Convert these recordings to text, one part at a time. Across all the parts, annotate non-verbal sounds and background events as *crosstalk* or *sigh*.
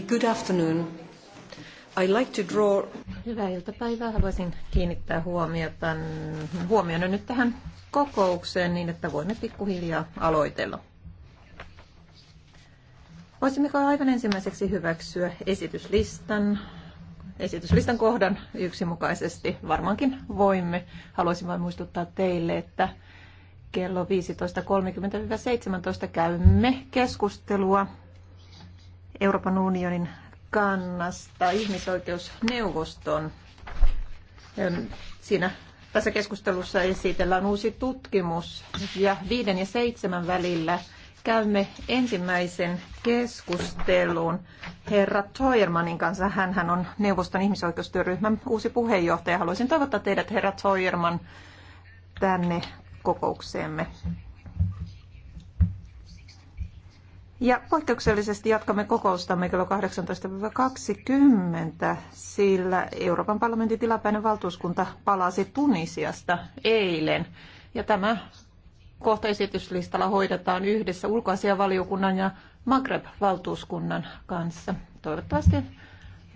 Good afternoon. I like to draw... Hyvää iltapäivää. Haluaisin kiinnittää huomiota, nyt tähän kokoukseen niin, että voimme pikkuhiljaa aloitella. Voisimmeko aivan ensimmäiseksi hyväksyä esityslistan, esityslistan kohdan yksimukaisesti? Varmaankin voimme. Haluaisin vain muistuttaa teille, että kello 15.30-17 käymme keskustelua Euroopan unionin kannasta ihmisoikeusneuvoston. Siinä tässä keskustelussa esitellään uusi tutkimus ja viiden ja seitsemän välillä käymme ensimmäisen keskustelun herra Toijermanin kanssa. hän on neuvoston ihmisoikeustyöryhmän uusi puheenjohtaja. Haluaisin toivottaa teidät herra Toijerman tänne kokoukseemme. Ja poikkeuksellisesti jatkamme kokoustamme kello 18.20, sillä Euroopan parlamentin tilapäinen valtuuskunta palasi Tunisiasta eilen. Ja tämä kohta esityslistalla hoidetaan yhdessä ulkoasiavaliokunnan ja Maghreb-valtuuskunnan kanssa. Toivottavasti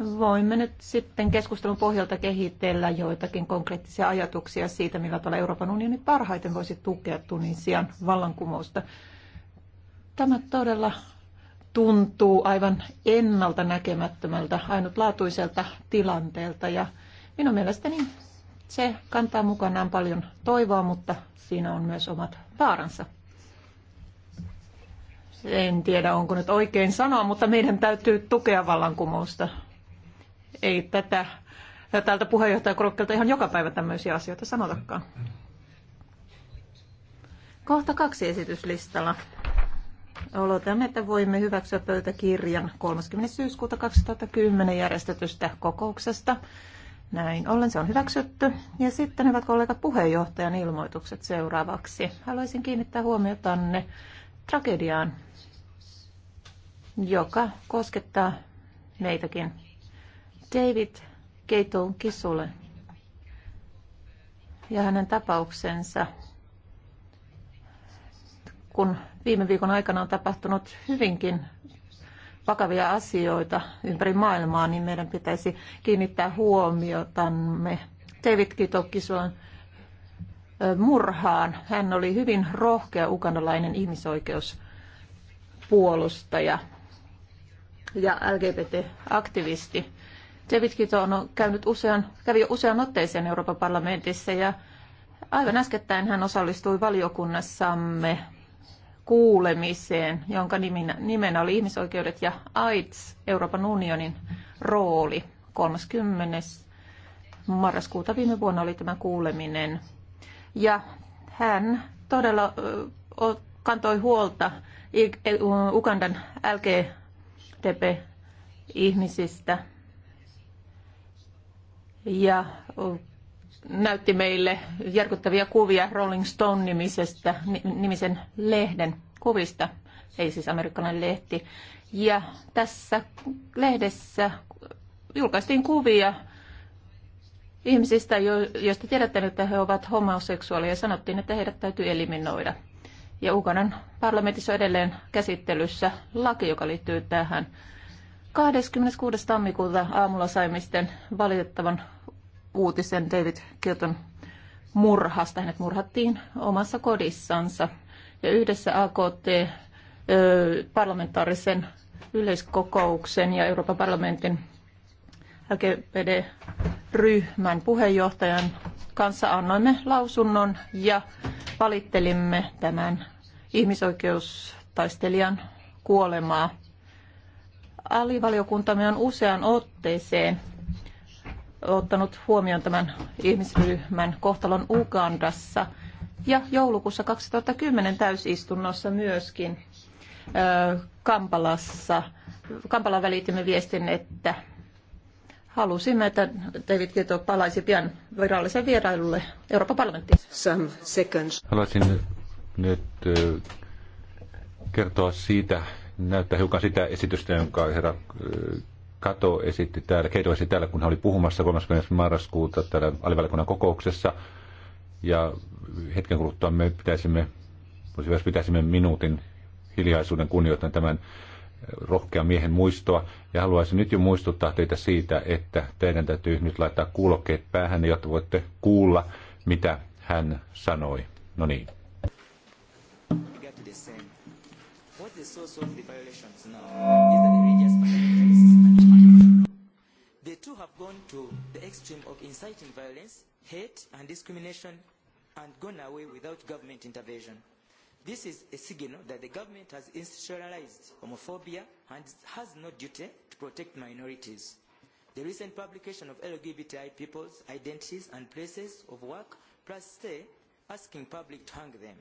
voimme nyt sitten keskustelun pohjalta kehitellä joitakin konkreettisia ajatuksia siitä, millä tavalla Euroopan unioni parhaiten voisi tukea Tunisian vallankumousta. Tämä todella tuntuu aivan ennalta näkemättömältä, ainutlaatuiselta tilanteelta ja minun mielestäni se kantaa mukanaan paljon toivoa, mutta siinä on myös omat vaaransa. En tiedä, onko nyt oikein sanoa, mutta meidän täytyy tukea vallankumousta. Ei tätä tältä puheenjohtajakorokkelta ihan joka päivä tämmöisiä asioita sanotakaan. Kohta kaksi esityslistalla. Olotamme, että voimme hyväksyä pöytäkirjan 30. syyskuuta 2010 järjestetystä kokouksesta. Näin ollen se on hyväksytty. Ja sitten, hyvät kollegat, puheenjohtajan ilmoitukset seuraavaksi. Haluaisin kiinnittää huomiotanne tragediaan, joka koskettaa meitäkin. David Keitoun Kisule ja hänen tapauksensa, kun Viime viikon aikana on tapahtunut hyvinkin vakavia asioita ympäri maailmaa, niin meidän pitäisi kiinnittää huomiotamme David Kitokison murhaan. Hän oli hyvin rohkea ukandalainen ihmisoikeuspuolustaja ja LGBT-aktivisti. David Kito on käynyt usean, kävi jo usean otteeseen Euroopan parlamentissa ja aivan äskettäin hän osallistui valiokunnassamme kuulemiseen, jonka nimenä, nimenä oli ihmisoikeudet ja AIDS, Euroopan unionin rooli. 30. marraskuuta viime vuonna oli tämä kuuleminen. Ja hän todella kantoi huolta e, Ugandan LGTB-ihmisistä ja näytti meille järkyttäviä kuvia Rolling Stone-nimisestä, nimisen lehden kuvista, ei siis amerikkalainen lehti. Ja tässä lehdessä julkaistiin kuvia ihmisistä, joista tiedetään, että he ovat homoseksuaaleja, ja sanottiin, että heidät täytyy eliminoida. Ja Ugandan parlamentissa on edelleen käsittelyssä laki, joka liittyy tähän. 26. tammikuuta aamulla saimisten valitettavan uutisen David Kilton murhasta. Hänet murhattiin omassa kodissansa ja yhdessä AKT parlamentaarisen yleiskokouksen ja Euroopan parlamentin lgbt ryhmän puheenjohtajan kanssa annoimme lausunnon ja valittelimme tämän ihmisoikeustaistelijan kuolemaa. Alivaliokuntamme on useaan otteeseen ottanut huomioon tämän ihmisryhmän kohtalon Ugandassa ja joulukuussa 2010 täysistunnossa myöskin Kampalassa. Kampala välitimme viestin, että halusimme, että David Kieto palaisi pian viralliseen vierailulle Euroopan parlamenttiin. Some seconds. Haluaisin nyt kertoa siitä, näyttää hiukan sitä esitystä, jonka herra Kato esitti täällä, Keito esitti täällä, kun hän oli puhumassa 30. marraskuuta täällä alivalikunnan kokouksessa. Ja hetken kuluttua me pitäisimme, jos pitäisimme minuutin hiljaisuuden kunnioittaa tämän rohkean miehen muistoa. Ja haluaisin nyt jo muistuttaa teitä siitä, että teidän täytyy nyt laittaa kuulokkeet päähän, jotta voitte kuulla, mitä hän sanoi. No niin. What is so, so the violations now? the two have gone to the extreme of inciting violence, hate and discrimination and gone away without government intervention. This is a signal that the government has institutionalized homophobia and has no duty to protect minorities. The recent publication of LGBTI people's identities and places of work plus stay asking public to hang them.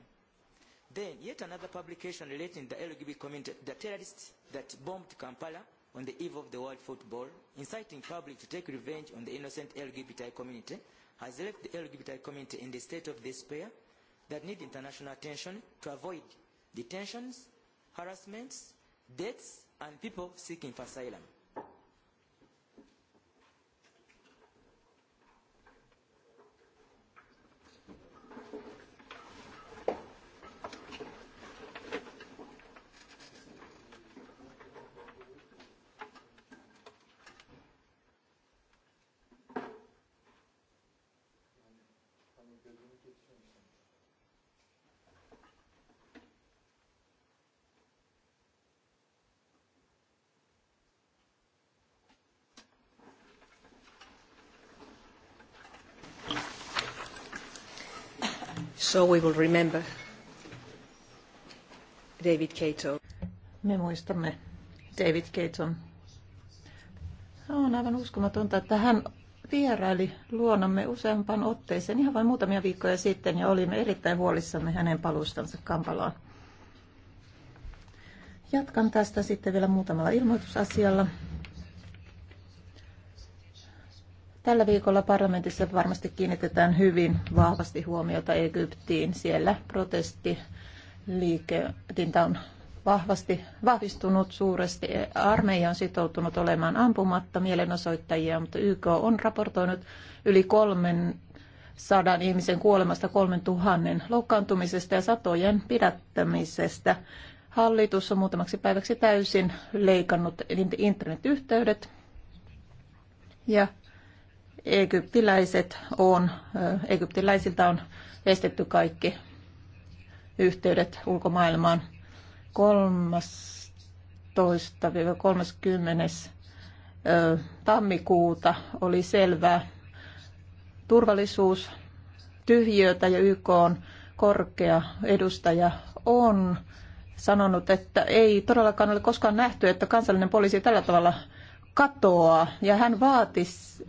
Then yet another publication relating the LGBT community, the terrorists that bombed Kampala on the eve of the World Football, inciting public to take revenge on the innocent LGBTI community, has left the LGBTI community in the state of despair that need international attention to avoid detentions, harassments, deaths, and people seeking for asylum. So we will remember David Cato. Me muistamme David Caton. On aivan uskomatonta, että hän vieraili luonamme useampaan otteeseen ihan vain muutamia viikkoja sitten ja olimme erittäin huolissamme hänen palustansa Kampalaan. Jatkan tästä sitten vielä muutamalla ilmoitusasialla. Tällä viikolla parlamentissa varmasti kiinnitetään hyvin vahvasti huomiota Egyptiin. Siellä protestiliiketintä on vahvasti vahvistunut suuresti. Armeija on sitoutunut olemaan ampumatta mielenosoittajia, mutta YK on raportoinut yli kolmen sadan ihmisen kuolemasta kolmen tuhannen loukkaantumisesta ja satojen pidättämisestä. Hallitus on muutamaksi päiväksi täysin leikannut internetyhteydet ja egyptiläiset on, egyptiläisiltä on estetty kaikki yhteydet ulkomaailmaan. 13-30 tammikuuta oli selvää turvallisuus tyhjiötä ja YK on korkea edustaja on sanonut, että ei todellakaan ole koskaan nähty, että kansallinen poliisi tällä tavalla katoaa ja hän vaati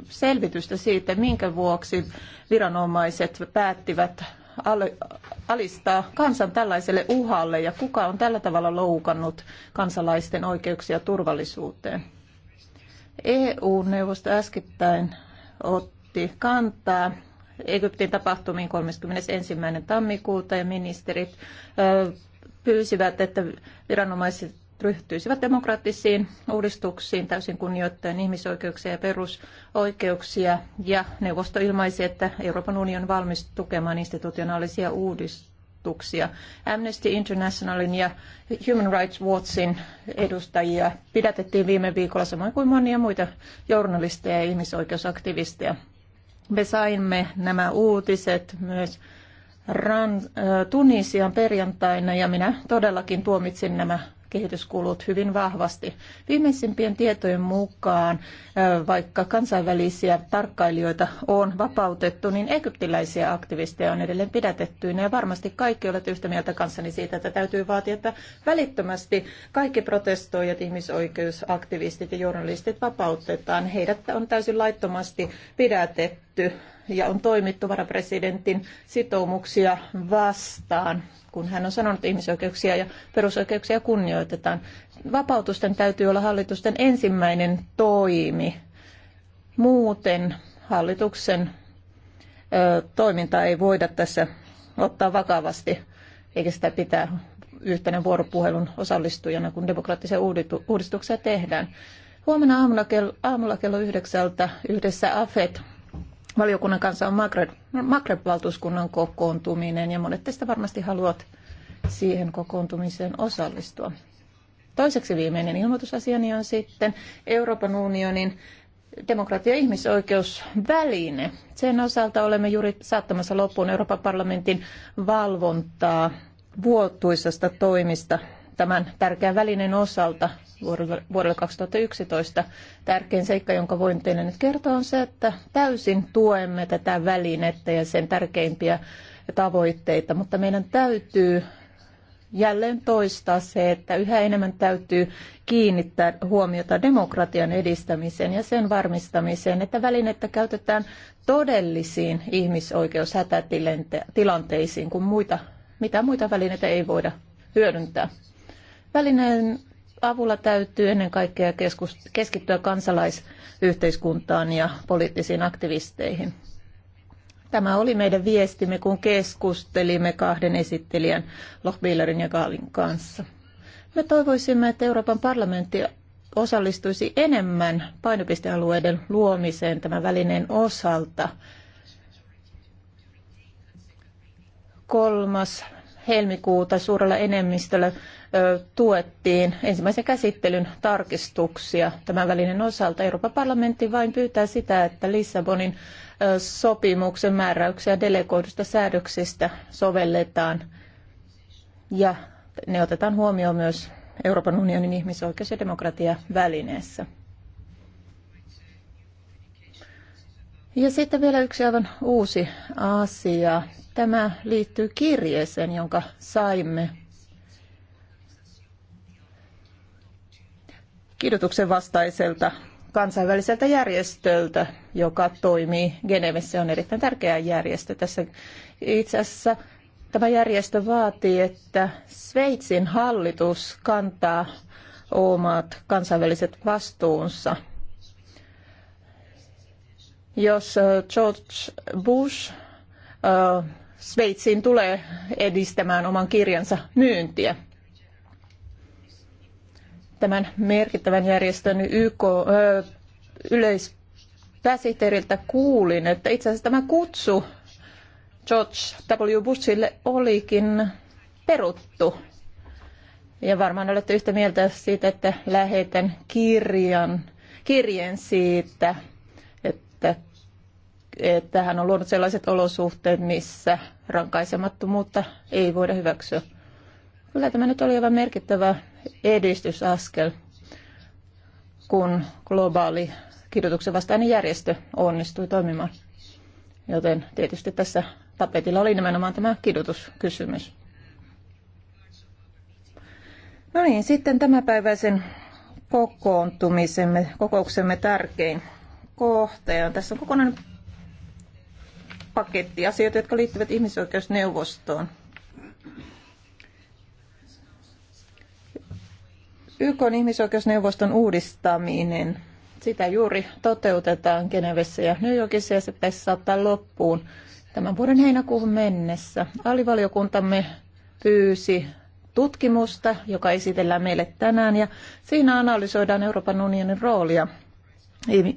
selvitystä siitä, minkä vuoksi viranomaiset päättivät alistaa kansan tällaiselle uhalle ja kuka on tällä tavalla loukannut kansalaisten oikeuksia turvallisuuteen. EU-neuvosto äskettäin otti kantaa Egyptin tapahtumiin 31. tammikuuta ja ministerit pyysivät, että viranomaiset ryhtyisivät demokraattisiin uudistuksiin täysin kunnioittaen ihmisoikeuksia ja perusoikeuksia. Ja neuvosto ilmaisi, että Euroopan unioni on valmis tukemaan institutionaalisia uudistuksia. Amnesty Internationalin ja Human Rights Watchin edustajia pidätettiin viime viikolla, samoin kuin monia muita journalisteja ja ihmisoikeusaktivisteja. Me saimme nämä uutiset myös Ran, äh, Tunisian perjantaina ja minä todellakin tuomitsin nämä kehityskulut hyvin vahvasti. Viimeisimpien tietojen mukaan, vaikka kansainvälisiä tarkkailijoita on vapautettu, niin egyptiläisiä aktivisteja on edelleen pidätettyinä. Ja varmasti kaikki olette yhtä mieltä kanssani siitä, että täytyy vaatia, että välittömästi kaikki protestoijat, ihmisoikeusaktivistit ja journalistit vapautetaan. Heidät on täysin laittomasti pidätetty tehty ja on toimittu varapresidentin sitoumuksia vastaan, kun hän on sanonut, että ihmisoikeuksia ja perusoikeuksia kunnioitetaan. Vapautusten täytyy olla hallitusten ensimmäinen toimi. Muuten hallituksen ö, toimintaa ei voida tässä ottaa vakavasti, eikä sitä pitää yhtenä vuoropuhelun osallistujana, kun demokraattisia uudistuksia tehdään. Huomenna aamulla kello, aamulla kello yhdeksältä yhdessä AFET valiokunnan kanssa on Maghreb-valtuuskunnan kokoontuminen ja monet teistä varmasti haluat siihen kokoontumiseen osallistua. Toiseksi viimeinen ilmoitusasiani on sitten Euroopan unionin demokratia- ja ihmisoikeusväline. Sen osalta olemme juuri saattamassa loppuun Euroopan parlamentin valvontaa vuotuisasta toimista tämän tärkeän välinen osalta vuodelle 2011. Tärkein seikka, jonka voin teille nyt kertoa, on se, että täysin tuemme tätä välinettä ja sen tärkeimpiä tavoitteita, mutta meidän täytyy jälleen toistaa se, että yhä enemmän täytyy kiinnittää huomiota demokratian edistämiseen ja sen varmistamiseen, että välinettä käytetään todellisiin ihmisoikeushätätilanteisiin, kun muita, mitä muita välineitä ei voida hyödyntää. Välineen avulla täytyy ennen kaikkea keskittyä kansalaisyhteiskuntaan ja poliittisiin aktivisteihin. Tämä oli meidän viestimme, kun keskustelimme kahden esittelijän, Lochbihlerin ja Gaalin kanssa. Me toivoisimme, että Euroopan parlamentti osallistuisi enemmän painopistealueiden luomiseen tämän välineen osalta. Kolmas helmikuuta suurella enemmistöllä tuettiin ensimmäisen käsittelyn tarkistuksia tämän välinen osalta. Euroopan parlamentti vain pyytää sitä, että Lissabonin sopimuksen määräyksiä delegoidusta säädöksistä sovelletaan ja ne otetaan huomioon myös Euroopan unionin ihmisoikeus- ja demokratiavälineessä. Ja sitten vielä yksi aivan uusi asia. Tämä liittyy kirjeeseen, jonka saimme kidutuksen vastaiselta kansainväliseltä järjestöltä, joka toimii Genevessä. Se on erittäin tärkeä järjestö. Tässä itse asiassa tämä järjestö vaatii, että Sveitsin hallitus kantaa omat kansainväliset vastuunsa. Jos George Bush Sveitsiin tulee edistämään oman kirjansa myyntiä, tämän merkittävän järjestön YK ö, yleispääsihteeriltä kuulin, että itse asiassa tämä kutsu George W. Bushille olikin peruttu. Ja varmaan olette yhtä mieltä siitä, että lähetän kirjan, kirjeen siitä, että, että hän on luonut sellaiset olosuhteet, missä rankaisemattomuutta ei voida hyväksyä. Kyllä tämä nyt oli aivan merkittävä edistysaskel, kun globaali kidutuksen vastainen järjestö onnistui toimimaan. Joten tietysti tässä tapetilla oli nimenomaan tämä kidutuskysymys. No niin, sitten tämänpäiväisen kokoontumisemme, kokouksemme tärkein Ja Tässä on kokonainen paketti asioita, jotka liittyvät ihmisoikeusneuvostoon. YK on ihmisoikeusneuvoston uudistaminen. Sitä juuri toteutetaan Genevessä ja New Yorkissa ja se pitäisi saattaa loppuun tämän vuoden heinäkuuhun mennessä. Alivaliokuntamme pyysi tutkimusta, joka esitellään meille tänään ja siinä analysoidaan Euroopan unionin roolia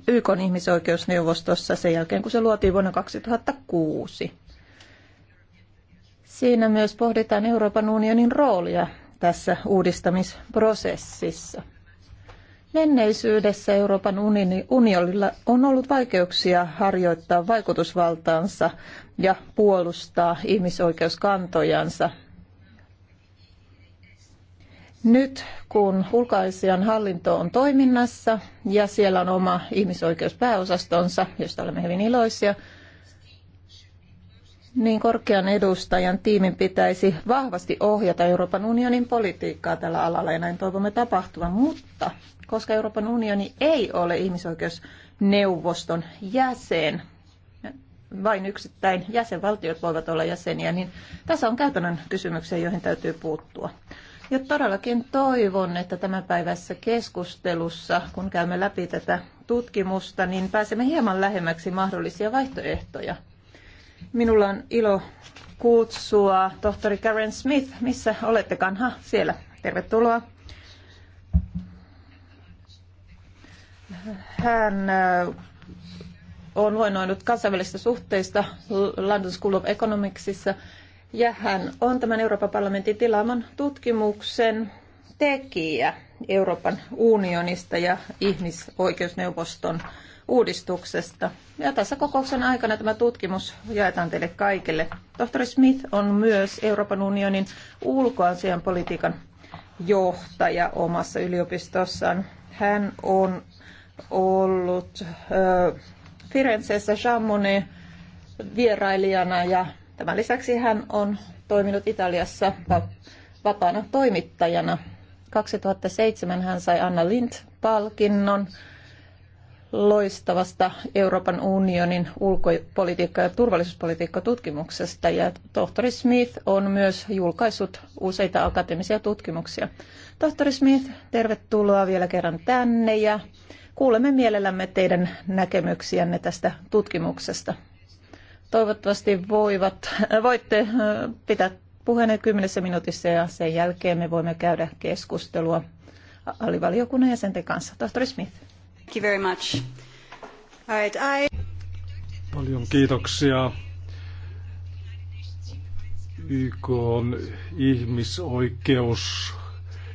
YK on ihmisoikeusneuvostossa sen jälkeen, kun se luotiin vuonna 2006. Siinä myös pohditaan Euroopan unionin roolia tässä uudistamisprosessissa. Menneisyydessä Euroopan unionilla on ollut vaikeuksia harjoittaa vaikutusvaltaansa ja puolustaa ihmisoikeuskantojansa. Nyt kun ulkoasian hallinto on toiminnassa ja siellä on oma ihmisoikeuspääosastonsa, josta olemme hyvin iloisia, niin korkean edustajan tiimin pitäisi vahvasti ohjata Euroopan unionin politiikkaa tällä alalla ja näin toivomme tapahtuvan, mutta koska Euroopan unioni ei ole ihmisoikeusneuvoston jäsen, vain yksittäin jäsenvaltiot voivat olla jäseniä, niin tässä on käytännön kysymyksiä, joihin täytyy puuttua. Ja todellakin toivon, että tämän päivässä keskustelussa, kun käymme läpi tätä tutkimusta, niin pääsemme hieman lähemmäksi mahdollisia vaihtoehtoja Minulla on ilo kutsua tohtori Karen Smith. Missä olette kanha siellä. Tervetuloa. Hän on luennoinut kansainvälisistä suhteista London School of Economicsissa ja hän on tämän Euroopan parlamentin tilaaman tutkimuksen tekijä Euroopan unionista ja ihmisoikeusneuvoston uudistuksesta. Ja tässä kokouksen aikana tämä tutkimus jaetaan teille kaikille. Tohtori Smith on myös Euroopan unionin ulkoasian politiikan johtaja omassa yliopistossaan. Hän on ollut äh, Firenzeessä Jean Monnet vierailijana ja tämän lisäksi hän on toiminut Italiassa vapaana toimittajana. 2007 hän sai Anna Lind-palkinnon loistavasta Euroopan unionin ulkopolitiikka- ja turvallisuuspolitiikkatutkimuksesta ja tohtori Smith on myös julkaissut useita akateemisia tutkimuksia. Tohtori Smith, tervetuloa vielä kerran tänne ja kuulemme mielellämme teidän näkemyksiänne tästä tutkimuksesta. Toivottavasti voivat, äh, voitte äh, pitää puheenne kymmenessä minuutissa ja sen jälkeen me voimme käydä keskustelua alivaliokunnan jäsenten kanssa. Tohtori Smith. Thank you very much. All right, I... Paljon kiitoksia. YK on ihmisoikeus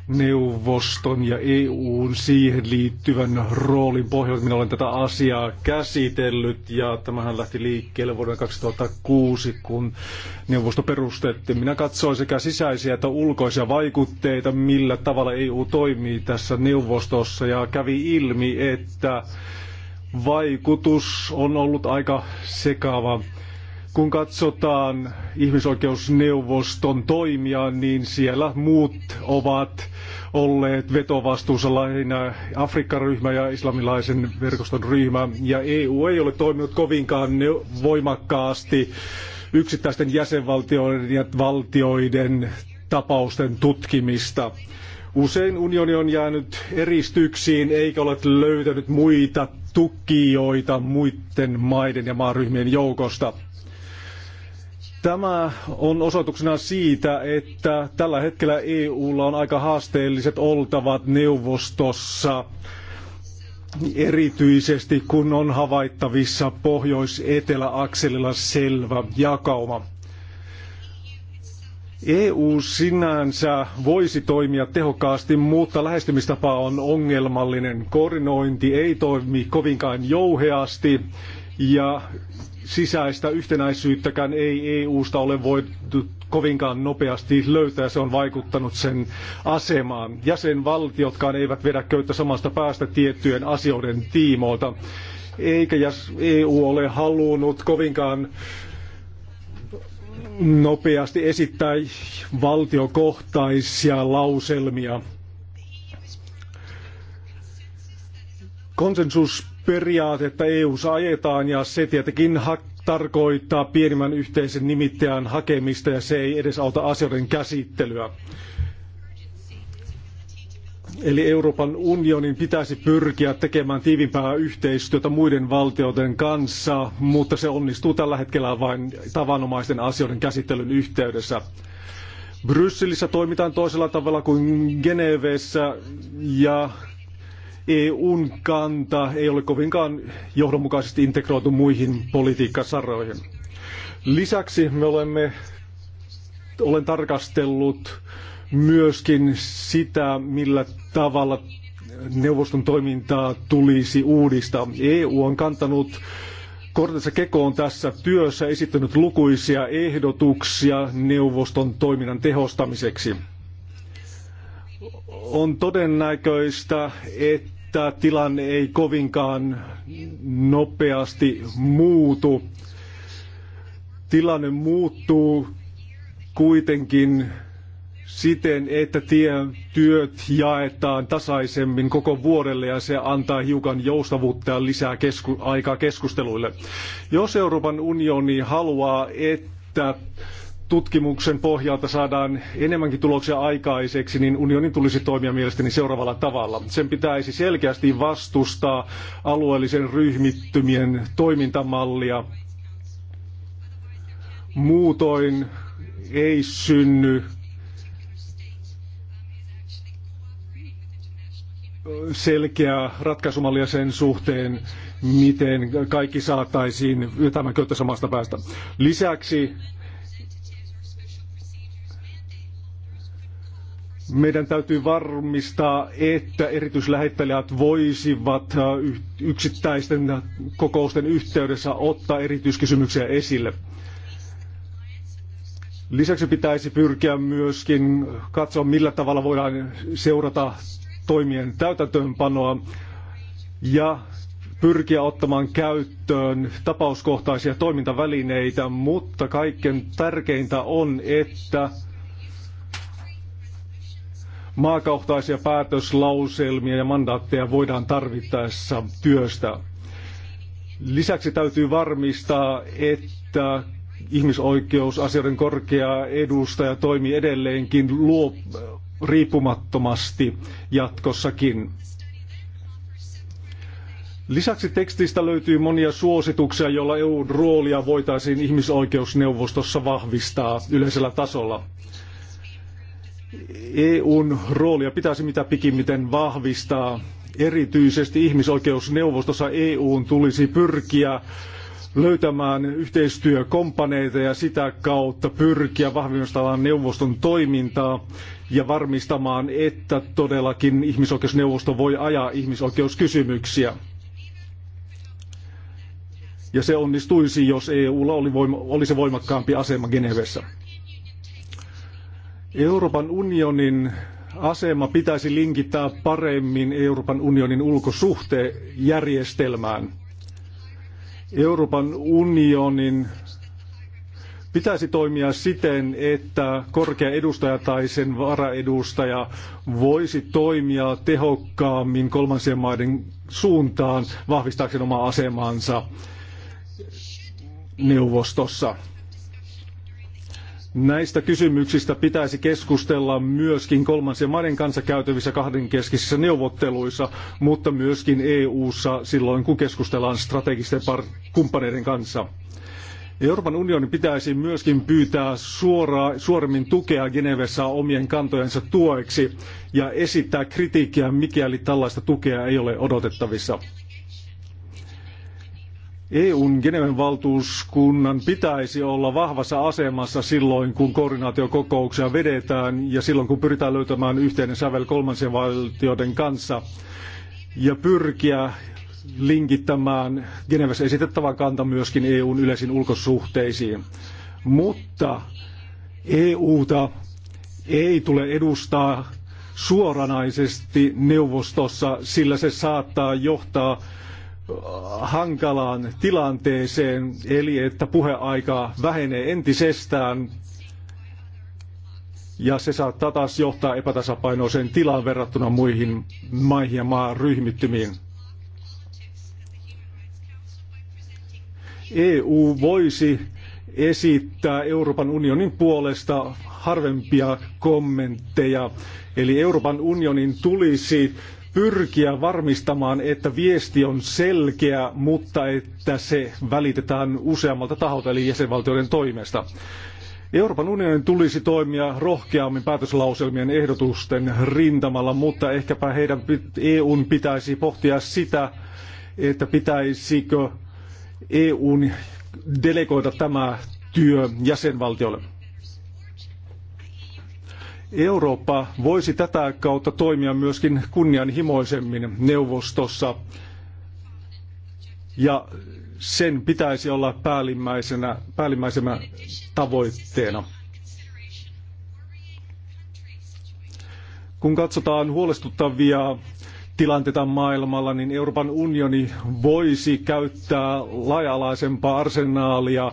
neuvoston ja EUn siihen liittyvän roolin pohjalta. Minä olen tätä asiaa käsitellyt ja tämähän lähti liikkeelle vuonna 2006, kun neuvosto perustettiin. Minä katsoin sekä sisäisiä että ulkoisia vaikutteita, millä tavalla EU toimii tässä neuvostossa ja kävi ilmi, että vaikutus on ollut aika sekava. Kun katsotaan ihmisoikeusneuvoston toimia, niin siellä muut ovat olleet vetovastuussa lähinnä Afrikka-ryhmä ja islamilaisen verkoston ryhmä, ja EU ei ole toiminut kovinkaan voimakkaasti yksittäisten jäsenvaltioiden ja valtioiden tapausten tutkimista. Usein unioni on jäänyt eristyksiin eikä ole löytänyt muita tukijoita muiden maiden ja maaryhmien joukosta. Tämä on osoituksena siitä, että tällä hetkellä EUlla on aika haasteelliset oltavat neuvostossa, erityisesti kun on havaittavissa pohjois-etelä-akselilla selvä jakauma. EU sinänsä voisi toimia tehokkaasti, mutta lähestymistapa on ongelmallinen. Koordinointi ei toimi kovinkaan jouheasti ja sisäistä yhtenäisyyttäkään ei EUsta ole voitu kovinkaan nopeasti löytää. Se on vaikuttanut sen asemaan. Jäsenvaltiotkaan eivät vedä köyttä samasta päästä tiettyjen asioiden tiimoilta. Eikä EU ole halunnut kovinkaan nopeasti esittää valtiokohtaisia lauselmia. Konsensus periaatetta eu ajetaan ja se tietenkin tarkoittaa pienimmän yhteisen nimittäjän hakemista ja se ei edes auta asioiden käsittelyä. Eli Euroopan unionin pitäisi pyrkiä tekemään tiivimpää yhteistyötä muiden valtioiden kanssa, mutta se onnistuu tällä hetkellä vain tavanomaisten asioiden käsittelyn yhteydessä. Brysselissä toimitaan toisella tavalla kuin Genevessä ja EUn kanta ei ole kovinkaan johdonmukaisesti integroitu muihin politiikkasaroihin. Lisäksi me olemme, olen tarkastellut myöskin sitä, millä tavalla neuvoston toimintaa tulisi uudistaa. EU on kantanut kortensa kekoon tässä työssä, esittänyt lukuisia ehdotuksia neuvoston toiminnan tehostamiseksi. On todennäköistä, että että tilanne ei kovinkaan nopeasti muutu. Tilanne muuttuu kuitenkin siten, että tie, työt jaetaan tasaisemmin koko vuodelle ja se antaa hiukan joustavuutta ja lisää kesku, aikaa keskusteluille. Jos Euroopan unioni haluaa, että tutkimuksen pohjalta saadaan enemmänkin tuloksia aikaiseksi, niin unionin tulisi toimia mielestäni seuraavalla tavalla. Sen pitäisi selkeästi vastustaa alueellisen ryhmittymien toimintamallia. Muutoin ei synny selkeää ratkaisumallia sen suhteen, miten kaikki saataisiin vetämään köyttä samasta päästä. Lisäksi Meidän täytyy varmistaa, että erityislähettäjät voisivat äh, yksittäisten kokousten yhteydessä ottaa erityiskysymyksiä esille. Lisäksi pitäisi pyrkiä myöskin katsoa, millä tavalla voidaan seurata toimien täytäntöönpanoa ja pyrkiä ottamaan käyttöön tapauskohtaisia toimintavälineitä, mutta kaikkein tärkeintä on, että maakohtaisia päätöslauselmia ja mandaatteja voidaan tarvittaessa työstää. Lisäksi täytyy varmistaa, että ihmisoikeusasioiden korkea edustaja toimii edelleenkin luo, riippumattomasti jatkossakin. Lisäksi tekstistä löytyy monia suosituksia, joilla EUn roolia voitaisiin ihmisoikeusneuvostossa vahvistaa yleisellä tasolla. EUn roolia pitäisi mitä pikimmiten vahvistaa. Erityisesti ihmisoikeusneuvostossa EUn tulisi pyrkiä löytämään yhteistyökompaneita ja sitä kautta pyrkiä vahvistamaan neuvoston toimintaa ja varmistamaan, että todellakin ihmisoikeusneuvosto voi ajaa ihmisoikeuskysymyksiä. Ja se onnistuisi, jos EUlla oli voima, olisi voimakkaampi asema Genevessä. Euroopan unionin asema pitäisi linkittää paremmin Euroopan unionin ulkosuhtejärjestelmään. Euroopan unionin pitäisi toimia siten, että korkea edustaja tai sen varaedustaja voisi toimia tehokkaammin kolmansien maiden suuntaan vahvistaakseen omaa asemaansa neuvostossa. Näistä kysymyksistä pitäisi keskustella myöskin kolmansien maiden kanssa käytävissä kahdenkeskisissä neuvotteluissa, mutta myöskin EU-ssa silloin, kun keskustellaan strategisten kumppaneiden kanssa. Euroopan unionin pitäisi myöskin pyytää suoraa, suoremmin tukea Genevessä omien kantojensa tueksi ja esittää kritiikkiä, mikäli tällaista tukea ei ole odotettavissa. EUn Geneven valtuuskunnan pitäisi olla vahvassa asemassa silloin, kun koordinaatiokokouksia vedetään ja silloin, kun pyritään löytämään yhteinen sävel kolmansien valtioiden kanssa ja pyrkiä linkittämään Genevessä esitettävä kanta myöskin EUn yleisiin ulkosuhteisiin. Mutta EUta ei tule edustaa suoranaisesti neuvostossa, sillä se saattaa johtaa hankalaan tilanteeseen, eli että puheaika vähenee entisestään ja se saattaa taas johtaa epätasapainoiseen tilaan verrattuna muihin maihin ja maan ryhmittymiin. EU voisi esittää Euroopan unionin puolesta harvempia kommentteja. Eli Euroopan unionin tulisi pyrkiä varmistamaan, että viesti on selkeä, mutta että se välitetään useammalta taholta eli jäsenvaltioiden toimesta. Euroopan unionin tulisi toimia rohkeammin päätöslauselmien ehdotusten rintamalla, mutta ehkäpä heidän EUn pitäisi pohtia sitä, että pitäisikö EUn delegoida tämä työ jäsenvaltiolle. Eurooppa voisi tätä kautta toimia myöskin kunnianhimoisemmin neuvostossa ja sen pitäisi olla päällimmäisenä, päällimmäisenä tavoitteena. Kun katsotaan huolestuttavia tilanteita maailmalla, niin Euroopan unioni voisi käyttää laaja-alaisempaa arsenaalia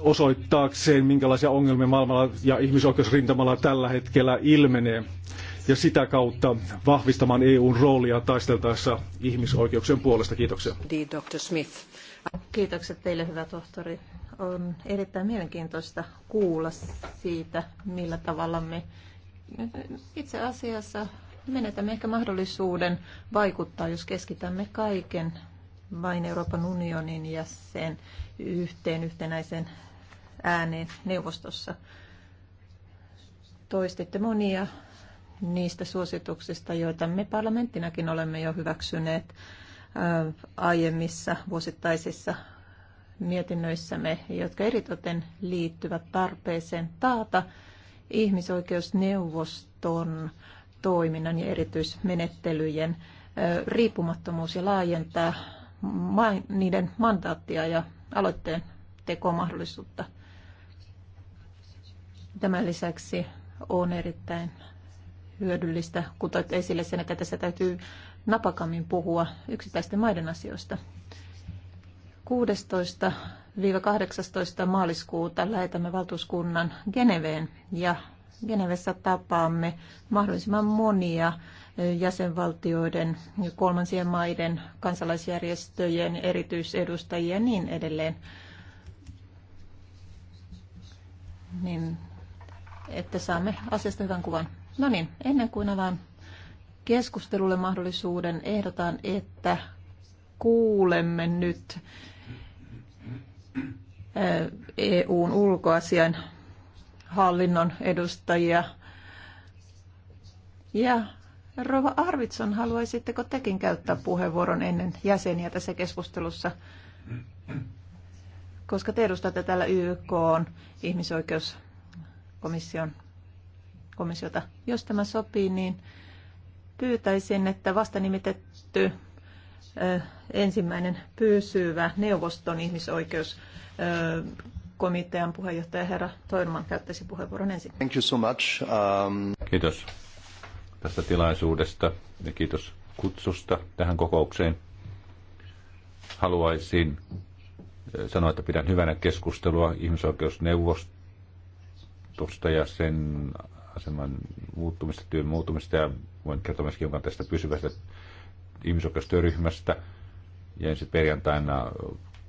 osoittaakseen, minkälaisia ongelmia maailmalla ja ihmisoikeusrintamalla tällä hetkellä ilmenee ja sitä kautta vahvistamaan EUn roolia taisteltaessa ihmisoikeuksien puolesta. Kiitoksia. Dr. Smith. Kiitokset teille, hyvä tohtori. On erittäin mielenkiintoista kuulla siitä, millä tavalla me itse asiassa menetämme ehkä mahdollisuuden vaikuttaa, jos keskitämme kaiken vain Euroopan unionin ja sen yhteen yhtenäisen ääneen neuvostossa. Toistitte monia niistä suosituksista, joita me parlamenttinakin olemme jo hyväksyneet äh, aiemmissa vuosittaisissa mietinnöissämme, jotka eritoten liittyvät tarpeeseen taata ihmisoikeusneuvoston toiminnan ja erityismenettelyjen äh, riippumattomuus ja laajentaa niiden mandaattia ja aloitteen tekomahdollisuutta. Tämän lisäksi on erittäin hyödyllistä, kun toit esille sen, että tässä täytyy napakammin puhua yksittäisten maiden asioista. 16-18 maaliskuuta lähetämme valtuuskunnan Geneveen ja Genevessä tapaamme mahdollisimman monia jäsenvaltioiden, kolmansien maiden, kansalaisjärjestöjen, erityisedustajia ja niin edelleen. Niin että saamme asiasta hyvän kuvan. No niin, ennen kuin avaan keskustelulle mahdollisuuden, ehdotan, että kuulemme nyt EUn ulkoasian hallinnon edustajia. Ja Rova Arvitson, haluaisitteko tekin käyttää puheenvuoron ennen jäseniä tässä keskustelussa? Koska te edustatte täällä YK on ihmisoikeus komission, komissiota. Jos tämä sopii, niin pyytäisin, että vasta nimitetty ensimmäinen pysyvä neuvoston ihmisoikeus komitean puheenjohtaja herra Toirman käyttäisi puheenvuoron ensin. Thank you so much. Um... Kiitos tästä tilaisuudesta ja kiitos kutsusta tähän kokoukseen. Haluaisin sanoa, että pidän hyvänä keskustelua ihmisoikeusneuvosto muutosta ja sen aseman muuttumista, työn muuttumista ja voin kertoa myöskin jonkan tästä pysyvästä ihmisoikeustyöryhmästä. Ja ensi perjantaina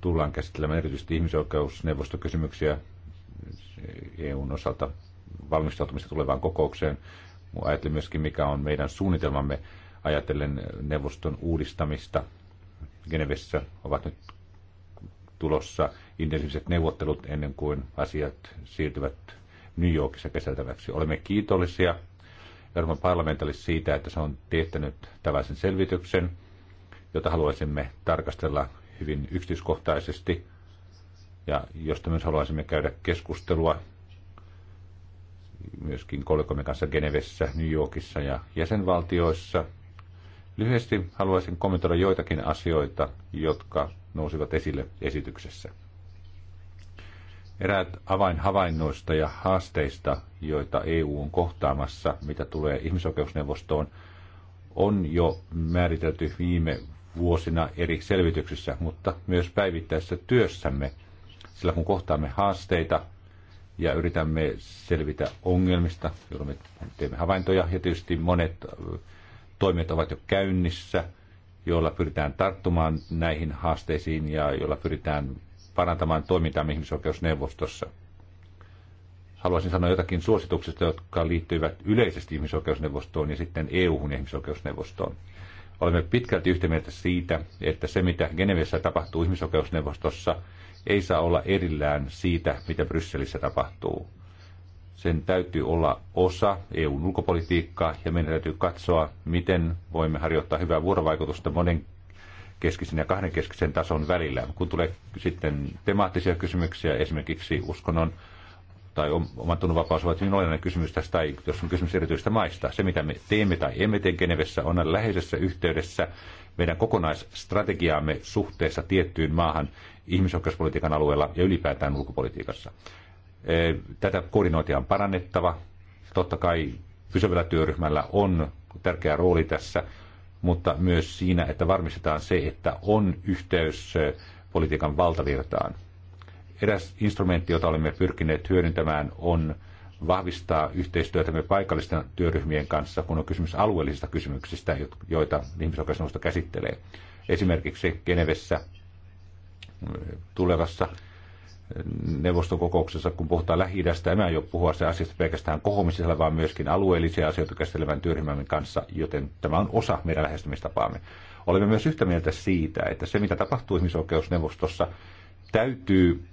tullaan käsittelemään erityisesti ihmisoikeusneuvostokysymyksiä EUn osalta valmistautumista tulevaan kokoukseen. Ajattelin myöskin, mikä on meidän suunnitelmamme ajatellen neuvoston uudistamista. Genevessä ovat nyt tulossa intensiiviset neuvottelut ennen kuin asiat siirtyvät New Yorkissa käsiteltäväksi. Olemme kiitollisia Euroopan parlamentille siitä, että se on teettänyt tällaisen selvityksen, jota haluaisimme tarkastella hyvin yksityiskohtaisesti ja josta myös haluaisimme käydä keskustelua myöskin kollegomme kanssa Genevessä, New Yorkissa ja jäsenvaltioissa. Lyhyesti haluaisin kommentoida joitakin asioita, jotka nousivat esille esityksessä. Eräät avainhavainnoista ja haasteista, joita EU on kohtaamassa, mitä tulee ihmisoikeusneuvostoon, on jo määritelty viime vuosina eri selvityksissä, mutta myös päivittäisessä työssämme, sillä kun kohtaamme haasteita ja yritämme selvitä ongelmista, jolloin me teemme havaintoja, ja tietysti monet toimet ovat jo käynnissä, joilla pyritään tarttumaan näihin haasteisiin ja joilla pyritään parantamaan toimintaa ihmisoikeusneuvostossa. Haluaisin sanoa jotakin suosituksista, jotka liittyivät yleisesti ihmisoikeusneuvostoon ja sitten EU-hun ihmisoikeusneuvostoon. Olemme pitkälti yhtä mieltä siitä, että se mitä Genevessä tapahtuu ihmisoikeusneuvostossa ei saa olla erillään siitä, mitä Brysselissä tapahtuu. Sen täytyy olla osa EUn ulkopolitiikkaa ja meidän täytyy katsoa, miten voimme harjoittaa hyvää vuorovaikutusta monen keskisen ja kahden keskisen tason välillä. Kun tulee sitten temaattisia kysymyksiä, esimerkiksi uskonnon tai oman tunnonvapaus ovat hyvin olennainen kysymys tästä, tai jos on kysymys erityistä maista. Se, mitä me teemme tai emme tee Genevessä, on läheisessä yhteydessä meidän kokonaisstrategiaamme suhteessa tiettyyn maahan ihmisoikeuspolitiikan alueella ja ylipäätään ulkopolitiikassa. Tätä koordinointia on parannettava. Totta kai pysyvällä työryhmällä on tärkeä rooli tässä, mutta myös siinä, että varmistetaan se, että on yhteys politiikan valtavirtaan. Eräs instrumentti, jota olemme pyrkineet hyödyntämään, on vahvistaa yhteistyötämme paikallisten työryhmien kanssa, kun on kysymys alueellisista kysymyksistä, joita ihmisoikeusneuvosto käsittelee. Esimerkiksi Genevessä tulevassa neuvostokokouksessa, kokouksessa, kun puhutaan lähi idästä en jo puhua se asiasta pelkästään kohomisella, vaan myöskin alueellisia asioita käsittelevän työryhmämme kanssa, joten tämä on osa meidän lähestymistapaamme. Olemme myös yhtä mieltä siitä, että se mitä tapahtuu ihmisoikeusneuvostossa täytyy,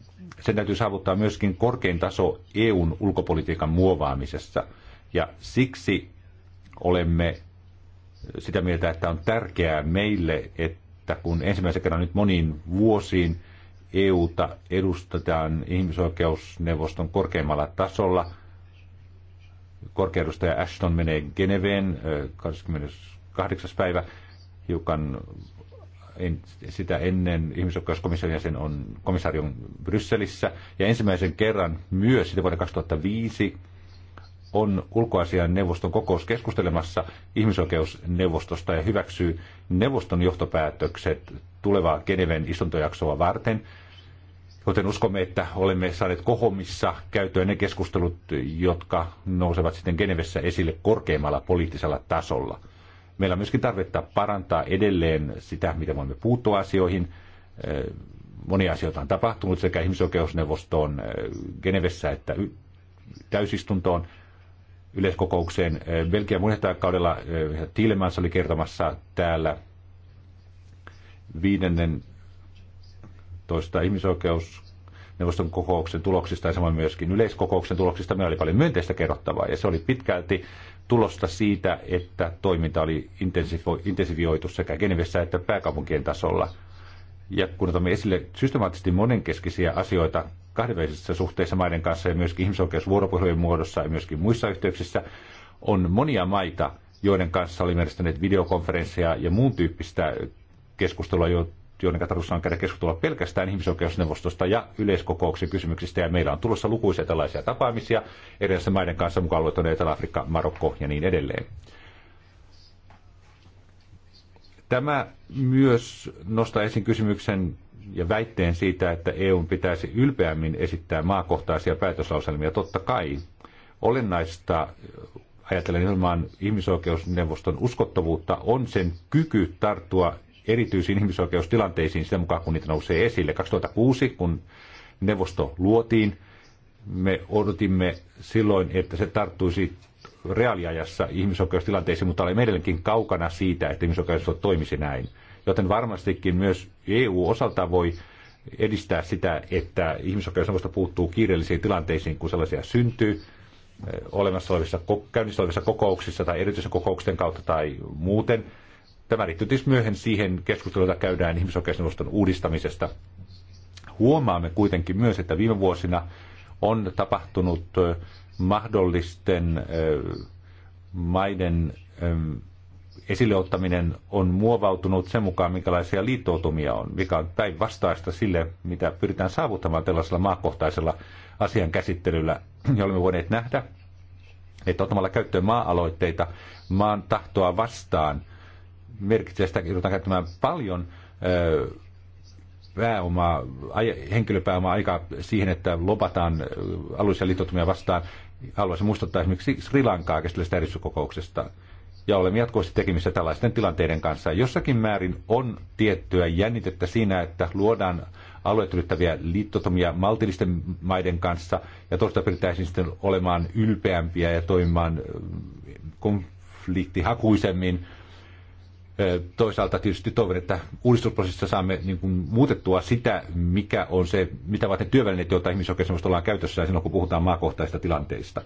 sen täytyy saavuttaa myöskin korkein taso EUn ulkopolitiikan muovaamisessa. Ja siksi olemme sitä mieltä, että on tärkeää meille, että kun ensimmäisen kerran nyt moniin vuosiin EUta edustetaan ihmisoikeusneuvoston korkeimmalla tasolla. Korkeudustaja Ashton menee Geneveen 28. päivä hiukan en, sitä ennen ihmisoikeuskomission jäsen on komissaari on Brysselissä. Ja ensimmäisen kerran myös sitä vuonna 2005 on ulkoasian neuvoston kokous keskustelemassa ihmisoikeusneuvostosta ja hyväksyy neuvoston johtopäätökset tulevaa Geneven istuntojaksoa varten. Joten uskomme, että olemme saaneet kohomissa käytyä ne keskustelut, jotka nousevat sitten Genevessä esille korkeimmalla poliittisella tasolla. Meillä on myöskin tarvetta parantaa edelleen sitä, mitä voimme puuttua asioihin. Monia asioita on tapahtunut sekä ihmisoikeusneuvostoon Genevessä että täysistuntoon yleiskokoukseen eh, Belgian kaudella eh, Tilmans oli kertomassa täällä viidennen toista ihmisoikeusneuvoston kokouksen tuloksista ja samoin myöskin yleiskokouksen tuloksista. Meillä oli paljon myönteistä kerrottavaa ja se oli pitkälti tulosta siitä, että toiminta oli intensivioitu sekä Genevessä että pääkaupunkien tasolla. Ja kun otamme esille systemaattisesti monenkeskisiä asioita, kahdenvälisissä suhteissa maiden kanssa ja myöskin ihmisoikeusvuoropuhelujen muodossa ja myöskin muissa yhteyksissä, on monia maita, joiden kanssa olimme järjestäneet videokonferensseja ja muun tyyppistä keskustelua, joiden tarkoitus on käydä keskustelua pelkästään ihmisoikeusneuvostosta ja yleiskokouksen kysymyksistä. Ja meillä on tulossa lukuisia tällaisia tapaamisia erilaisten maiden kanssa, mukaan luettuna Etelä-Afrikka, Marokko ja niin edelleen. Tämä myös nostaa esiin kysymyksen ja väitteen siitä, että EU pitäisi ylpeämmin esittää maakohtaisia päätöslauselmia. Totta kai olennaista äh, ajatellen ilman ihmisoikeusneuvoston uskottavuutta on sen kyky tarttua erityisiin ihmisoikeustilanteisiin sitä mukaan, kun niitä nousee esille. 2006, kun neuvosto luotiin, me odotimme silloin, että se tarttuisi reaaliajassa ihmisoikeustilanteisiin, mutta olemme edelleenkin kaukana siitä, että ihmisoikeus toimisi näin joten varmastikin myös EU osalta voi edistää sitä, että ihmisoikeusneuvosto puuttuu kiireellisiin tilanteisiin, kun sellaisia syntyy eh, olemassa olevissa, käynnissä olevissa kokouksissa tai erityisen kokouksen kautta tai muuten. Tämä liittyy tietysti myöhemmin siihen keskusteluun, jota käydään ihmisoikeusneuvoston uudistamisesta. Huomaamme kuitenkin myös, että viime vuosina on tapahtunut eh, mahdollisten eh, maiden esille ottaminen on muovautunut sen mukaan, minkälaisia liittoutumia on, mikä on päinvastaista sille, mitä pyritään saavuttamaan tällaisella maakohtaisella asian käsittelyllä, ja olemme voineet nähdä, että ottamalla käyttöön maa-aloitteita maan tahtoa vastaan merkitsee sitä, että joudutaan käyttämään paljon ö, pääomaa, henkilöpääomaa aika siihen, että lopataan alueellisia liittoutumia vastaan. Haluaisin muistuttaa esimerkiksi Sri Lankaa kestävästä kokouksesta ja olemme jatkuvasti tekemisissä tällaisten tilanteiden kanssa. Jossakin määrin on tiettyä jännitettä siinä, että luodaan alueet ylittäviä liittotomia maltillisten maiden kanssa, ja toista pyritäisiin sitten olemaan ylpeämpiä ja toimimaan eh, konfliktihakuisemmin. Eh, toisaalta tietysti toivon, että uudistusprosessissa saamme niin kuin muutettua sitä, mikä on se, mitä ovat ne työvälineet, joita ihmisoikeusneuvostolla on käytössä, silloin kun puhutaan maakohtaisista tilanteista.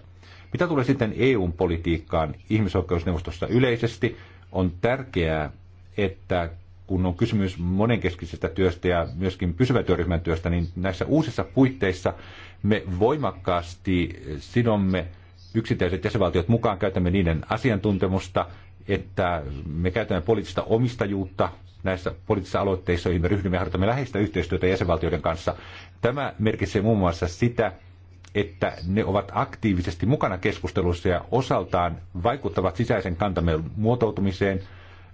Mitä tulee sitten EUn politiikkaan ihmisoikeusneuvostossa yleisesti, on tärkeää, että kun on kysymys monenkeskisestä työstä ja myöskin pysyvän työryhmän työstä, niin näissä uusissa puitteissa me voimakkaasti sidomme yksittäiset jäsenvaltiot mukaan, käytämme niiden asiantuntemusta, että me käytämme poliittista omistajuutta näissä poliittisissa aloitteissa, joihin me ryhdymme ja harjoitamme läheistä yhteistyötä jäsenvaltioiden kanssa. Tämä merkitsee muun muassa sitä, että ne ovat aktiivisesti mukana keskustelussa ja osaltaan vaikuttavat sisäisen kantamme muotoutumiseen,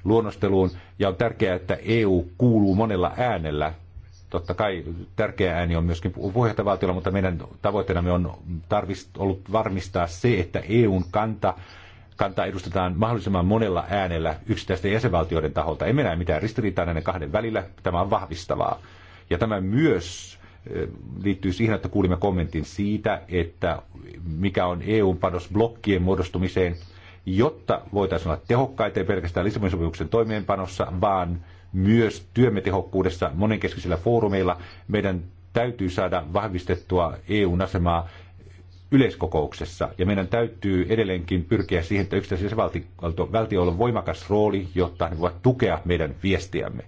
luonnosteluun. Ja on tärkeää, että EU kuuluu monella äänellä. Totta kai tärkeä ääni on myöskin puheenjohtajavaltiolla, mutta meidän tavoitteenamme on tarvist, ollut varmistaa se, että EUn kanta kantaa edustetaan mahdollisimman monella äänellä yksittäisten jäsenvaltioiden taholta. Emme näe mitään ristiriitaa näiden kahden välillä. Tämä on vahvistavaa. Ja tämä myös liittyy siihen, että kuulimme kommentin siitä, että mikä on eu panos blokkien muodostumiseen, jotta voitaisiin olla tehokkaita ei pelkästään Lissabonin sopimuksen toimeenpanossa, vaan myös työmme tehokkuudessa monenkeskisillä foorumeilla. Meidän täytyy saada vahvistettua EUn asemaa yleiskokouksessa. Ja meidän täytyy edelleenkin pyrkiä siihen, että yksittäisessä valtiolla on voimakas rooli, jotta ne voivat tukea meidän viestiämme.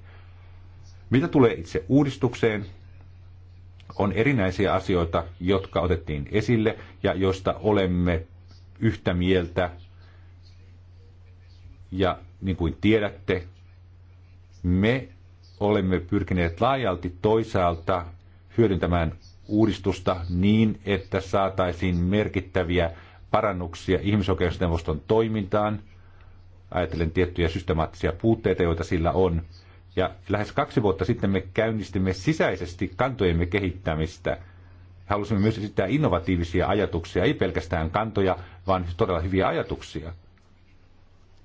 Mitä tulee itse uudistukseen, on erinäisiä asioita, jotka otettiin esille ja joista olemme yhtä mieltä. Ja niin kuin tiedätte, me olemme pyrkineet laajalti toisaalta hyödyntämään uudistusta niin, että saataisiin merkittäviä parannuksia ihmisoikeusneuvoston toimintaan. Ajattelen tiettyjä systemaattisia puutteita, joita sillä on, ja lähes kaksi vuotta sitten me käynnistimme sisäisesti kantojemme kehittämistä. Halusimme myös esittää innovatiivisia ajatuksia, ei pelkästään kantoja, vaan siis todella hyviä ajatuksia.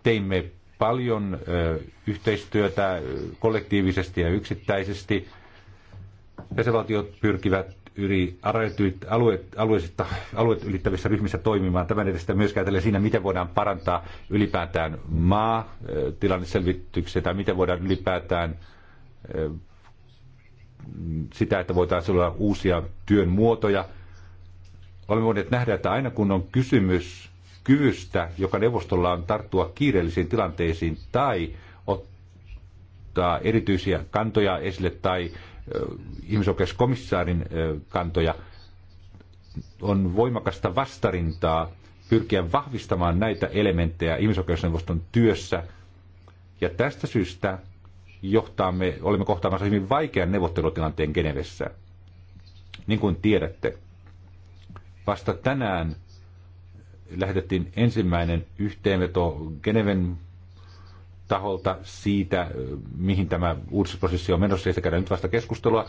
Teimme paljon ö, yhteistyötä kollektiivisesti ja yksittäisesti. Jäsenvaltiot pyrkivät yli alue, alueista, alueet ylittävissä ryhmissä toimimaan. Tämän edestä myöskään tällä siinä, miten voidaan parantaa ylipäätään maa eh, tilanneselvityksiä tai miten voidaan ylipäätään eh, sitä, että voitaisiin olla uusia työn muotoja. Olemme voineet nähdä, että aina kun on kysymys kyvystä, joka neuvostolla on tarttua kiireellisiin tilanteisiin tai ottaa erityisiä kantoja esille tai ihmisoikeuskomissaarin kantoja, on voimakasta vastarintaa pyrkiä vahvistamaan näitä elementtejä ihmisoikeusneuvoston työssä. Ja tästä syystä johtaamme, olemme kohtaamassa hyvin vaikean neuvottelutilanteen Genevessä. Niin kuin tiedätte, vasta tänään lähetettiin ensimmäinen yhteenveto Geneven taholta siitä, mihin tämä uudistusprosessi on menossa. Siitä käydään nyt vasta keskustelua.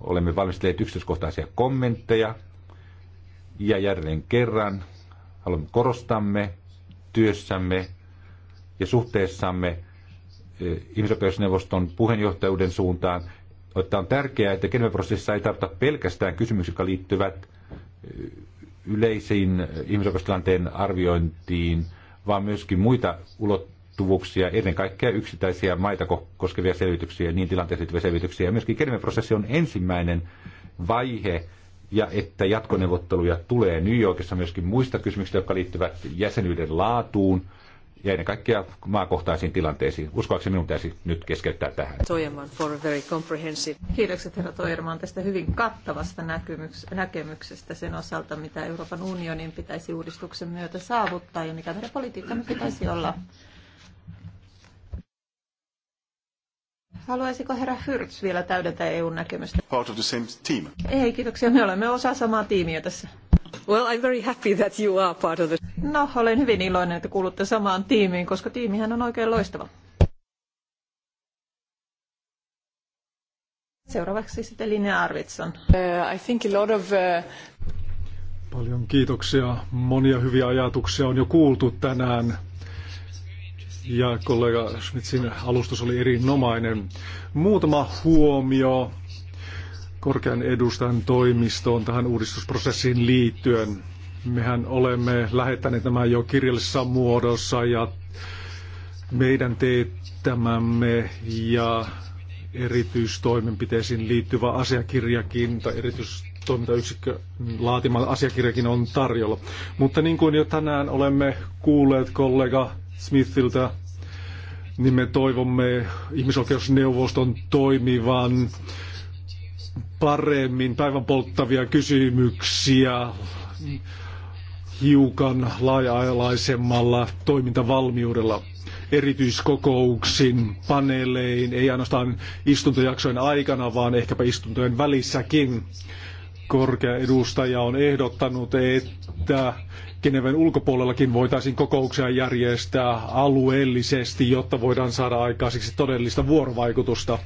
Olemme valmistelleet yksityiskohtaisia kommentteja. Ja jälleen kerran haluamme korostamme työssämme ja suhteessamme ihmisoikeusneuvoston puheenjohtajuuden suuntaan, että on tärkeää, että Geneve-prosessissa ei tarvita pelkästään kysymyksiä, jotka liittyvät yleisiin ihmisoikeustilanteen arviointiin, vaan myöskin muita ulottuvuuksia ulottuvuuksia, ennen kaikkea yksittäisiä maita koskevia selvityksiä, niin tilanteeseen liittyviä selvityksiä. Ja myöskin Kermen-prosessi on ensimmäinen vaihe, ja että jatkoneuvotteluja tulee New Yorkissa myöskin muista kysymyksistä, jotka liittyvät jäsenyyden laatuun ja ennen kaikkea maakohtaisiin tilanteisiin. Uskoakseni minun pitäisi nyt keskeyttää tähän. Toijaman for a very comprehensive. Kiitokset herra Toijaman tästä hyvin kattavasta näkemyksestä sen osalta, mitä Euroopan unionin pitäisi uudistuksen myötä saavuttaa ja mikä meidän politiikkamme pitäisi olla. Haluaisiko herra Fyrts vielä täydentää EUn näkemystä? Part of the same team. Ei, kiitoksia. Me olemme osa samaa tiimiä tässä. Well, I'm very happy that you are part of the... No, olen hyvin iloinen, että kuulutte samaan tiimiin, koska tiimihän on oikein loistava. Seuraavaksi sitten Linnea Arvitson. Uh, I think a lot of, uh... Paljon kiitoksia. Monia hyviä ajatuksia on jo kuultu tänään ja kollega Schmitzin alustus oli erinomainen. Muutama huomio korkean edustajan toimistoon tähän uudistusprosessiin liittyen. Mehän olemme lähettäneet tämän jo kirjallisessa muodossa ja meidän teettämämme ja erityistoimenpiteisiin liittyvä asiakirjakin tai erityistoimintayksikkö laatima asiakirjakin on tarjolla. Mutta niin kuin jo tänään olemme kuulleet kollega Smithiltä, niin me toivomme ihmisoikeusneuvoston toimivan paremmin päivän polttavia kysymyksiä hiukan laaja-alaisemmalla toimintavalmiudella erityiskokouksin, paneelein, ei ainoastaan istuntojaksojen aikana, vaan ehkäpä istuntojen välissäkin. Korkea edustaja on ehdottanut, että Geneven ulkopuolellakin voitaisiin kokouksia järjestää alueellisesti, jotta voidaan saada aikaiseksi todellista vuorovaikutusta.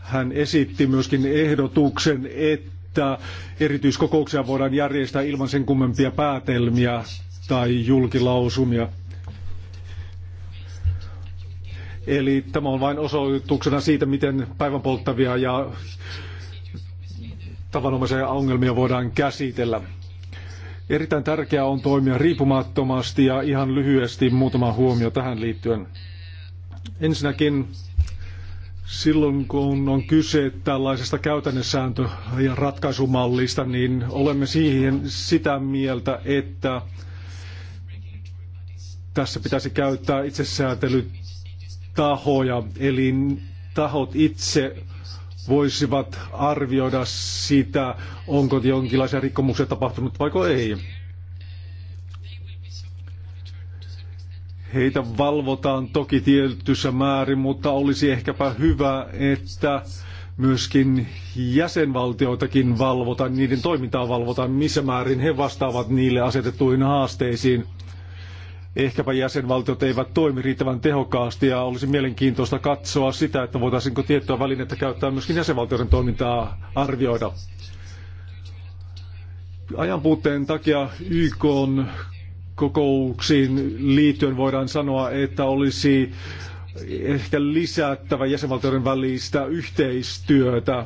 Hän esitti myöskin ehdotuksen, että erityiskokouksia voidaan järjestää ilman sen kummempia päätelmiä tai julkilausumia. Eli tämä on vain osoituksena siitä, miten päivänpolttavia ja tavanomaisia ongelmia voidaan käsitellä. Erittäin tärkeää on toimia riippumattomasti ja ihan lyhyesti muutama huomio tähän liittyen. Ensinnäkin silloin, kun on kyse tällaisesta käytännössääntö- ja ratkaisumallista, niin olemme siihen sitä mieltä, että tässä pitäisi käyttää itsesäätelytahoja, eli tahot itse voisivat arvioida sitä, onko jonkinlaisia rikkomuksia tapahtunut vaiko ei. Heitä valvotaan toki tietyssä määrin, mutta olisi ehkäpä hyvä, että myöskin jäsenvaltioitakin valvotaan, niiden toimintaa valvotaan, missä määrin he vastaavat niille asetettuihin haasteisiin ehkäpä jäsenvaltiot eivät toimi riittävän tehokkaasti ja olisi mielenkiintoista katsoa sitä, että voitaisiinko tiettyä välinettä käyttää myöskin jäsenvaltioiden toimintaa arvioida. Ajanpuutteen takia YK on kokouksiin liittyen voidaan sanoa, että olisi ehkä lisättävä jäsenvaltioiden välistä yhteistyötä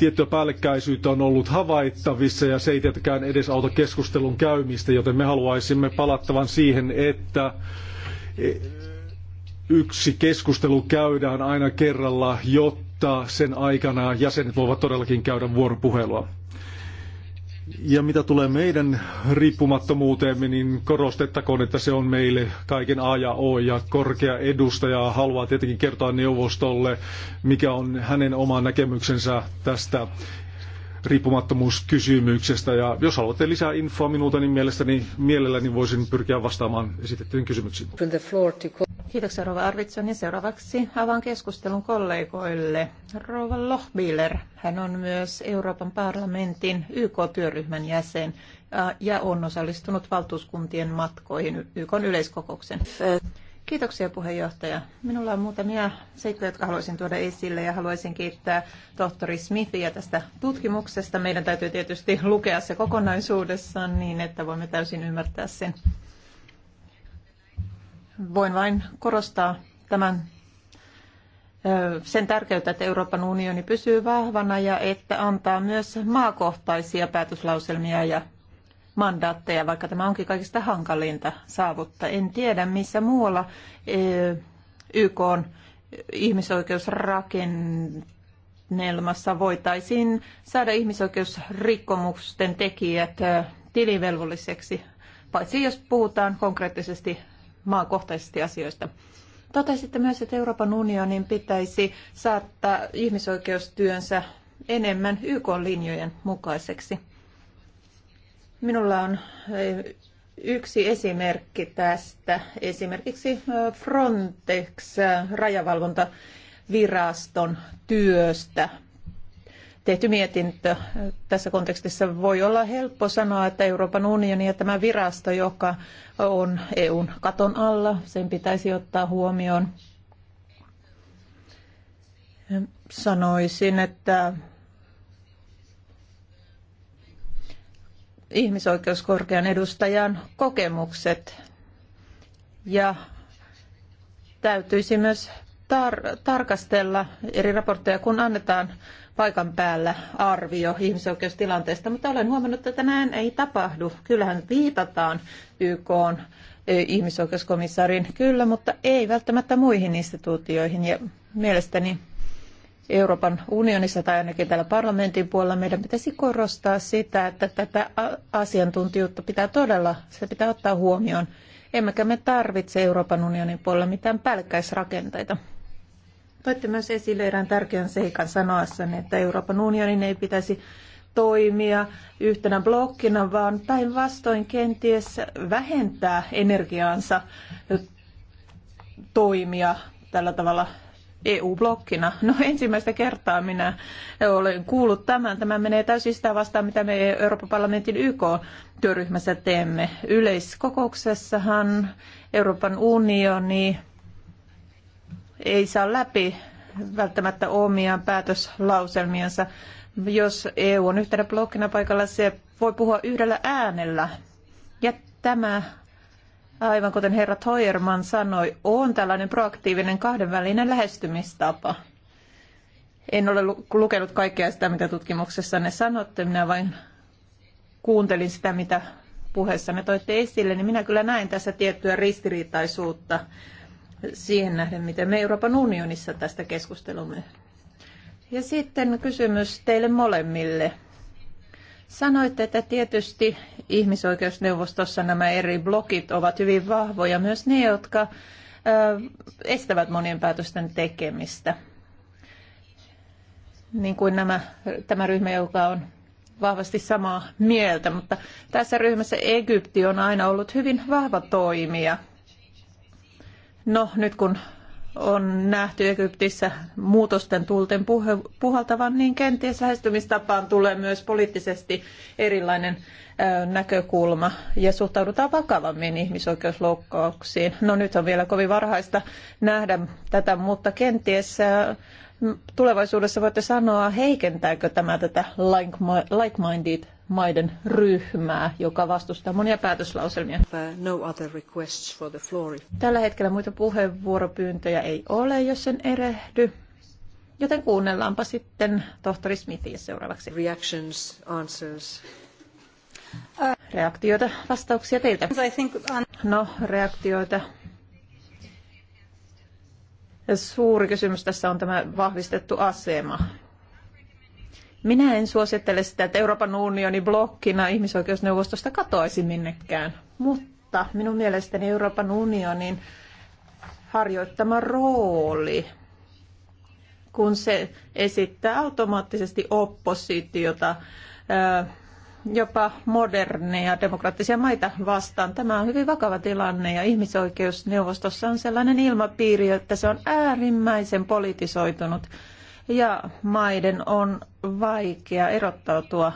tiettyä päällekkäisyyttä on ollut havaittavissa ja se ei tietenkään edes auta keskustelun käymistä, joten me haluaisimme palattavan siihen, että yksi keskustelu käydään aina kerralla, jotta sen aikana jäsenet voivat todellakin käydä vuoropuhelua. Ja mitä tulee meidän riippumattomuuteemme, niin korostettakoon, että se on meille kaiken A ja O. Ja korkea edustaja haluaa tietenkin kertoa neuvostolle, mikä on hänen oma näkemyksensä tästä riippumattomuuskysymyksestä. Ja jos haluatte lisää infoa minulta, niin mielestäni mielelläni voisin pyrkiä vastaamaan esitettyihin kysymyksiin. Kiitoksia Rova Arvitson ja seuraavaksi avaan keskustelun kollegoille. Rova Lohbiller, hän on myös Euroopan parlamentin YK-työryhmän jäsen ja on osallistunut valtuuskuntien matkoihin YK yleiskokouksen. Kiitoksia puheenjohtaja. Minulla on muutamia seikkoja, jotka haluaisin tuoda esille ja haluaisin kiittää tohtori Smithia tästä tutkimuksesta. Meidän täytyy tietysti lukea se kokonaisuudessaan niin, että voimme täysin ymmärtää sen Voin vain korostaa tämän sen tärkeyttä, että Euroopan unioni pysyy vahvana ja että antaa myös maakohtaisia päätöslauselmia ja mandaatteja, vaikka tämä onkin kaikista hankalinta saavuttaa. En tiedä, missä muualla YK on ihmisoikeusrakennelmassa voitaisiin saada ihmisoikeusrikkomusten tekijät tilivelvolliseksi, paitsi jos puhutaan konkreettisesti maakohtaisesti asioista. Totesitte myös, että Euroopan unionin pitäisi saattaa ihmisoikeustyönsä enemmän YK-linjojen mukaiseksi. Minulla on eh, yksi esimerkki tästä. Esimerkiksi eh, Frontex eh, rajavalvontaviraston työstä tehty mietintö tässä kontekstissa. Voi olla helppo sanoa, että Euroopan unioni ja tämä virasto, joka on EUn katon alla, sen pitäisi ottaa huomioon. Sanoisin, että ihmisoikeuskorkean edustajan kokemukset ja täytyisi myös tar- tarkastella eri raportteja, kun annetaan paikan päällä arvio ihmisoikeustilanteesta, mutta olen huomannut, että näin ei tapahdu. Kyllähän viitataan YK on e, ihmisoikeuskomissaarin kyllä, mutta ei välttämättä muihin instituutioihin. Ja mielestäni Euroopan unionissa tai ainakin täällä parlamentin puolella meidän pitäisi korostaa sitä, että tätä asiantuntijuutta pitää todella, se pitää ottaa huomioon. Emmekä me tarvitse Euroopan unionin puolella mitään pälkkäisrakenteita. Toitte myös esille erään tärkeän seikan sanoessanne, että Euroopan unionin ei pitäisi toimia yhtenä blokkina, vaan päinvastoin kenties vähentää energiaansa toimia tällä tavalla EU-blokkina. No ensimmäistä kertaa minä olen kuullut tämän. Tämä menee täysin sitä vastaan, mitä me Euroopan parlamentin YK-työryhmässä teemme. Yleiskokouksessahan Euroopan unioni ei saa läpi välttämättä omia päätöslauselmiansa. Jos EU on yhtenä blokkina paikalla, se voi puhua yhdellä äänellä. Ja tämä, aivan kuten herra Toijerman sanoi, on tällainen proaktiivinen kahdenvälinen lähestymistapa. En ole lukenut kaikkea sitä, mitä ne sanotte, minä vain kuuntelin sitä, mitä puheessa ne toitte esille, niin minä kyllä näen tässä tiettyä ristiriitaisuutta siihen nähden, miten me Euroopan unionissa tästä keskustelumme. Ja sitten kysymys teille molemmille. Sanoitte, että tietysti ihmisoikeusneuvostossa nämä eri blokit ovat hyvin vahvoja, myös ne, jotka estävät monien päätösten tekemistä. Niin kuin nämä, tämä ryhmä, joka on vahvasti samaa mieltä, mutta tässä ryhmässä Egypti on aina ollut hyvin vahva toimija – No nyt kun on nähty Egyptissä muutosten tulten puhaltavan, niin kenties lähestymistapaan tulee myös poliittisesti erilainen näkökulma ja suhtaudutaan vakavammin ihmisoikeusloukkauksiin. No nyt on vielä kovin varhaista nähdä tätä, mutta kenties tulevaisuudessa voitte sanoa, heikentääkö tämä tätä like-minded maiden ryhmää, joka vastustaa monia päätöslauselmia. No Tällä hetkellä muita puheenvuoropyyntöjä ei ole, jos sen erehdy. Joten kuunnellaanpa sitten tohtori Smithiä seuraavaksi. Reactions, answers. Reaktioita, vastauksia teiltä. No, reaktioita. Suuri kysymys tässä on tämä vahvistettu asema. Minä en suosittele sitä, että Euroopan unionin blokkina ihmisoikeusneuvostosta katoaisi minnekään, mutta minun mielestäni Euroopan unionin harjoittama rooli, kun se esittää automaattisesti oppositiota jopa moderneja demokraattisia maita vastaan. Tämä on hyvin vakava tilanne ja ihmisoikeusneuvostossa on sellainen ilmapiiri, että se on äärimmäisen politisoitunut ja maiden on vaikea erottautua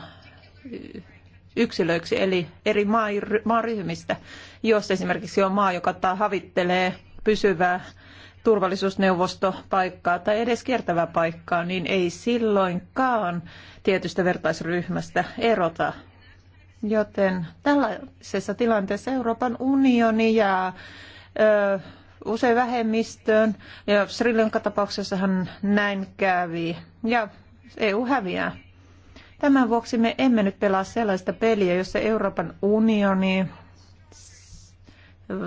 yksilöiksi, eli eri maaryhmistä. Jos esimerkiksi on maa, joka havittelee pysyvää turvallisuusneuvostopaikkaa tai edes kiertävää paikkaa, niin ei silloinkaan tietystä vertaisryhmästä erota. Joten tällaisessa tilanteessa Euroopan unioni ja ö, usein vähemmistöön. Ja Sri Lankan tapauksessahan näin kävi. Ja EU häviää. Tämän vuoksi me emme nyt pelaa sellaista peliä, jossa Euroopan unioni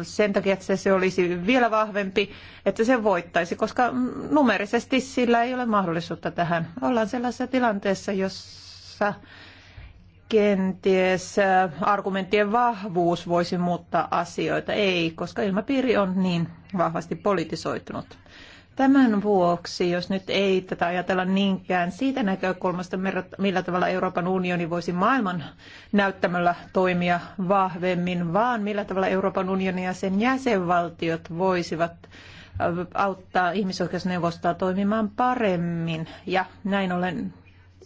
sen takia, että se olisi vielä vahvempi, että se voittaisi, koska numerisesti sillä ei ole mahdollisuutta tähän. Ollaan sellaisessa tilanteessa, jossa kenties äh, argumenttien vahvuus voisi muuttaa asioita. Ei, koska ilmapiiri on niin vahvasti politisoitunut. Tämän vuoksi, jos nyt ei tätä ajatella niinkään siitä näkökulmasta, millä tavalla Euroopan unioni voisi maailman näyttämällä toimia vahvemmin, vaan millä tavalla Euroopan unioni ja sen jäsenvaltiot voisivat äh, auttaa ihmisoikeusneuvostoa toimimaan paremmin ja näin ollen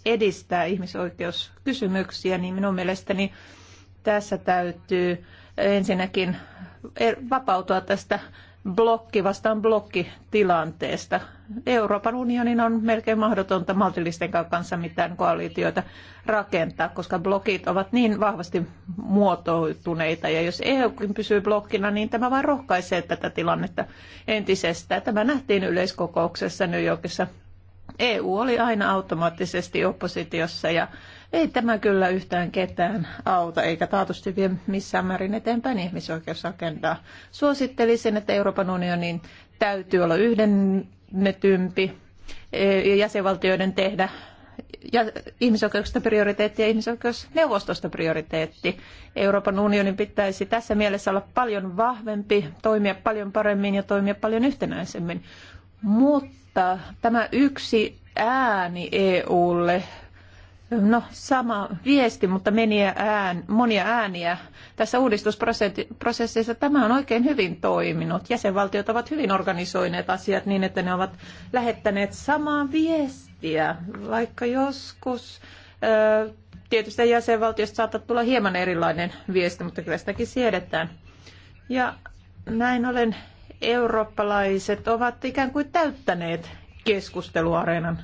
edistää ihmisoikeuskysymyksiä, niin minun mielestäni tässä täytyy ensinnäkin er- vapautua tästä blokki vastaan blokkitilanteesta. Euroopan unionin on melkein mahdotonta maltillisten kanssa mitään koalitioita rakentaa, koska blokit ovat niin vahvasti muotoutuneita. Ja jos EU pysyy blokkina, niin tämä vain rohkaisee tätä tilannetta entisestään. Tämä nähtiin yleiskokouksessa New Yorkissa EU oli aina automaattisesti oppositiossa ja ei tämä kyllä yhtään ketään auta, eikä taatusti vie missään määrin eteenpäin ihmisoikeusagendaa. Suosittelisin, että Euroopan unionin täytyy olla yhdennetympi e, ja jäsenvaltioiden tehdä ja ihmisoikeuksista prioriteetti ja ihmisoikeusneuvostosta prioriteetti. Euroopan unionin pitäisi tässä mielessä olla paljon vahvempi, toimia paljon paremmin ja toimia paljon yhtenäisemmin. Mutta tämä yksi ääni EUlle No sama viesti, mutta meniä ään, monia ääniä. Tässä uudistusprosessissa tämä on oikein hyvin toiminut. Jäsenvaltiot ovat hyvin organisoineet asiat niin, että ne ovat lähettäneet samaa viestiä, vaikka joskus ö, tietystä jäsenvaltiosta saattaa tulla hieman erilainen viesti, mutta kyllä sitäkin siedetään. Ja näin olen eurooppalaiset ovat ikään kuin täyttäneet keskusteluareenan.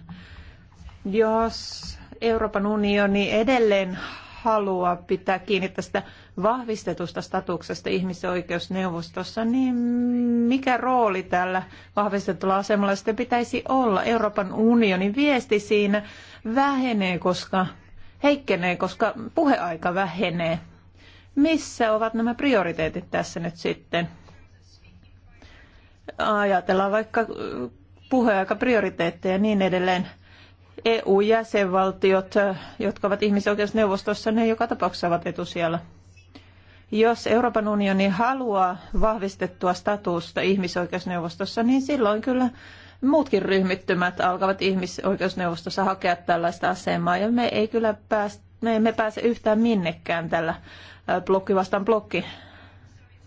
Jos Euroopan unioni edelleen haluaa pitää kiinni tästä vahvistetusta statuksesta ihmisoikeusneuvostossa, niin mikä rooli tällä vahvistetulla asemalla sitten pitäisi olla? Euroopan unionin viesti siinä vähenee, koska heikkenee, koska puheaika vähenee. Missä ovat nämä prioriteetit tässä nyt sitten? Ajatellaan vaikka äh, puheaikaprioriteetteja ja niin edelleen. EU-jäsenvaltiot, äh, jotka ovat ihmisoikeusneuvostossa, ne joka tapauksessa ovat etusijalla. Jos Euroopan unioni haluaa vahvistettua statusta ihmisoikeusneuvostossa, niin silloin kyllä muutkin ryhmittymät alkavat ihmisoikeusneuvostossa hakea tällaista asemaa. Ja me ei kyllä pääs, me emme pääse yhtään minnekään tällä äh, blokki vastaan blokki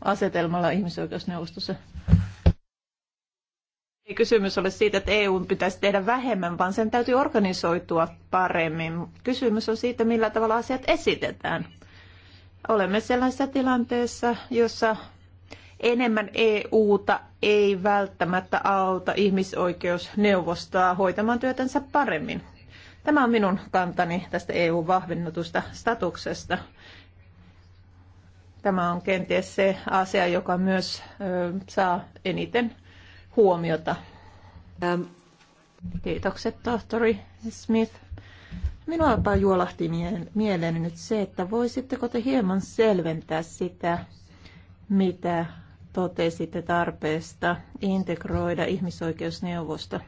asetelmalla ihmisoikeusneuvostossa. Ei kysymys ole siitä, että EU pitäisi tehdä vähemmän, vaan sen täytyy organisoitua paremmin. Kysymys on siitä, millä tavalla asiat esitetään. Olemme sellaisessa tilanteessa, jossa enemmän EUta ei välttämättä auta ihmisoikeusneuvostoa hoitamaan työtänsä paremmin. Tämä on minun kantani tästä EU-vahvennetusta statuksesta. Tämä on kenties se asia, joka myös saa eniten huomiota. Ähm. Kiitokset, tohtori Smith. Minua juolahti mieleeni nyt se, että voisitteko te hieman selventää sitä, mitä totesitte tarpeesta integroida ihmisoikeusneuvosto,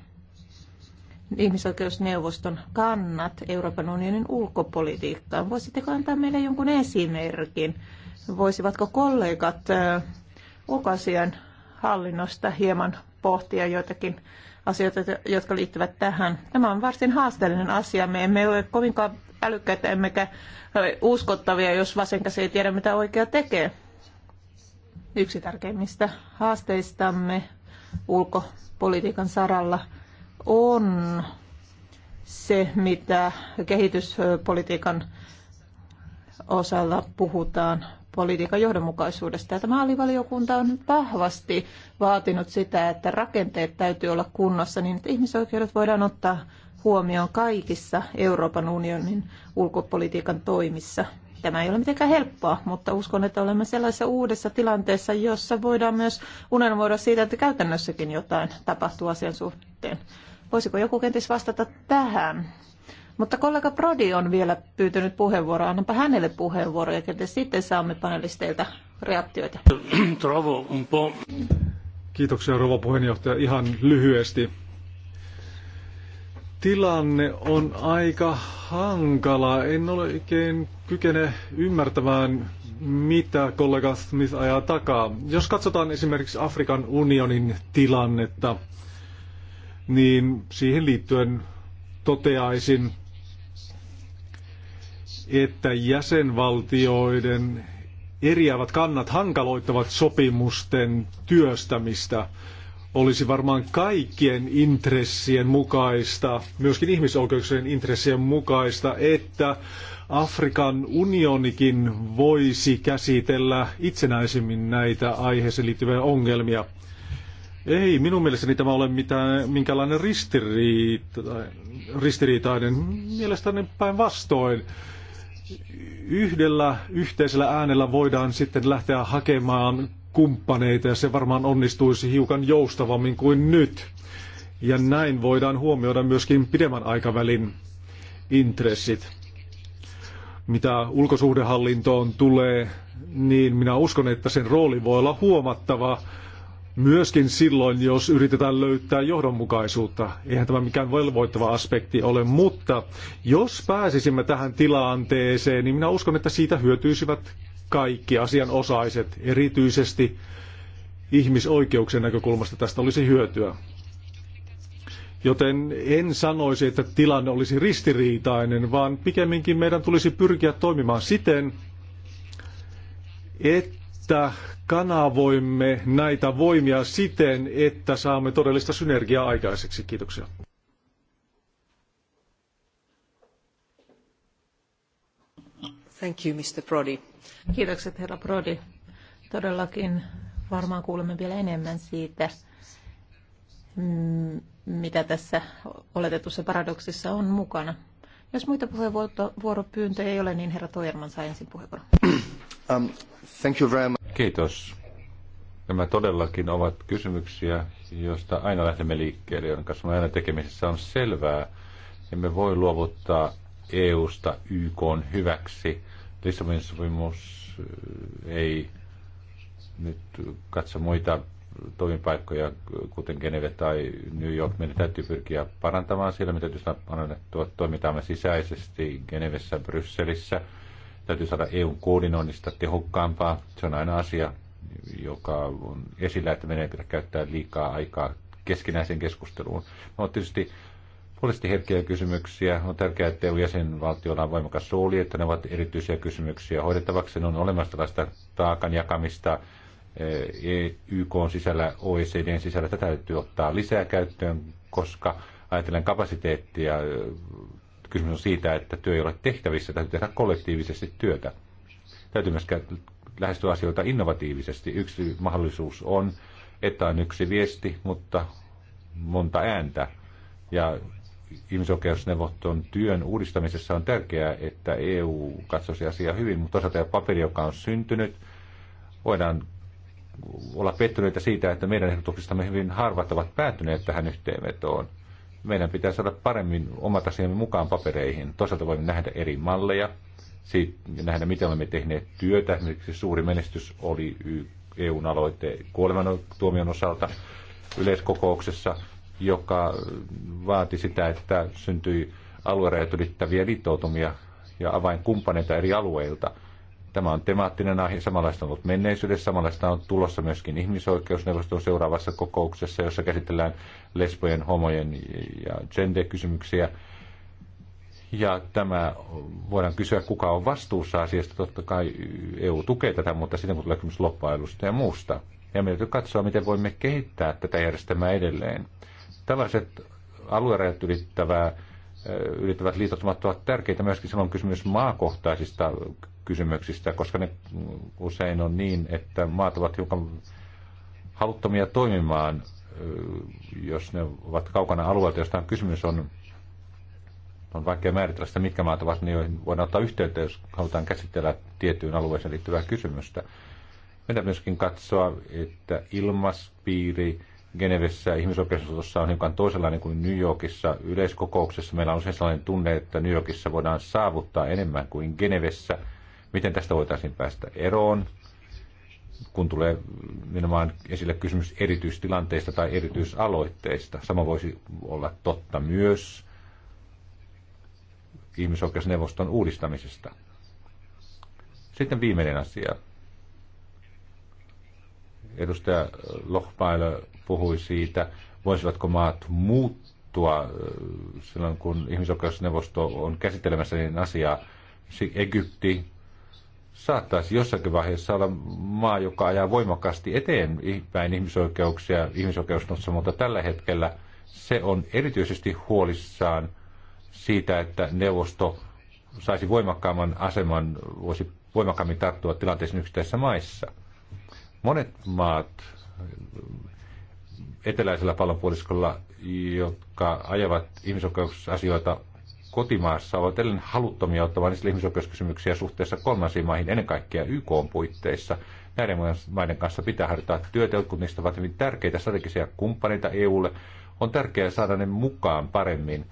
ihmisoikeusneuvoston kannat Euroopan unionin ulkopolitiikkaan. Voisitteko antaa meille jonkun esimerkin? Voisivatko kollegat äh, ulkoasian hallinnosta hieman pohtia joitakin asioita, jotka liittyvät tähän. Tämä on varsin haasteellinen asia. Me emme ole kovinkaan älykkäitä emmekä uskottavia, jos vasen ei tiedä, mitä oikea tekee. Yksi tärkeimmistä haasteistamme ulkopolitiikan saralla on se, mitä kehityspolitiikan osalla puhutaan politiikan johdonmukaisuudesta. Ja tämä alivaliokunta on vahvasti vaatinut sitä, että rakenteet täytyy olla kunnossa niin, että ihmisoikeudet voidaan ottaa huomioon kaikissa Euroopan unionin ulkopolitiikan toimissa. Tämä ei ole mitenkään helppoa, mutta uskon, että olemme sellaisessa uudessa tilanteessa, jossa voidaan myös unelmoida siitä, että käytännössäkin jotain tapahtuu asian suhteen. Voisiko joku kenties vastata tähän? Mutta kollega Prodi on vielä pyytänyt puheenvuoroa. Annanpa hänelle puheenvuoroja, ja sitten saamme panelisteilta reaktioita. Kiitoksia rouva puheenjohtaja. Ihan lyhyesti. Tilanne on aika hankala. En ole oikein kykene ymmärtämään, mitä kollega Smith ajaa takaa. Jos katsotaan esimerkiksi Afrikan unionin tilannetta, niin siihen liittyen toteaisin, että jäsenvaltioiden eriävät kannat hankaloittavat sopimusten työstämistä. Olisi varmaan kaikkien intressien mukaista, myöskin ihmisoikeuksien intressien mukaista, että Afrikan unionikin voisi käsitellä itsenäisemmin näitä aiheeseen liittyviä ongelmia. Ei, minun mielestäni tämä ole mitään, minkälainen ristiriita, ristiriitainen. Mielestäni päinvastoin yhdellä yhteisellä äänellä voidaan sitten lähteä hakemaan kumppaneita ja se varmaan onnistuisi hiukan joustavammin kuin nyt. Ja näin voidaan huomioida myöskin pidemmän aikavälin intressit. Mitä ulkosuhdehallintoon tulee, niin minä uskon, että sen rooli voi olla huomattava myöskin silloin, jos yritetään löytää johdonmukaisuutta. Eihän tämä mikään velvoittava aspekti ole, mutta jos pääsisimme tähän tilanteeseen, niin minä uskon, että siitä hyötyisivät kaikki asianosaiset, erityisesti ihmisoikeuksien näkökulmasta tästä olisi hyötyä. Joten en sanoisi, että tilanne olisi ristiriitainen, vaan pikemminkin meidän tulisi pyrkiä toimimaan siten, että että kanavoimme näitä voimia siten, että saamme todellista synergiaa aikaiseksi. Kiitoksia. Thank you, Mr. Prodi. Kiitokset, herra Prodi. Todellakin varmaan kuulemme vielä enemmän siitä, mm, mitä tässä oletetussa paradoksissa on mukana. Jos muita puheenvuoropyyntöjä ei ole, niin herra Toijerman saa ensin puheenvuoron. Um, thank you very much. Kiitos. Nämä todellakin ovat kysymyksiä, joista aina lähdemme liikkeelle, joiden kanssa aina tekemisissä on selvää. Emme voi luovuttaa EUsta YK hyväksi. Lissabonin sopimus eh, ei nyt katso muita toimipaikkoja, kuten Geneve tai New York. Meidän täytyy pyrkiä parantamaan siellä, mitä täytyy parantaa me sisäisesti Genevessä, Brysselissä – Täytyy saada EUn koordinoinnista tehokkaampaa. Se on aina asia, joka on esillä, että meidän ei pidä käyttää liikaa aikaa keskinäiseen keskusteluun. No tietysti poliittisesti herkkiä kysymyksiä. On tärkeää, että EU-jäsenvaltioilla on voimakas suoli, että ne ovat erityisiä kysymyksiä hoidettavaksi. Ne on olemassa tällaista taakan jakamista e, YK on sisällä, OECDn sisällä. Tätä täytyy ottaa lisää käyttöön, koska ajatellen kapasiteettia kysymys on siitä, että työ ei ole tehtävissä, täytyy tehdä kollektiivisesti työtä. Täytyy myös lähestyä asioita innovatiivisesti. Yksi mahdollisuus on, että on yksi viesti, mutta monta ääntä. Ja ihmisoikeusneuvoston työn uudistamisessa on tärkeää, että EU katsoisi asiaa hyvin, mutta toisaalta ja paperi, joka on syntynyt, voidaan olla pettyneitä siitä, että meidän ehdotuksistamme hyvin harvat ovat päätyneet tähän yhteenvetoon meidän pitää saada paremmin omat asiamme mukaan papereihin. Toisaalta voimme nähdä eri malleja, siitä, nähdä miten olemme tehneet työtä. Esimerkiksi suuri menestys oli EUn aloite kuolemantuomion osalta yleiskokouksessa, joka vaati sitä, että syntyi aluerajat ylittäviä liittoutumia ja avainkumppaneita eri alueilta – Tämä on temaattinen aihe, samanlaista on ollut menneisyydessä, samanlaista on tulossa myöskin ihmisoikeusneuvoston seuraavassa kokouksessa, jossa käsitellään lesbojen, homojen ja gender-kysymyksiä. Ja tämä, voidaan kysyä, kuka on vastuussa asiasta. Totta kai EU tukee tätä, mutta sitten kun tulee kysymys loppailusta ja muusta. Ja meidän täytyy katsoa, miten voimme kehittää tätä järjestelmää edelleen. Tällaiset aluerajat ylittävää ylittävät liitot ovat tärkeitä myöskin silloin kysymys maakohtaisista kysymyksistä, koska ne usein on niin, että maat ovat hiukan haluttomia toimimaan, jos ne ovat kaukana alueelta, josta on kysymys, on, on vaikea määritellä sitä, mitkä maat ovat, niin joihin voidaan ottaa yhteyttä, jos halutaan käsitellä tiettyyn alueeseen liittyvää kysymystä. Meidän myöskin katsoa, että ilmaspiiri Genevessä ja ihmisoikeusosassa on hiukan toisenlainen kuin New Yorkissa. Yleiskokouksessa meillä on usein sellainen tunne, että New Yorkissa voidaan saavuttaa enemmän kuin Genevessä – Miten tästä voitaisiin päästä eroon, kun tulee nimenomaan esille kysymys erityistilanteista tai erityisaloitteista. Sama voisi olla totta myös ihmisoikeusneuvoston uudistamisesta. Sitten viimeinen asia. Edustaja Lohpaile puhui siitä, voisivatko maat muuttua äh, silloin, kun ihmisoikeusneuvosto on käsittelemässä niin asiaa. Egypti, saattaisi jossakin vaiheessa olla maa, joka ajaa voimakkaasti eteenpäin ihmisoikeuksia ihmisoikeusnossa, mutta tällä hetkellä se on erityisesti huolissaan siitä, että neuvosto saisi voimakkaamman aseman, voisi voimakkaammin tarttua tilanteeseen yksittäisissä maissa. Monet maat eteläisellä pallonpuoliskolla, jotka ajavat ihmisoikeusasioita kotimaassa ovat edelleen haluttomia ottamaan niistä ihmisoikeuskysymyksiä suhteessa kolmansiin maihin, ennen kaikkea YK on puitteissa. Näiden maiden kanssa pitää harjoittaa työtä, jotkut niistä ovat hyvin tärkeitä strategisia kumppaneita EUlle. On tärkeää saada ne mukaan paremmin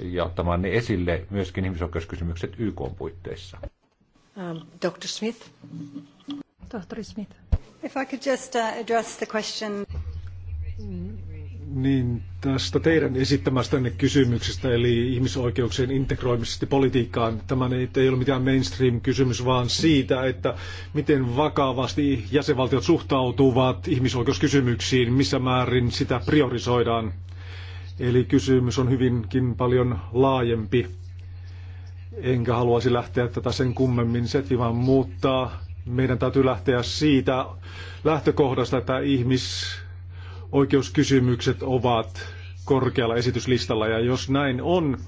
ja ottamaan ne esille myöskin ihmisoikeuskysymykset YK on puitteissa. Um, Dr. Smith. Tohtori Smith. If I could just uh, address the question. Mm. Niin tästä teidän esittämästänne kysymyksestä, eli ihmisoikeuksien integroimisesti politiikkaan, tämä ei ole mitään mainstream-kysymys, vaan siitä, että miten vakavasti jäsenvaltiot suhtautuvat ihmisoikeuskysymyksiin, missä määrin sitä priorisoidaan. Eli kysymys on hyvinkin paljon laajempi. Enkä haluaisi lähteä tätä sen kummemmin setvimaan, mutta meidän täytyy lähteä siitä lähtökohdasta, että ihmis oikeuskysymykset ovat korkealla esityslistalla. Ja jos näin on,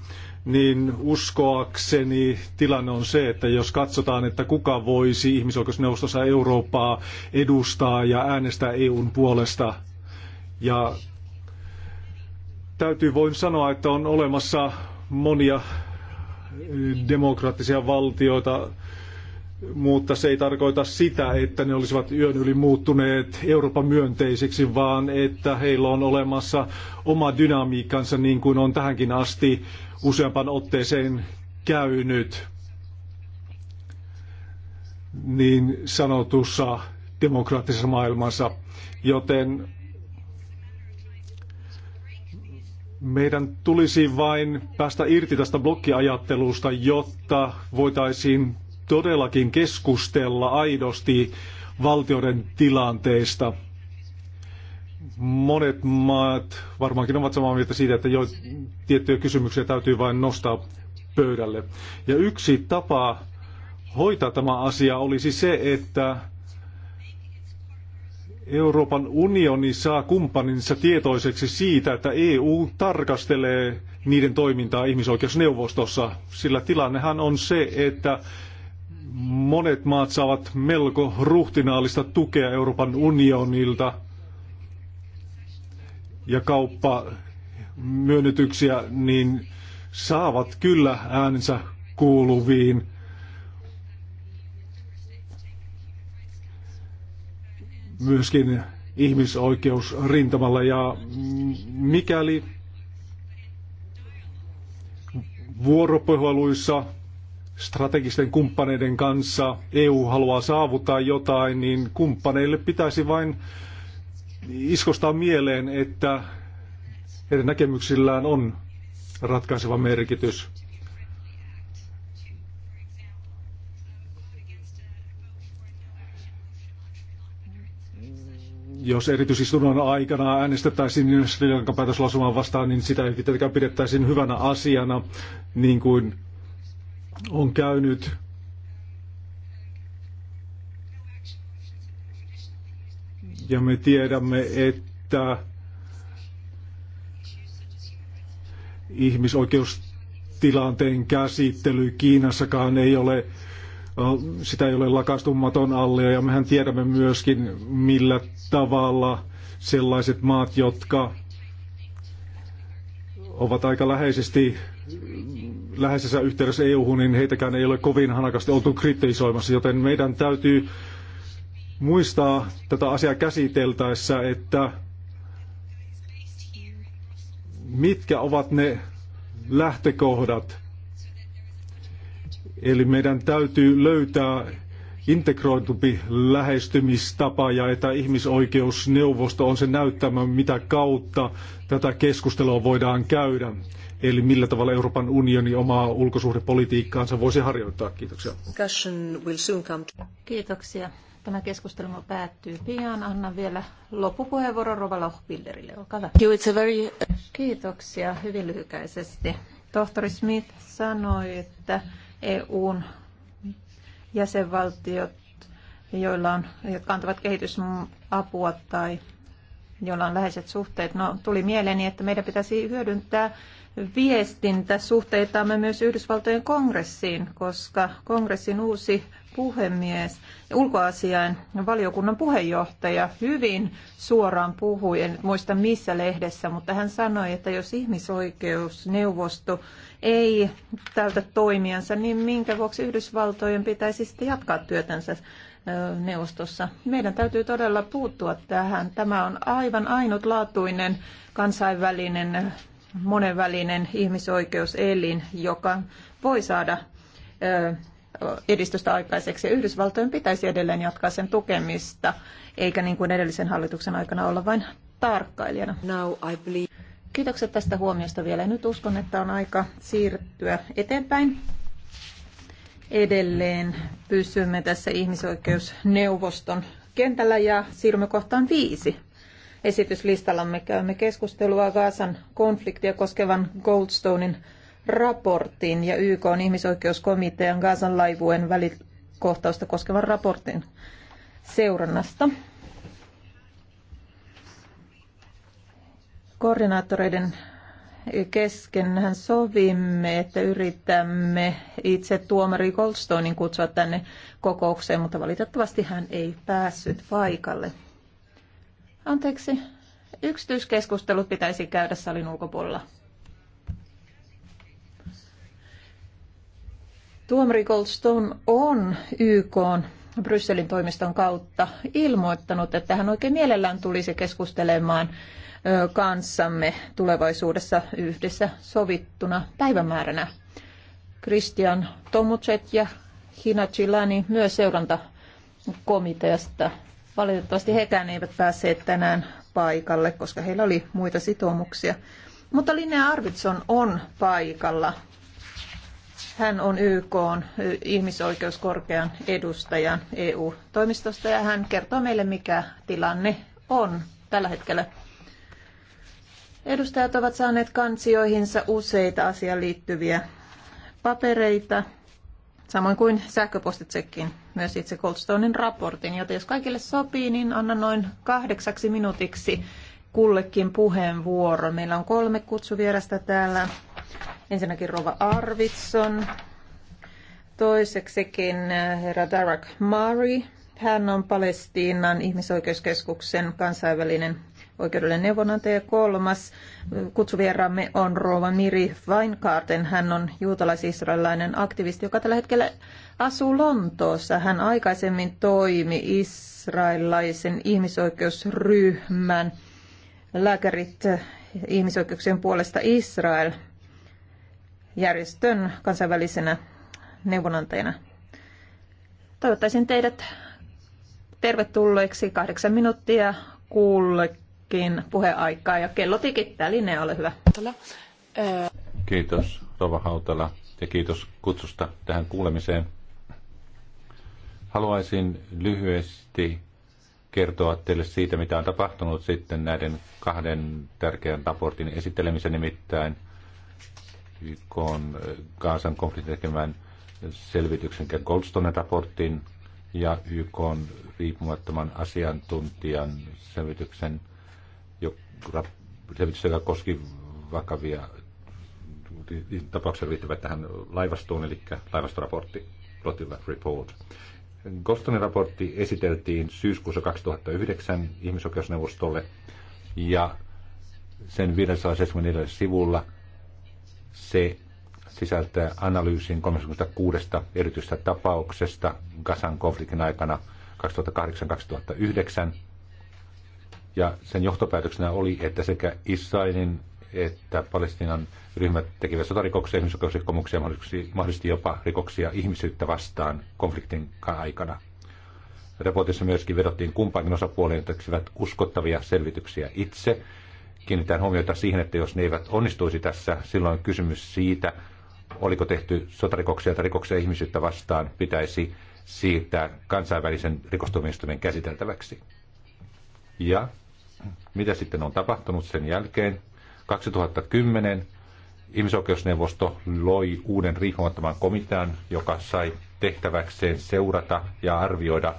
niin uskoakseni tilanne on se, että jos katsotaan, että kuka voisi ihmisoikeusneuvostossa Eurooppaa edustaa ja äänestää EUn puolesta, ja täytyy voin sanoa, että on olemassa monia demokraattisia valtioita, mutta se ei tarkoita sitä, että ne olisivat yön yli muuttuneet Euroopan myönteisiksi, vaan että heillä on olemassa oma dynamiikkansa niin kuin on tähänkin asti useampaan otteeseen käynyt niin sanotussa demokraattisessa maailmassa, joten meidän tulisi vain päästä irti tästä blokkiajattelusta, jotta voitaisiin todellakin keskustella aidosti valtioiden tilanteista. Monet maat varmaankin ovat samaa mieltä siitä, että jo tiettyjä kysymyksiä täytyy vain nostaa pöydälle. Ja yksi tapa hoitaa tämä asia olisi se, että Euroopan unioni saa kumppaninsa tietoiseksi siitä, että EU tarkastelee niiden toimintaa ihmisoikeusneuvostossa, sillä tilannehan on se, että monet maat saavat melko ruhtinaalista tukea Euroopan unionilta ja kauppamyönnytyksiä, niin saavat kyllä äänensä kuuluviin. Myöskin ihmisoikeusrintamalla ja mikäli vuoropuheluissa strategisten kumppaneiden kanssa EU haluaa saavuttaa jotain, niin kumppaneille pitäisi vain iskostaa mieleen, että heidän näkemyksillään on ratkaiseva merkitys. Jos erityisistunnon aikana äänestettäisiin Sri Lankan päätöslausumaan vastaan, niin sitä ei tietenkään pidettäisiin hyvänä asiana, niin kuin on käynyt ja me tiedämme, että ihmisoikeustilanteen käsittely Kiinassakaan ei ole, äh, sitä ei ole lakastumaton alle ja mehän tiedämme myöskin millä tavalla sellaiset maat, jotka ovat aika läheisesti läheisessä yhteydessä EU-hun, niin heitäkään ei ole kovin hanakasti oltu kritisoimassa, joten meidän täytyy muistaa tätä asiaa käsiteltäessä, että mitkä ovat ne lähtökohdat. Eli meidän täytyy löytää integroitumpi lähestymistapa ja että ihmisoikeusneuvosto on se näyttämä, mitä kautta tätä keskustelua voidaan käydä eli millä tavalla Euroopan unioni omaa ulkosuhdepolitiikkaansa voisi harjoittaa. Kiitoksia. Kiitoksia. Tämä keskustelu päättyy pian. Annan vielä loppupuheenvuoron Rova Lohpilderille. Olkaa hyvä. Uh, Kiitoksia hyvin lyhykäisesti. Tohtori Smith sanoi, että EUn jäsenvaltiot, joilla on, jotka antavat kehitysapua tai joilla on läheiset suhteet. No, tuli mieleeni, että meidän pitäisi hyödyntää viestintäsuhteitamme myös Yhdysvaltojen kongressiin, koska kongressin uusi puhemies ja ulkoasiain valiokunnan puheenjohtaja hyvin suoraan puhui, en muista missä lehdessä, mutta hän sanoi, että jos ihmisoikeusneuvosto ei täytä toimiansa, niin minkä vuoksi Yhdysvaltojen pitäisi sitten jatkaa työtänsä neuvostossa. Meidän täytyy todella puuttua tähän. Tämä on aivan ainutlaatuinen kansainvälinen monenvälinen ihmisoikeuselin, joka voi saada edistystä aikaiseksi. Ja Yhdysvaltojen pitäisi edelleen jatkaa sen tukemista, eikä niin kuin edellisen hallituksen aikana olla vain tarkkailijana. Now I believe... Kiitokset tästä huomiosta vielä. Nyt uskon, että on aika siirtyä eteenpäin. Edelleen pysymme tässä ihmisoikeusneuvoston kentällä ja siirrymme kohtaan viisi esityslistallamme käymme keskustelua Gaasan konfliktia koskevan Goldstonein raportin ja YK on ihmisoikeuskomitean Gaasan laivueen välikohtausta koskevan raportin seurannasta. Koordinaattoreiden kesken hän sovimme, että yritämme itse tuomari Goldstonein kutsua tänne kokoukseen, mutta valitettavasti hän ei päässyt paikalle. Anteeksi, yksityiskeskustelut pitäisi käydä salin ulkopuolella. Tuomari Goldstone on YK Brysselin toimiston kautta ilmoittanut, että hän oikein mielellään tulisi keskustelemaan kanssamme tulevaisuudessa yhdessä sovittuna päivämääränä. Christian Tomucet ja Hina Chilani myös seurantakomiteasta Valitettavasti hekään eivät päässeet tänään paikalle, koska heillä oli muita sitoumuksia. Mutta Linnea Arvidsson on paikalla. Hän on YK on ihmisoikeuskorkean edustajan EU-toimistosta ja hän kertoo meille, mikä tilanne on tällä hetkellä. Edustajat ovat saaneet kansioihinsa useita asiaan liittyviä papereita samoin kuin sähköpostitsekin myös itse Goldstonein raportin. Joten jos kaikille sopii, niin anna noin kahdeksaksi minuutiksi kullekin puheenvuoro. Meillä on kolme kutsuvierasta täällä. Ensinnäkin Rova Arvitson, toiseksikin äh, herra Darak Mari. Hän on Palestiinan ihmisoikeuskeskuksen kansainvälinen oikeudellinen neuvonantaja. Ja kolmas kutsuvieraamme on Rova Miri Weinkarten. Hän on juutalais-israelilainen aktivisti, joka tällä hetkellä asuu Lontoossa. Hän aikaisemmin toimi israelilaisen ihmisoikeusryhmän lääkärit ihmisoikeuksien puolesta Israel järjestön kansainvälisenä neuvonantajana. Toivottaisin teidät tervetulleeksi kahdeksan minuuttia kuulle kullekin puheaikaa ja kello tikittää. Linnea, ole hyvä. Kiitos Rova Hautala ja kiitos kutsusta tähän kuulemiseen. Haluaisin lyhyesti kertoa teille siitä, mitä on tapahtunut sitten näiden kahden tärkeän raportin esittelemisen, nimittäin YK on äh, Gaasan konfliktin tekemään selvityksen Goldstone raportin ja YK on riippumattoman asiantuntijan selvityksen – selvitystä, joka koski vakavia tapauksia liittyvät tähän laivastoon, eli laivastoraportti, Flotilla Report. Gostonin raportti esiteltiin syyskuussa 2009 ihmisoikeusneuvostolle ja sen 574 sivulla se sisältää analyysin 36 erityistä tapauksesta Gasan konfliktin aikana 2008-2009 ja sen johtopäätöksenä oli, että sekä Israelin että Palestinan ryhmät tekivät sotarikoksia, ihmisoikeusrikkomuksia, mahdollisesti jopa rikoksia ihmisyyttä vastaan konfliktin aikana. Raportissa myöskin vedottiin kumpaankin osapuoleen, että tekevät uskottavia selvityksiä itse. Kiinnitään huomiota siihen, että jos ne eivät onnistuisi tässä, silloin kysymys siitä, oliko tehty sotarikoksia tai rikoksia ihmisyyttä vastaan, pitäisi siirtää kansainvälisen rikostuomioistuimen käsiteltäväksi. Ja mitä sitten on tapahtunut sen jälkeen. 2010 ihmisoikeusneuvosto loi uuden riippumattoman komitean, joka sai tehtäväkseen seurata ja arvioida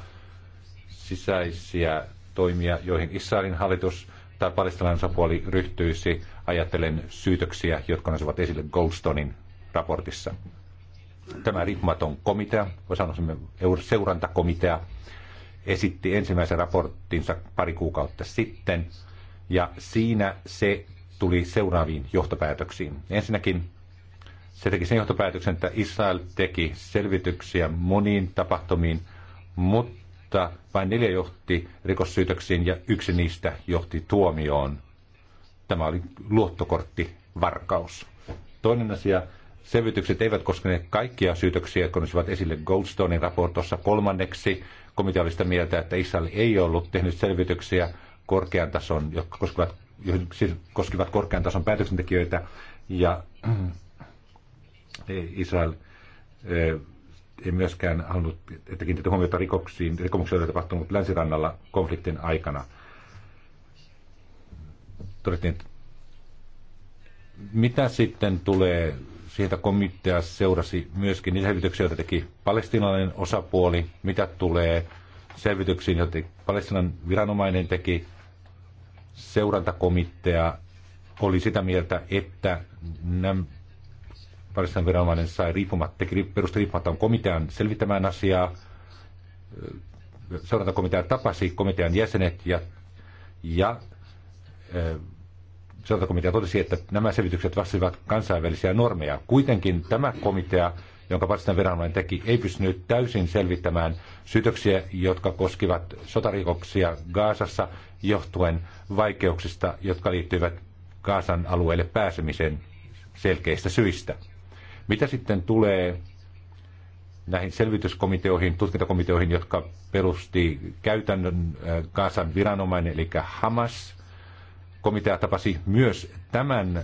sisäisiä toimia, joihin Israelin hallitus tai palestinainen osapuoli ryhtyisi, ajatellen syytöksiä, jotka nousivat esille Goldstonein raportissa. Tämä riippumaton komitea, voi sanoa seurantakomitea, esitti ensimmäisen raporttinsa pari kuukautta sitten, ja siinä se tuli seuraaviin johtopäätöksiin. Ensinnäkin se teki sen johtopäätöksen, että Israel teki selvityksiä moniin tapahtumiin, mutta vain neljä johti rikossyytöksiin ja yksi niistä johti tuomioon. Tämä oli luottokortti varkaus. Toinen asia, selvitykset eivät koskeneet kaikkia syytöksiä, jotka nousivat esille Goldstonein raportossa. Kolmanneksi, komitea oli sitä mieltä, että Israel ei ollut tehnyt selvityksiä korkean tason, jotka koskivat, siis koskivat korkean tason päätöksentekijöitä, ja Israel eh, ei myöskään halunnut, että kiinnitetty huomiota rikoksiin, oli tapahtunut länsirannalla konfliktin aikana. Todettiin, että mitä sitten tulee siitä komitea seurasi myöskin niitä selvityksiä, joita teki palestinalainen osapuoli, mitä tulee selvityksiin, joita palestinan viranomainen teki. Seurantakomitea oli sitä mieltä, että nämä palestinan viranomainen sai riippumatta, teki perusti komitean selvittämään asiaa. Seurantakomitea tapasi komitean jäsenet ja, ja seurantakomitea totesi, että nämä selvitykset vastasivat kansainvälisiä normeja. Kuitenkin tämä komitea, jonka varsinainen viranomainen teki, ei pystynyt täysin selvittämään syytöksiä, jotka koskivat sotarikoksia Gaasassa johtuen vaikeuksista, jotka liittyivät Gaasan alueelle pääsemisen selkeistä syistä. Mitä sitten tulee näihin selvityskomiteoihin, tutkintakomiteoihin, jotka perusti käytännön äh, Gaasan viranomainen, eli Hamas, komitea tapasi myös tämän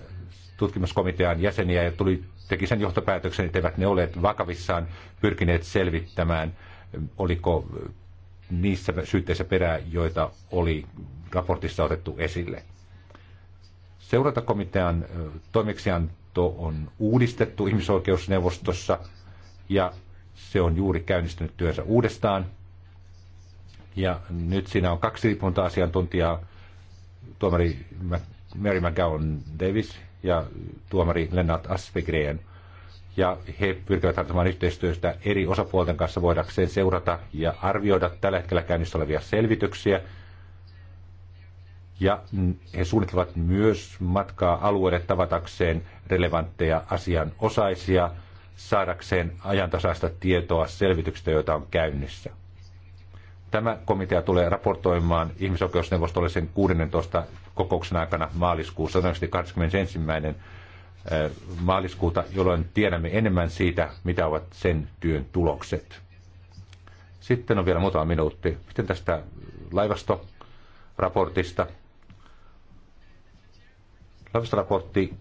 tutkimuskomitean jäseniä ja tuli, teki sen johtopäätöksen, että eivät ne olleet vakavissaan pyrkineet selvittämään, oliko niissä syytteissä perää, joita oli raportissa otettu esille. Seurantakomitean toimeksianto on uudistettu ihmisoikeusneuvostossa ja se on juuri käynnistynyt työnsä uudestaan. Ja nyt siinä on kaksi riippumatonta asiantuntijaa tuomari Mary McGowan Davis ja tuomari Lennart Aspegren. Ja he pyrkivät harjoittamaan yhteistyöstä eri osapuolten kanssa voidakseen seurata ja arvioida tällä hetkellä käynnissä olevia selvityksiä. Ja he suunnittelevat myös matkaa alueelle tavatakseen relevantteja asianosaisia, saadakseen ajantasaista tietoa selvityksistä, joita on käynnissä. Tämä komitea tulee raportoimaan ihmisoikeusneuvostolle sen 16. kokouksen aikana maaliskuussa, 21. Eh, maaliskuuta, jolloin tiedämme enemmän siitä, mitä ovat sen työn tulokset. Sitten on vielä muutama minuutti. Miten tästä laivastoraportista? Laivastoraportti,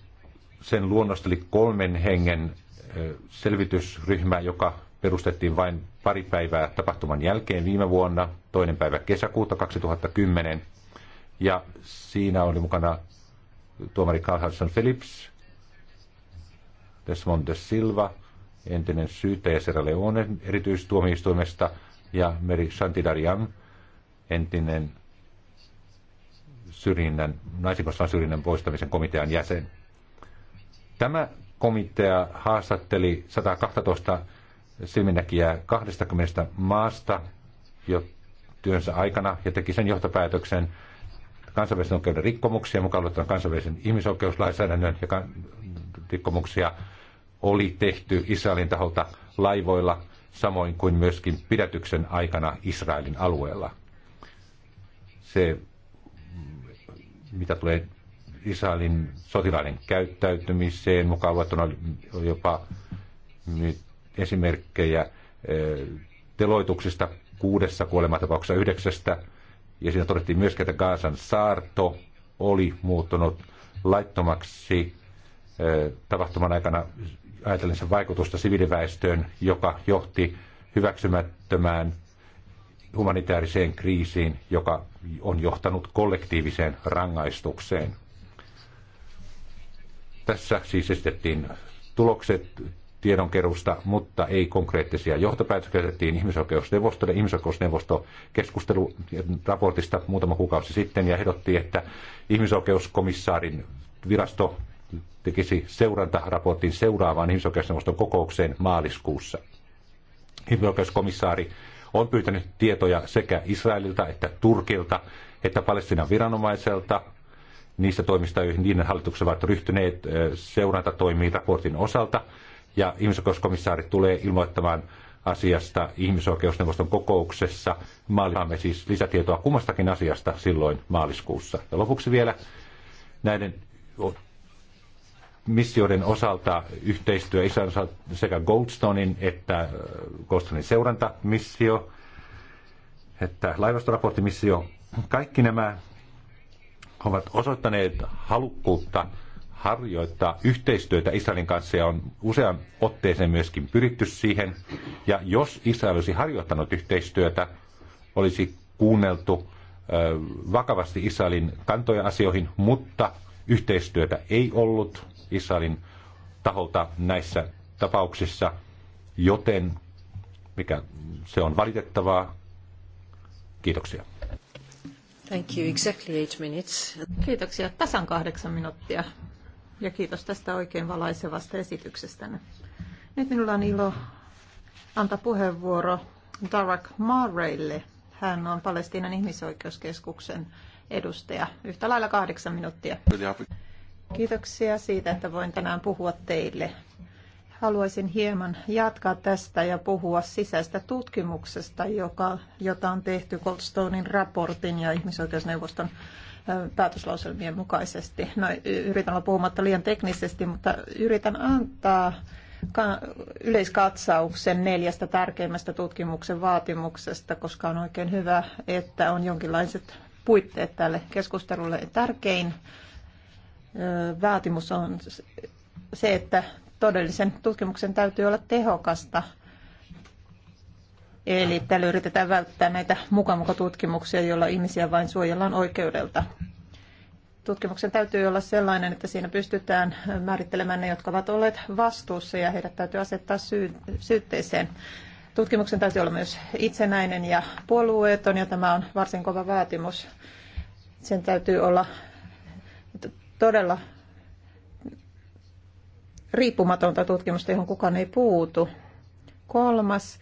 sen luonnosteli kolmen hengen eh, selvitysryhmä, joka perustettiin vain pari päivää tapahtuman jälkeen viime vuonna, toinen päivä kesäkuuta 2010. Ja siinä oli mukana tuomari Carl Hudson Phillips, Desmond de Silva, entinen syyttäjä Sierra Leonen erityistuomioistuimesta, ja Meri Shantidarian, entinen syrjinnän, naisikossaan syrjinnän poistamisen komitean jäsen. Tämä komitea haastatteli 112 silminnäkijää 20 maasta jo työnsä aikana ja teki sen johtopäätöksen kansainvälisen oikeuden rikkomuksia, mukaan luettuna kansainvälisen ihmisoikeuslainsäädännön ja rikkomuksia oli tehty Israelin taholta laivoilla, samoin kuin myöskin pidätyksen aikana Israelin alueella. Se, mitä tulee Israelin sotilaiden käyttäytymiseen, mukaan luettuna jopa nyt esimerkkejä teloituksista kuudessa kuolematapauksessa yhdeksästä. Ja siinä todettiin myöskin, että Gaasan saarto oli muuttunut laittomaksi tapahtuman aikana ajatellen sen vaikutusta siviiliväestöön, joka johti hyväksymättömään humanitaariseen kriisiin, joka on johtanut kollektiiviseen rangaistukseen. Tässä siis esitettiin tulokset tiedonkeruusta, mutta ei konkreettisia johtopäätöksiä. Käytettiin ihmisoikeusneuvostolle ihmisoikeusneuvosto keskustelu raportista muutama kuukausi sitten ja ehdotti, että ihmisoikeuskomissaarin virasto tekisi seurantaraportin seuraavaan ihmisoikeusneuvoston kokoukseen maaliskuussa. Ihmisoikeuskomissaari on pyytänyt tietoja sekä Israelilta että Turkilta että Palestinan viranomaiselta niistä toimista, joihin niiden hallitukset ovat ryhtyneet seurantatoimiin raportin osalta – ja ihmisoikeuskomissaari tulee ilmoittamaan asiasta ihmisoikeusneuvoston kokouksessa. Maali- saamme siis lisätietoa kummastakin asiasta silloin maaliskuussa. Ja lopuksi vielä näiden missioiden osalta yhteistyö sekä Goldstonein että äh, Goldstonein seurantamissio, että laivastoraporttimissio. Kaikki nämä ovat osoittaneet halukkuutta harjoittaa yhteistyötä Israelin kanssa ja on usean otteeseen myöskin pyritty siihen. Ja jos Israel olisi harjoittanut yhteistyötä, olisi kuunneltu vakavasti Israelin kantoja asioihin, mutta yhteistyötä ei ollut Israelin taholta näissä tapauksissa, joten mikä se on valitettavaa. Kiitoksia. Thank you. Exactly eight minutes. Kiitoksia. Tasan kahdeksan minuuttia ja kiitos tästä oikein valaisevasta esityksestänne. Nyt minulla on ilo antaa puheenvuoro Darak Marreille. Hän on Palestiinan ihmisoikeuskeskuksen edustaja. Yhtä lailla kahdeksan minuuttia. Kiitoksia siitä, että voin tänään puhua teille. Haluaisin hieman jatkaa tästä ja puhua sisäistä tutkimuksesta, joka, jota on tehty Goldstonein raportin ja ihmisoikeusneuvoston päätöslauselmien mukaisesti. No, yritän olla puhumatta liian teknisesti, mutta yritän antaa yleiskatsauksen neljästä tärkeimmästä tutkimuksen vaatimuksesta, koska on oikein hyvä, että on jonkinlaiset puitteet tälle keskustelulle. Tärkein vaatimus on se, että todellisen tutkimuksen täytyy olla tehokasta – Eli tällä yritetään välttää näitä tutkimuksia, joilla ihmisiä vain suojellaan oikeudelta. Tutkimuksen täytyy olla sellainen, että siinä pystytään määrittelemään ne, jotka ovat olleet vastuussa ja heidät täytyy asettaa syy- syytteeseen. Tutkimuksen täytyy olla myös itsenäinen ja puolueeton ja tämä on varsin kova vaatimus. Sen täytyy olla todella riippumatonta tutkimusta, johon kukaan ei puutu. Kolmas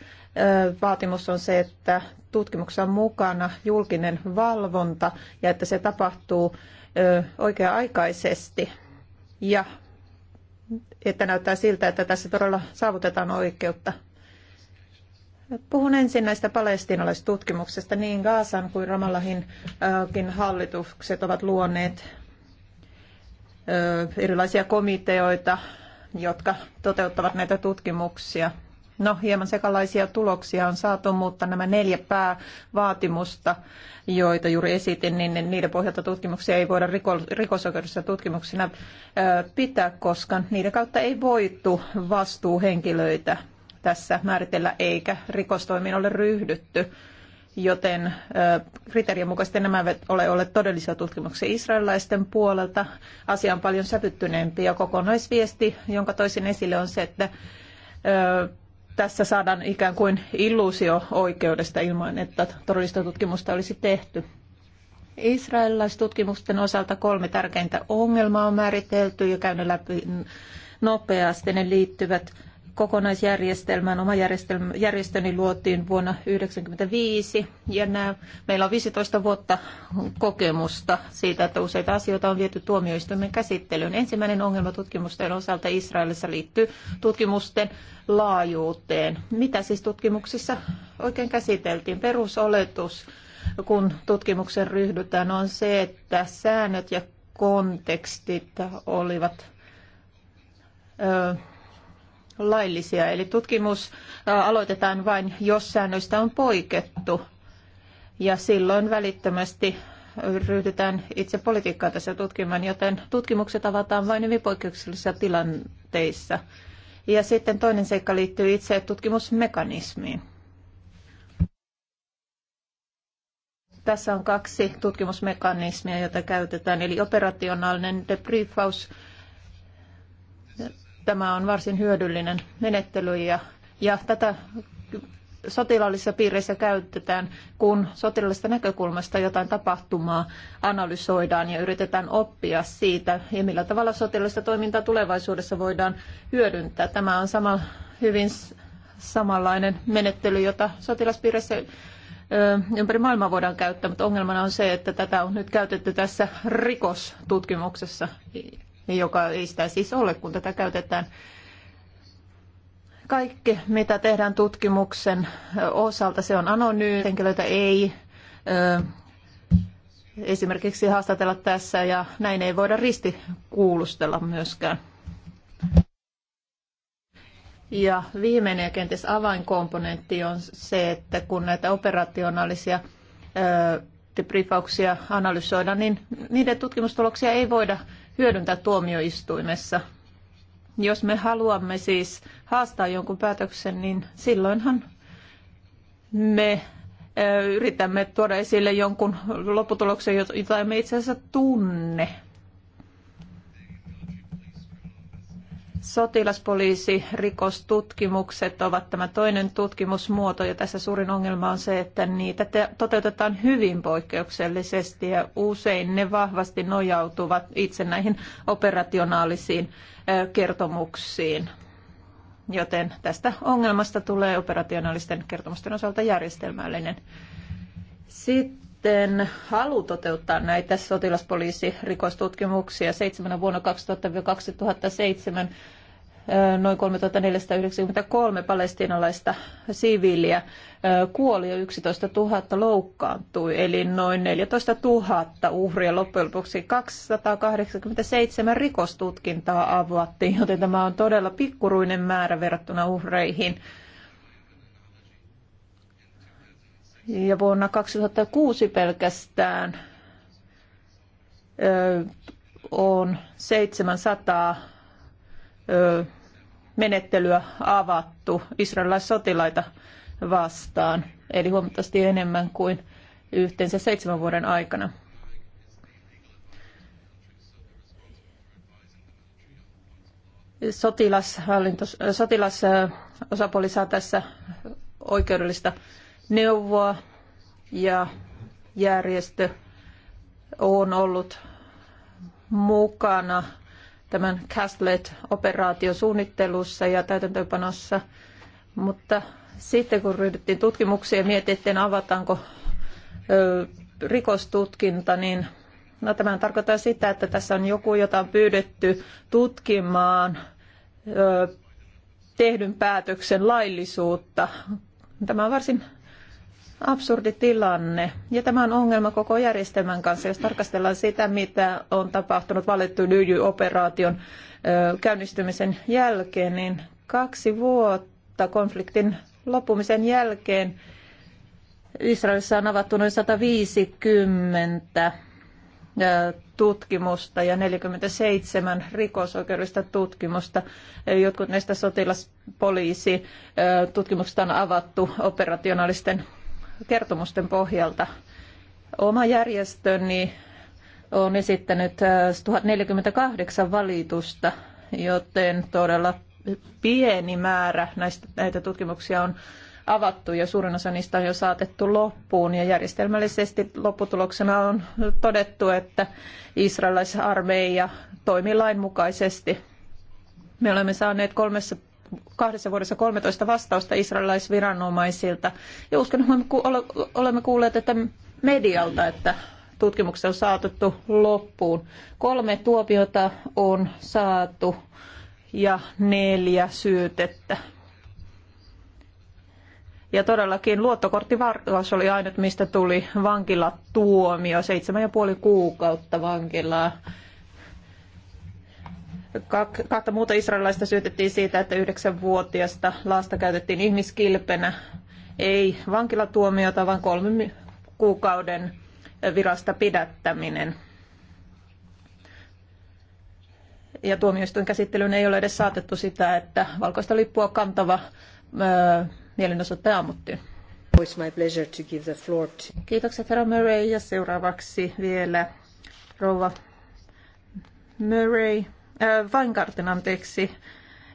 vaatimus on se, että tutkimuksessa on mukana julkinen valvonta ja että se tapahtuu oikea-aikaisesti ja että näyttää siltä, että tässä todella saavutetaan oikeutta. Puhun ensin näistä tutkimuksesta Niin Gaasan kuin Ramallahinkin hallitukset ovat luoneet erilaisia komiteoita, jotka toteuttavat näitä tutkimuksia – No, hieman sekalaisia tuloksia on saatu, mutta nämä neljä päävaatimusta, joita juuri esitin, niin niiden pohjalta tutkimuksia ei voida rikosoikeudessa tutkimuksina pitää, koska niiden kautta ei voitu vastuuhenkilöitä tässä määritellä eikä rikostoimiin ole ryhdytty joten kriteerien mukaisesti nämä eivät ole olleet todellisia tutkimuksia israelilaisten puolelta. Asia on paljon sävyttyneempi ja kokonaisviesti, jonka toisin esille on se, että tässä saadaan ikään kuin illuusio oikeudesta ilman, että todellista tutkimusta olisi tehty. Israelilaistutkimusten osalta kolme tärkeintä ongelmaa on määritelty ja käynyt läpi nopeasti. Ne liittyvät kokonaisjärjestelmään. Oma järjestöni luotiin vuonna 1995 ja nämä, meillä on 15 vuotta kokemusta siitä, että useita asioita on viety tuomioistuimen käsittelyyn. Ensimmäinen ongelma tutkimusten osalta Israelissa liittyy tutkimusten laajuuteen. Mitä siis tutkimuksissa oikein käsiteltiin? Perusoletus, kun tutkimuksen ryhdytään, on se, että säännöt ja kontekstit olivat laillisia. Eli tutkimus aloitetaan vain, jos säännöistä on poikettu. Ja silloin välittömästi ryhdytään itse politiikkaa tässä tutkimaan, joten tutkimukset avataan vain hyvin poikkeuksellisissa tilanteissa. Ja sitten toinen seikka liittyy itse tutkimusmekanismiin. Tässä on kaksi tutkimusmekanismia, joita käytetään, eli operationaalinen debriefaus Tämä on varsin hyödyllinen menettely ja, ja tätä sotilaallisissa piireissä käytetään, kun sotilaallisesta näkökulmasta jotain tapahtumaa analysoidaan ja yritetään oppia siitä, ja millä tavalla sotilaallista toimintaa tulevaisuudessa voidaan hyödyntää. Tämä on sama, hyvin samanlainen menettely, jota sotilaspiireissä ympäri maailmaa voidaan käyttää, mutta ongelmana on se, että tätä on nyt käytetty tässä rikostutkimuksessa niin joka ei sitä siis ole, kun tätä käytetään. Kaikki, mitä tehdään tutkimuksen osalta, se on anonyymi. Henkilöitä ei ö, esimerkiksi haastatella tässä ja näin ei voida ristikuulustella myöskään. Ja viimeinen ja kenties avainkomponentti on se, että kun näitä operationaalisia debriefauksia analysoidaan, niin niiden tutkimustuloksia ei voida hyödyntää tuomioistuimessa. Jos me haluamme siis haastaa jonkun päätöksen, niin silloinhan me yritämme tuoda esille jonkun lopputuloksen, jota emme itse asiassa tunne. Sotilaspoliisi, rikostutkimukset ovat tämä toinen tutkimusmuoto ja tässä suurin ongelma on se, että niitä toteutetaan hyvin poikkeuksellisesti ja usein ne vahvasti nojautuvat itse näihin operationaalisiin kertomuksiin. Joten tästä ongelmasta tulee operationaalisten kertomusten osalta järjestelmällinen. Sitten sitten halu toteuttaa näitä sotilaspoliisirikostutkimuksia seitsemänä vuonna 2000-2007 noin 3493 palestiinalaista siviiliä kuoli ja 11 000 loukkaantui, eli noin 14 000 uhria loppujen lopuksi 287 rikostutkintaa avattiin, joten tämä on todella pikkuruinen määrä verrattuna uhreihin. Ja vuonna 2006 pelkästään on 700 menettelyä avattu israelilaissotilaita vastaan, eli huomattavasti enemmän kuin yhteensä seitsemän vuoden aikana. Sotilashallinto, sotilasosapuoli saa tässä oikeudellista neuvoa ja järjestö on ollut mukana tämän Castlet-operaation suunnittelussa ja täytäntöönpanossa, mutta sitten kun ryhdyttiin tutkimuksiin ja mietittiin, avataanko rikostutkinta, niin no, tämä tarkoittaa sitä, että tässä on joku, jota on pyydetty tutkimaan tehdyn päätöksen laillisuutta. Tämä on varsin absurdi tilanne. Ja tämä on ongelma koko järjestelmän kanssa, jos tarkastellaan sitä, mitä on tapahtunut valittu lyijyoperaation käynnistymisen jälkeen, niin kaksi vuotta konfliktin loppumisen jälkeen Israelissa on avattu noin 150 tutkimusta ja 47 rikosoikeudellista tutkimusta. Jotkut näistä sotilaspoliisi tutkimuksista on avattu operationaalisten kertomusten pohjalta. Oma järjestöni on esittänyt 1048 äh, valitusta, joten todella pieni määrä näistä, näitä tutkimuksia on avattu ja suurin osa niistä on jo saatettu loppuun. Ja järjestelmällisesti lopputuloksena on todettu, että israelaisarmeija toimii lainmukaisesti. Me olemme saaneet kolmessa kahdessa vuodessa 13 vastausta israelaisviranomaisilta. Ja uskon, että olemme kuulleet, että medialta, että tutkimukset on saatettu loppuun. Kolme tuopiota on saatu ja neljä syytettä. Ja todellakin luottokorttivarkaus oli ainut, mistä tuli vankilatuomio, seitsemän ja puoli kuukautta vankilaa kahta muuta israelilaista syytettiin siitä, että yhdeksänvuotiasta lasta käytettiin ihmiskilpenä. Ei vankilatuomiota, vaan kolmen kuukauden virasta pidättäminen. Ja tuomioistuin käsittelyyn ei ole edes saatettu sitä, että valkoista lippua kantava öö, mielenosoittaja ammuttiin. It's my pleasure to give the floor to... Kiitokset herra Murray ja seuraavaksi vielä rouva Murray. Äh, Weingarten, anteeksi,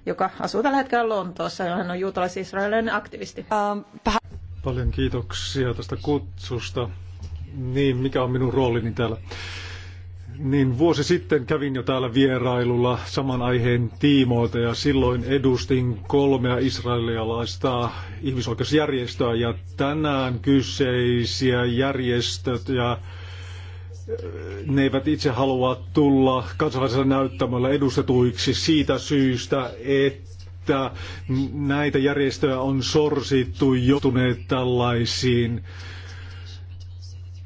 joka asuu tällä hetkellä Lontoossa ja hän on juutalais-israelilainen aktivisti. Ähm, Paljon kiitoksia tästä kutsusta. Niin, mikä on minun roolini täällä? Niin vuosi sitten kävin jo täällä vierailulla saman aiheen tiimoilta ja silloin edustin kolmea israelialaista ihmisoikeusjärjestöä ja tänään kyseisiä järjestöt ja ne eivät itse halua tulla kansainvälisellä näyttämällä edustetuiksi siitä syystä, että näitä järjestöjä on sorsittu joutuneet tällaisiin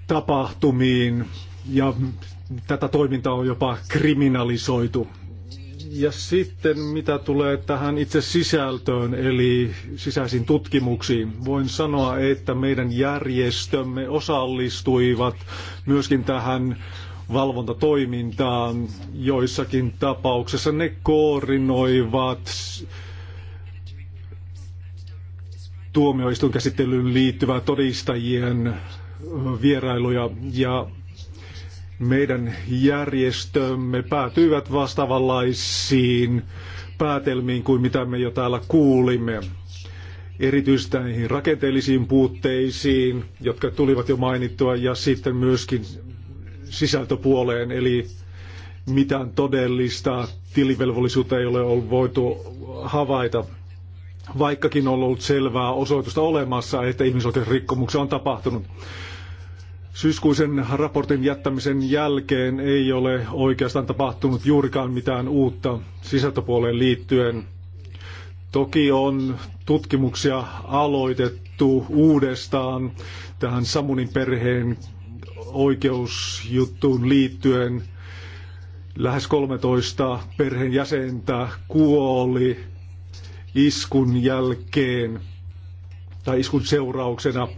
tapahtumiin ja tätä toimintaa on jopa kriminalisoitu. Ja sitten mitä tulee tähän itse sisältöön, eli sisäisiin tutkimuksiin, voin sanoa, että meidän järjestömme osallistuivat myöskin tähän valvontatoimintaan. Joissakin tapauksessa ne koordinoivat tuomioistuinkäsittelyyn liittyvää todistajien vierailuja ja meidän järjestömme päätyivät vastaavanlaisiin päätelmiin kuin mitä me jo täällä kuulimme. Erityisesti näihin rakenteellisiin puutteisiin, jotka tulivat jo mainittua, ja sitten myöskin sisältöpuoleen, eli mitään todellista tilivelvollisuutta ei ole ollut voitu havaita vaikkakin on ollut selvää osoitusta olemassa, että ihmisoikeusrikkomuksia on tapahtunut. Syyskuisen raportin jättämisen jälkeen ei ole oikeastaan tapahtunut juurikaan mitään uutta sisältöpuoleen liittyen. Toki on tutkimuksia aloitettu uudestaan tähän Samunin perheen oikeusjuttuun liittyen. Lähes 13 perheen jäsentä kuoli iskun jälkeen – tai iskun seurauksena.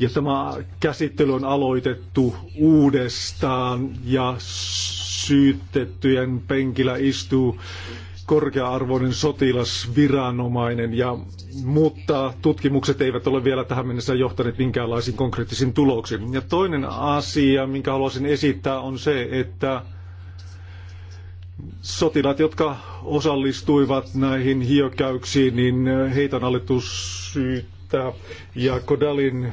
Ja tämä käsittely on aloitettu uudestaan ja syytettyjen penkillä istuu korkea-arvoinen sotilasviranomainen, ja, mutta tutkimukset eivät ole vielä tähän mennessä johtaneet minkäänlaisiin konkreettisiin tuloksiin. Ja toinen asia, minkä haluaisin esittää, on se, että sotilaat, jotka osallistuivat näihin hyökkäyksiin, niin heitä on alettu syyttää edistää. Ja Kodalin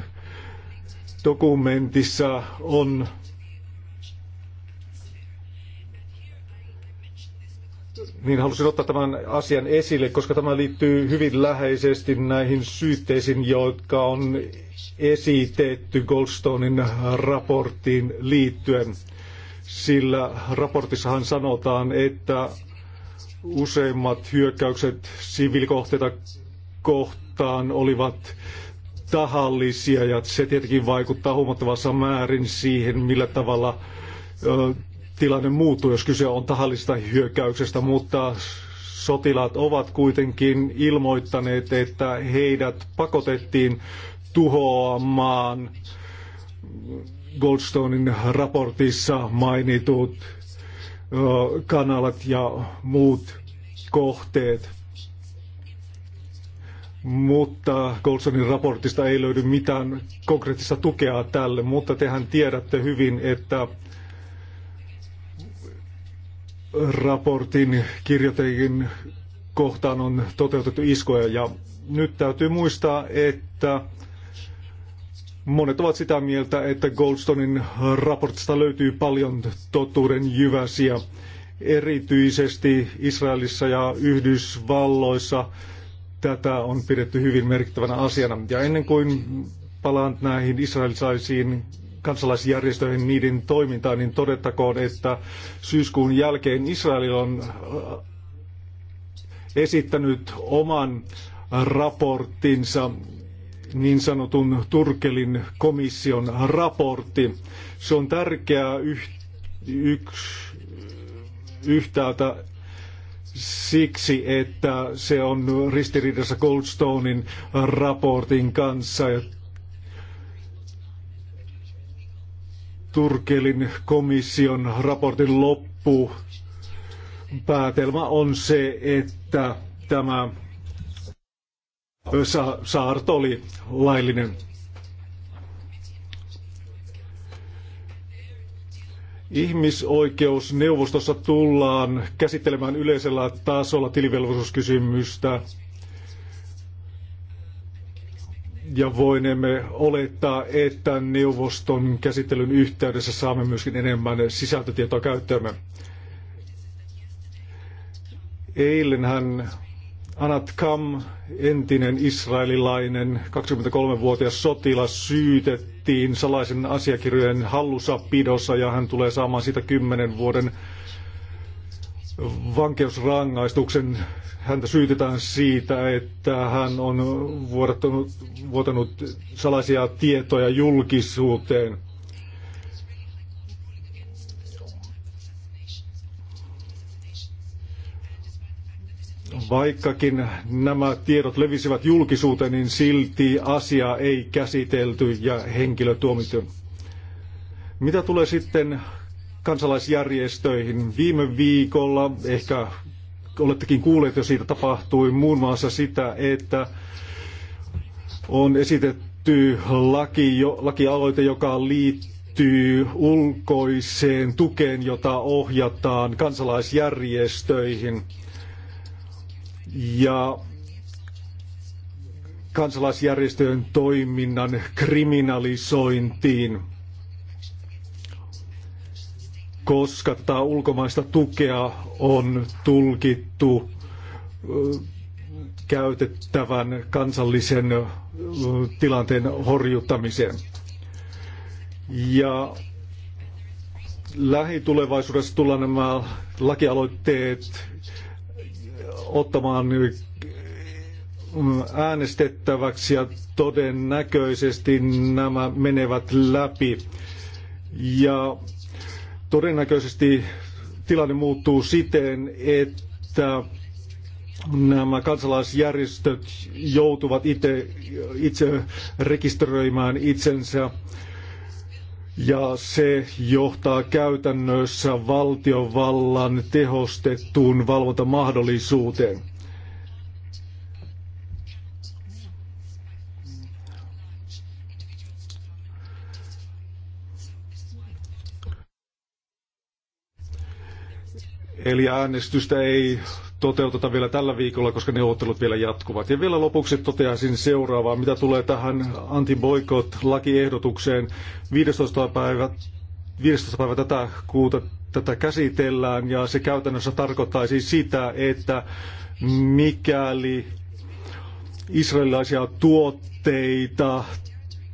dokumentissa on Niin halusin ottaa tämän asian esille, koska tämä liittyy hyvin läheisesti näihin syytteisiin, jotka on esitetty Goldstonein raporttiin liittyen. Sillä raportissahan sanotaan, että useimmat hyökkäykset siviilikohteita kohtaan kohtaan olivat tahallisia ja se tietenkin vaikuttaa huomattavassa määrin siihen, millä tavalla ö, tilanne muuttuu, jos kyse on tahallisesta hyökkäyksestä, mutta sotilaat ovat kuitenkin ilmoittaneet, että heidät pakotettiin tuhoamaan Goldstonein raportissa mainitut kanavat ja muut kohteet mutta Goldsonin raportista ei löydy mitään konkreettista tukea tälle, mutta tehän tiedätte hyvin, että raportin kirjoitajien kohtaan on toteutettu iskoja ja nyt täytyy muistaa, että monet ovat sitä mieltä, että Goldstonein raportista löytyy paljon totuuden jyväsiä, erityisesti Israelissa ja Yhdysvalloissa – tätä on pidetty hyvin merkittävänä asiana. Ja ennen kuin palaan näihin israelilaisiin kansalaisjärjestöihin niiden toimintaan, niin todettakoon, että syyskuun jälkeen Israel on äh, esittänyt oman raporttinsa, niin sanotun Turkelin komission raportti. Se on tärkeää yh, yhtäältä siksi, että se on ristiriidassa Goldstonein raportin kanssa. ja Turkelin komission raportin loppu päätelmä on se, että tämä saarto oli laillinen. Ihmisoikeusneuvostossa tullaan käsittelemään yleisellä tasolla tilivelvollisuuskysymystä ja voinemme olettaa, että neuvoston käsittelyn yhteydessä saamme myöskin enemmän sisältötietoa käyttöömme. Eilenhän Anat Kam, entinen israelilainen 23-vuotias sotilas, syytettiin salaisen asiakirjojen hallusapidossa ja hän tulee saamaan siitä 10 vuoden vankeusrangaistuksen. Häntä syytetään siitä, että hän on vuotanut, vuotanut salaisia tietoja julkisuuteen – Vaikkakin nämä tiedot levisivät julkisuuteen, niin silti asiaa ei käsitelty ja henkilö tuomittu. Mitä tulee sitten kansalaisjärjestöihin? Viime viikolla, ehkä olettekin kuulleet jo siitä, tapahtui muun muassa sitä, että on esitetty laki, jo, lakialoite, joka liittyy ulkoiseen tukeen, jota ohjataan kansalaisjärjestöihin – ja kansalaisjärjestöjen toiminnan kriminalisointiin, koska tätä ulkomaista tukea on tulkittu käytettävän kansallisen tilanteen horjuttamiseen. Ja lähitulevaisuudessa tullaan nämä lakialoitteet ottamaan äänestettäväksi ja todennäköisesti nämä menevät läpi. Ja todennäköisesti tilanne muuttuu siten, että nämä kansalaisjärjestöt joutuvat itse, itse rekisteröimään itsensä ja se johtaa käytännössä valtiovallan tehostettuun valvontamahdollisuuteen. Eli äänestystä ei toteuteta vielä tällä viikolla, koska neuvottelut vielä jatkuvat. Ja vielä lopuksi toteaisin seuraavaa, mitä tulee tähän anti boycott lakiehdotukseen 15. päivä, 15. päivä tätä kuuta tätä käsitellään ja se käytännössä tarkoittaisi sitä, että mikäli israelilaisia tuotteita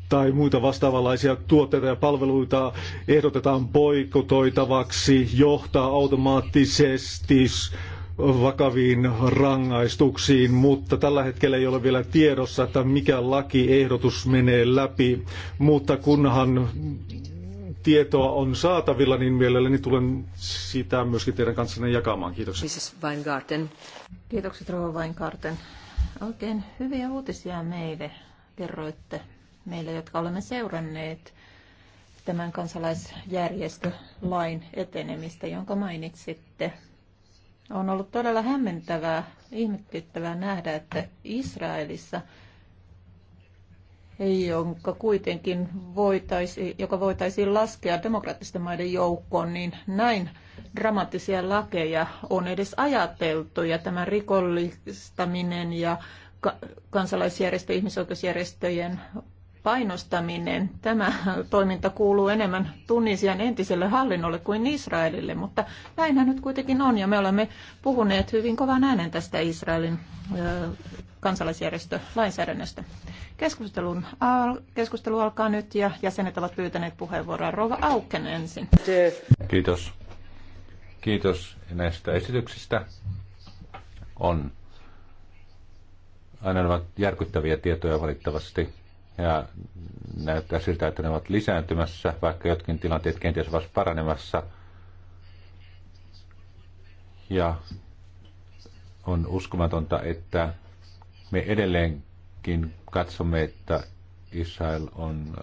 tai muita vastaavanlaisia tuotteita ja palveluita ehdotetaan poikotoitavaksi, johtaa automaattisesti vakaviin rangaistuksiin, mutta tällä hetkellä ei ole vielä tiedossa, että mikä lakiehdotus menee läpi, mutta kunhan tietoa on saatavilla, niin mielelläni tulen sitä myöskin teidän kanssanne jakamaan. Kiitoksia. Mrs. Weingarten. Kiitokset Rova Weingarten. Oikein hyviä uutisia meille kerroitte, meille jotka olemme seuranneet tämän kansalaisjärjestölain etenemistä, jonka mainitsitte. On ollut todella hämmentävää, ihmettyttävää nähdä, että Israelissa, jonka kuitenkin voitaisi, joka voitaisiin laskea demokraattisten maiden joukkoon, niin näin dramaattisia lakeja on edes ajateltu. Ja tämä rikollistaminen ja kansalaisjärjestö, ihmisoikeusjärjestöjen painostaminen, tämä toiminta kuuluu enemmän Tunisian entiselle hallinnolle kuin Israelille, mutta näinhän nyt kuitenkin on ja me olemme puhuneet hyvin kovan äänen tästä Israelin kansalaisjärjestölainsäädännöstä. Keskustelun, keskustelu alkaa nyt ja jäsenet ovat pyytäneet puheenvuoroa. Rova Auken ensin. Kiitos. Kiitos näistä esityksistä. On aina ovat järkyttäviä tietoja valittavasti ja näyttää siltä, että ne ovat lisääntymässä, vaikka jotkin tilanteet kenties ovat paranemassa. Ja on uskomatonta, että me edelleenkin katsomme, että Israel on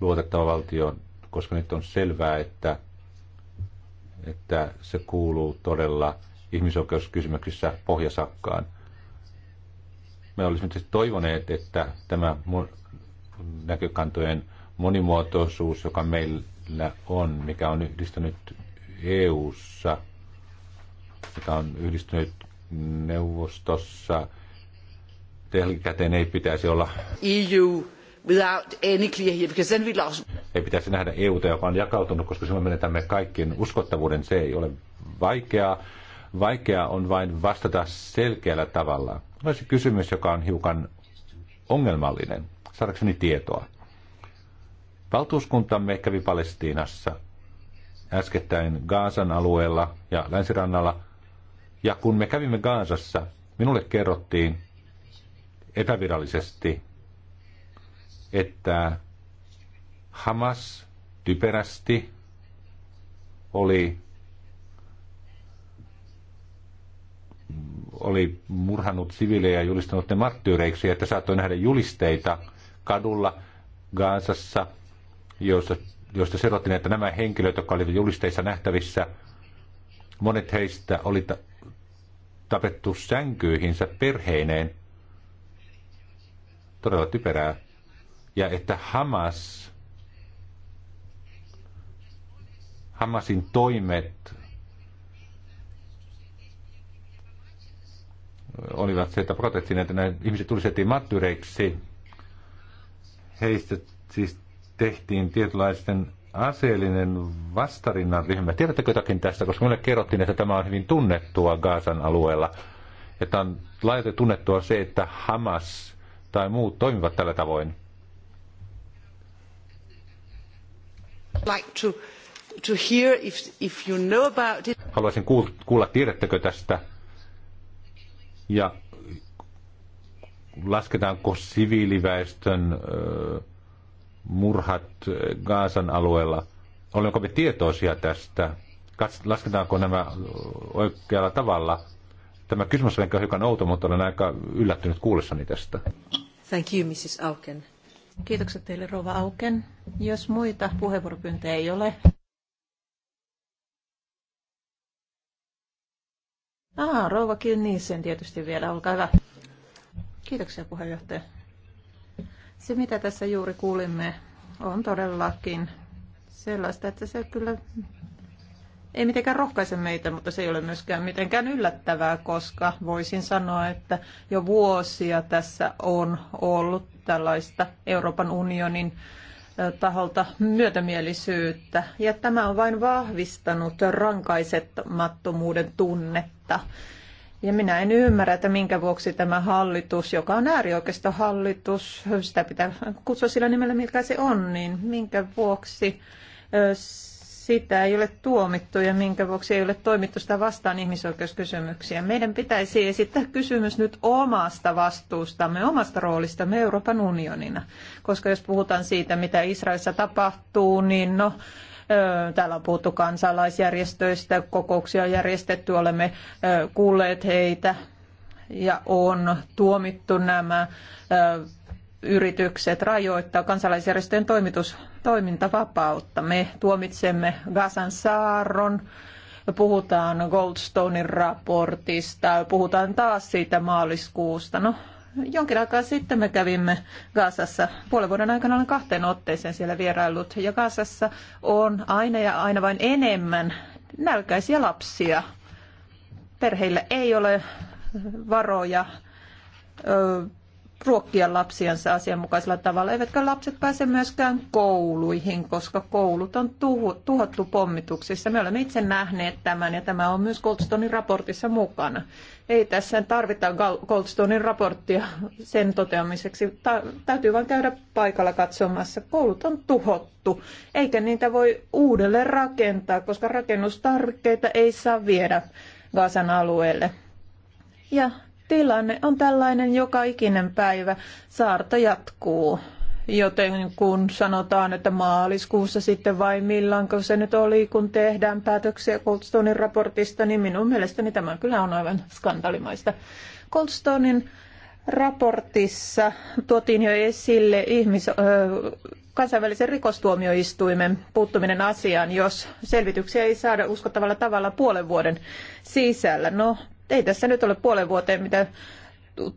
luotettava valtio, koska nyt on selvää, että, että se kuuluu todella ihmisoikeuskysymyksissä pohjasakkaan – me olisimme tietysti toivoneet, että tämä näkökantojen monimuotoisuus, joka meillä on, mikä on yhdistänyt EU-ssa, mikä on yhdistynyt neuvostossa, jälkikäteen ei pitäisi olla. EU without any clear here, because then we lost. Ei pitäisi nähdä EUta, joka on jakautunut, koska silloin menetämme kaikkien uskottavuuden. Se ei ole vaikeaa, Vaikea on vain vastata selkeällä tavalla. Olisi kysymys, joka on hiukan ongelmallinen, saadakseni tietoa. Valtuuskuntamme kävi Palestiinassa äskettäin Gaasan alueella ja länsirannalla. Ja kun me kävimme Gaasassa, minulle kerrottiin epävirallisesti, että Hamas typerästi oli oli murhannut siviilejä ja julistanut ne marttyyreiksi, että saattoi nähdä julisteita kadulla Gaasassa, joista, joista selottiin, että nämä henkilöt, jotka olivat julisteissa nähtävissä, monet heistä oli ta- tapettu sänkyihinsä perheineen. Todella typerää. Ja että Hamas, Hamasin toimet olivat se, että protestin, että nämä ihmiset tulistettiin mattyreiksi. Heistä siis tehtiin tietynlaisten aseellinen vastarinnan ryhmä. Tiedättekö jotakin tästä, koska minulle kerrottiin, että tämä on hyvin tunnettua Gaasan alueella. Että on laajalti tunnettua se, että Hamas tai muut toimivat tällä tavoin. Like to, to hear if, if you know about it. Haluaisin kuulla, tiedättekö tästä ja lasketaanko siviiliväestön murhat Gaasan alueella? Olenko me tietoisia tästä? Lasketaanko nämä oikealla tavalla? Tämä kysymys on ehkä hiukan outo, mutta olen aika yllättynyt kuullessani tästä. Thank you, Mrs. Auken. Kiitokset teille, Rova Auken. Jos muita puheenvuoropyyntöjä ei ole, Ah, rouva sen tietysti vielä, olkaa hyvä. Kiitoksia puheenjohtaja. Se mitä tässä juuri kuulimme on todellakin sellaista, että se kyllä ei mitenkään rohkaise meitä, mutta se ei ole myöskään mitenkään yllättävää, koska voisin sanoa, että jo vuosia tässä on ollut tällaista Euroopan unionin taholta myötämielisyyttä. Ja tämä on vain vahvistanut rankaisemattomuuden tunnetta. Ja minä en ymmärrä, että minkä vuoksi tämä hallitus, joka on äärioikeistohallitus, sitä pitää kutsua sillä nimellä, mikä se on, niin minkä vuoksi sitä ei ole tuomittu ja minkä vuoksi ei ole toimittu sitä vastaan ihmisoikeuskysymyksiä. Meidän pitäisi esittää kysymys nyt omasta vastuustamme, omasta roolistamme Euroopan unionina. Koska jos puhutaan siitä, mitä Israelissa tapahtuu, niin no, Täällä on puhuttu kansalaisjärjestöistä, kokouksia on järjestetty, olemme kuulleet heitä ja on tuomittu nämä yritykset rajoittaa kansalaisjärjestöjen toimitus, toimintavapautta. Me tuomitsemme gasan saarron, puhutaan Goldstonein raportista, puhutaan taas siitä maaliskuusta. No, jonkin aikaa sitten me kävimme Gaasassa. Puolen vuoden aikana olen kahteen otteeseen siellä vierailut. Ja Gaasassa on aina ja aina vain enemmän nälkäisiä lapsia. Perheillä ei ole varoja ruokkia lapsiansa asianmukaisella tavalla, eivätkä lapset pääse myöskään kouluihin, koska koulut on tuho, tuhottu pommituksissa. Me olemme itse nähneet tämän ja tämä on myös Goldstonein raportissa mukana. Ei tässä tarvita Goldstonein raporttia sen toteamiseksi. Ta- täytyy vain käydä paikalla katsomassa. Koulut on tuhottu, eikä niitä voi uudelleen rakentaa, koska rakennustarvikkeita ei saa viedä Gazan alueelle. Ja tilanne on tällainen joka ikinen päivä. Saarta jatkuu. Joten kun sanotaan, että maaliskuussa sitten vai kun se nyt oli, kun tehdään päätöksiä Goldstonein raportista, niin minun mielestäni tämä kyllä on aivan skandalimaista. Goldstonein raportissa tuotiin jo esille ihmis, ö, kansainvälisen rikostuomioistuimen puuttuminen asiaan, jos selvityksiä ei saada uskottavalla tavalla puolen vuoden sisällä. No, ei tässä nyt ole puolen vuoteen mitä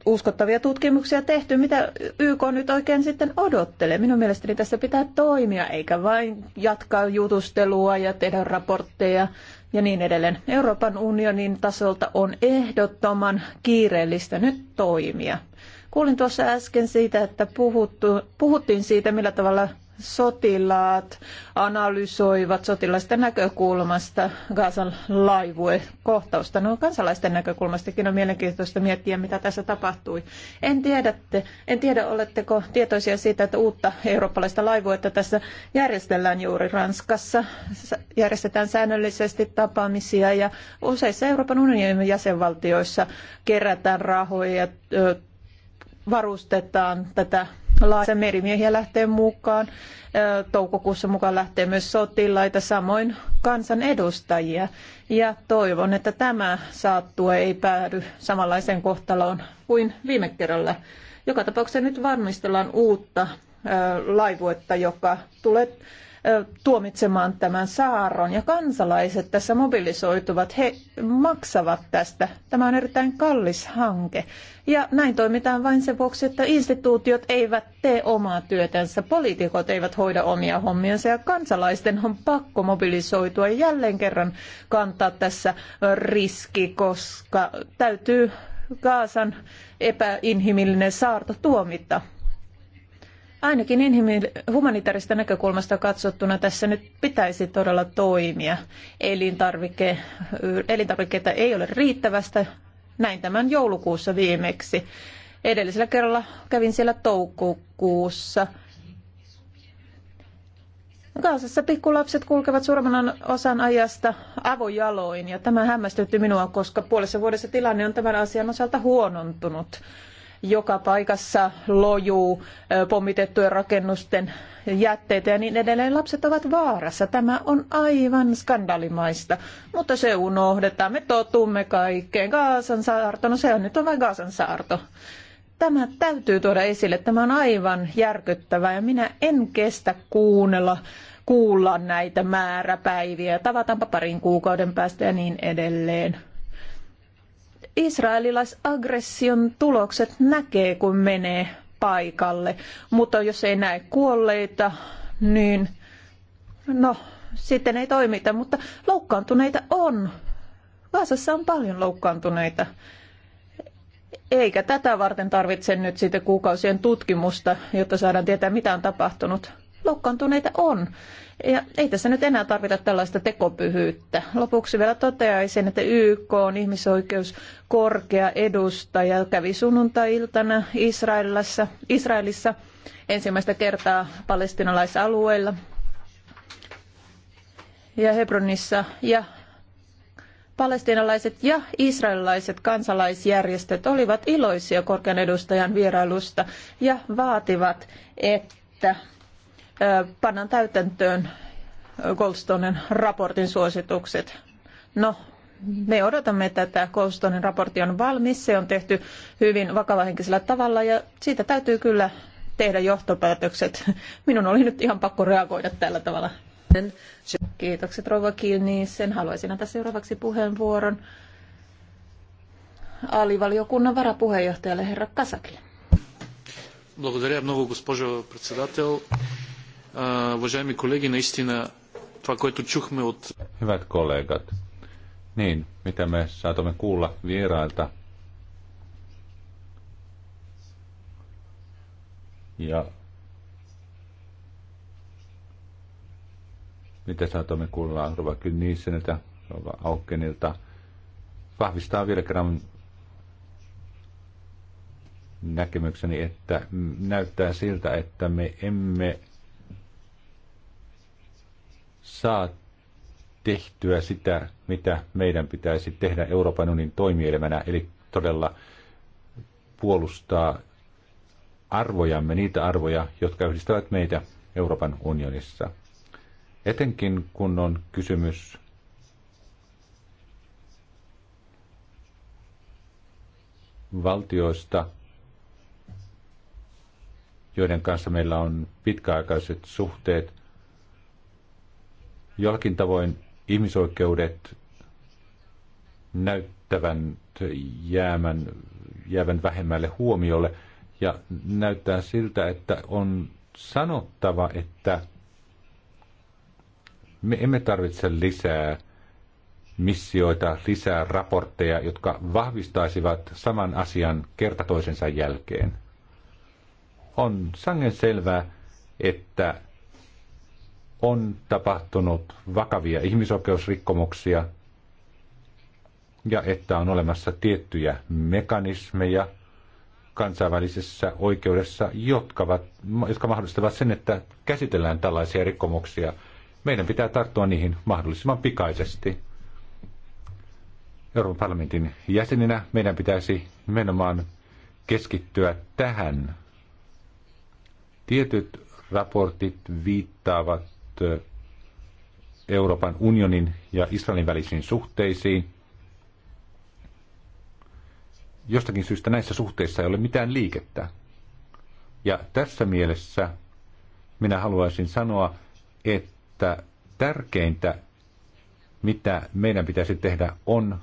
uskottavia tutkimuksia tehty. Mitä YK nyt oikein sitten odottelee? Minun mielestäni tässä pitää toimia, eikä vain jatkaa jutustelua ja tehdä raportteja ja niin edelleen. Euroopan unionin tasolta on ehdottoman kiireellistä nyt toimia. Kuulin tuossa äsken siitä, että puhuttu, puhuttiin siitä, millä tavalla sotilaat analysoivat sotilaisten näkökulmasta Gazan laivue kohtausta. No kansalaisten näkökulmastakin on mielenkiintoista miettiä, mitä tässä tapahtui. En, en tiedä, oletteko tietoisia siitä, että uutta eurooppalaista laivuetta tässä järjestellään juuri Ranskassa. Järjestetään säännöllisesti tapaamisia ja useissa Euroopan unionin jäsenvaltioissa kerätään rahoja, varustetaan tätä laajassa Merimiehiä lähtee mukaan. Toukokuussa mukaan lähtee myös sotilaita, samoin kansanedustajia. Ja toivon, että tämä saattue ei päädy samanlaiseen kohtaloon kuin viime kerralla. Joka tapauksessa nyt varmistellaan uutta laivuetta, joka tulee tuomitsemaan tämän saaron. Ja kansalaiset tässä mobilisoituvat, he maksavat tästä. Tämä on erittäin kallis hanke. Ja näin toimitaan vain sen vuoksi, että instituutiot eivät tee omaa työtänsä, poliitikot eivät hoida omia hommiansa ja kansalaisten on pakko mobilisoitua ja jälleen kerran kantaa tässä riski, koska täytyy Kaasan epäinhimillinen saarto tuomita. Ainakin inhimil- humanitaarista näkökulmasta katsottuna tässä nyt pitäisi todella toimia. Elintarvike, elintarvikkeita ei ole riittävästä. Näin tämän joulukuussa viimeksi. Edellisellä kerralla kävin siellä toukokuussa. Kaasassa pikkulapset kulkevat suurimman osan ajasta avojaloin ja tämä hämmästytti minua, koska puolessa vuodessa tilanne on tämän asian osalta huonontunut joka paikassa lojuu pommitettujen rakennusten jätteitä ja niin edelleen. Lapset ovat vaarassa. Tämä on aivan skandalimaista, mutta se unohdetaan. Me totumme kaikkeen. Gaasan saarto, no se on nyt on vain Gaasan saarto tämä täytyy tuoda esille. Tämä on aivan järkyttävää ja minä en kestä kuunnella, kuulla näitä määräpäiviä. Tavataanpa parin kuukauden päästä ja niin edelleen. Israelilaisaggression tulokset näkee, kun menee paikalle, mutta jos ei näe kuolleita, niin no, sitten ei toimita, mutta loukkaantuneita on. Vaasassa on paljon loukkaantuneita. Eikä tätä varten tarvitse nyt siitä kuukausien tutkimusta, jotta saadaan tietää, mitä on tapahtunut. Loukkaantuneita on. Ja ei tässä nyt enää tarvita tällaista tekopyhyyttä. Lopuksi vielä toteaisin, että YK on ihmisoikeus korkea edustaja kävi sunnuntai-iltana Israelissa, Israelissa ensimmäistä kertaa palestinalaisalueilla ja Hebronissa ja Palestinalaiset ja israelilaiset kansalaisjärjestöt olivat iloisia korkean edustajan vierailusta ja vaativat, että pannaan täytäntöön Goldstonen raportin suositukset. No, me odotamme tätä. Goldstonen raportti on valmis, se on tehty hyvin vakavahenkisellä tavalla ja siitä täytyy kyllä tehdä johtopäätökset. *laughs* Minun oli nyt ihan pakko reagoida tällä tavalla. Kiitokset Rova Kilniisen. Haluaisin antaa seuraavaksi puheenvuoron alivaliokunnan varapuheenjohtajalle herra Kasakille. Благодаря много, госпожо председател. Уважаеми колеги, наистина това, което чухме от... Hyvät kollegat, niin, mitä me saatamme kuulla vierailta ja mitä saatamme kuulla Rova Kynniiseniltä, Rova Aukenilta? vahvistaa vielä kerran näkemykseni, että näyttää siltä, että me emme saa tehtyä sitä, mitä meidän pitäisi tehdä Euroopan unionin toimielimenä, eli todella puolustaa arvojamme, niitä arvoja, jotka yhdistävät meitä Euroopan unionissa. Etenkin kun on kysymys valtioista, joiden kanssa meillä on pitkäaikaiset suhteet, jollakin tavoin ihmisoikeudet näyttävän jäämän, jäävän vähemmälle huomiolle. Ja näyttää siltä, että on sanottava, että me emme tarvitse lisää missioita, lisää raportteja, jotka vahvistaisivat saman asian kerta toisensa jälkeen. On sangen selvää, että on tapahtunut vakavia ihmisoikeusrikkomuksia ja että on olemassa tiettyjä mekanismeja kansainvälisessä oikeudessa, jotka, ovat, jotka mahdollistavat sen, että käsitellään tällaisia rikkomuksia. Meidän pitää tarttua niihin mahdollisimman pikaisesti. Euroopan parlamentin jäseninä meidän pitäisi nimenomaan keskittyä tähän. Tietyt raportit viittaavat Euroopan unionin ja Israelin välisiin suhteisiin. Jostakin syystä näissä suhteissa ei ole mitään liikettä. Ja tässä mielessä minä haluaisin sanoa, että tärkeintä, mitä meidän pitäisi tehdä, on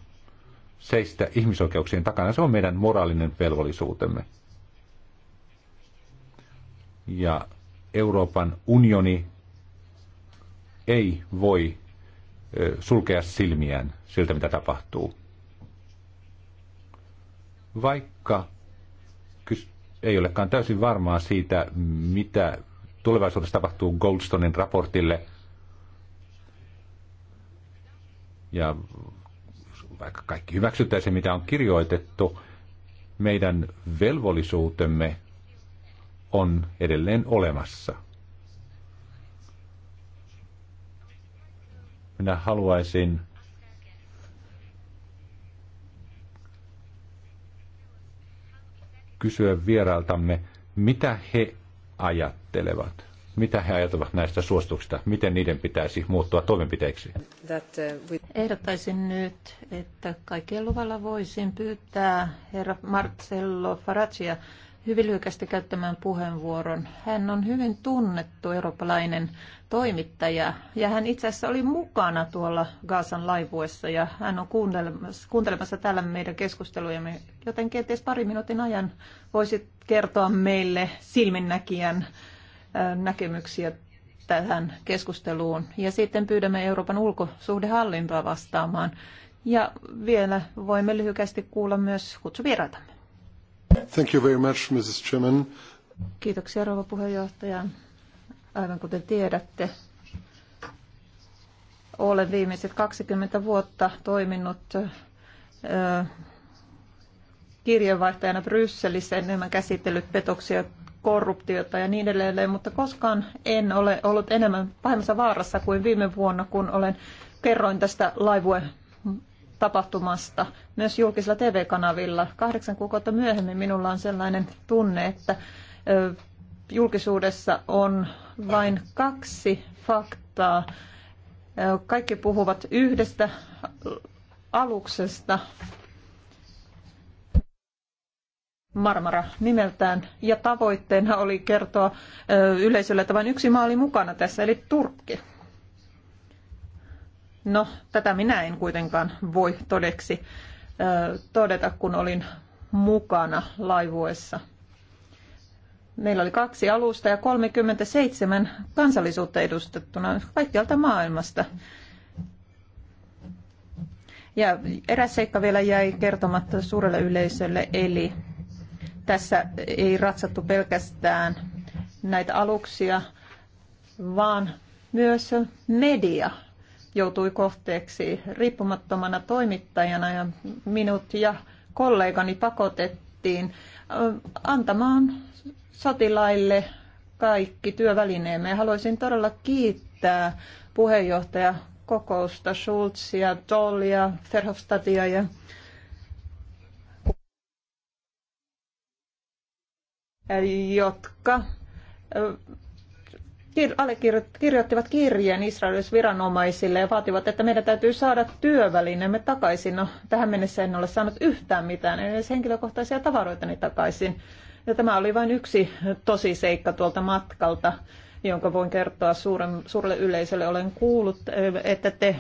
seistä ihmisoikeuksien takana. Se on meidän moraalinen velvollisuutemme. Ja Euroopan unioni ei voi sulkea silmiään siltä, mitä tapahtuu. Vaikka ei olekaan täysin varmaa siitä, mitä tulevaisuudessa tapahtuu Goldstonein raportille, ja vaikka kaikki hyväksyttäisiin, mitä on kirjoitettu, meidän velvollisuutemme on edelleen olemassa. Minä haluaisin kysyä vierailtamme, mitä he ajattelevat? Mitä he ajattelevat näistä suosituksista? Miten niiden pitäisi muuttua toimenpiteiksi? Uh, Ehdottaisin nyt, että kaikkien luvalla voisin pyytää herra Marcello Faraccia hyvin lyhykästi käyttämään puheenvuoron. Hän on hyvin tunnettu eurooppalainen toimittaja ja hän itse asiassa oli mukana tuolla Gaasan laivuessa ja hän on kuuntelemassa, kuuntelemassa täällä meidän keskustelujamme, joten kenties pari minuutin ajan voisit kertoa meille silminnäkijän näkemyksiä tähän keskusteluun. Ja sitten pyydämme Euroopan ulkosuhdehallintoa vastaamaan. Ja vielä voimme lyhykästi kuulla myös kutsuvieraitamme. Thank you very much, Mrs. Chairman. Kiitoksia, rouva puheenjohtaja. Aivan kuten tiedätte, olen viimeiset 20 vuotta toiminut kirjeenvaihtajana Brysselissä, enemmän käsitellyt petoksia, korruptiota ja niin edelleen, mutta koskaan en ole ollut enemmän pahemmassa vaarassa kuin viime vuonna, kun olen kerroin tästä laivue tapahtumasta myös julkisilla TV-kanavilla. Kahdeksan kuukautta myöhemmin minulla on sellainen tunne, että julkisuudessa on vain kaksi faktaa. Kaikki puhuvat yhdestä aluksesta, Marmara nimeltään, ja tavoitteena oli kertoa yleisölle, että vain yksi maa oli mukana tässä, eli Turkki. No, tätä minä en kuitenkaan voi todeksi todeta, kun olin mukana laivuessa. Meillä oli kaksi alusta ja 37 kansallisuutta edustettuna kaikkialta maailmasta. Ja eräs seikka vielä jäi kertomatta suurelle yleisölle, eli tässä ei ratsattu pelkästään näitä aluksia, vaan myös media joutui kohteeksi riippumattomana toimittajana ja minut ja kollegani pakotettiin äh, antamaan sotilaille kaikki työvälineemme. Haluaisin todella kiittää puheenjohtaja kokousta Schulzia, Tollia, Verhofstadtia ja jotka äh, allekirjoittivat kirjeen Israelin viranomaisille ja vaativat, että meidän täytyy saada työvälineemme takaisin. No, tähän mennessä en ole saanut yhtään mitään, en edes henkilökohtaisia tavaroitani takaisin. Ja tämä oli vain yksi tosi seikka tuolta matkalta, jonka voin kertoa suuren, suurelle yleisölle. Olen kuullut, että te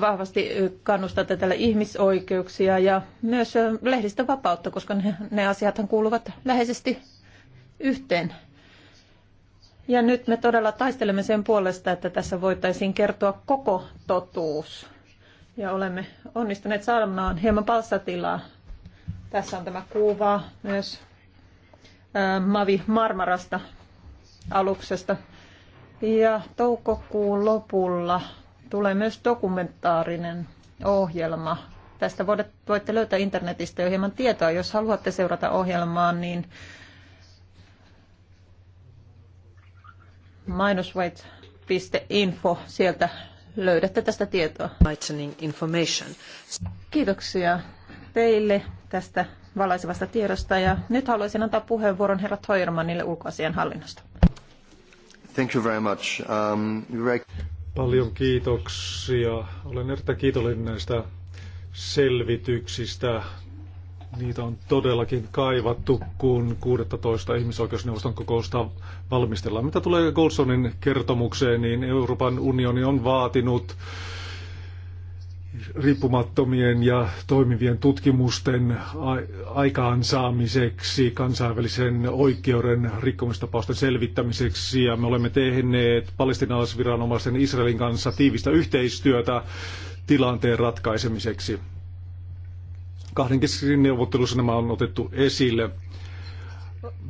vahvasti kannustatte tällä ihmisoikeuksia ja myös lehdistä vapautta, koska ne, ne asiathan kuuluvat läheisesti yhteen. Ja nyt me todella taistelemme sen puolesta, että tässä voitaisiin kertoa koko totuus. Ja olemme onnistuneet saamaan hieman palstatilaa. Tässä on tämä kuva myös Mavi Marmarasta aluksesta. Ja toukokuun lopulla tulee myös dokumentaarinen ohjelma. Tästä voitte löytää internetistä jo hieman tietoa. Jos haluatte seurata ohjelmaa, niin minusweight.info. Sieltä löydätte tästä tietoa. Information. Kiitoksia teille tästä valaisevasta tiedosta ja nyt haluaisin antaa puheenvuoron herra Toirmanille ulkoasian hallinnosta. Thank you very much. Um, right... Paljon kiitoksia. Olen erittäin kiitollinen näistä selvityksistä Niitä on todellakin kaivattu, kun 16. ihmisoikeusneuvoston kokousta valmistellaan. Mitä tulee Goldsonin kertomukseen, niin Euroopan unioni on vaatinut riippumattomien ja toimivien tutkimusten aikaansaamiseksi, kansainvälisen oikeuden rikkomistapausten selvittämiseksi ja me olemme tehneet palestinaalaisviranomaisten Israelin kanssa tiivistä yhteistyötä tilanteen ratkaisemiseksi. Kahden keskin neuvottelussa nämä on otettu esille.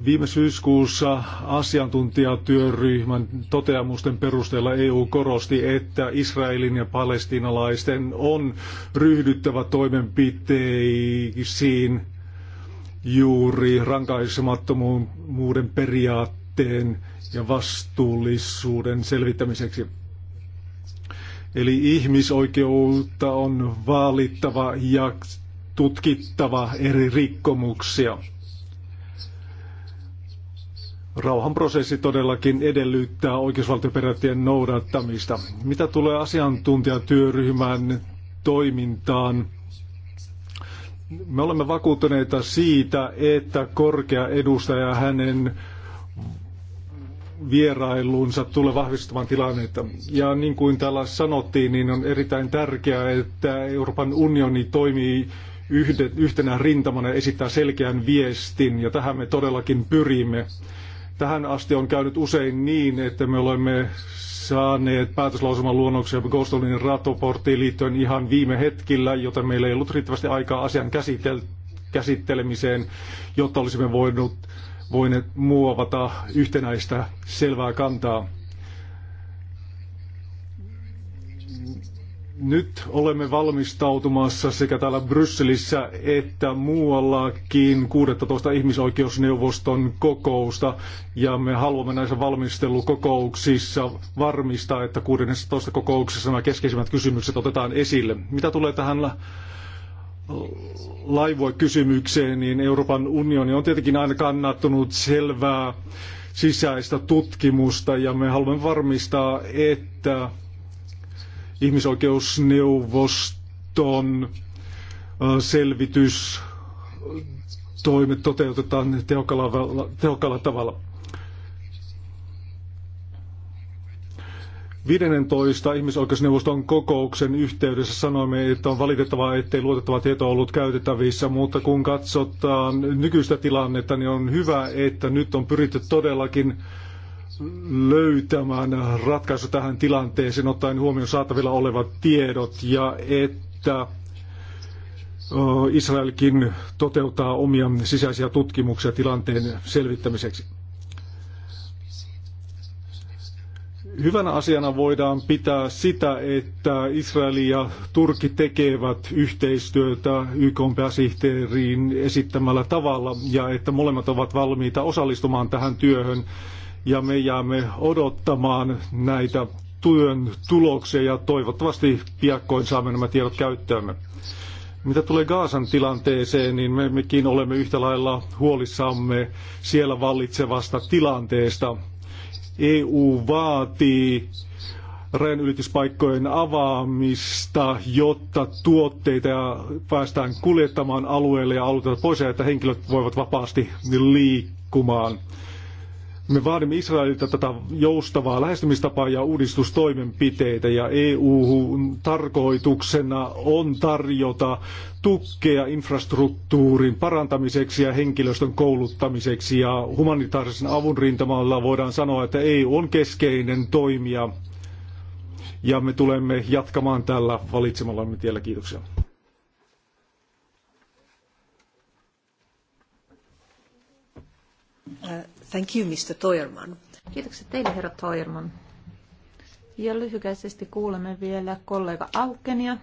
Viime syyskuussa asiantuntijatyöryhmän toteamusten perusteella EU korosti, että Israelin ja palestiinalaisten on ryhdyttävä toimenpiteisiin juuri rankaisemattomuuden periaatteen ja vastuullisuuden selvittämiseksi. Eli ihmisoikeutta on vaalittava ja tutkittava eri rikkomuksia. Rauhanprosessi todellakin edellyttää oikeusvaltioperiaatteen noudattamista. Mitä tulee asiantuntijatyöryhmän toimintaan, me olemme vakuuttuneita siitä, että korkea edustaja hänen vierailunsa tulee vahvistamaan tilannetta. Ja niin kuin täällä sanottiin, niin on erittäin tärkeää, että Euroopan unioni toimii yhtenä rintamana ja esittää selkeän viestin, ja tähän me todellakin pyrimme. Tähän asti on käynyt usein niin, että me olemme saaneet päätöslausuman luonnoksia Gostolinin raporttiin liittyen ihan viime hetkillä, joten meillä ei ollut riittävästi aikaa asian käsittelemiseen, jotta olisimme voinut, voineet muovata yhtenäistä selvää kantaa. Nyt olemme valmistautumassa sekä täällä Brysselissä että muuallakin 16 ihmisoikeusneuvoston kokousta ja me haluamme näissä valmistelukokouksissa varmistaa, että 16 kokouksessa nämä keskeisimmät kysymykset otetaan esille. Mitä tulee tähän laivuekysymykseen, niin Euroopan unioni on tietenkin aina kannattanut selvää sisäistä tutkimusta ja me haluamme varmistaa, että ihmisoikeusneuvoston selvitys toimet toteutetaan tehokkaalla, tehokkaalla tavalla. 15. ihmisoikeusneuvoston kokouksen yhteydessä sanoimme, että on valitettavaa, ettei luotettava tieto ollut käytettävissä, mutta kun katsotaan nykyistä tilannetta, niin on hyvä, että nyt on pyritty todellakin löytämään ratkaisu tähän tilanteeseen, ottaen huomioon saatavilla olevat tiedot ja että Israelkin toteuttaa omia sisäisiä tutkimuksia tilanteen selvittämiseksi. Hyvänä asiana voidaan pitää sitä, että Israel ja Turkki tekevät yhteistyötä YK pääsihteeriin esittämällä tavalla ja että molemmat ovat valmiita osallistumaan tähän työhön ja me jäämme odottamaan näitä työn tuloksia ja toivottavasti piakkoin saamme nämä tiedot käyttöömme. Mitä tulee Gaasan tilanteeseen, niin me, mekin olemme yhtä lailla huolissamme siellä vallitsevasta tilanteesta. EU vaatii rajanylityspaikkojen avaamista, jotta tuotteita päästään kuljettamaan alueelle ja alueelta pois ja että henkilöt voivat vapaasti liikkumaan. Me vaadimme Israelilta tätä joustavaa lähestymistapaa ja uudistustoimenpiteitä ja EU tarkoituksena on tarjota tukea infrastruktuurin parantamiseksi ja henkilöstön kouluttamiseksi ja humanitaarisen avun rintamalla voidaan sanoa, että EU on keskeinen toimija ja me tulemme jatkamaan tällä valitsemallamme tiellä. Kiitoksia. Uh, thank you, Mr. Toijerman. Kiitokset teille, herra Toijerman. Ja lyhykäisesti kuulemme vielä kollega Aukenia.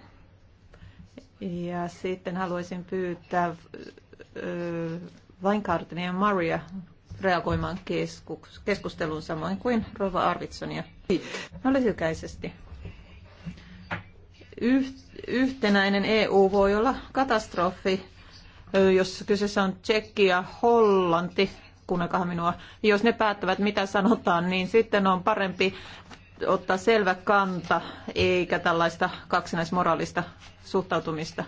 Ja sitten haluaisin pyytää uh, Weingarten ja Maria reagoimaan keskusteluun samoin kuin Rova Arvitsonia. No lyhykäisesti. yhtenäinen EU voi olla katastrofi, uh, jos kyseessä on Tsekki ja Hollanti, kuunnelkaa minua, jos ne päättävät mitä sanotaan, niin sitten on parempi ottaa selvä kanta, eikä tällaista kaksinaismoraalista suhtautumista.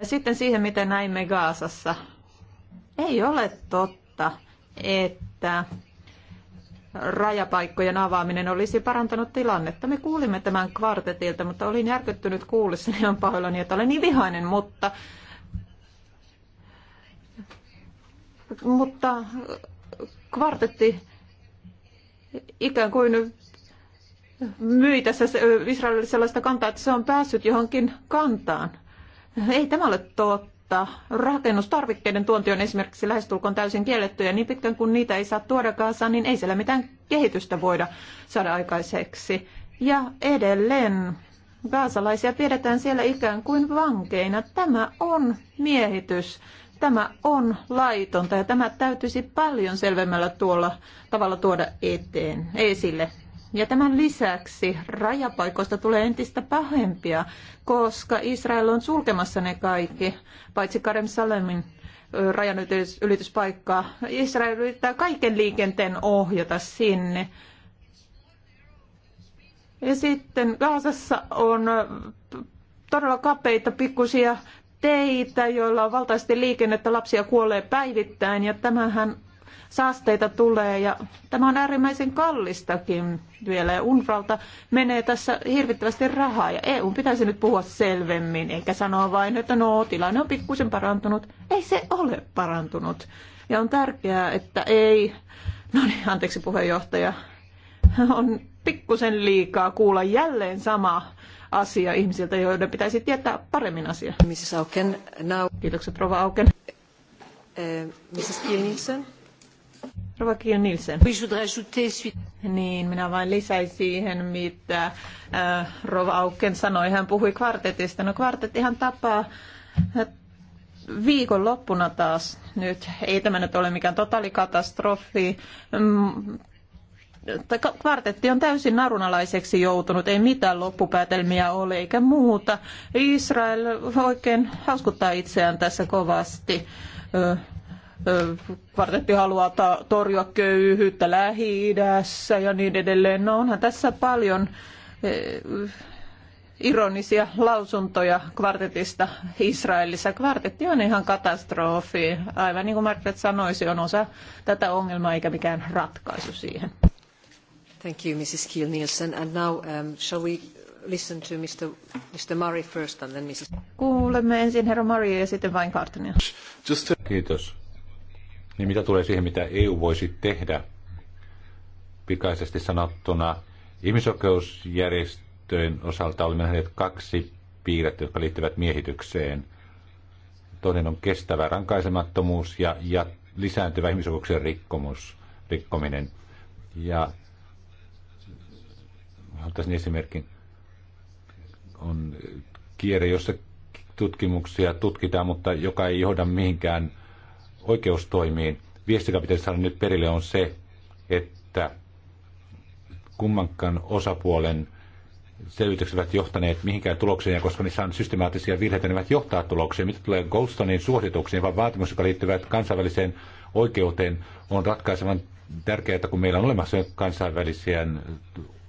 Ja sitten siihen, miten näimme Gaasassa. Ei ole totta, että rajapaikkojen avaaminen olisi parantanut tilannetta. Me kuulimme tämän kvartetilta, mutta olin järkyttynyt kuullessani niin ja pahoillani, että olen niin vihainen, mutta mutta äh, kvartetti ikään kuin myi tässä Israelille sellaista kantaa, että se on päässyt johonkin kantaan. Ei tämä ole totta. Rakennustarvikkeiden tuonti on esimerkiksi lähestulkoon täysin kielletty ja niin pitkään kuin niitä ei saa tuoda kanssa, niin ei siellä mitään kehitystä voida saada aikaiseksi. Ja edelleen gaasalaisia pidetään siellä ikään kuin vankeina. Tämä on miehitys. Tämä on laitonta ja tämä täytyisi paljon selvemmällä tuolla tavalla tuoda eteen, esille. Ja tämän lisäksi rajapaikoista tulee entistä pahempia, koska Israel on sulkemassa ne kaikki, paitsi Karem Salemin rajanylityspaikkaa. Israel yrittää kaiken liikenteen ohjata sinne. Ja sitten Gaasassa on todella kapeita pikkusia teitä, joilla on valtaisesti liikennettä, lapsia kuolee päivittäin ja tämähän saasteita tulee ja tämä on äärimmäisen kallistakin vielä ja Unfralta menee tässä hirvittävästi rahaa ja EU pitäisi nyt puhua selvemmin eikä sanoa vain, että no tilanne on pikkusen parantunut. Ei se ole parantunut ja on tärkeää, että ei, no niin anteeksi puheenjohtaja, on pikkusen liikaa kuulla jälleen samaa asia ihmisiltä, joiden pitäisi tietää paremmin asia. Mrs. Auken, now... Kiitokset Rova Auken. Uh, eh, Mrs. Kiel Nielsen. Rova Kiel Nielsen. Niin, minä vain lisäin siihen, mitä äh, Rova Auken sanoi. Hän puhui kvartetista. No kvartettihan tapaa eh, viikonloppuna taas nyt. Ei tämä nyt ole mikään totaalikatastrofi. Mm, kvartetti on täysin narunalaiseksi joutunut, ei mitään loppupäätelmiä ole eikä muuta. Israel oikein hauskuttaa itseään tässä kovasti. Kvartetti haluaa torjua köyhyyttä Lähi-idässä ja niin edelleen. No onhan tässä paljon ironisia lausuntoja kvartetista Israelissa. Kvartetti on ihan katastrofi. Aivan niin kuin Margaret sanoi, se on osa tätä ongelmaa eikä mikään ratkaisu siihen. Thank you, Mrs. Kiel-Nielsen. And now, um, shall we listen to Mr. Mr. Murray first and then Mrs. Kuulemme ensin herra Murray ja sitten vain Just Kiitos. Niin mitä tulee siihen, mitä EU voisi tehdä, pikaisesti sanottuna, ihmisoikeusjärjestöjen osalta olemme nähneet kaksi piirrettä, jotka liittyvät miehitykseen. Toinen on kestävä rankaisemattomuus ja, ja lisääntyvä ihmisoikeuksien rikkomus, rikkominen. Ja ottaisin esimerkin, on kierre, jossa tutkimuksia tutkitaan, mutta joka ei johda mihinkään oikeustoimiin. Viesti, joka pitäisi saada nyt perille, on se, että kummankaan osapuolen selvitykset ovat johtaneet mihinkään tulokseen, ja koska niissä on systemaattisia virheitä, ne ovat johtaa tulokseen. Mitä tulee Goldstonein suosituksiin, vaan vaatimus, joka liittyvät kansainväliseen oikeuteen, on ratkaisevan tärkeää, kun meillä on olemassa kansainvälisiä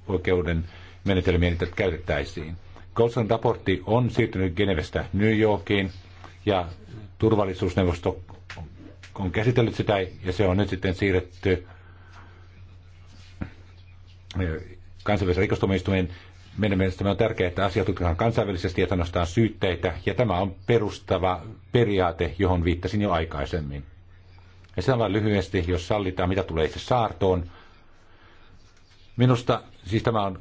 oikeuden menetelmiä niitä käytettäisiin. Golson raportti on siirtynyt Genevestä New Yorkiin ja turvallisuusneuvosto on käsitellyt sitä ja se on nyt sitten siirretty eh, kansainvälisen rikostuomioistuimen meidän mielestämme on tärkeää, että asia tutkitaan kansainvälisesti ja nostaa syytteitä, ja tämä on perustava periaate, johon viittasin jo aikaisemmin. Ja sen vain lyhyesti, jos sallitaan, mitä tulee itse saartoon. Minusta Siis tämä on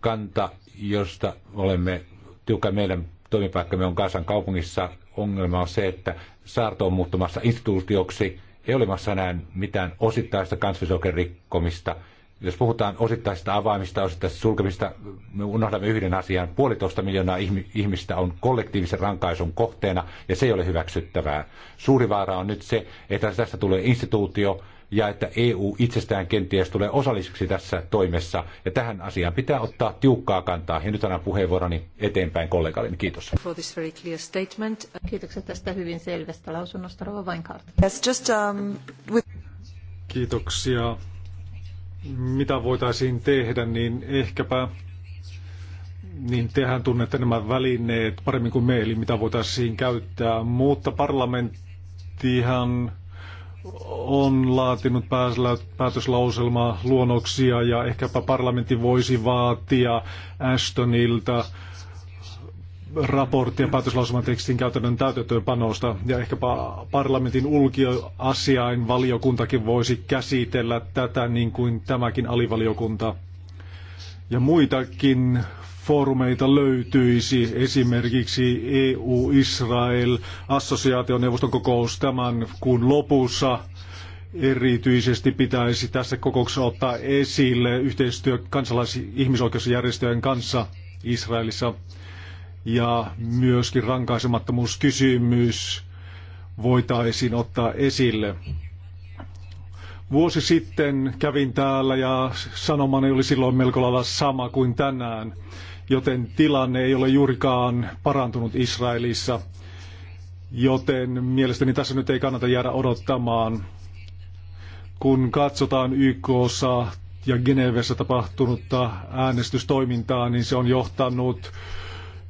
kanta, josta olemme tiukka meidän toimipaikkamme on Kasan kaupungissa. Ongelma on se, että saarto on muuttumassa instituutioksi. Ei olemassa enää mitään osittaista kansallisoikeuden rikkomista. Jos puhutaan osittaisista avaamista, osittaisista sulkemista, me unohdamme yhden asian. Puolitoista miljoonaa ihmistä on kollektiivisen rankaisun kohteena, ja se ei ole hyväksyttävää. Suuri vaara on nyt se, että tästä tulee instituutio, ja että EU itsestään kenties tulee osalliseksi tässä toimessa. Ja tähän asiaan pitää ottaa tiukkaa kantaa. Ja nyt annan puheenvuoroni eteenpäin kollegalleni. Kiitos. For this very clear statement. Kiitokset tästä hyvin selvästä lausunnosta, Rova Weinkart. Yes, just, um, with... Kiitoksia. Mitä voitaisiin tehdä, niin ehkäpä niin tehän tunnette nämä välineet paremmin kuin me, eli mitä voitaisiin käyttää, mutta parlamenttihan on laatinut päätöslauselmaa luonnoksia ja ehkäpä parlamentti voisi vaatia Ashtonilta raporttia päätöslauselman tekstin käytännön täytäntöönpanosta ja ehkäpä parlamentin ulkioasiain valiokuntakin voisi käsitellä tätä niin kuin tämäkin alivaliokunta ja muitakin foorumeita löytyisi, siis esimerkiksi EU-Israel, assosiaationeuvoston kokous tämän kuun lopussa. Erityisesti pitäisi tässä kokouksessa ottaa esille yhteistyö kansalais- ihmisoikeusjärjestöjen kanssa Israelissa ja myöskin rankaisemattomuuskysymys voitaisiin ottaa esille. Vuosi sitten kävin täällä ja sanomani oli silloin melko lailla sama kuin tänään joten tilanne ei ole juurikaan parantunut Israelissa. Joten mielestäni tässä nyt ei kannata jäädä odottamaan. Kun katsotaan YKssa ja Genevessä tapahtunutta äänestystoimintaa, niin se on johtanut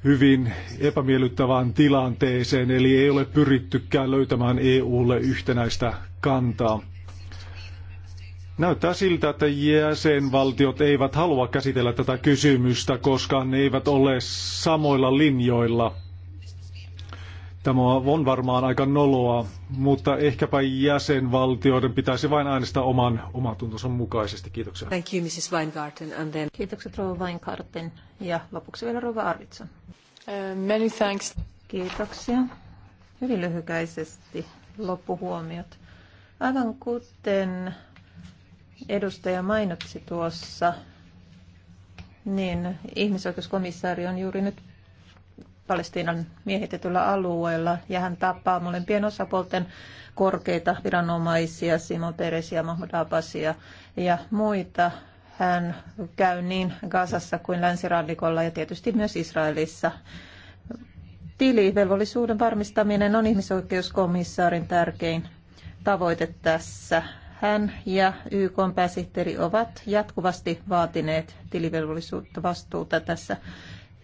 hyvin epämiellyttävään tilanteeseen, eli ei ole pyrittykään löytämään EUlle yhtenäistä kantaa. Näyttää siltä, että jäsenvaltiot eivät halua käsitellä tätä kysymystä, koska ne eivät ole samoilla linjoilla. Tämä on varmaan aika noloa, mutta ehkäpä jäsenvaltioiden pitäisi vain äänestää oman omatuntonsa mukaisesti. Kiitoksia. Thank you, Mrs. Weingarten. And then... Kiitokset Rova Weingarten ja lopuksi vielä Rova Arvitson. Uh, many thanks. Kiitoksia. Hyvin lyhykäisesti loppuhuomiot. Aivan kuten edustaja mainitsi tuossa, niin ihmisoikeuskomissaari on juuri nyt Palestiinan miehitetyllä alueella ja hän tapaa molempien osapuolten korkeita viranomaisia, Simon Peresia, Mahmoud Abbasia ja muita. Hän käy niin Gazassa kuin länsirannikolla ja tietysti myös Israelissa. Tilivelvollisuuden varmistaminen on ihmisoikeuskomissaarin tärkein tavoite tässä hän ja YK pääsihteeri ovat jatkuvasti vaatineet tilivelvollisuutta vastuuta tässä.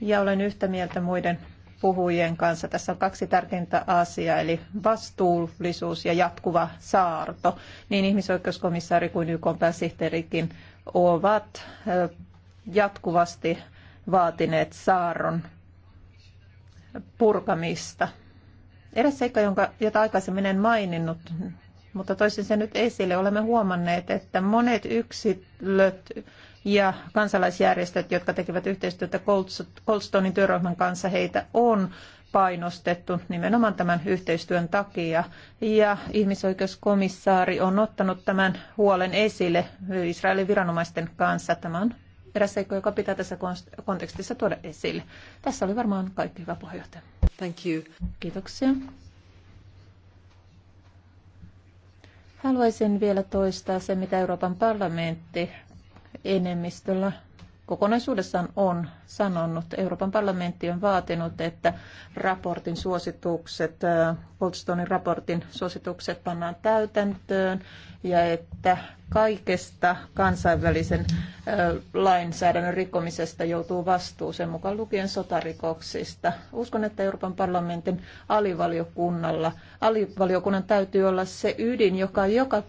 Ja olen yhtä mieltä muiden puhujien kanssa. Tässä on kaksi tärkeintä asiaa, eli vastuullisuus ja jatkuva saarto. Niin ihmisoikeuskomissaari kuin YK pääsihteerikin ovat jatkuvasti vaatineet saaron purkamista. Eräs seikka, jonka, jota aikaisemmin en maininnut, mutta toisin sen nyt esille. Olemme huomanneet, että monet yksilöt ja kansalaisjärjestöt, jotka tekevät yhteistyötä Goldstonein työryhmän kanssa, heitä on painostettu nimenomaan tämän yhteistyön takia. Ja ihmisoikeuskomissaari on ottanut tämän huolen esille Israelin viranomaisten kanssa. Tämä on eräs seikko, joka pitää tässä kontekstissa tuoda esille. Tässä oli varmaan kaikki hyvä puheenjohtaja. Thank you. Kiitoksia. Haluaisin vielä toistaa se, mitä Euroopan parlamentti enemmistöllä kokonaisuudessaan on sanonut. Euroopan parlamentti on vaatinut, että raportin suositukset, äh, Goldstonein raportin suositukset pannaan täytäntöön ja että kaikesta kansainvälisen äh, lainsäädännön rikkomisesta joutuu vastuuseen mukaan lukien sotarikoksista. Uskon, että Euroopan parlamentin alivaliokunnalla, alivaliokunnan täytyy olla se ydin, joka joka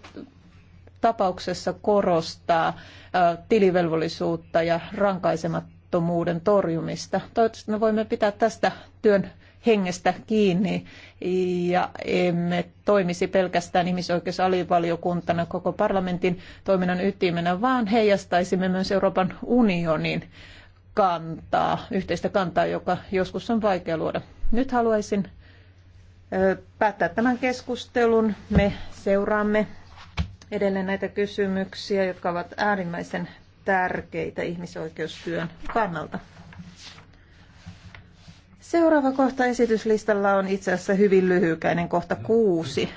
tapauksessa korostaa tilivelvollisuutta ja rankaisemattomuuden torjumista. Toivottavasti me voimme pitää tästä työn hengestä kiinni ja emme toimisi pelkästään ihmisoikeusalivaliokuntana koko parlamentin toiminnan ytimenä, vaan heijastaisimme myös Euroopan unionin kantaa, yhteistä kantaa, joka joskus on vaikea luoda. Nyt haluaisin päättää tämän keskustelun. Me seuraamme edelleen näitä kysymyksiä, jotka ovat äärimmäisen tärkeitä ihmisoikeustyön kannalta. Seuraava kohta esityslistalla on itse asiassa hyvin lyhykäinen, kohta kuusi.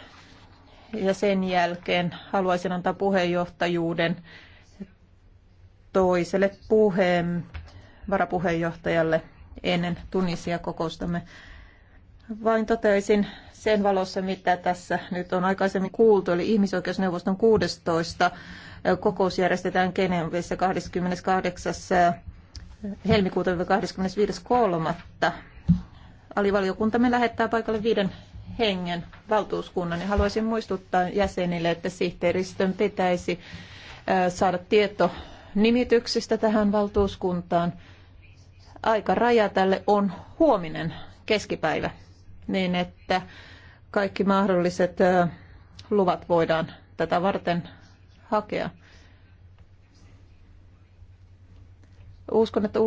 Ja sen jälkeen haluaisin antaa puheenjohtajuuden toiselle puheen varapuheenjohtajalle ennen tunnisia kokoustamme. Vain toteaisin sen valossa, mitä tässä nyt on aikaisemmin kuultu, eli ihmisoikeusneuvoston 16. kokous järjestetään Genevessä 28. helmikuuta 25.3. Alivaliokuntamme lähettää paikalle viiden hengen valtuuskunnan ja haluaisin muistuttaa jäsenille, että sihteeristön pitäisi saada tieto nimityksistä tähän valtuuskuntaan. raja tälle on huominen keskipäivä, niin että kaikki mahdolliset luvat voidaan tätä varten hakea. Uskon, että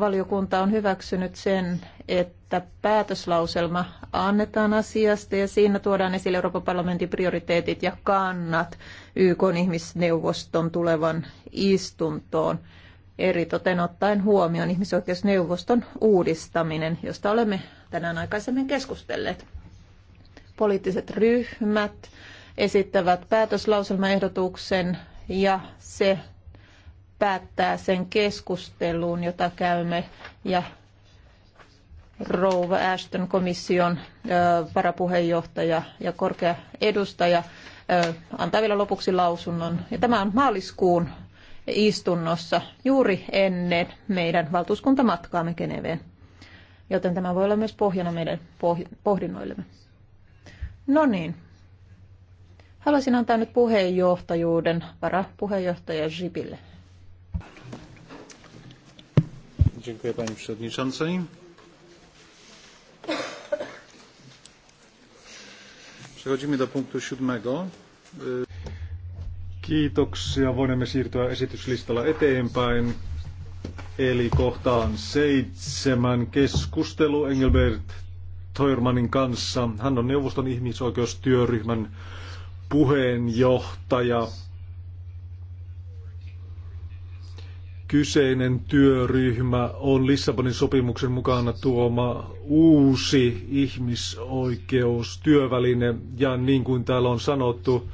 valiokunta on hyväksynyt sen, että päätöslauselma annetaan asiasta ja siinä tuodaan esille Euroopan parlamentin prioriteetit ja kannat YK ihmisneuvoston tulevan istuntoon. toten ottaen huomioon ihmisoikeusneuvoston uudistaminen, josta olemme tänään aikaisemmin keskustelleet poliittiset ryhmät esittävät päätöslauselmaehdotuksen ja se päättää sen keskusteluun, jota käymme ja Rouva Ashton komission varapuheenjohtaja ja korkea edustaja antaa vielä lopuksi lausunnon. Ja tämä on maaliskuun istunnossa juuri ennen meidän valtuuskuntamatkaamme Geneveen. Joten tämä voi olla myös pohjana meidän pohdinnoillemme. No niin. Haluaisin antaa nyt puheenjohtajuuden varapuheenjohtaja Zipille. Dziękuję pani przewodniczącej. Przechodzimy do punktu siódmego. Kiitoksia. Voimme siirtyä esityslistalla eteenpäin. Eli kohtaan seitsemän keskustelu Engelbert Toirmanin kanssa. Hän on neuvoston ihmisoikeustyöryhmän puheenjohtaja. Kyseinen työryhmä on Lissabonin sopimuksen mukana tuoma uusi ihmisoikeustyöväline ja niin kuin täällä on sanottu,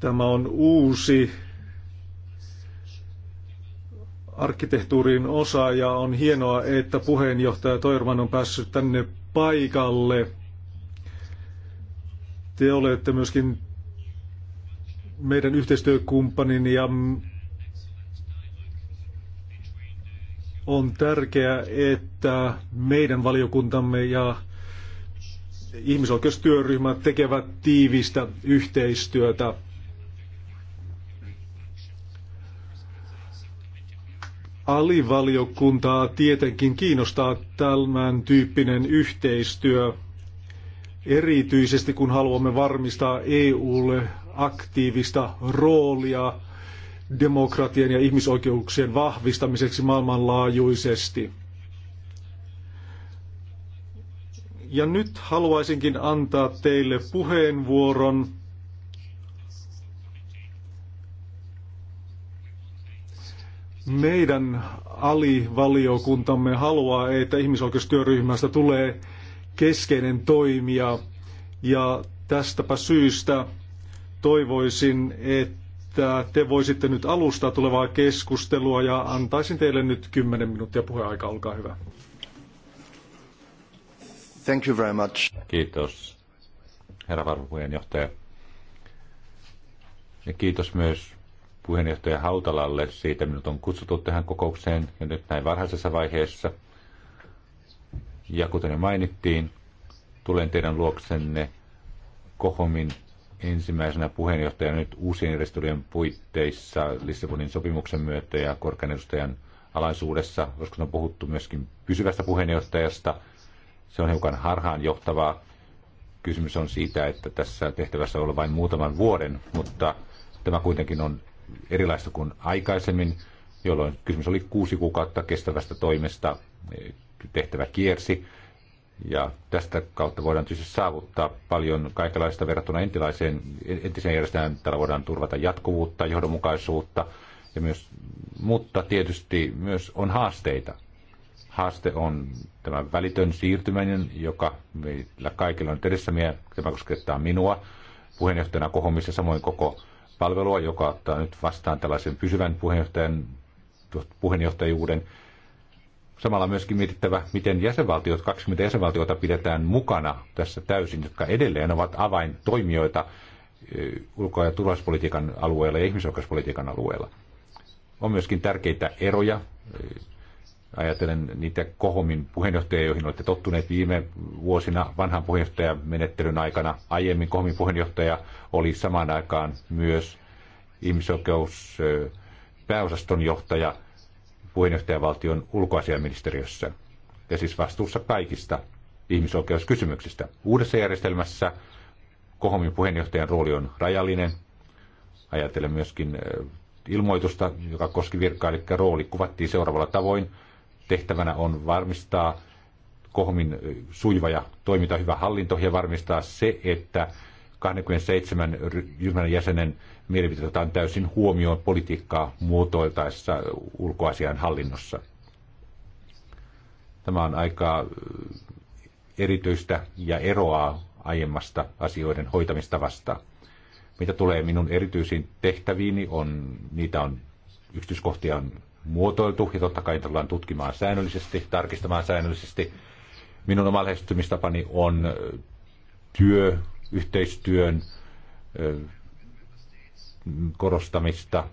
tämä on uusi arkkitehtuurin osa ja on hienoa, että puheenjohtaja Toirman on päässyt tänne paikalle. Te olette myöskin meidän yhteistyökumppanin ja on tärkeää, että meidän valiokuntamme ja ihmisoikeustyöryhmät tekevät tiivistä yhteistyötä. Alivaliokuntaa tietenkin kiinnostaa tämän tyyppinen yhteistyö, erityisesti kun haluamme varmistaa EUlle aktiivista roolia demokratian ja ihmisoikeuksien vahvistamiseksi maailmanlaajuisesti. Ja nyt haluaisinkin antaa teille puheenvuoron Meidän alivaliokuntamme haluaa, että ihmisoikeustyöryhmästä tulee keskeinen toimija ja tästäpä syystä toivoisin, että te voisitte nyt alustaa tulevaa keskustelua ja antaisin teille nyt 10 minuuttia puheaikaa, olkaa hyvä. Thank you very much. Kiitos, herra varapuheenjohtaja. Ja kiitos myös puheenjohtaja Hautalalle siitä, minut on kutsuttu tähän kokoukseen ja nyt näin varhaisessa vaiheessa. Ja kuten jo mainittiin, tulen teidän luoksenne Kohomin ensimmäisenä puheenjohtajana nyt uusien järjestelyjen puitteissa Lissabonin sopimuksen myötä ja korkean edustajan alaisuudessa, koska on puhuttu myöskin pysyvästä puheenjohtajasta. Se on hiukan harhaan johtavaa. Kysymys on siitä, että tässä tehtävässä on ollut vain muutaman vuoden, mutta tämä kuitenkin on erilaista kuin aikaisemmin, jolloin kysymys oli kuusi kuukautta kestävästä toimesta, tehtävä kiersi. Ja tästä kautta voidaan tietysti saavuttaa paljon kaikenlaista verrattuna entilaiseen, entiseen järjestelmään. Täällä voidaan turvata jatkuvuutta, johdonmukaisuutta, ja myös, mutta tietysti myös on haasteita. Haaste on tämä välitön siirtyminen, joka meillä kaikilla on edessä. Tämä koskettaa minua puheenjohtajana kohomissa, samoin koko palvelua, joka ottaa nyt vastaan tällaisen pysyvän puheenjohtajan, puheenjohtajuuden. Samalla myöskin mietittävä, miten jäsenvaltiot, 20 jäsenvaltiota pidetään mukana tässä täysin, jotka edelleen ovat avaintoimijoita eh, ulko- ja turvallisuuspolitiikan alueella ja ihmisoikeuspolitiikan alueella. On myöskin tärkeitä eroja eh, Ajatellen niitä Kohomin puheenjohtajia, joihin olette tottuneet viime vuosina vanhan puheenjohtajamenettelyn aikana. Aiemmin Kohomin puheenjohtaja oli samaan aikaan myös ihmisoikeus pääosaston johtaja puheenjohtajavaltion ulkoasiaministeriössä, ja siis vastuussa kaikista ihmisoikeuskysymyksistä. Uudessa järjestelmässä Kohomin puheenjohtajan rooli on rajallinen. Ajattelen myöskin ilmoitusta, joka koski virkailijan rooli, kuvattiin seuraavalla tavoin tehtävänä on varmistaa kohmin sujuva ja toiminta hyvä hallinto ja varmistaa se, että 27 ryhmän jäsenen mielipiteet otetaan täysin huomioon politiikkaa muotoiltaessa ulkoasian hallinnossa. Tämä on aika erityistä ja eroaa aiemmasta asioiden hoitamistavasta. Mitä tulee minun erityisiin tehtäviini, on, niitä on yksityiskohtia on muotoiltu ja totta kai tullaan tutkimaan säännöllisesti, tarkistamaan säännöllisesti. Minun oma lähestymistapani on työ, yhteistyön korostamista,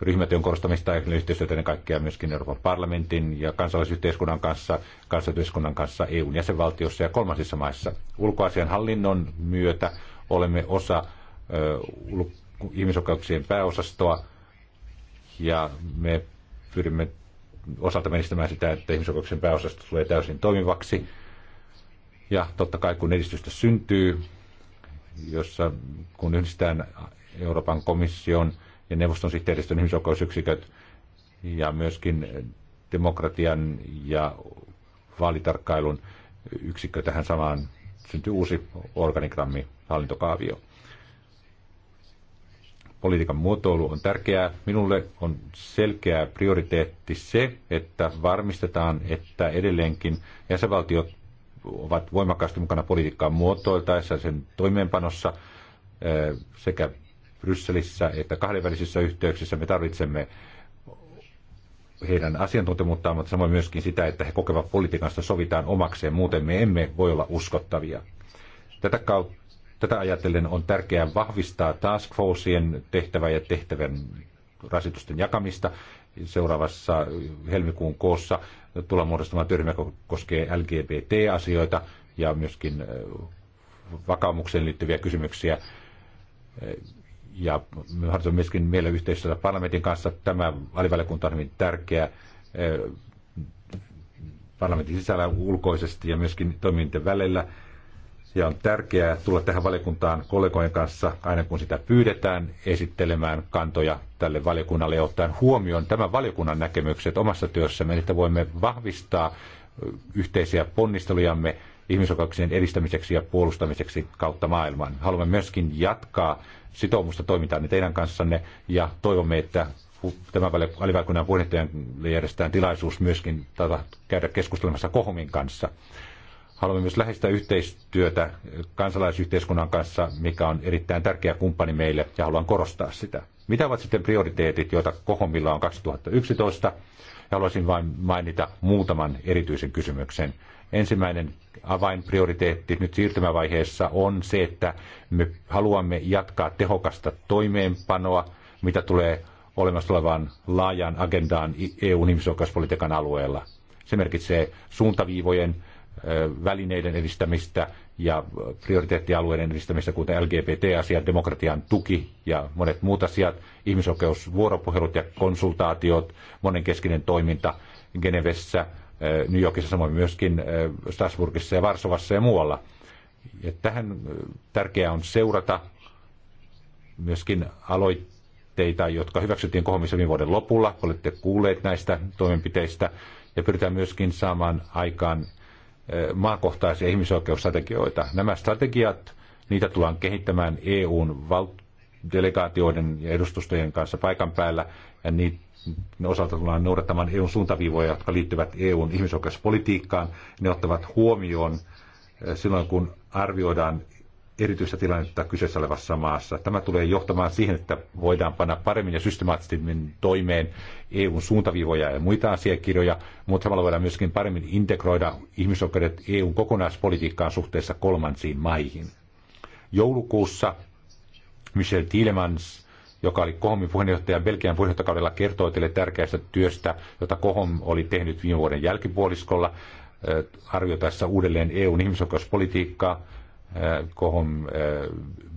ryhmätyön korostamista ja yhteistyötä ennen kaikkea myöskin Euroopan parlamentin ja kansalaisyhteiskunnan kanssa, kansalaisyhteiskunnan kanssa EUn jäsenvaltiossa ja kolmansissa maissa. Ulkoasian hallinnon myötä olemme osa ihmisoikeuksien pääosastoa ja me pyrimme osalta menestämään sitä, että ihmisoikeuksien pääosasto tulee täysin toimivaksi. Ja totta kai kun edistystä syntyy, jossa kun yhdistetään Euroopan komission ja neuvoston sihteeristön ihmisoikeusyksiköt ja myöskin demokratian ja vaalitarkkailun yksikkö tähän samaan syntyy uusi organigrammi, hallintokaavio politiikan muotoilu on tärkeää. Minulle on selkeä prioriteetti se, että varmistetaan, että edelleenkin jäsenvaltiot ovat voimakkaasti mukana politiikkaa muotoiltaessa sen toimeenpanossa eh, sekä Brysselissä että kahdenvälisissä yhteyksissä. Me tarvitsemme heidän asiantuntemuuttaan, mutta samoin myöskin sitä, että he kokevat politiikasta sovitaan omakseen, muuten me emme voi olla uskottavia. Tätä kautta Tätä ajatellen on tärkeää vahvistaa task forcien tehtävää ja tehtävän rasitusten jakamista. Seuraavassa helmikuun koossa tulla muodostamaan työryhmä, joka koskee LGBT-asioita ja myöskin vakaumukseen liittyviä kysymyksiä. Ja me harjoitamme myöskin meillä yhteistyötä parlamentin kanssa. Tämä alivaliokunta on hyvin tärkeä parlamentin sisällä ulkoisesti ja myöskin toimijoiden välillä ja on tärkeää tulla tähän valiokuntaan kollegojen kanssa, aina kun sitä pyydetään, esittelemään kantoja tälle valiokunnalle ja ottaen huomioon tämän valiokunnan näkemykset omassa työssämme, että voimme vahvistaa yhteisiä ponnistelujamme ihmisoikeuksien edistämiseksi ja puolustamiseksi kautta maailman. Haluamme myöskin jatkaa sitoumusta toimintaan teidän kanssanne ja toivomme, että tämän alivaliokunnan puheenjohtajan järjestetään tilaisuus myöskin käydä keskustelemassa Kohomin kanssa. Haluamme myös läheistä yhteistyötä kansalaisyhteiskunnan kanssa, mikä on erittäin tärkeä kumppani meille ja haluan korostaa sitä. Mitä ovat sitten prioriteetit, joita Kohomilla on 2011? Haluaisin vain mainita muutaman erityisen kysymyksen. Ensimmäinen avainprioriteetti nyt siirtymävaiheessa on se, että me haluamme jatkaa tehokasta toimeenpanoa, mitä tulee olemassa olevaan laajaan agendaan EUn ihmisoikeuspolitiikan alueella. Se merkitsee suuntaviivojen välineiden edistämistä ja prioriteettialueiden edistämistä, kuten LGBT-asiat, demokratian tuki ja monet muut asiat, ihmisoikeusvuoropuhelut ja konsultaatiot, monenkeskinen toiminta Genevessä, New Yorkissa, samoin myöskin Strasbourgissa ja Varsovassa ja muualla. Ja tähän tärkeää on seurata myöskin aloitteita, jotka hyväksyttiin kohomissa viime vuoden lopulla. Olette kuulleet näistä toimenpiteistä ja pyritään myöskin saamaan aikaan maakohtaisia ihmisoikeusstrategioita. Nämä strategiat, niitä tullaan kehittämään EUn delegaatioiden ja edustustojen kanssa paikan päällä, ja niiden osalta tullaan noudattamaan EUn suuntaviivoja, jotka liittyvät EUn ihmisoikeuspolitiikkaan. Ne ottavat huomioon silloin, kun arvioidaan erityistä tilannetta kyseessä olevassa maassa. Tämä tulee johtamaan siihen, että voidaan panna paremmin ja systemaattisemmin toimeen EUn suuntaviivoja ja muita asiakirjoja, mutta samalla voidaan myöskin paremmin integroida ihmisoikeudet EUn kokonaispolitiikkaan suhteessa kolmansiin maihin. Joulukuussa Michel Tillemans, joka oli Kohomin puheenjohtaja Belgian puheenjohtajakaudella, kertoi teille tärkeästä työstä, jota Kohom oli tehnyt viime vuoden jälkipuoliskolla arvioitaessa uudelleen EUn ihmisoikeuspolitiikkaa Äh, Kohom äh,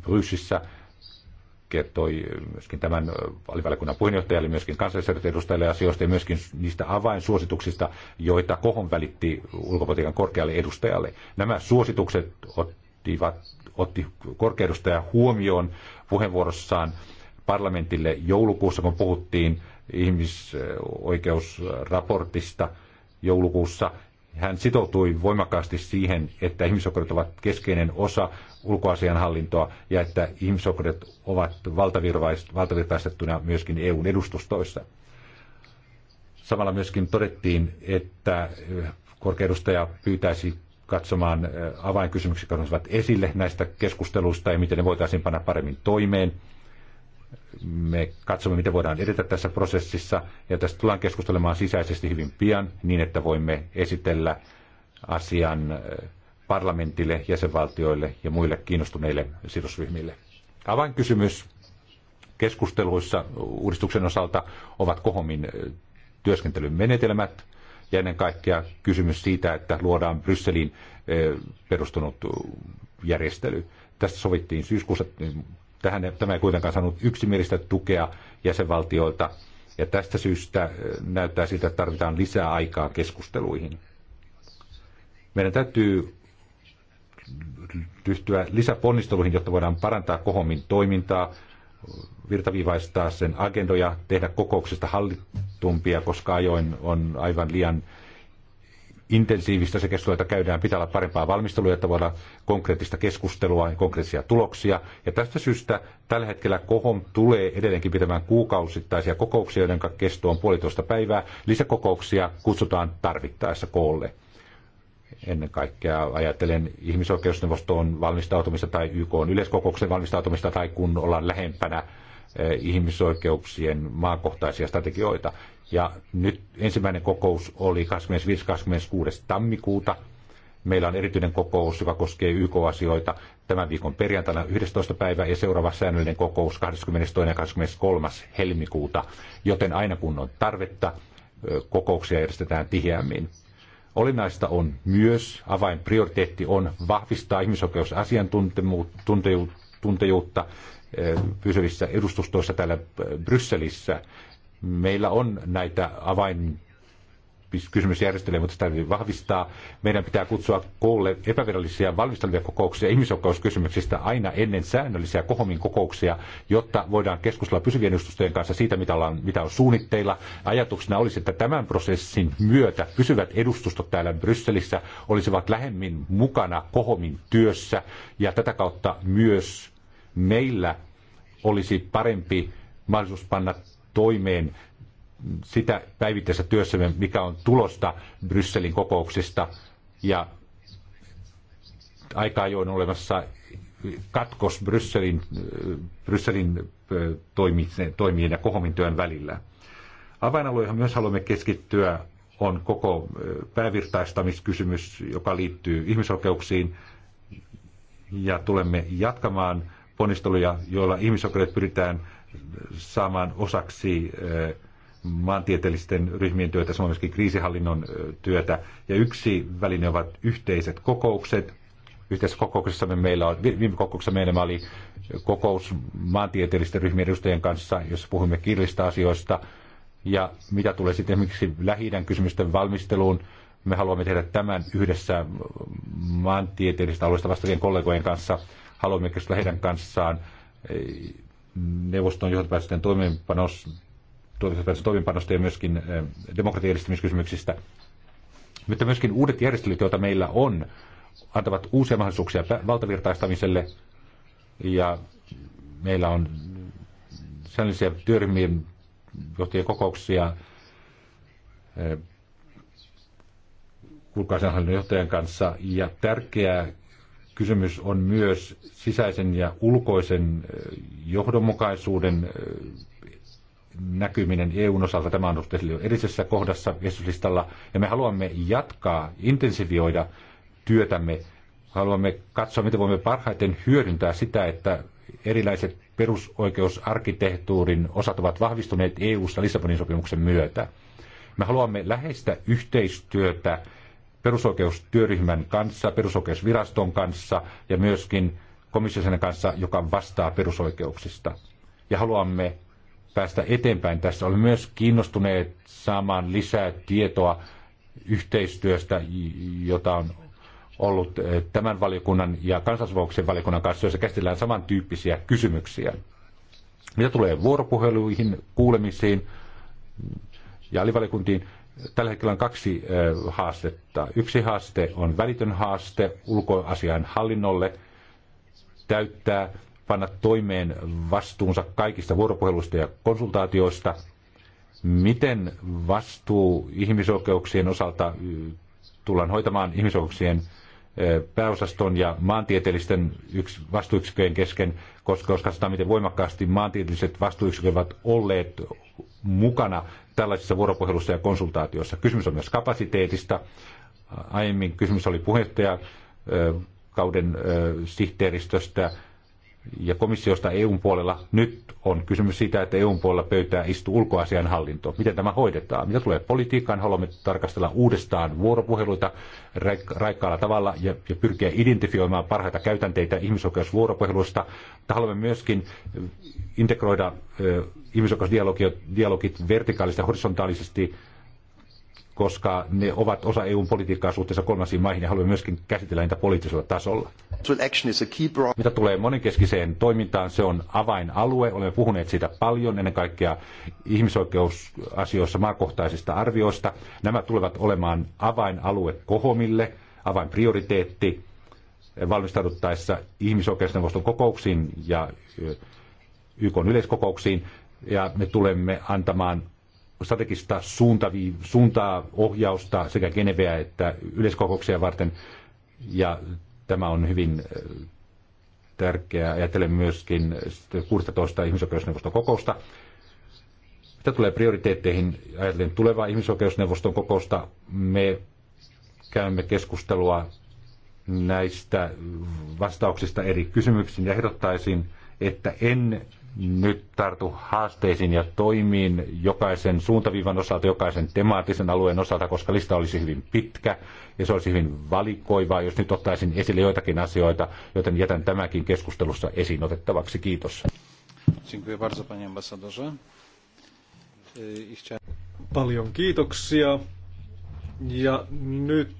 Brysissä kertoi myöskin tämän äh, alivaliokunnan eli myöskin kansallisjärjestöjen edustajille asioista ja myöskin niistä avainsuosituksista, joita Kohon välitti ulkopolitiikan korkealle edustajalle. Nämä suositukset ottivat, otti korkeudustaja huomioon puheenvuorossaan parlamentille joulukuussa, kun puhuttiin ihmisoikeusraportista joulukuussa – hän sitoutui voimakkaasti siihen, että ihmisoikeudet ovat keskeinen osa ulkoasianhallintoa ja että ihmisoikeudet ovat valtavirtaistettuna myöskin EUn edustustoissa. Samalla myöskin todettiin, että eh, korkeudustaja pyytäisi katsomaan eh, avainkysymyksiä, jotka ovat esille näistä keskusteluista ja miten ne voitaisiin panna paremmin toimeen – me katsomme, miten voidaan edetä tässä prosessissa, ja tästä tullaan keskustelemaan sisäisesti hyvin pian, niin että voimme esitellä asian äh, parlamentille, jäsenvaltioille ja muille kiinnostuneille sidosryhmille. Avainkysymys keskusteluissa uudistuksen osalta ovat kohomin äh, työskentelyn menetelmät ja ennen kaikkea kysymys siitä, että luodaan Brysseliin äh, perustunut järjestely. Tästä sovittiin syyskuussa Tähän, tämä ei kuitenkaan saanut yksimielistä tukea jäsenvaltioilta, ja tästä syystä äh, näyttää siltä, että tarvitaan lisää aikaa keskusteluihin. Meidän täytyy ryhtyä lisäponnisteluihin, jotta voidaan parantaa kohomin toimintaa, virtaviivaistaa sen agendoja, tehdä kokouksesta hallitumpia, koska ajoin on aivan liian intensiivistä se keskustelu, jota käydään, pitää olla parempaa valmistelua, jotta voidaan konkreettista keskustelua ja konkreettisia tuloksia. Ja tästä syystä tällä hetkellä KOHOM tulee edelleenkin pitämään kuukausittaisia kokouksia, joiden kesto on puolitoista päivää. Lisäkokouksia kutsutaan tarvittaessa koolle. Ennen kaikkea ajattelen ihmisoikeusneuvoston valmistautumista tai YK yleiskokouksen valmistautumista tai kun ollaan lähempänä eh, ihmisoikeuksien maakohtaisia strategioita. Ja nyt ensimmäinen kokous oli 25-26. tammikuuta. Meillä on erityinen kokous, joka koskee YK-asioita tämän viikon perjantaina 11. päivä ja seuraava säännöllinen kokous 22. ja 23. helmikuuta, joten aina kun on tarvetta, kokouksia järjestetään tiheämmin. Olennaista on myös, avainprioriteetti on vahvistaa ihmisoikeusasiantuntijuutta pysyvissä edustustoissa täällä Brysselissä Meillä on näitä avain kysymysjärjestelyjä, mutta sitä täytyy vahvistaa. Meidän pitää kutsua koolle epävirallisia valmistelevia kokouksia ihmisoikeuskysymyksistä aina ennen säännöllisiä kohomin kokouksia, jotta voidaan keskustella pysyvien edustustojen kanssa siitä, mitä, ollaan, mitä on suunnitteilla. Ajatuksena olisi, että tämän prosessin myötä pysyvät edustustot täällä Brysselissä olisivat lähemmin mukana kohomin työssä ja tätä kautta myös meillä olisi parempi mahdollisuus panna toimeen sitä päivittäisessä työssämme, mikä on tulosta Brysselin kokouksista. Ja aika ajoin olemassa katkos Brysselin, Brysselin toimien ja työn välillä. Avainalue, johon myös haluamme keskittyä, on koko päävirtaistamiskysymys, joka liittyy ihmisoikeuksiin, ja tulemme jatkamaan ponnisteluja, joilla ihmisoikeudet pyritään saamaan osaksi eh, maantieteellisten ryhmien työtä, samoin myöskin kriisihallinnon eh, työtä. Ja yksi väline ovat yhteiset kokoukset. Yhteisessä me meillä on, viime kokouksessa meillä oli kokous maantieteellisten ryhmien edustajien kanssa, jossa puhumme kirjallisista asioista. Ja mitä tulee sitten esimerkiksi lähi kysymysten valmisteluun, me haluamme tehdä tämän yhdessä maantieteellisistä alueista vastaavien kollegojen kanssa. Haluamme keskustella heidän kanssaan eh, neuvoston johtopäätösten toimeenpanosta, toimeenpanosta ja myöskin eh, demokratian Mutta myöskin uudet järjestelyt, joita meillä on, antavat uusia mahdollisuuksia valtavirtaistamiselle ja meillä on säännöllisiä työryhmien johtajien kokouksia eh, ulkoasianhallinnon johtajan kanssa. Ja tärkeää Kysymys on myös sisäisen ja ulkoisen johdonmukaisuuden näkyminen EUn osalta. Tämä on ollut edellisessä kohdassa esityslistalla. Ja me haluamme jatkaa, intensivioida työtämme. Haluamme katsoa, miten voimme parhaiten hyödyntää sitä, että erilaiset perusoikeusarkkitehtuurin osat ovat vahvistuneet eu ssa Lissabonin sopimuksen myötä. Me haluamme läheistä yhteistyötä perusoikeustyöryhmän kanssa, perusoikeusviraston kanssa ja myöskin komissiosen kanssa, joka vastaa perusoikeuksista. Ja haluamme päästä eteenpäin tässä. Olemme myös kiinnostuneet saamaan lisää tietoa yhteistyöstä, jota on ollut eh, tämän valiokunnan ja kansallisvauksen valiokunnan kanssa, joissa käsitellään samantyyppisiä kysymyksiä. Mitä tulee vuoropuheluihin, kuulemisiin ja alivalikuntiin, Tällä hetkellä on kaksi haastetta. Yksi haaste on välitön haaste ulkoasian hallinnolle täyttää, panna toimeen vastuunsa kaikista vuoropuheluista ja konsultaatioista. Miten vastuu ihmisoikeuksien osalta tullaan hoitamaan ihmisoikeuksien pääosaston ja maantieteellisten yks, vastuuyksikköjen kesken, koska jos katsotaan, miten voimakkaasti maantieteelliset vastuuyksiköt ovat olleet mukana tällaisissa vuoropuhelussa ja konsultaatioissa. Kysymys on myös kapasiteetista. Aiemmin kysymys oli puheenjohtajakauden kauden sihteeristöstä ja komissiosta EUn puolella. Nyt on kysymys siitä, että EUn puolella pöytää istuu ulkoasiainhallinto. Miten tämä hoidetaan? Mitä tulee politiikkaan? Haluamme tarkastella uudestaan vuoropuheluita raikkaalla tavalla ja, ja pyrkiä identifioimaan parhaita käytänteitä ihmisoikeusvuoropuhelusta. Mutta haluamme myöskin eh, integroida eh, ihmisoikeusdialogit vertikaalisesti ja horisontaalisesti koska ne ovat osa EUn politiikkaa suhteessa kolmansiin maihin ja haluamme myöskin käsitellä niitä poliittisella tasolla. Mitä tulee monenkeskiseen toimintaan, se on avainalue. Olemme puhuneet siitä paljon, ennen kaikkea ihmisoikeusasioissa maakohtaisista arvioista. Nämä tulevat olemaan avainalue kohomille, avainprioriteetti valmistauduttaessa ihmisoikeusneuvoston kokouksiin ja YK yleiskokouksiin. Ja me tulemme antamaan strategista suuntavi, suuntaa, ohjausta sekä Geneveä että yleiskokouksia varten. Ja tämä on hyvin äh, tärkeää. Ajattelen myöskin 16 ihmisoikeusneuvoston kokousta. Mitä tulee prioriteetteihin, ajattelen tulevaa ihmisoikeusneuvoston kokousta, me käymme keskustelua näistä vastauksista eri kysymyksiin ja ehdottaisin, että en nyt tartu haasteisiin ja toimiin jokaisen suuntaviivan osalta, jokaisen temaattisen alueen osalta, koska lista olisi hyvin pitkä ja se olisi hyvin valikoivaa, jos nyt ottaisin esille joitakin asioita, joten jätän tämäkin keskustelussa esiin otettavaksi. Kiitos. Paljon kiitoksia. Ja nyt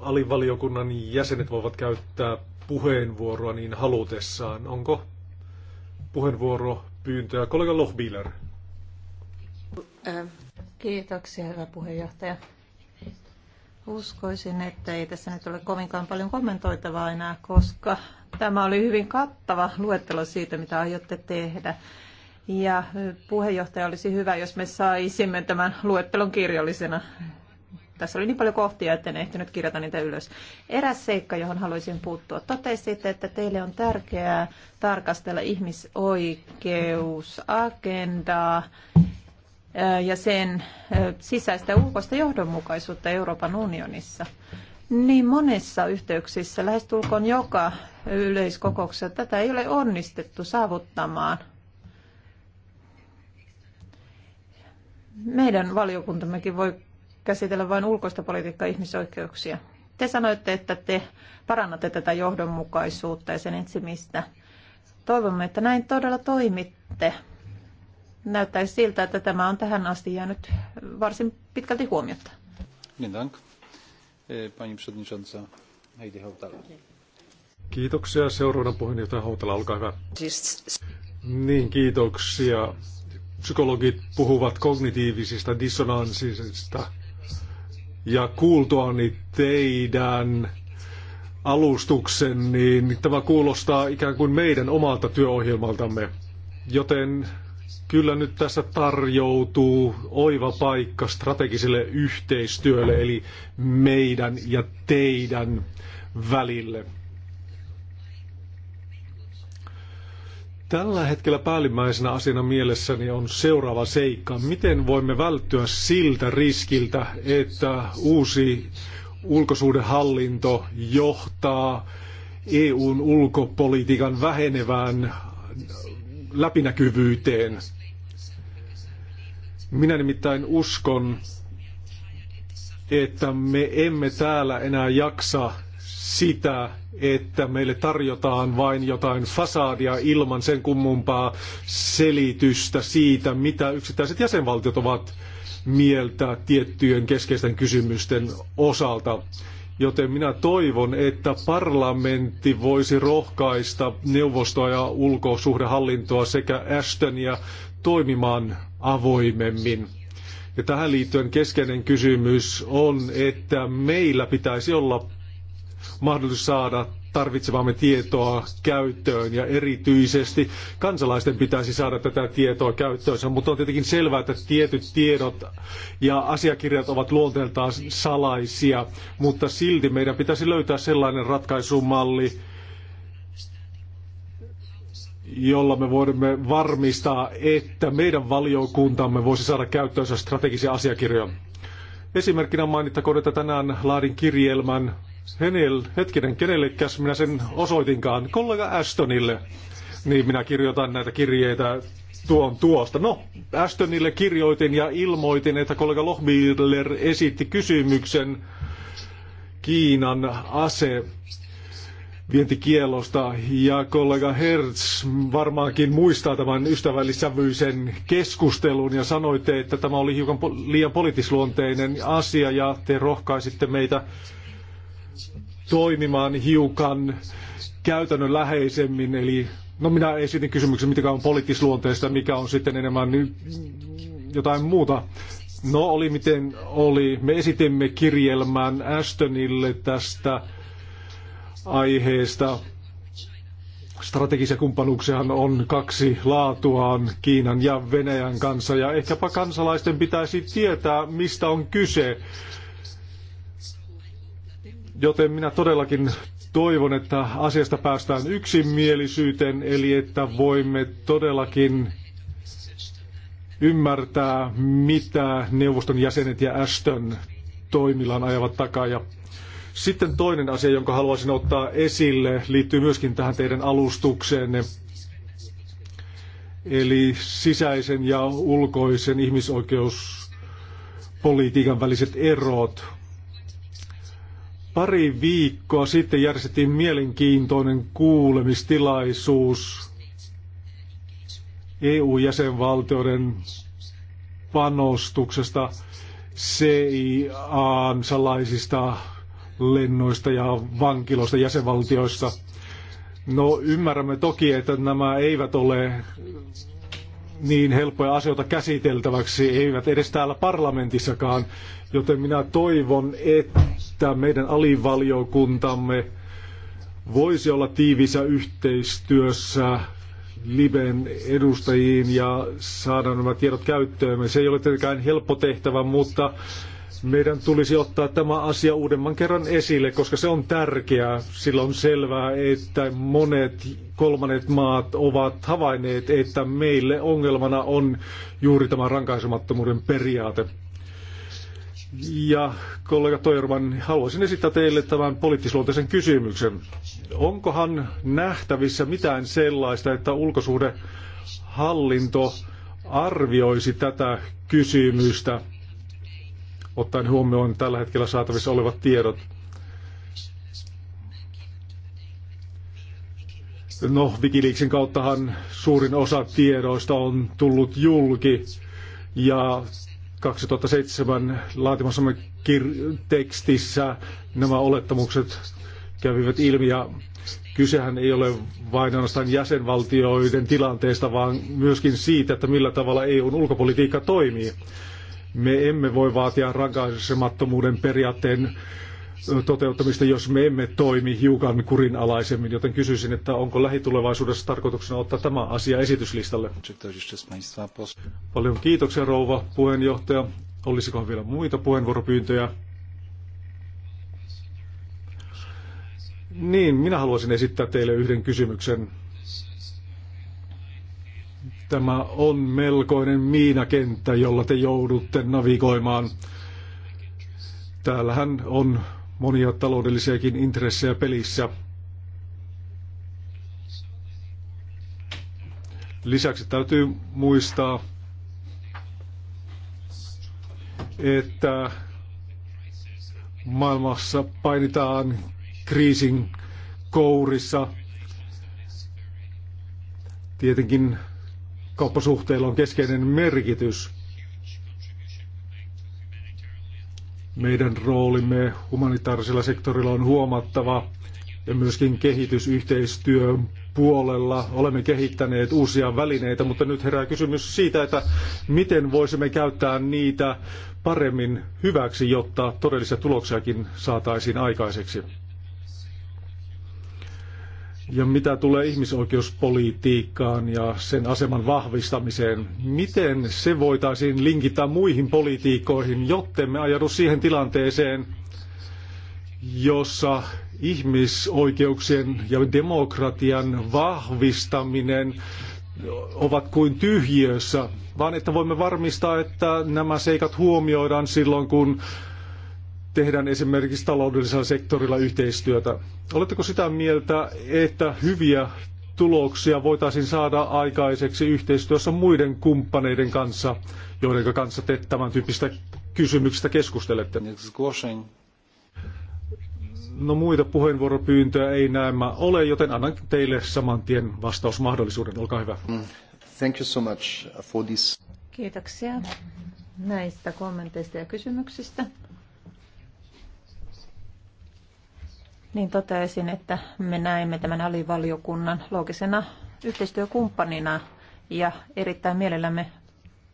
alivaliokunnan jäsenet voivat käyttää puheenvuoroa niin halutessaan. Onko puheenvuoropyyntöä. Kollega Lohbiller. Kiitoksia, hyvä puheenjohtaja. Uskoisin, että ei tässä nyt ole kovinkaan paljon kommentoitavaa enää, koska tämä oli hyvin kattava luettelo siitä, mitä aiotte tehdä. Ja puheenjohtaja olisi hyvä, jos me saisimme tämän luettelon kirjallisena tässä oli niin paljon kohtia, että en ehtinyt kirjata niitä ylös. Eräs seikka, johon haluaisin puuttua. Totesitte, että teille on tärkeää tarkastella ihmisoikeusagendaa ja sen sisäistä ja ulkoista johdonmukaisuutta Euroopan unionissa. Niin monessa yhteyksissä, lähestulkoon joka yleiskokouksessa, tätä ei ole onnistettu saavuttamaan. Meidän valiokuntammekin voi käsitellä vain ulkoista politiikkaa ihmisoikeuksia. Te sanoitte, että te parannatte tätä johdonmukaisuutta ja sen etsimistä. Toivomme, että näin todella toimitte. Näyttäisi siltä, että tämä on tähän asti jäänyt varsin pitkälti huomiota. Niin, e, pani Heidi Hautala. Kiitoksia. Seuraavana puheenjohtaja Hautala, olkaa hyvä. Niin, kiitoksia. Psykologit puhuvat kognitiivisista dissonanssista ja kuultuani teidän alustuksen, niin tämä kuulostaa ikään kuin meidän omalta työohjelmaltamme. Joten kyllä nyt tässä tarjoutuu oiva paikka strategiselle yhteistyölle, eli meidän ja teidän välille. Tällä hetkellä päällimmäisenä asiana mielessäni on seuraava seikka. Miten voimme välttyä siltä riskiltä, että uusi ulkosuhdehallinto johtaa EUn ulkopolitiikan vähenevään läpinäkyvyyteen? Minä nimittäin uskon, että me emme täällä enää jaksa sitä, että meille tarjotaan vain jotain fasaadia ilman sen kummumpaa selitystä siitä, mitä yksittäiset jäsenvaltiot ovat mieltä tiettyjen keskeisten kysymysten osalta. Joten minä toivon, että parlamentti voisi rohkaista neuvostoa ja ulkosuhdehallintoa sekä Ashtonia toimimaan avoimemmin. Ja tähän liittyen keskeinen kysymys on, että meillä pitäisi olla mahdollisuus saada tarvitsemamme tietoa käyttöön ja erityisesti kansalaisten pitäisi saada tätä tietoa käyttöönsä, mutta on tietenkin selvää, että tietyt tiedot ja asiakirjat ovat luonteeltaan salaisia, mutta silti meidän pitäisi löytää sellainen ratkaisumalli, jolla me voimme varmistaa, että meidän valiokuntamme voisi saada käyttöönsä strategisia asiakirjoja. Esimerkkinä mainittakoon, että tänään laadin kirjelmän Henel, hetkinen, kenellekäs minä sen osoitinkaan? Kollega Astonille. Niin minä kirjoitan näitä kirjeitä tuon tuosta. No, Astonille kirjoitin ja ilmoitin, että kollega Lohmiller esitti kysymyksen Kiinan ase vientikielosta ja kollega Hertz varmaankin muistaa tämän ystävällisävyisen keskustelun ja sanoitte, että tämä oli hiukan liian poliittisluonteinen asia ja te rohkaisitte meitä toimimaan hiukan käytännönläheisemmin, eli no minä esitin kysymyksen, mitkä on poliittisluonteista, mikä on sitten enemmän jotain muuta. No oli miten oli. Me esitimme kirjelmän Ashtonille tästä aiheesta. Strategisia kumppanuuksia on kaksi laatuaan Kiinan ja Venäjän kanssa, ja ehkäpä kansalaisten pitäisi tietää, mistä on kyse Joten minä todellakin toivon, että asiasta päästään yksimielisyyteen, eli että voimme todellakin ymmärtää, mitä neuvoston jäsenet ja Ashton toimillaan ajavat takaa. Ja sitten toinen asia, jonka haluaisin ottaa esille, liittyy myöskin tähän teidän alustukseenne. Eli sisäisen ja ulkoisen ihmisoikeuspolitiikan väliset erot. Pari viikkoa sitten järjestettiin mielenkiintoinen kuulemistilaisuus EU-jäsenvaltioiden panostuksesta CIAn salaisista lennoista ja vankiloista jäsenvaltioista. No ymmärrämme toki, että nämä eivät ole niin helppoja asioita käsiteltäväksi, eivät edes täällä parlamentissakaan, joten minä toivon, että että meidän alivaliokuntamme voisi olla tiivissä yhteistyössä Liben edustajiin ja saada nämä tiedot käyttöömme. Se ei ole tietenkään helppo tehtävä, mutta meidän tulisi ottaa tämä asia uudemman kerran esille, koska se on tärkeää. Sillä on selvää, että monet kolmannet maat ovat havainneet, että meille ongelmana on juuri tämä rankaisemattomuuden periaate. Ja kollega Toirman, haluaisin esittää teille tämän poliittisluonteisen kysymyksen. Onkohan nähtävissä mitään sellaista, että ulkosuhdehallinto arvioisi tätä kysymystä, ottaen huomioon tällä hetkellä saatavissa olevat tiedot? No, Wikileaksin kauttahan suurin osa tiedoista on tullut julki, ja 2007 laatimassamme tekstissä nämä olettamukset kävivät ilmi ja kysehän ei ole vain ainoastaan jäsenvaltioiden tilanteesta, vaan myöskin siitä, että millä tavalla EUn ulkopolitiikka toimii. Me emme voi vaatia rankaisemattomuuden periaatteen toteuttamista, jos me emme toimi hiukan kurinalaisemmin, joten kysyisin, että onko lähitulevaisuudessa tarkoituksena ottaa tämä asia esityslistalle. Paljon kiitoksia rouva puheenjohtaja. Olisikohan vielä muita puheenvuoropyyntöjä? Niin, minä haluaisin esittää teille yhden kysymyksen. Tämä on melkoinen miinakenttä, jolla te joudutte navigoimaan. Täällähän on monia taloudellisiakin intressejä pelissä. Lisäksi täytyy muistaa, että maailmassa painitaan kriisin kourissa. Tietenkin kauppasuhteilla on keskeinen merkitys. Meidän roolimme humanitaarisella sektorilla on huomattava ja myöskin kehitysyhteistyön puolella olemme kehittäneet uusia välineitä, mutta nyt herää kysymys siitä, että miten voisimme käyttää niitä paremmin hyväksi, jotta todellisia tuloksiakin saataisiin aikaiseksi. Ja mitä tulee ihmisoikeuspolitiikkaan ja sen aseman vahvistamiseen, miten se voitaisiin linkittää muihin politiikoihin, me ajaudu siihen tilanteeseen, jossa ihmisoikeuksien ja demokratian vahvistaminen ovat kuin tyhjiössä, vaan että voimme varmistaa, että nämä seikat huomioidaan silloin, kun tehdään esimerkiksi taloudellisella sektorilla yhteistyötä. Oletteko sitä mieltä, että hyviä tuloksia voitaisiin saada aikaiseksi yhteistyössä muiden kumppaneiden kanssa, joiden kanssa te tämän tyyppistä kysymyksistä keskustelette? No muita puheenvuoropyyntöjä ei näemmä ole, joten annan teille saman tien vastausmahdollisuuden. Olkaa hyvä. Mm. Thank you so much for this. Kiitoksia näistä kommenteista ja kysymyksistä. niin toteaisin, että me näemme tämän alivaliokunnan loogisena yhteistyökumppanina ja erittäin mielellämme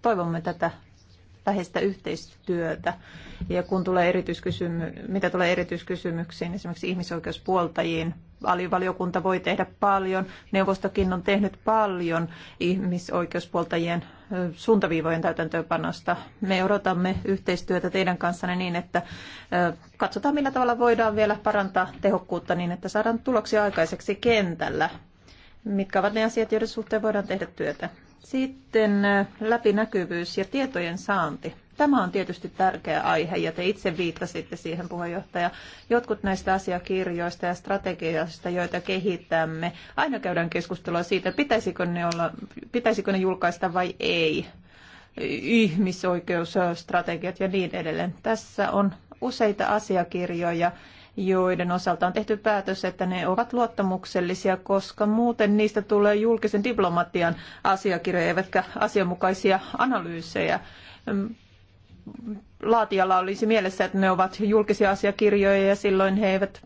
toivomme tätä läheistä yhteistyötä. Ja kun tulee erityiskysymy- mitä tulee erityiskysymyksiin, esimerkiksi ihmisoikeuspuoltajiin, valiokunta voi tehdä paljon, neuvostokin on tehnyt paljon ihmisoikeuspuoltajien suuntaviivojen täytäntöönpanosta. Me odotamme yhteistyötä teidän kanssanne niin, että katsotaan millä tavalla voidaan vielä parantaa tehokkuutta niin, että saadaan tuloksia aikaiseksi kentällä. Mitkä ovat ne asiat, joiden suhteen voidaan tehdä työtä? Sitten läpinäkyvyys ja tietojen saanti. Tämä on tietysti tärkeä aihe ja te itse viittasitte siihen puheenjohtaja. Jotkut näistä asiakirjoista ja strategioista, joita kehitämme, aina käydään keskustelua siitä, pitäisikö ne, olla, pitäisikö ne julkaista vai ei. Ihmisoikeusstrategiat ja niin edelleen. Tässä on useita asiakirjoja, joiden osalta on tehty päätös, että ne ovat luottamuksellisia, koska muuten niistä tulee julkisen diplomatian asiakirjoja, eivätkä asianmukaisia analyysejä laatijalla olisi mielessä, että ne ovat julkisia asiakirjoja ja silloin he eivät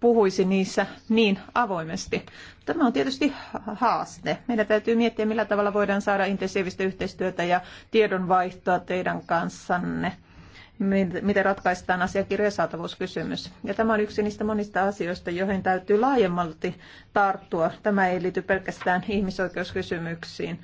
puhuisi niissä niin avoimesti. Tämä on tietysti haaste. Meidän täytyy miettiä, millä tavalla voidaan saada intensiivistä yhteistyötä ja tiedonvaihtoa teidän kanssanne miten ratkaistaan asiakirjojen saatavuuskysymys. Ja tämä on yksi niistä monista asioista, joihin täytyy laajemmalti tarttua. Tämä ei liity pelkästään ihmisoikeuskysymyksiin.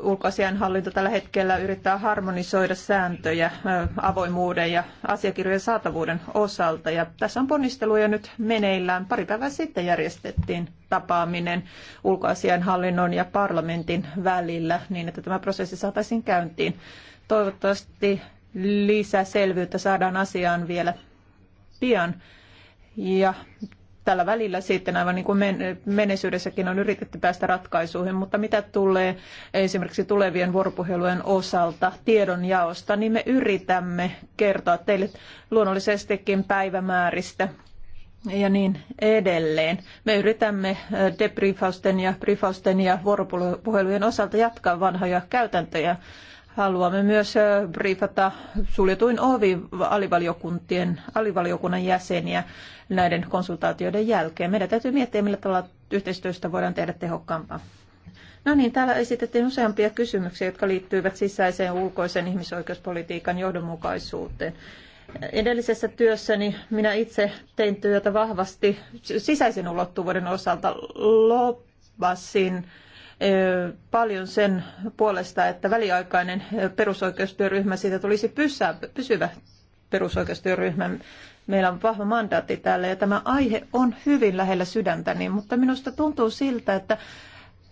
Ulkoasianhallinto tällä hetkellä yrittää harmonisoida sääntöjä avoimuuden ja asiakirjojen saatavuuden osalta. Ja tässä on ponnisteluja nyt meneillään. Pari päivää sitten järjestettiin tapaaminen ulkoasianhallinnon ja parlamentin välillä niin, että tämä prosessi saataisiin käyntiin. Toivottavasti lisäselvyyttä saadaan asiaan vielä pian. Ja tällä välillä sitten, aivan niin kuin menneisyydessäkin on yritetty päästä ratkaisuihin, mutta mitä tulee esimerkiksi tulevien vuoropuhelujen osalta tiedonjaosta, niin me yritämme kertoa teille luonnollisestikin päivämääristä ja niin edelleen. Me yritämme äh, debriefausten ja briefausten ja vuoropuhelujen osalta jatkaa vanhoja käytäntöjä Haluamme myös briefata suljetuin ovi alivaliokuntien, alivaliokunnan jäseniä näiden konsultaatioiden jälkeen. Meidän täytyy miettiä, millä tavalla yhteistyöstä voidaan tehdä tehokkaampaa. No niin, täällä esitettiin useampia kysymyksiä, jotka liittyivät sisäiseen ulkoisen ihmisoikeuspolitiikan johdonmukaisuuteen. Edellisessä työssäni minä itse tein työtä vahvasti sisäisen ulottuvuuden osalta. lobbasin paljon sen puolesta, että väliaikainen perusoikeustyöryhmä siitä tulisi pysää, pysyvä perusoikeustyöryhmä. Meillä on vahva mandaatti täällä ja tämä aihe on hyvin lähellä sydäntäni, mutta minusta tuntuu siltä, että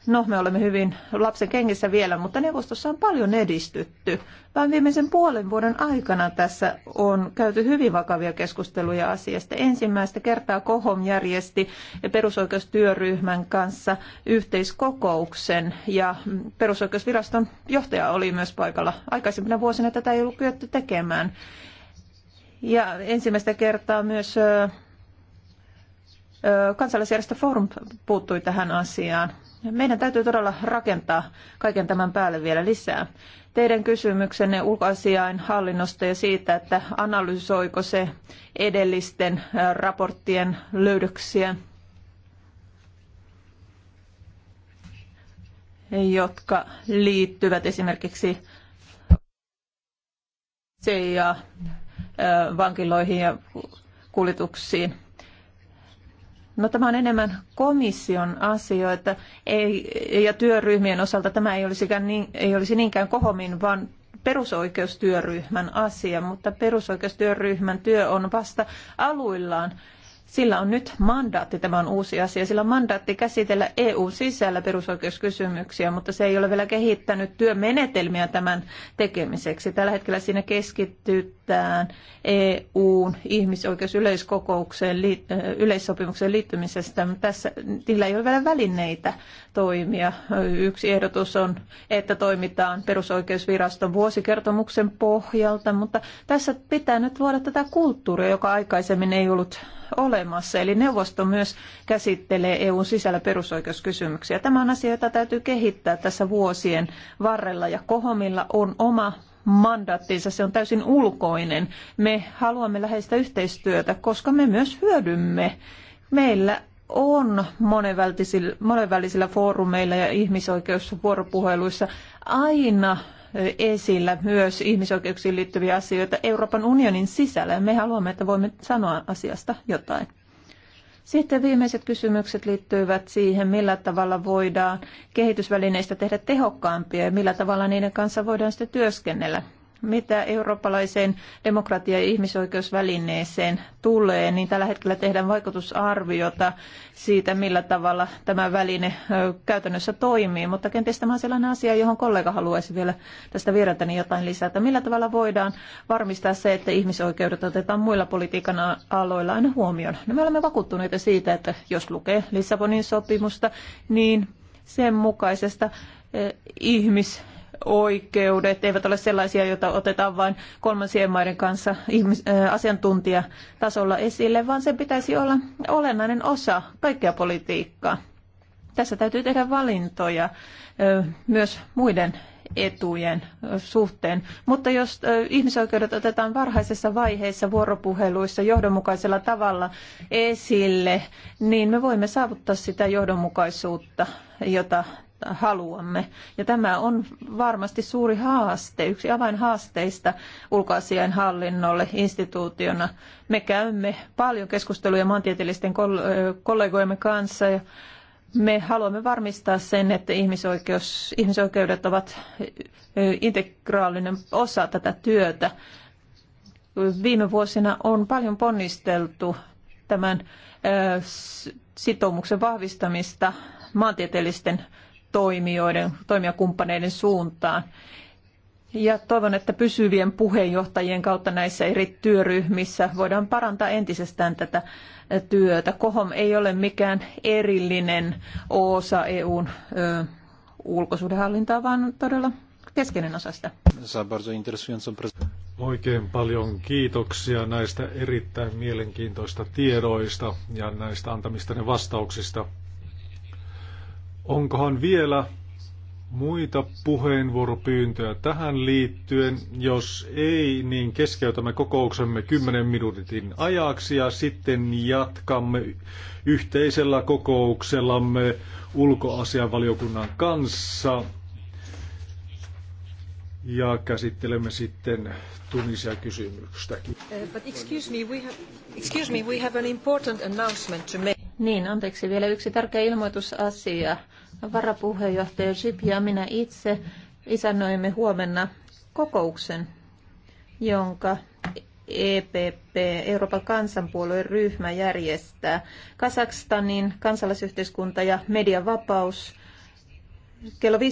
No, me olemme hyvin lapsen kengissä vielä, mutta neuvostossa on paljon edistytty. Vain viimeisen puolen vuoden aikana tässä on käyty hyvin vakavia keskusteluja asiasta. Ensimmäistä kertaa KOHOM järjesti perusoikeustyöryhmän kanssa yhteiskokouksen ja perusoikeusviraston johtaja oli myös paikalla. Aikaisempina vuosina tätä ei ollut kyetty tekemään. Ja ensimmäistä kertaa myös kansalaisjärjestö Forum puuttui tähän asiaan. Meidän täytyy todella rakentaa kaiken tämän päälle vielä lisää. Teidän kysymyksenne ulkoasiain hallinnosta ja siitä, että analysoiko se edellisten raporttien löydöksiä, jotka liittyvät esimerkiksi ja vankiloihin ja kuljetuksiin. No tämä on enemmän komission asioita ei, ja työryhmien osalta tämä ei, olisikään niin, ei olisi niinkään kohomin, vaan perusoikeustyöryhmän asia, mutta perusoikeustyöryhmän työ on vasta aluillaan sillä on nyt mandaatti, tämä on uusi asia, sillä on mandaatti käsitellä EU-sisällä perusoikeuskysymyksiä, mutta se ei ole vielä kehittänyt työmenetelmiä tämän tekemiseksi. Tällä hetkellä siinä keskitytään EUn ihmisoikeusyleiskokoukseen, yleissopimukseen liittymisestä. Tässä, niillä ei ole vielä välineitä toimia. Yksi ehdotus on, että toimitaan perusoikeusviraston vuosikertomuksen pohjalta, mutta tässä pitää nyt luoda tätä kulttuuria, joka aikaisemmin ei ollut olemassa, eli neuvosto myös käsittelee EUn sisällä perusoikeuskysymyksiä. Tämä on asia, jota täytyy kehittää tässä vuosien varrella, ja Kohomilla on oma mandaattinsa, se on täysin ulkoinen. Me haluamme läheistä yhteistyötä, koska me myös hyödymme. Meillä on monenvälisillä, monenvälisillä foorumeilla ja ihmisoikeusvuoropuheluissa aina esillä myös ihmisoikeuksiin liittyviä asioita Euroopan unionin sisällä ja me haluamme, että voimme sanoa asiasta jotain. Sitten viimeiset kysymykset liittyvät siihen, millä tavalla voidaan kehitysvälineistä tehdä tehokkaampia ja millä tavalla niiden kanssa voidaan sitten työskennellä. Mitä eurooppalaiseen demokratia- ja ihmisoikeusvälineeseen tulee, niin tällä hetkellä tehdään vaikutusarviota siitä, millä tavalla tämä väline käytännössä toimii. Mutta kenties tämä on sellainen asia, johon kollega haluaisi vielä tästä viereltäni jotain lisätä. Millä tavalla voidaan varmistaa se, että ihmisoikeudet otetaan muilla politiikan aloilla aina huomioon? No me olemme vakuuttuneita siitä, että jos lukee Lissabonin sopimusta, niin sen mukaisesta ihmis- oikeudet eivät ole sellaisia, joita otetaan vain kolmansien maiden kanssa ihmis- asiantuntijatasolla esille, vaan sen pitäisi olla olennainen osa kaikkea politiikkaa. Tässä täytyy tehdä valintoja myös muiden etujen suhteen. Mutta jos ihmisoikeudet otetaan varhaisessa vaiheessa vuoropuheluissa johdonmukaisella tavalla esille, niin me voimme saavuttaa sitä johdonmukaisuutta, jota haluamme. Ja tämä on varmasti suuri haaste, yksi avainhaasteista ulkoasian hallinnolle instituutiona. Me käymme paljon keskusteluja maantieteellisten kollegoimme kanssa ja me haluamme varmistaa sen, että ihmisoikeus, ihmisoikeudet ovat integraalinen osa tätä työtä. Viime vuosina on paljon ponnisteltu tämän sitoumuksen vahvistamista maantieteellisten toimijoiden, toimijakumppaneiden suuntaan. Ja toivon, että pysyvien puheenjohtajien kautta näissä eri työryhmissä voidaan parantaa entisestään tätä työtä. KOHOM ei ole mikään erillinen osa EUn ö, ulkosuhdehallintaa, vaan todella keskeinen osa sitä. Oikein paljon kiitoksia näistä erittäin mielenkiintoista tiedoista ja näistä antamista vastauksista. Onkohan vielä muita puheenvuoropyyntöjä tähän liittyen? Jos ei, niin keskeytämme kokouksemme 10 minuutin ajaksi ja sitten jatkamme yhteisellä kokouksellamme ulkoasianvaliokunnan kanssa. Ja käsittelemme sitten Tunisia kysymyksiä. Uh, eh, excuse me, we have, excuse me, we have an important announcement to make. Niin, anteeksi, vielä yksi tärkeä ilmoitusasia. Varapuheenjohtaja Sip ja minä itse isännöimme huomenna kokouksen, jonka EPP, Euroopan kansanpuolueen ryhmä järjestää. Kasakstanin kansalaisyhteiskunta ja median vapaus kello 15-16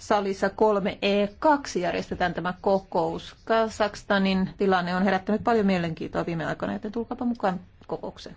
salissa 3E2 e järjestetään tämä kokous. Kazakstanin tilanne on herättänyt paljon mielenkiintoa viime aikoina, joten tulkapa mukaan kokoukseen.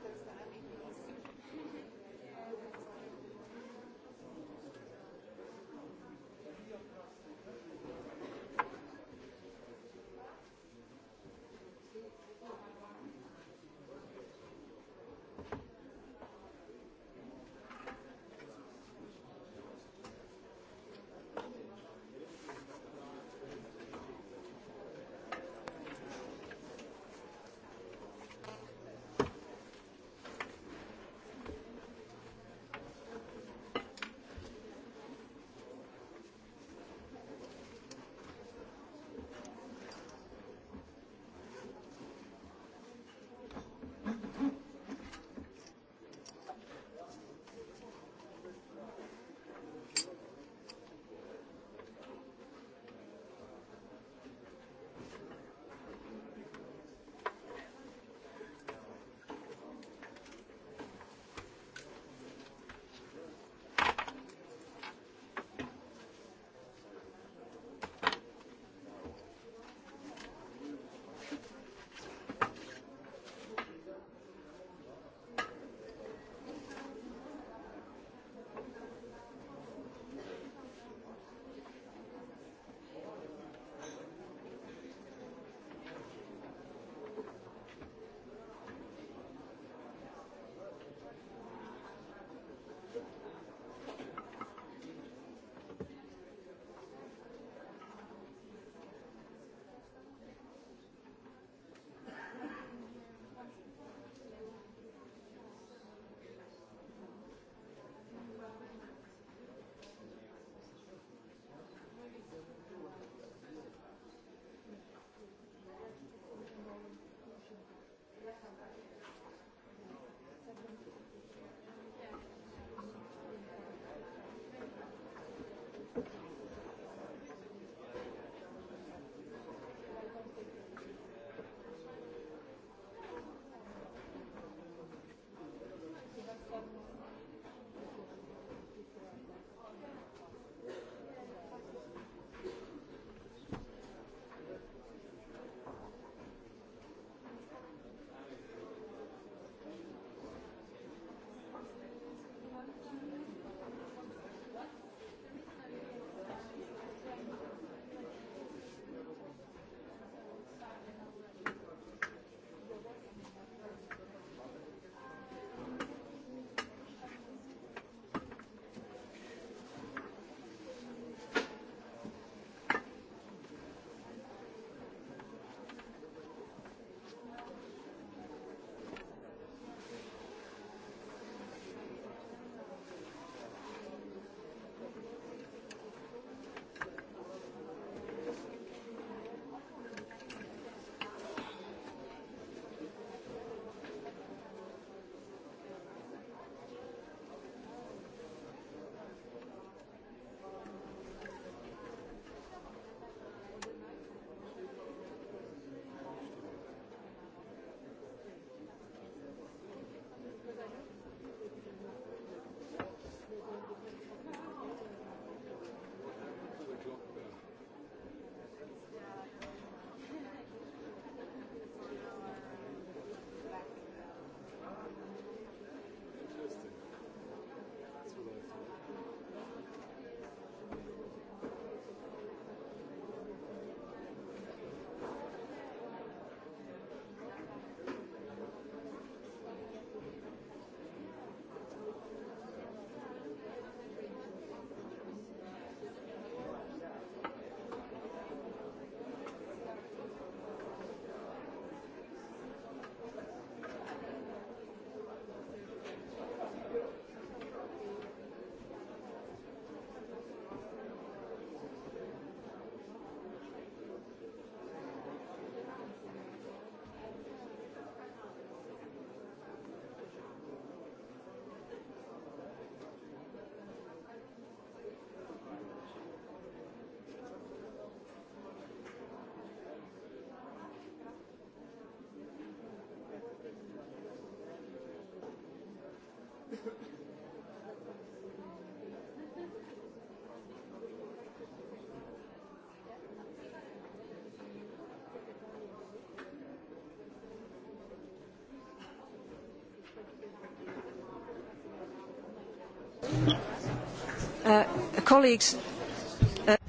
Äh, äh,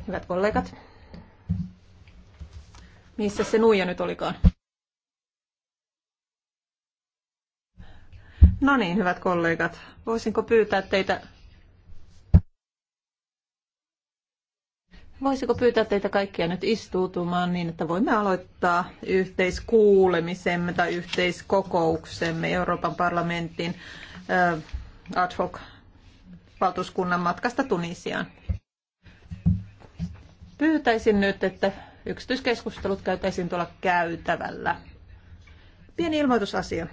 Hyvät kollegat, missä se nuija nyt olikaan? No niin, hyvät kollegat, voisinko pyytää teitä... Voisiko pyytää teitä kaikkia nyt istuutumaan niin, että voimme aloittaa yhteiskuulemisemme tai yhteiskokouksemme Euroopan parlamentin ad hoc valtuuskunnan matkasta Tunisiaan. Pyytäisin nyt, että yksityiskeskustelut käytäisiin tuolla käytävällä. Pieni ilmoitusasia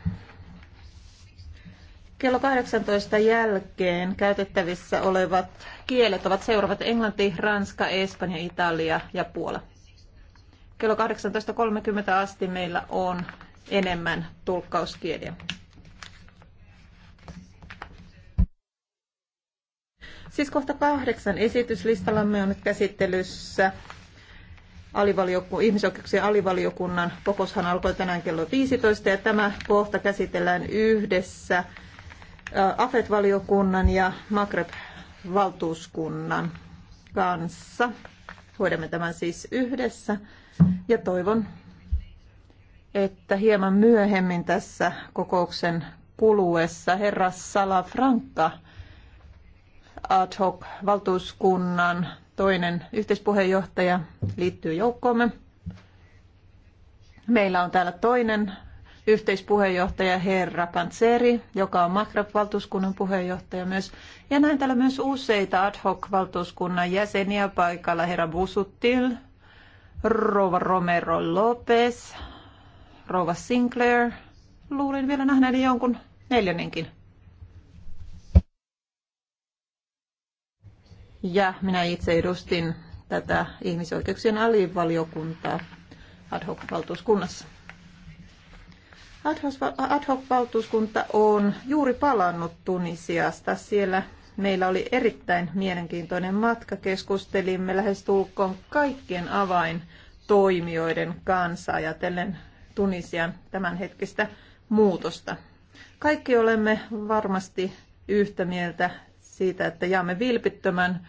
kello 18 jälkeen käytettävissä olevat kielet ovat seuraavat englanti, ranska, espanja, italia ja puola. Kello 18.30 asti meillä on enemmän tulkkauskieliä. Siis kohta kahdeksan esityslistallamme on nyt käsittelyssä alivalioku- ihmisoikeuksien alivaliokunnan. kokoushan alkoi tänään kello 15 ja tämä kohta käsitellään yhdessä AFET-valiokunnan ja Magreb-valtuuskunnan kanssa. Hoidamme tämän siis yhdessä ja toivon, että hieman myöhemmin tässä kokouksen kuluessa herra Franka, ad hoc valtuuskunnan toinen yhteispuheenjohtaja, liittyy joukkoomme. Meillä on täällä toinen yhteispuheenjohtaja herra Pantseri, joka on Maghreb-valtuuskunnan puheenjohtaja myös. Ja näin täällä myös useita ad hoc-valtuuskunnan jäseniä paikalla. Herra Busuttil, rouva Romero Lopez, rouva Sinclair. Luulin vielä nähneeni jonkun neljännenkin. Ja minä itse edustin tätä ihmisoikeuksien alivaliokuntaa ad hoc-valtuuskunnassa. Ad hoc-valtuuskunta on juuri palannut Tunisiasta. Siellä meillä oli erittäin mielenkiintoinen matka. Keskustelimme lähes tulkoon kaikkien avaintoimijoiden kanssa ajatellen Tunisian tämänhetkistä muutosta. Kaikki olemme varmasti yhtä mieltä siitä, että jaamme vilpittömän,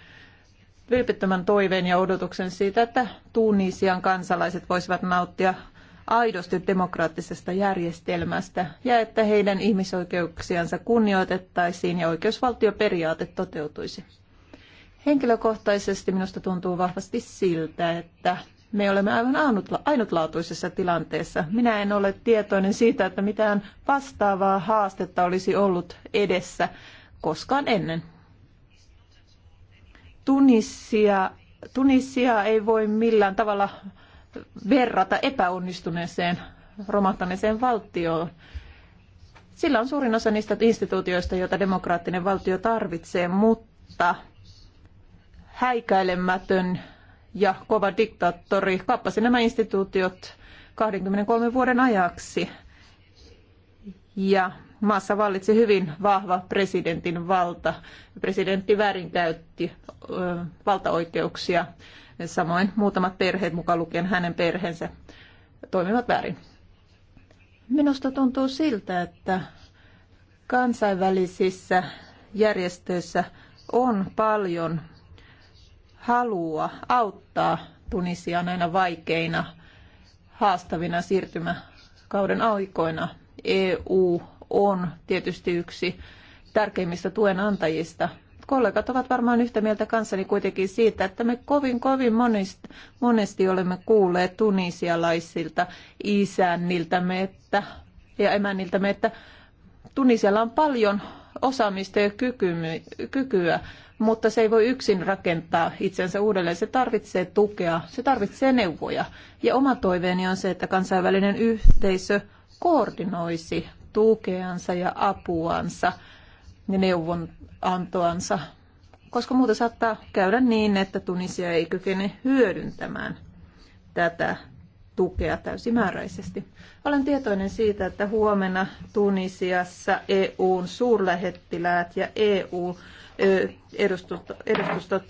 vilpittömän toiveen ja odotuksen siitä, että Tunisian kansalaiset voisivat nauttia aidosti demokraattisesta järjestelmästä ja että heidän ihmisoikeuksiansa kunnioitettaisiin ja oikeusvaltioperiaate toteutuisi. Henkilökohtaisesti minusta tuntuu vahvasti siltä, että me olemme aivan ainutlaatuisessa tilanteessa. Minä en ole tietoinen siitä, että mitään vastaavaa haastetta olisi ollut edessä koskaan ennen. Tunisia, Tunisia ei voi millään tavalla verrata epäonnistuneeseen romahtaneeseen valtioon. Sillä on suurin osa niistä instituutioista, joita demokraattinen valtio tarvitsee, mutta häikäilemätön ja kova diktaattori kappasi nämä instituutiot 23 vuoden ajaksi. Ja maassa vallitsi hyvin vahva presidentin valta. Presidentti väärinkäytti valtaoikeuksia Samoin muutamat perheet, mukaan lukien hänen perheensä, toimivat väärin. Minusta tuntuu siltä, että kansainvälisissä järjestöissä on paljon halua auttaa Tunisia näinä vaikeina, haastavina siirtymäkauden aikoina. EU on tietysti yksi tärkeimmistä tuen antajista kollegat ovat varmaan yhtä mieltä kanssani kuitenkin siitä, että me kovin kovin monesti, monesti olemme kuulleet tunisialaisilta isänniltämme että, ja emänniltämme, että Tunisialla on paljon osaamista ja kykyä, mutta se ei voi yksin rakentaa itsensä uudelleen. Se tarvitsee tukea, se tarvitsee neuvoja. Ja oma toiveeni on se, että kansainvälinen yhteisö koordinoisi tukeansa ja apuansa ja neuvon, antoansa, koska muuten saattaa käydä niin, että Tunisia ei kykene hyödyntämään tätä tukea täysimääräisesti. Olen tietoinen siitä, että huomenna Tunisiassa EUn suurlähettiläät ja EU-edustustot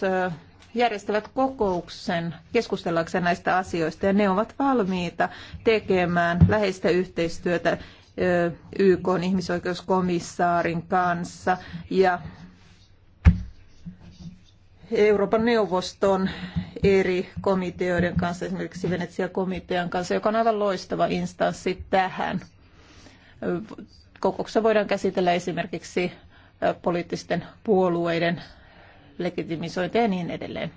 järjestävät kokouksen keskustellakseen näistä asioista ja ne ovat valmiita tekemään läheistä yhteistyötä YK ihmisoikeuskomissaarin kanssa ja Euroopan neuvoston eri komiteoiden kanssa, esimerkiksi Venetsian komitean kanssa, joka on aivan loistava instanssi tähän. Kokouksessa voidaan käsitellä esimerkiksi poliittisten puolueiden legitimisointia ja niin edelleen.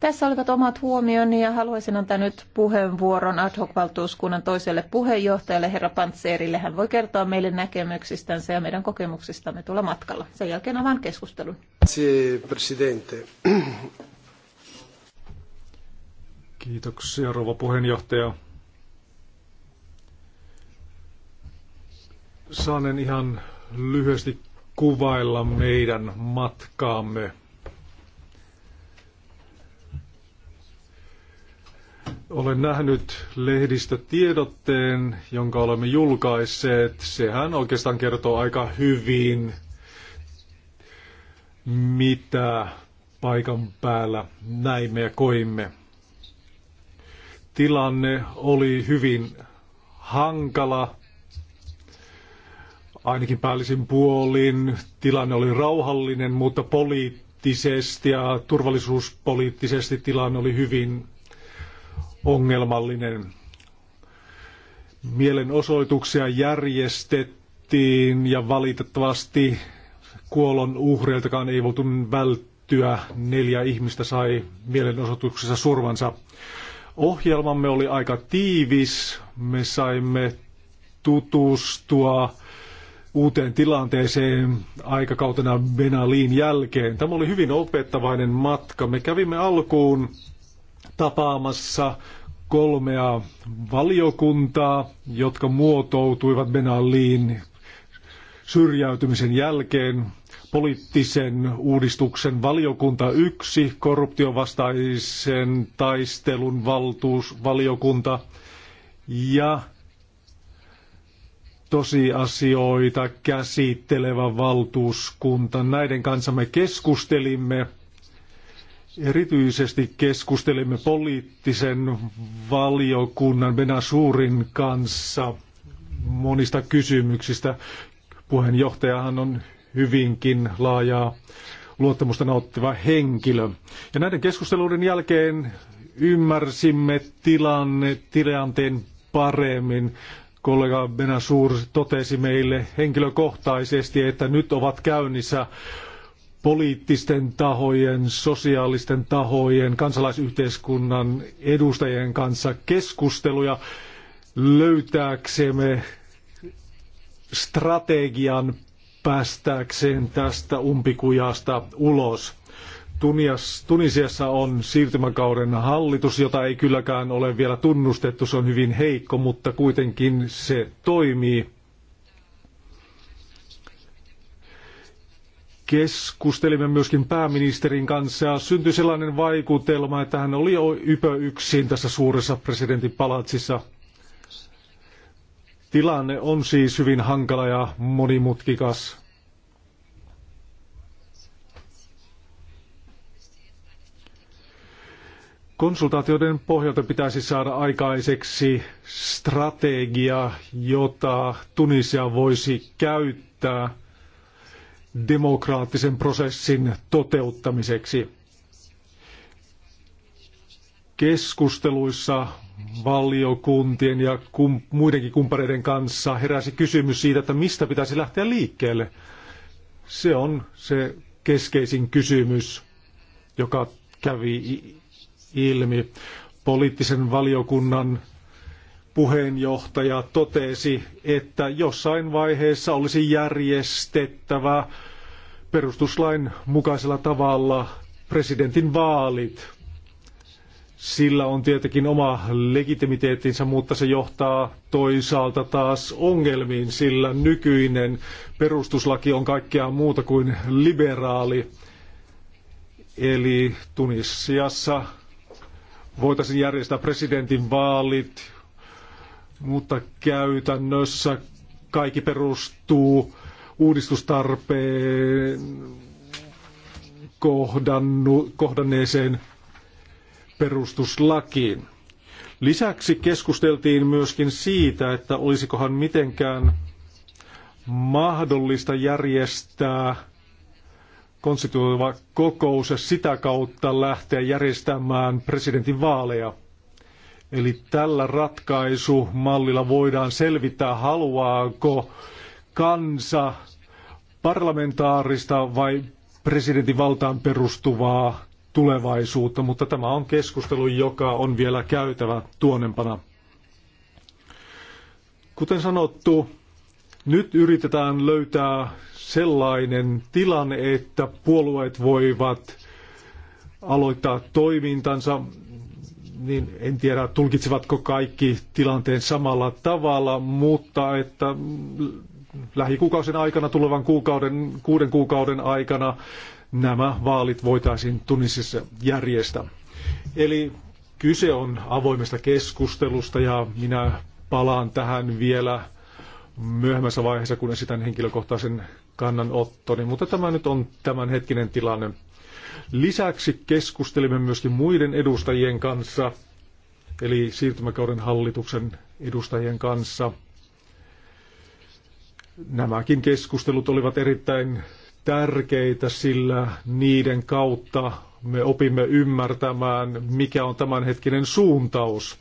Tässä olivat omat huomioni ja haluaisin antaa nyt puheenvuoron ad hoc-valtuuskunnan toiselle puheenjohtajalle, herra Pantseerille. Hän voi kertoa meille näkemyksistänsä ja meidän kokemuksistamme tuolla matkalla. Sen jälkeen avaan keskustelun. Kiitoksia, rouva puheenjohtaja. Saanen ihan lyhyesti kuvailla meidän matkaamme – Olen nähnyt lehdistötiedotteen, jonka olemme julkaisseet. Sehän oikeastaan kertoo aika hyvin, mitä paikan päällä näimme ja koimme. Tilanne oli hyvin hankala, ainakin päällisin puolin. Tilanne oli rauhallinen, mutta poliittisesti ja turvallisuuspoliittisesti tilanne oli hyvin ongelmallinen. Mielenosoituksia järjestettiin ja valitettavasti kuolon uhreiltakaan ei voitu välttyä. Neljä ihmistä sai mielenosoituksessa surmansa. Ohjelmamme oli aika tiivis. Me saimme tutustua uuteen tilanteeseen aikakautena Benalin jälkeen. Tämä oli hyvin opettavainen matka. Me kävimme alkuun tapaamassa kolmea valiokuntaa, jotka muotoutuivat Benaliin syrjäytymisen jälkeen. Poliittisen uudistuksen valiokunta yksi, korruptiovastaisen taistelun valtuusvaliokunta ja tosiasioita käsittelevä valtuuskunta. Näiden kanssa me keskustelimme Erityisesti keskustelimme poliittisen valiokunnan Benasuurin kanssa monista kysymyksistä. Puheenjohtajahan on hyvinkin laajaa luottamusta nauttiva henkilö. Ja näiden keskusteluiden jälkeen ymmärsimme tilanne, tilanteen paremmin. Kollega Benasur totesi meille henkilökohtaisesti, että nyt ovat käynnissä poliittisten tahojen, sosiaalisten tahojen, kansalaisyhteiskunnan edustajien kanssa keskusteluja löytääksemme strategian päästäkseen tästä umpikujasta ulos. Tunias, Tunisiassa on siirtymäkauden hallitus, jota ei kylläkään ole vielä tunnustettu. Se on hyvin heikko, mutta kuitenkin se toimii. keskustelimme myöskin pääministerin kanssa ja syntyi sellainen vaikutelma, että hän oli jo ypö yksin tässä suuressa presidentin palatsissa. Tilanne on siis hyvin hankala ja monimutkikas. Konsultaatioiden pohjalta pitäisi saada aikaiseksi strategia, jota Tunisia voisi käyttää – demokraattisen prosessin toteuttamiseksi. Keskusteluissa valiokuntien ja kum, muidenkin kumppaneiden kanssa heräsi kysymys siitä, että mistä pitäisi lähteä liikkeelle. Se on se keskeisin kysymys, joka kävi ilmi poliittisen valiokunnan puheenjohtaja totesi, että jossain vaiheessa olisi järjestettävä perustuslain mukaisella tavalla presidentin vaalit. Sillä on tietenkin oma legitimiteettinsä, mutta se johtaa toisaalta taas ongelmiin, sillä nykyinen perustuslaki on kaikkea muuta kuin liberaali. Eli Tunisiassa voitaisiin järjestää presidentin vaalit mutta käytännössä kaikki perustuu uudistustarpeen kohdannu, kohdanneeseen perustuslakiin. Lisäksi keskusteltiin myöskin siitä, että olisikohan mitenkään mahdollista järjestää konstituoiva kokous ja sitä kautta lähteä järjestämään presidentin vaaleja – Eli tällä ratkaisumallilla voidaan selvittää, haluaako kansa parlamentaarista vai presidentin valtaan perustuvaa tulevaisuutta, mutta tämä on keskustelu, joka on vielä käytävä tuonempana. Kuten sanottu, nyt yritetään löytää sellainen tilanne, että puolueet voivat aloittaa toimintansa niin en tiedä tulkitsevatko kaikki tilanteen samalla tavalla, mutta että lähikuukausien aikana, tulevan kuukauden, kuuden kuukauden aikana nämä vaalit voitaisiin Tunisissa järjestää. Eli kyse on avoimesta keskustelusta ja minä palaan tähän vielä myöhemmässä vaiheessa, kun esitän henkilökohtaisen kannanottoni, mutta tämä nyt on tämänhetkinen tilanne. Lisäksi keskustelimme myöskin muiden edustajien kanssa, eli siirtymäkauden hallituksen edustajien kanssa. Nämäkin keskustelut olivat erittäin tärkeitä, sillä niiden kautta me opimme ymmärtämään, mikä on tämänhetkinen suuntaus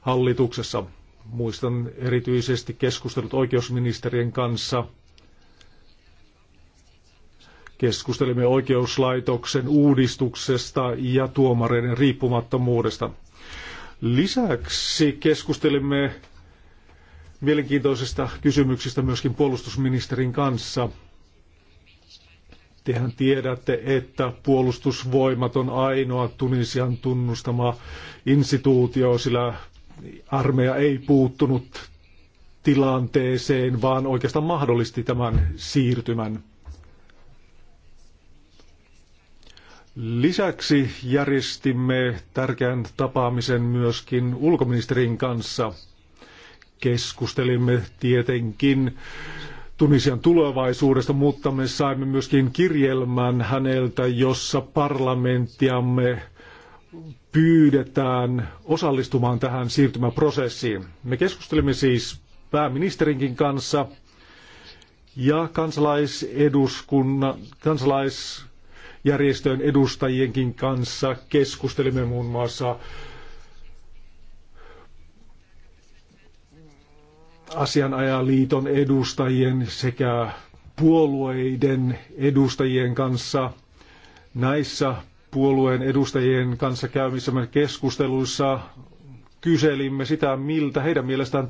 hallituksessa. Muistan erityisesti keskustelut oikeusministerien kanssa – Keskustelemme oikeuslaitoksen uudistuksesta ja tuomareiden riippumattomuudesta. Lisäksi keskustelimme mielenkiintoisista kysymyksistä myöskin puolustusministerin kanssa. Tehän tiedätte, että puolustusvoimat on ainoa Tunisian tunnustama instituutio, sillä armeija ei puuttunut tilanteeseen, vaan oikeastaan mahdollisti tämän siirtymän. Lisäksi järjestimme tärkeän tapaamisen myöskin ulkoministerin kanssa. Keskustelimme tietenkin Tunisian tulevaisuudesta, mutta me saimme myöskin kirjelmän häneltä, jossa parlamenttiamme pyydetään osallistumaan tähän siirtymäprosessiin. Me keskustelimme siis pääministerinkin kanssa ja kansalaiseduskunnan, kansalais järjestöjen edustajienkin kanssa. Keskustelimme muun muassa asianajaliiton edustajien sekä puolueiden edustajien kanssa. Näissä puolueen edustajien kanssa käymissämme keskusteluissa kyselimme sitä, miltä heidän mielestään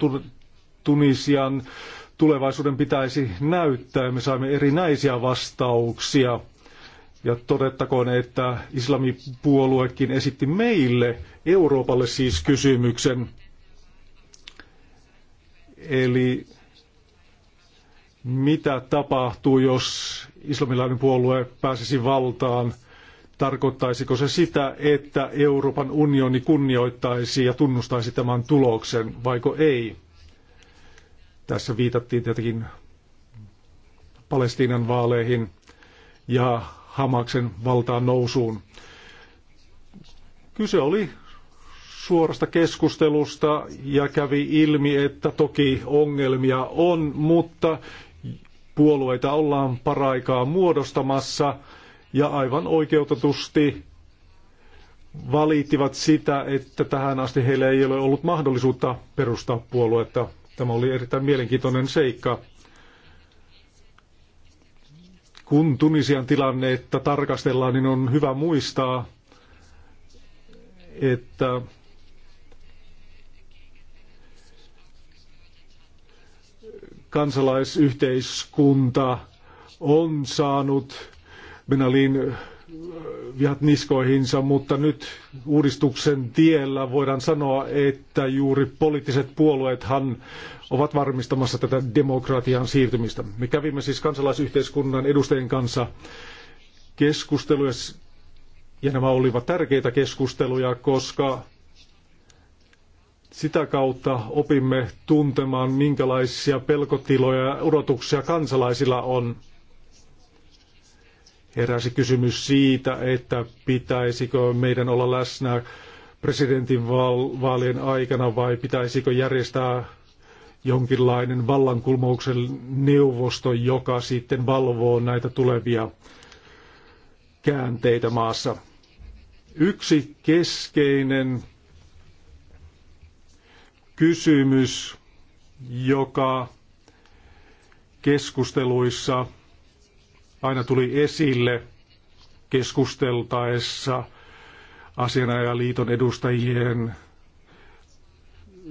Tunisian tulevaisuuden pitäisi näyttää. Me saimme erinäisiä vastauksia. Ja todettakoon, että islamipuoluekin esitti meille, Euroopalle siis kysymyksen. Eli mitä tapahtuu, jos islamilainen puolue pääsisi valtaan? Tarkoittaisiko se sitä, että Euroopan unioni kunnioittaisi ja tunnustaisi tämän tuloksen, vaiko ei? Tässä viitattiin tietenkin Palestiinan vaaleihin ja Hamaksen valtaan nousuun. Kyse oli suorasta keskustelusta ja kävi ilmi, että toki ongelmia on, mutta puolueita ollaan paraikaa muodostamassa ja aivan oikeutetusti valittivat sitä, että tähän asti heillä ei ole ollut mahdollisuutta perustaa puoluetta. Tämä oli erittäin mielenkiintoinen seikka. Kun Tunisian tilannetta tarkastellaan, niin on hyvä muistaa, että kansalaisyhteiskunta on saanut Benalin vihat niskoihinsa, mutta nyt uudistuksen tiellä voidaan sanoa, että juuri poliittiset puolueethan ovat varmistamassa tätä demokratian siirtymistä. Me kävimme siis kansalaisyhteiskunnan edustajien kanssa keskusteluja, ja nämä olivat tärkeitä keskusteluja, koska sitä kautta opimme tuntemaan, minkälaisia pelkotiloja ja odotuksia kansalaisilla on – Heräsi kysymys siitä, että pitäisikö meidän olla läsnä presidentin vaalien aikana vai pitäisikö järjestää jonkinlainen vallankumouksen neuvosto, joka sitten valvoo näitä tulevia käänteitä maassa. Yksi keskeinen kysymys, joka keskusteluissa aina tuli esille keskusteltaessa asianajaliiton edustajien,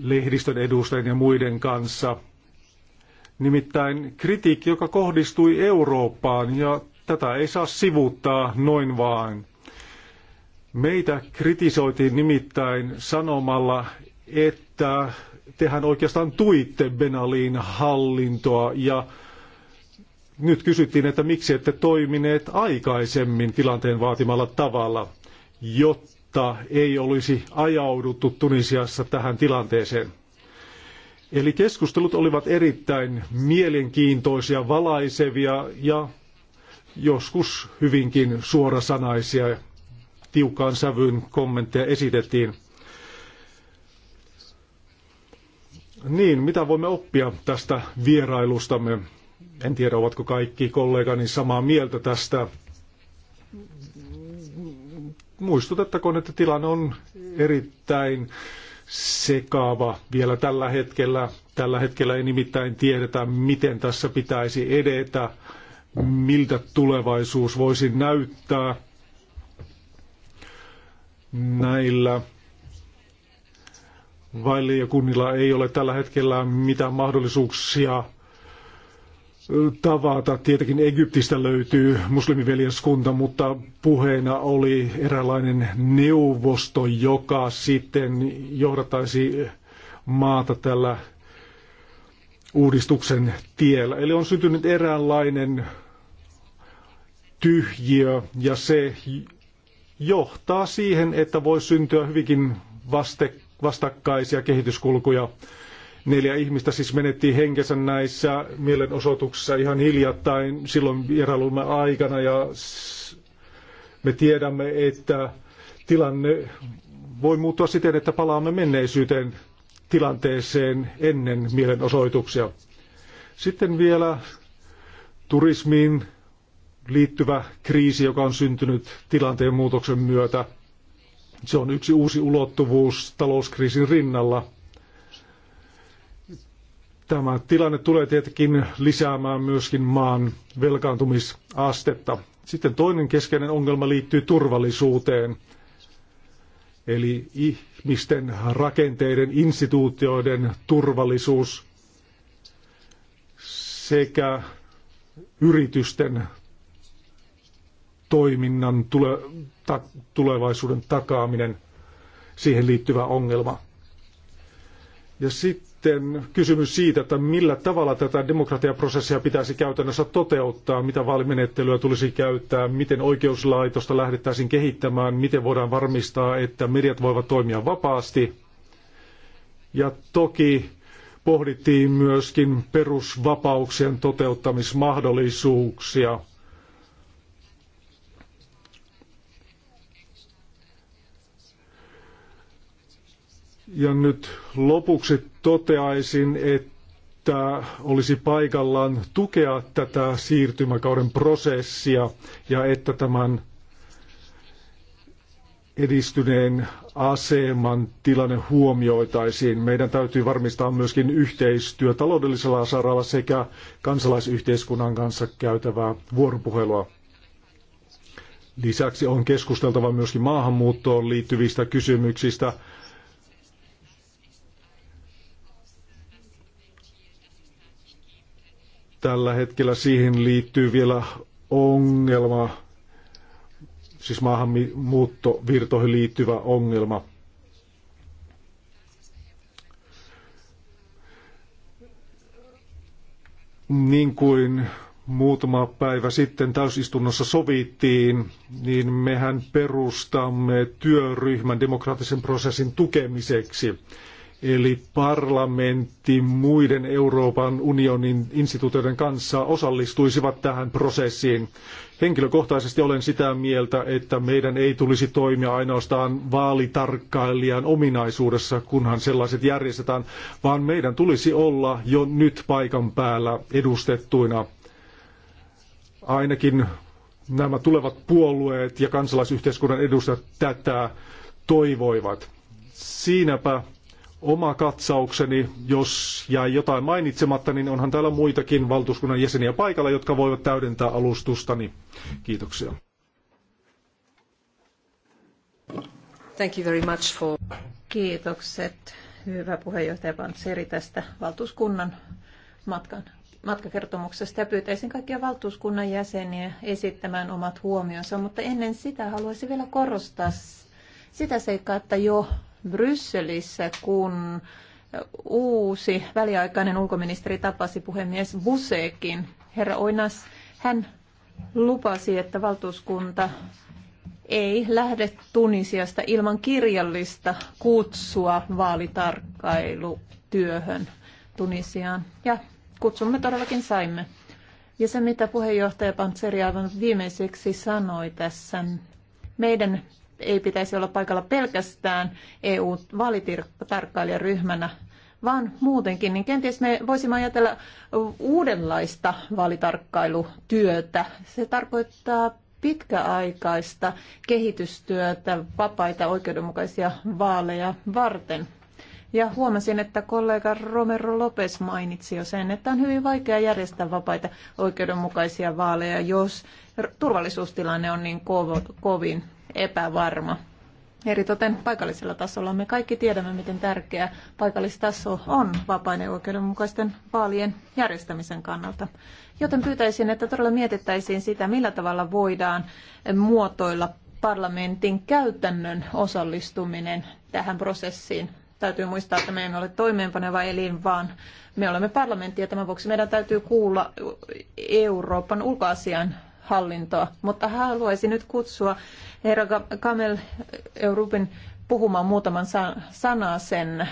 lehdistön edustajien ja muiden kanssa. Nimittäin kritiikki, joka kohdistui Eurooppaan, ja tätä ei saa sivuuttaa noin vaan Meitä kritisoitiin nimittäin sanomalla, että tehän oikeastaan tuitte Benalin hallintoa ja nyt kysyttiin, että miksi ette toimineet aikaisemmin tilanteen vaatimalla tavalla, jotta ei olisi ajauduttu Tunisiassa tähän tilanteeseen. Eli keskustelut olivat erittäin mielenkiintoisia, valaisevia ja joskus hyvinkin suorasanaisia. Tiukkaan sävyyn kommentteja esitettiin. Niin, mitä voimme oppia tästä vierailustamme? En tiedä, ovatko kaikki kollegani samaa mieltä tästä. Muistutettakoon, että tilanne on erittäin sekaava vielä tällä hetkellä. Tällä hetkellä ei nimittäin tiedetä, miten tässä pitäisi edetä, miltä tulevaisuus voisi näyttää näillä kunnilla ei ole tällä hetkellä mitään mahdollisuuksia tavata. Tietenkin Egyptistä löytyy muslimiveljeskunta, mutta puheena oli eräänlainen neuvosto, joka sitten johdattaisi maata tällä uudistuksen tiellä. Eli on syntynyt eräänlainen tyhjiö ja se johtaa siihen, että voi syntyä hyvinkin vaste, vastakkaisia kehityskulkuja Neljä ihmistä siis menetti henkensä näissä mielenosoituksissa ihan hiljattain silloin vierailumme aikana ja me tiedämme, että tilanne voi muuttua siten, että palaamme menneisyyteen tilanteeseen ennen mielenosoituksia. Sitten vielä turismiin liittyvä kriisi, joka on syntynyt tilanteen muutoksen myötä. Se on yksi uusi ulottuvuus talouskriisin rinnalla – Tämä tilanne tulee tietenkin lisäämään myöskin maan velkaantumisastetta. Sitten toinen keskeinen ongelma liittyy turvallisuuteen, eli ihmisten rakenteiden, instituutioiden turvallisuus sekä yritysten toiminnan tule, ta, tulevaisuuden takaaminen, siihen liittyvä ongelma. Ja sitten sitten kysymys siitä, että millä tavalla tätä demokratiaprosessia pitäisi käytännössä toteuttaa, mitä vaalimenettelyä tulisi käyttää, miten oikeuslaitosta lähdettäisiin kehittämään, miten voidaan varmistaa, että mediat voivat toimia vapaasti. Ja toki pohdittiin myöskin perusvapauksien toteuttamismahdollisuuksia. Ja nyt lopuksi toteaisin, että olisi paikallaan tukea tätä siirtymäkauden prosessia ja että tämän edistyneen aseman tilanne huomioitaisiin. Meidän täytyy varmistaa myöskin yhteistyö taloudellisella saralla sekä kansalaisyhteiskunnan kanssa käytävää vuoropuhelua. Lisäksi on keskusteltava myöskin maahanmuuttoon liittyvistä kysymyksistä – Tällä hetkellä siihen liittyy vielä ongelma, siis maahanmuuttovirtoihin liittyvä ongelma. Niin kuin muutama päivä sitten täysistunnossa sovittiin, niin mehän perustamme työryhmän demokraattisen prosessin tukemiseksi eli parlamentti muiden Euroopan unionin instituutioiden kanssa osallistuisivat tähän prosessiin. Henkilökohtaisesti olen sitä mieltä, että meidän ei tulisi toimia ainoastaan vaalitarkkailijan ominaisuudessa, kunhan sellaiset järjestetään, vaan meidän tulisi olla jo nyt paikan päällä edustettuina. Ainakin nämä tulevat puolueet ja kansalaisyhteiskunnan edustajat tätä toivoivat. Siinäpä oma katsaukseni. Jos jäi jotain mainitsematta, niin onhan täällä muitakin valtuuskunnan jäseniä paikalla, jotka voivat täydentää alustustani. Kiitoksia. Thank you very much for... Kiitokset, hyvä puheenjohtaja Panseri, tästä valtuuskunnan matkan matkakertomuksesta ja pyytäisin kaikkia valtuuskunnan jäseniä esittämään omat huomionsa, mutta ennen sitä haluaisin vielä korostaa sitä seikkaa, että jo Brysselissä, kun uusi väliaikainen ulkoministeri tapasi puhemies Busekin. Herra Oinas, hän lupasi, että valtuuskunta ei lähde Tunisiasta ilman kirjallista kutsua vaalitarkkailutyöhön Tunisiaan. Ja kutsumme todellakin saimme. Ja se, mitä puheenjohtaja Pantseri aivan viimeiseksi sanoi tässä, meidän ei pitäisi olla paikalla pelkästään EU-vaalitarkkailijaryhmänä, vaan muutenkin, niin kenties me voisimme ajatella uudenlaista vaalitarkkailutyötä. Se tarkoittaa pitkäaikaista kehitystyötä vapaita oikeudenmukaisia vaaleja varten. Ja huomasin, että kollega Romero Lopes mainitsi jo sen, että on hyvin vaikea järjestää vapaita oikeudenmukaisia vaaleja, jos turvallisuustilanne on niin kovin epävarma. Eritoten paikallisella tasolla me kaikki tiedämme, miten tärkeä paikallistaso on vapaiden oikeudenmukaisten vaalien järjestämisen kannalta. Joten pyytäisin, että todella mietittäisiin sitä, millä tavalla voidaan muotoilla parlamentin käytännön osallistuminen tähän prosessiin. Täytyy muistaa, että me emme ole toimeenpaneva elin, vaan me olemme parlamentti ja tämän vuoksi meidän täytyy kuulla Euroopan ulkoasian hallintoa. Mutta haluaisin nyt kutsua herra Kamel Euroopin puhumaan muutaman sanaa sen.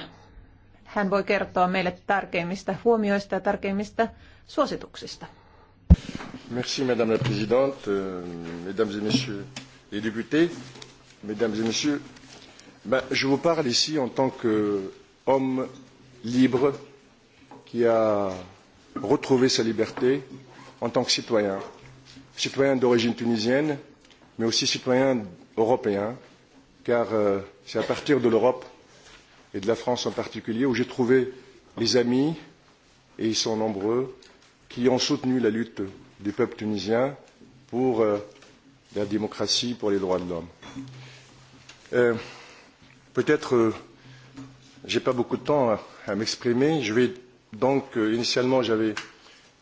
Hän voi kertoa meille tärkeimmistä huomioista ja tärkeimmistä suosituksista. Merci Madame la Présidente, euh, Mesdames et Messieurs les députés, Mesdames et Messieurs. Ben, je vous parle ici en tant qu'homme libre qui a retrouvé sa liberté en tant que citoyen citoyen d'origine tunisienne, mais aussi citoyen européen, car euh, c'est à partir de l'Europe et de la France en particulier où j'ai trouvé les amis, et ils sont nombreux, qui ont soutenu la lutte du peuple tunisien pour euh, la démocratie, pour les droits de l'homme. Euh, Peut-être, euh, je n'ai pas beaucoup de temps à, à m'exprimer. Je vais donc, euh, initialement, j'avais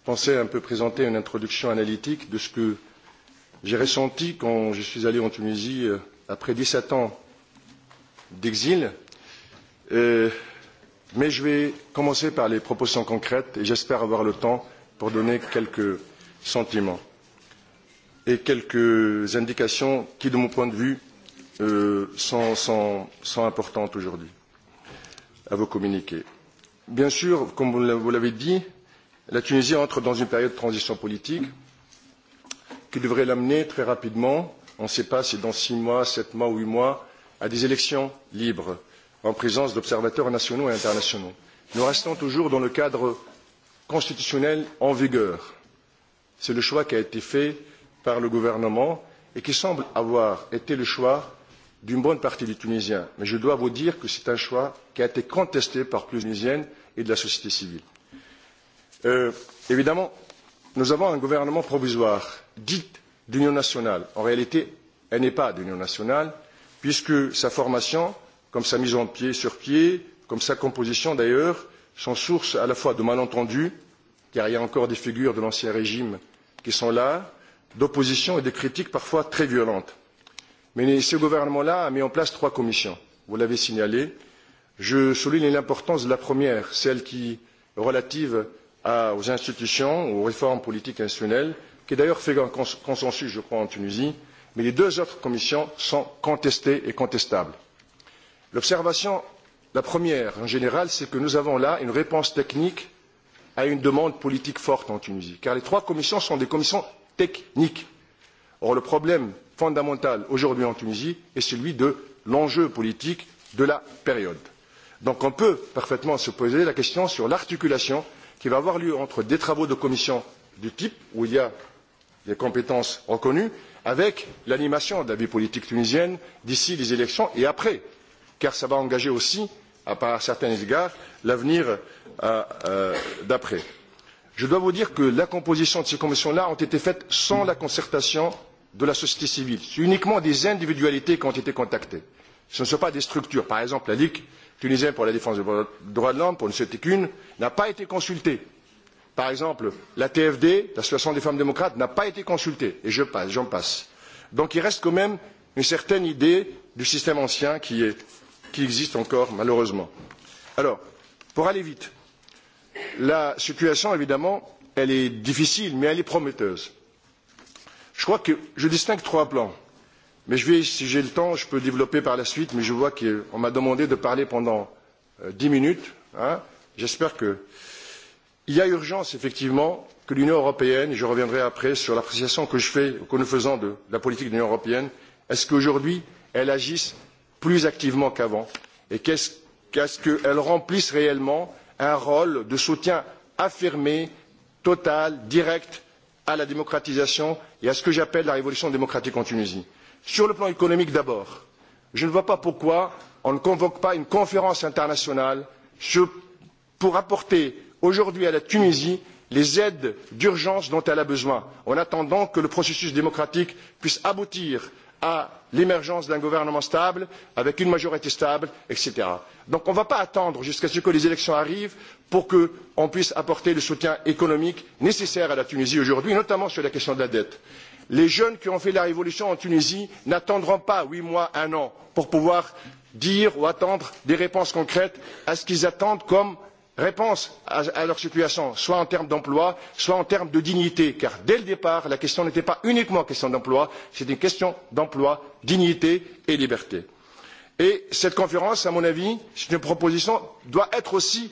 pensé un peu présenter une introduction analytique de ce que j'ai ressenti quand je suis allé en Tunisie euh, après 17 ans d'exil. Euh, mais je vais commencer par les propositions concrètes et j'espère avoir le temps pour donner quelques sentiments et quelques indications qui, de mon point de vue, euh, sont, sont, sont importantes aujourd'hui à vous communiquer. Bien sûr, comme vous l'avez dit, La Tunisie entre dans une période de transition politique qui devrait l'amener très rapidement, on ne sait pas si dans six mois, sept mois ou huit mois, à des élections libres, en présence d'observateurs nationaux et internationaux. Nous restons toujours dans le cadre constitutionnel en vigueur. C'est le choix qui a été fait par le gouvernement et qui semble avoir été le choix d'une bonne partie des Tunisiens. Mais je dois vous dire que c'est un choix qui a été contesté par plusieurs Tunisiennes et de la société civile. Euh, évidemment, nous avons un gouvernement provisoire, dit d'union nationale. En réalité, elle n'est pas d'union nationale, puisque sa formation, comme sa mise en pied sur pied, comme sa composition d'ailleurs, sont source à la fois de malentendus, car il y a encore des figures de l'ancien régime qui sont là, d'opposition et de critiques parfois très violentes. Mais ce gouvernement-là a mis en place trois commissions, vous l'avez signalé. Je souligne l'importance de la première, celle qui est relative à, aux institutions aux réformes politiques institutionnelles, qui d'ailleurs fait un consensus, je crois, en Tunisie, mais les deux autres commissions sont contestées et contestables. L'observation, la première en général, c'est que nous avons là une réponse technique à une demande politique forte en Tunisie, car les trois commissions sont des commissions techniques. Or, le problème fondamental aujourd'hui en Tunisie est celui de l'enjeu politique de la période. Donc on peut parfaitement se poser la question sur l'articulation qui va avoir lieu entre des travaux de commission du type où il y a des compétences reconnues avec l'animation de la vie politique tunisienne d'ici les élections et après car cela va engager aussi à, à certains égards l'avenir euh, euh, d'après. je dois vous dire que la composition de ces commissions là a été faite sans la concertation de la société civile. ce sont uniquement des individualités qui ont été contactées ce ne sont pas des structures. par exemple la ligue tunisien pour la défense des droits de l'homme, pour ne citer qu'une, n'a pas été consulté. Par exemple, la TFD, l'association des femmes démocrates, n'a pas été consultée. Et je passe, j'en passe. Donc il reste quand même une certaine idée du système ancien qui, est, qui existe encore, malheureusement. Alors, pour aller vite, la situation, évidemment, elle est difficile, mais elle est prometteuse. Je crois que je distingue trois plans Mais je vais, si j'ai le temps, je peux développer par la suite, mais je vois qu'on m'a demandé de parler pendant euh, dix minutes. Hein. J'espère que. Il y a urgence, effectivement, que l'Union européenne, et je reviendrai après sur l'appréciation que je fais, que nous faisons de la politique de l'Union européenne, est-ce qu'aujourd'hui, elle agisse plus activement qu'avant Et qu'est-ce qu'est-ce qu'elle remplisse réellement un rôle de soutien affirmé, total, direct à la démocratisation et à ce que j'appelle la révolution démocratique en Tunisie sur le plan économique d'abord je ne vois pas pourquoi on ne convoque pas une conférence internationale pour apporter aujourd'hui à la tunisie les aides d'urgence dont elle a besoin en attendant que le processus démocratique puisse aboutir à l'émergence d'un gouvernement stable avec une majorité stable etc. donc on ne va pas attendre jusqu'à ce que les élections arrivent pour que l'on puisse apporter le soutien économique nécessaire à la tunisie aujourd'hui notamment sur la question de la dette les jeunes qui ont fait la révolution en tunisie n'attendront pas huit mois un an pour pouvoir dire ou attendre des réponses concrètes à ce qu'ils attendent comme réponse à, à leur situation soit en termes d'emploi soit en termes de dignité car dès le départ la question n'était pas uniquement question d'emploi c'était une question d'emploi dignité et liberté. et cette conférence à mon avis c'est une proposition doit être aussi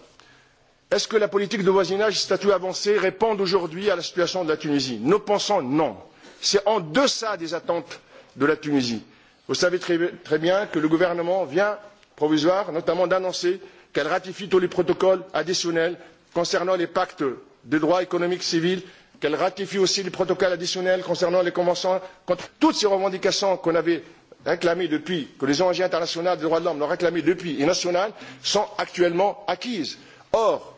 est ce que la politique de voisinage et statut avancé répondent aujourd'hui à la situation de la tunisie? nous pensons non. c'est en deçà des attentes de la tunisie. vous savez très, très bien que le gouvernement vient provisoire notamment d'annoncer qu'elle ratifie tous les protocoles additionnels concernant les pactes de droit économique civil qu'elle ratifie aussi les protocoles additionnels concernant les conventions contre toutes ces revendications qu'on avait réclamées depuis que les ong internationales des droits de l'homme l'ont réclamées depuis et nationales sont actuellement acquises. or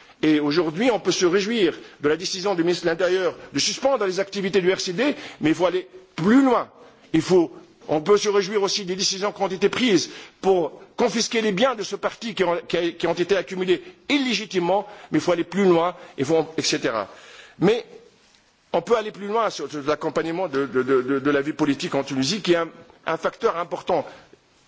Et aujourd'hui, on peut se réjouir de la décision du ministre de l'Intérieur de suspendre les activités du RCD, mais il faut aller plus loin. Il faut, on peut se réjouir aussi des décisions qui ont été prises pour confisquer les biens de ce parti qui ont, qui a, qui ont été accumulés illégitimement, mais il faut aller plus loin, il faut, etc. Mais on peut aller plus loin sur, l'accompagnement de, de, de, de la vie politique en Tunisie, qui est un, un facteur important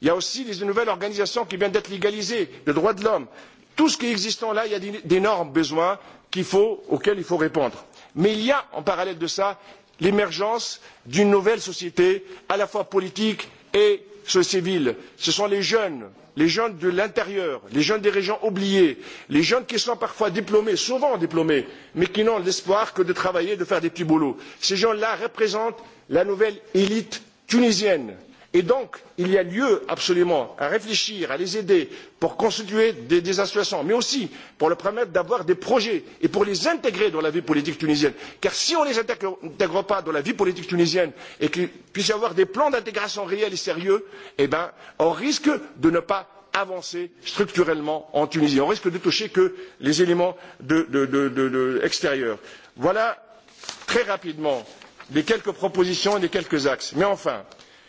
il y a aussi les nouvelles organisations qui viennent d'être légalisées les droits de l'homme tout ce qui est existant là il y a d'énormes besoins il faut, auxquels il faut répondre mais il y a en parallèle de cela l'émergence d'une nouvelle société à la fois politique et civile ce sont les jeunes les jeunes de l'intérieur les jeunes des régions oubliées les jeunes qui sont parfois diplômés souvent diplômés mais qui n'ont l'espoir que de travailler de faire des petits boulots. ces gens là représentent la nouvelle élite tunisienne et donc il y a lieu absolument à réfléchir à les aider pour constituer des, des associations mais aussi pour leur permettre d'avoir des projets et pour les intégrer dans la vie politique tunisienne car si on ne les intègre pas dans la vie politique tunisienne et qu'il puisse y avoir des plans d'intégration réels et sérieux eh bien on risque de ne pas avancer structurellement en Tunisie. On risque de toucher que les éléments de, de, de, de, de extérieurs. Voilà très rapidement les quelques propositions et les quelques axes. Mais enfin,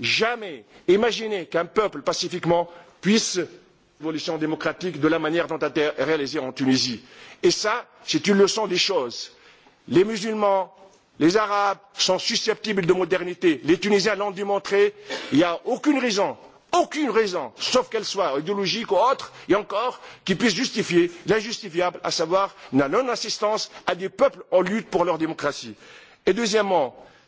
jamais imaginer qu'un peuple pacifiquement puisse l'évolution démocratique de la manière dont elle est réalisée en Tunisie. Et ça, c'est une leçon des choses. Les musulmans, les arabes sont susceptibles de modernité. Les Tunisiens l'ont démontré. Il n'y a aucune raison, aucune raison, sauf qu'elle soit idéologique ou autre, et encore, qui puisse justifier l'injustifiable, à savoir la non-assistance à des peuples en lutte pour leur démocratie. Et deuxièmement,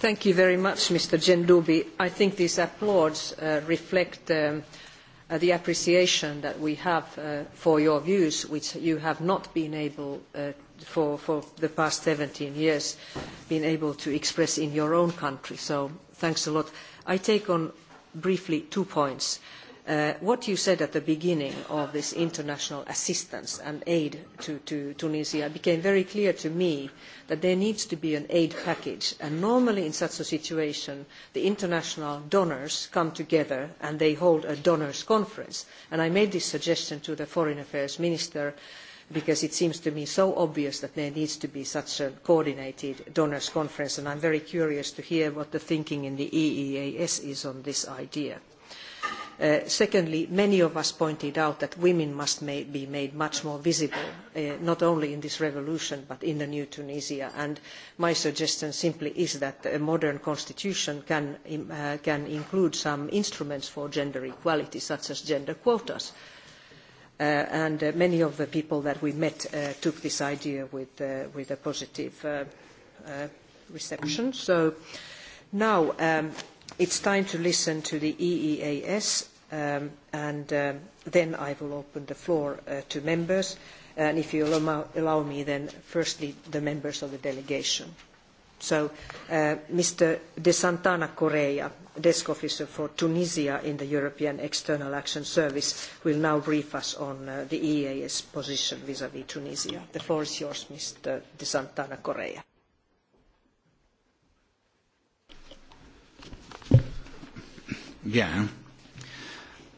Thank you very much, Mr. Gendoubi. I think these applauds uh, reflect um, uh, the appreciation that we have uh, for your views, which you have not been able uh, for, for the past 17 years been able to express in your own country. So thanks a lot. I take on briefly two points. Uh, Uh, what you said at the beginning of this international assistance and aid to, to Tunisia became very clear to me that there needs to be an aid package. And normally in such a situation, the international donors come together and they hold a donors conference. And I made this suggestion to the foreign affairs minister because it seems to me so obvious that there needs to be such a coordinated donors conference. And I'm very curious to hear what the thinking in the EEAS is on this idea. Uh, secondly, many of us pointed out that women must be made much more visible, uh, not only in this revolution, but in the new Tunisia. And my suggestion simply is that a modern constitution can, uh, include some instruments for gender equality, such as gender quotas. and many of the people that we met took this idea with, with a positive reception. So now um, it's time to listen to the EEAS Um, and um, then I will open the floor uh, to members. And if you allow, me, then firstly the members of the delegation. So, uh, Mr. De Santana Correa, desk officer for Tunisia in the European External Action Service, will now brief us on uh, the EEA's position vis-à-vis -vis Tunisia. The floor is yours, Mr. De Santana Correa. Bien.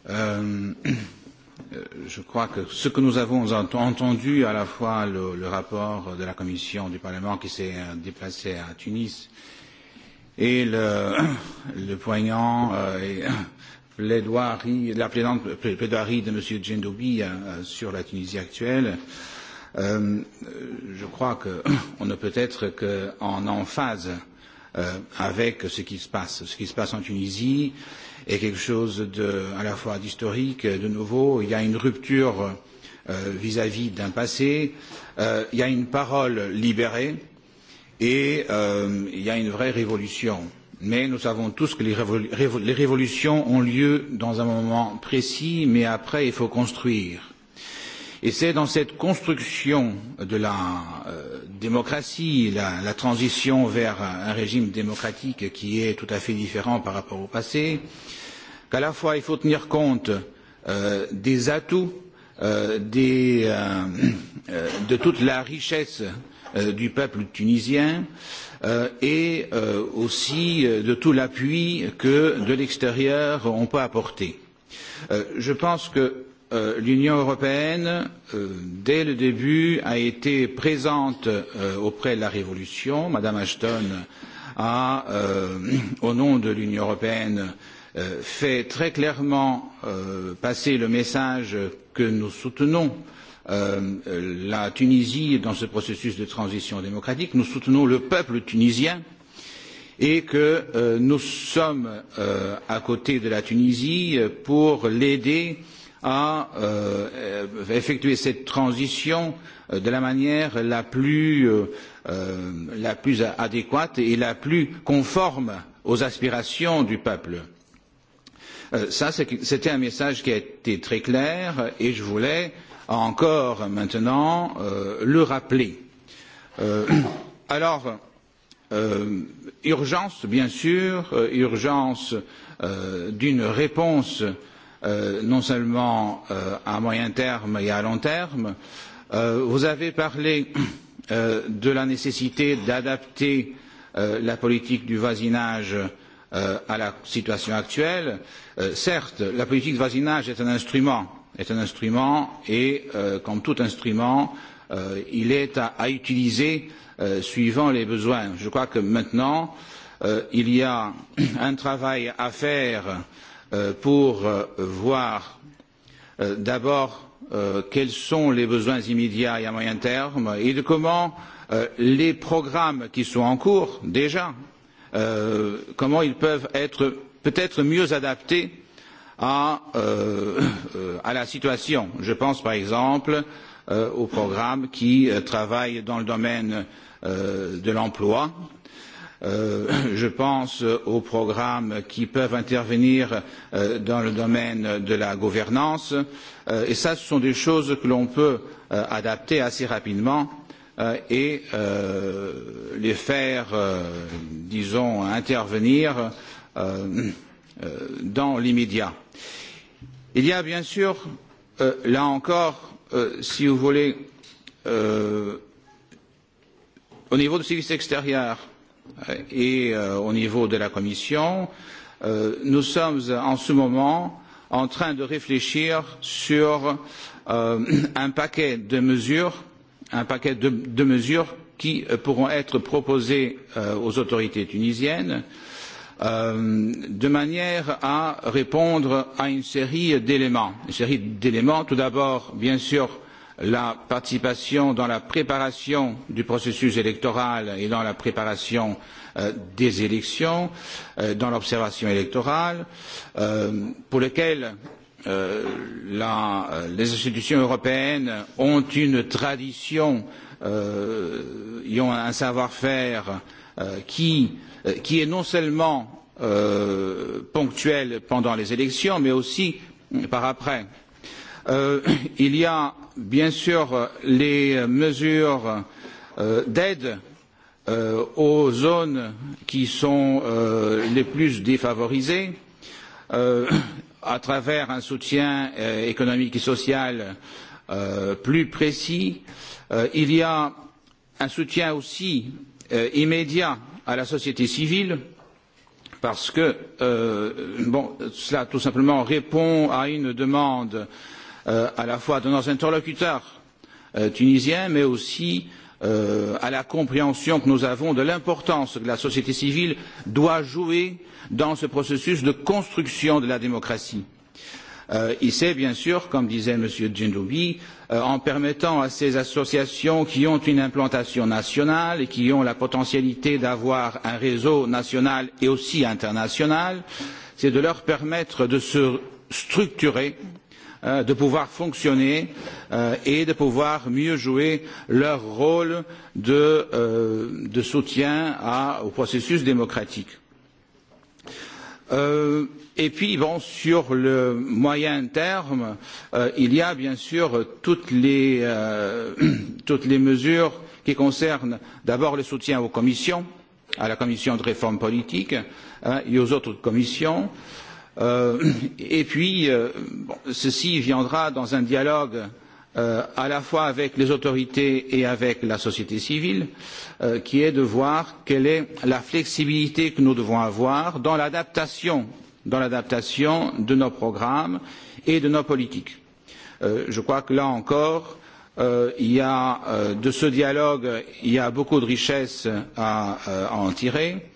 Euh, *clears throat* je crois que ce que nous avons entendu, à la fois le, le rapport de la Commission du Parlement qui s'est euh, déplacé à Tunis et le, *clears throat* le poignant euh, et, *clears throat* plaidoirie, la plaidoirie de M. Djendoubi euh, euh, sur la Tunisie actuelle, euh, je crois qu'on ne peut être qu'en emphase euh, avec ce qui se passe, ce qui se passe en Tunisie. Euh, est quelque chose de, à la fois d'historique, de nouveau. Il y a une rupture euh, vis-à-vis d'un passé. Euh, il y a une parole libérée et euh, il y a une vraie révolution. Mais nous savons tous que les, révol les révolutions ont lieu dans un moment précis, mais après il faut construire et c'est dans cette construction de la euh, démocratie, la, la transition vers un régime démocratique qui est tout à fait différent par rapport au passé, qu'à la fois il faut tenir compte euh, des atouts, euh, des, euh, euh, de toute la richesse euh, du peuple tunisien euh, et euh, aussi euh, de tout l'appui que de l'extérieur on peut apporter. Euh, je pense que Euh, l'Union européenne, euh, dès le début, a été présente euh, auprès de la Révolution. Madame Ashton a, au nom de l'Union européenne, fait très clairement passer le message que nous soutenons la Tunisie dans ce processus de transition démocratique, nous soutenons le peuple tunisien et que nous sommes euh, à côté de la Tunisie pour l'aider euh, à euh, effectuer cette transition euh, de la manière la plus, euh, euh, la plus adéquate et la plus conforme aux aspirations du peuple. Euh, ça, c'était un message qui a été très clair et je voulais encore maintenant euh, le rappeler. Euh, alors, euh, urgence, bien sûr, euh, urgence euh, d'une réponse euh, euh, non seulement euh, à moyen terme et à long terme. Euh, vous avez parlé euh, de la nécessité d'adapter euh, la politique du voisinage euh, à la situation actuelle. Euh, certes, la politique de voisinage est un instrument, est un instrument et, euh, comme tout instrument, euh, il est à, à utiliser euh, suivant les besoins. Je crois que maintenant, euh, il y a un travail à faire euh, Euh, pour euh, voir euh, d'abord quels sont les besoins immédiats et à moyen terme et de comment les programmes qui sont en cours déjà comment ils peuvent être peut être mieux adaptés à, à la situation. Je pense par exemple aux programmes qui travaillent dans le domaine de l'emploi, euh, Euh, *clears throat* je pense aux programmes qui peuvent intervenir euh, dans le domaine de la gouvernance. Euh, et ça, ce sont des choses que l'on peut adapter assez rapidement et les faire, disons, intervenir dans l'immédiat. Il y a bien sûr, là encore, si vous voulez, au niveau du service extérieur, Euh, et euh, au niveau de la Commission, euh, nous sommes en ce moment en train de réfléchir sur un paquet de mesures, un paquet de, de mesures qui pourront être proposées aux autorités tunisiennes de manière à répondre à une série d'éléments. Une série d'éléments, tout d'abord, bien sûr, la participation dans la préparation du processus électoral et dans la préparation euh, des élections, euh, dans l'observation électorale, euh, pour lesquelles euh, la, euh, les institutions européennes ont une tradition euh, et ont un savoir-faire euh, qui, euh, qui est non seulement euh, ponctuel pendant les élections, mais aussi par après. Euh, Euh, *clears throat* il y a bien sûr les mesures euh, d'aide euh, aux zones qui sont euh, les plus défavorisées euh, à travers un soutien euh, économique et social euh, plus précis. Euh, il y a un soutien aussi euh, immédiat à la société civile parce que euh, bon, cela tout simplement répond à une demande euh, euh, à la fois de nos interlocuteurs euh, tunisiens, mais aussi euh, à la compréhension que nous avons de l'importance que la société civile doit jouer dans ce processus de construction de la démocratie. Euh, et bien sûr, comme disait M. Djendoubi, euh, en permettant à ces associations qui ont une implantation nationale et qui ont la potentialité d'avoir un réseau national et aussi international, c'est de leur permettre de se structurer euh, Euh, de pouvoir fonctionner euh, et de pouvoir mieux jouer leur rôle de, euh, de soutien à, au processus démocratique. Euh, et puis bon, sur le moyen terme euh, il y a bien sûr toutes les, euh, *clears throat* toutes les mesures qui concernent d'abord le soutien aux commissions à la commission de réforme politique et aux autres commissions euh, Euh, et puis, euh, bon, ceci viendra dans un dialogue euh, à la fois avec les autorités et avec la société civile, euh, qui est de voir quelle est la flexibilité que nous devons avoir dans l'adaptation, dans l'adaptation de nos programmes et de nos politiques. Euh, je crois que là encore, euh, il y a, euh, de ce dialogue, il y a beaucoup de richesses à, euh, à en tirer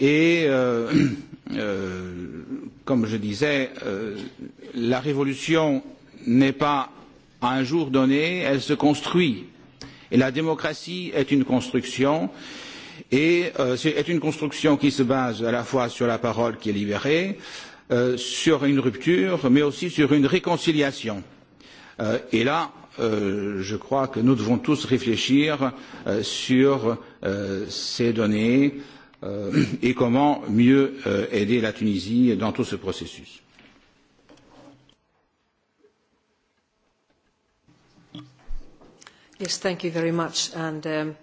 et euh, *clears throat* Euh, comme je disais, euh, la révolution n'est pas à un jour donné, elle se construit. Et la démocratie est une construction, et euh, est une construction qui se base à la fois sur la parole qui est libérée, euh, sur une rupture, mais aussi sur une réconciliation. Euh, et là, euh, je crois que nous devons tous réfléchir euh, sur euh, ces données, euh, et comment mieux euh, aider la Tunisie dans tout ce processus. Yes, thank you very much. And um,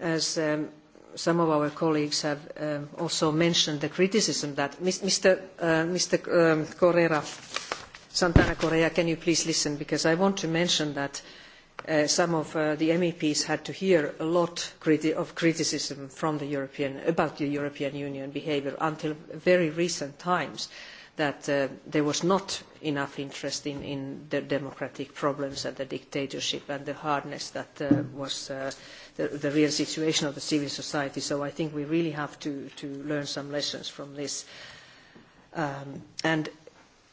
as um, some of our colleagues have um, also mentioned the criticism that Mr. Uh, Mr. Um, Correa, Santana Correa, can you please listen? Because I want to mention that uh, Uh, some of uh, the MEPs had to hear a lot criti of criticism from the European, about the European Union behaviour until very recent times that uh, there was not enough interest in, in, the democratic problems and the dictatorship and the hardness that uh, was uh, the, the, real situation of the civil society. So I think we really have to, to learn some lessons from this. Um, and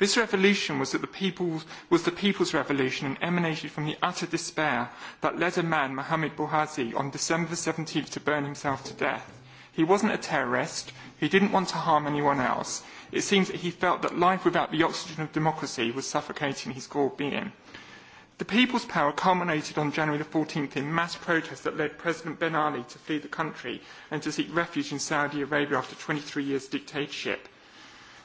This revolution was, that the people's, was the people's revolution and emanated from the utter despair that led a man, Mohammed Bouhazi, on December 17th to burn himself to death. He wasn't a terrorist. He didn't want to harm anyone else. It seems that he felt that life without the oxygen of democracy was suffocating his core being. The people's power culminated on January the 14th in mass protests that led President Ben Ali to flee the country and to seek refuge in Saudi Arabia after 23 years' dictatorship.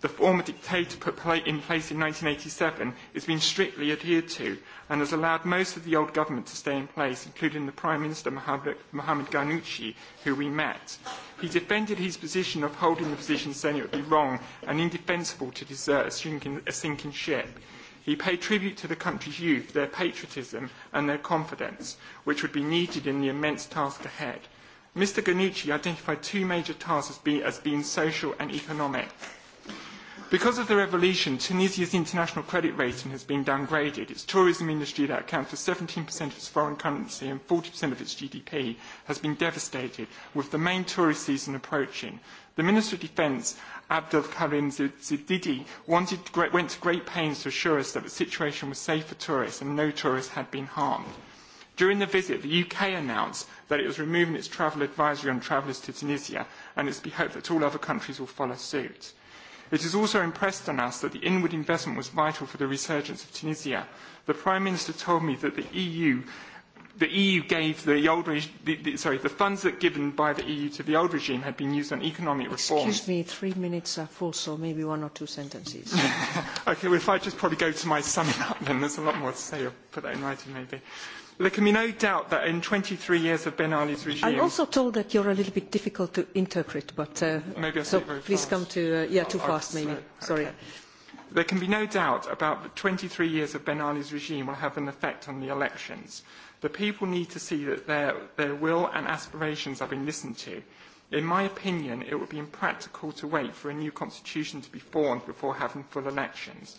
The former dictator put in place in 1987 has been strictly adhered to and has allowed most of the old government to stay in place, including the Prime Minister Mohamed Ghanouchi, who we met. He defended his position of holding the position, saying it would be wrong and indefensible to desert a sinking, a sinking ship. He paid tribute to the country's youth, their patriotism and their confidence, which would be needed in the immense task ahead. Mr. Ghanouchi identified two major tasks as being, as being social and economic. Because of the revolution, Tunisia's international credit rating has been downgraded. Its tourism industry, that accounts for 17% of its foreign currency and 40% of its GDP, has been devastated, with the main tourist season approaching. The Minister of Defence, Abdel Karim Zididi, wanted, went to great pains to assure us that the situation was safe for tourists and no tourists had been harmed. During the visit, the UK announced that it was removing its travel advisory on travellers to Tunisia, and it's to be hoped that all other countries will follow suit. It is also impressed on us that the inward investment was vital for the resurgence of Tunisia. The Prime Minister told me that the EU the EU gave the old reg- the, the, sorry the funds that given by the EU to the old regime had been used on economic reform. Excuse me, three minutes are full, so maybe one or two sentences. *laughs* okay, well, if I just probably go to my summing up, then there's a lot more to say. I'll put that in writing, maybe. Uh, There can be no doubt that in 23 years of Ben Ali's regime... I'm also told that you're a little bit difficult to interpret, but... Uh, maybe I so very please fast. come to... Uh, yeah, too I'll, fast, maybe. Slow. Sorry. Okay. There can be no doubt about that 23 years of Ben Ali's regime will have an effect on the elections. The people need to see that their, their will and aspirations are being listened to. In my opinion, it would be impractical to wait for a new constitution to be formed before having full elections.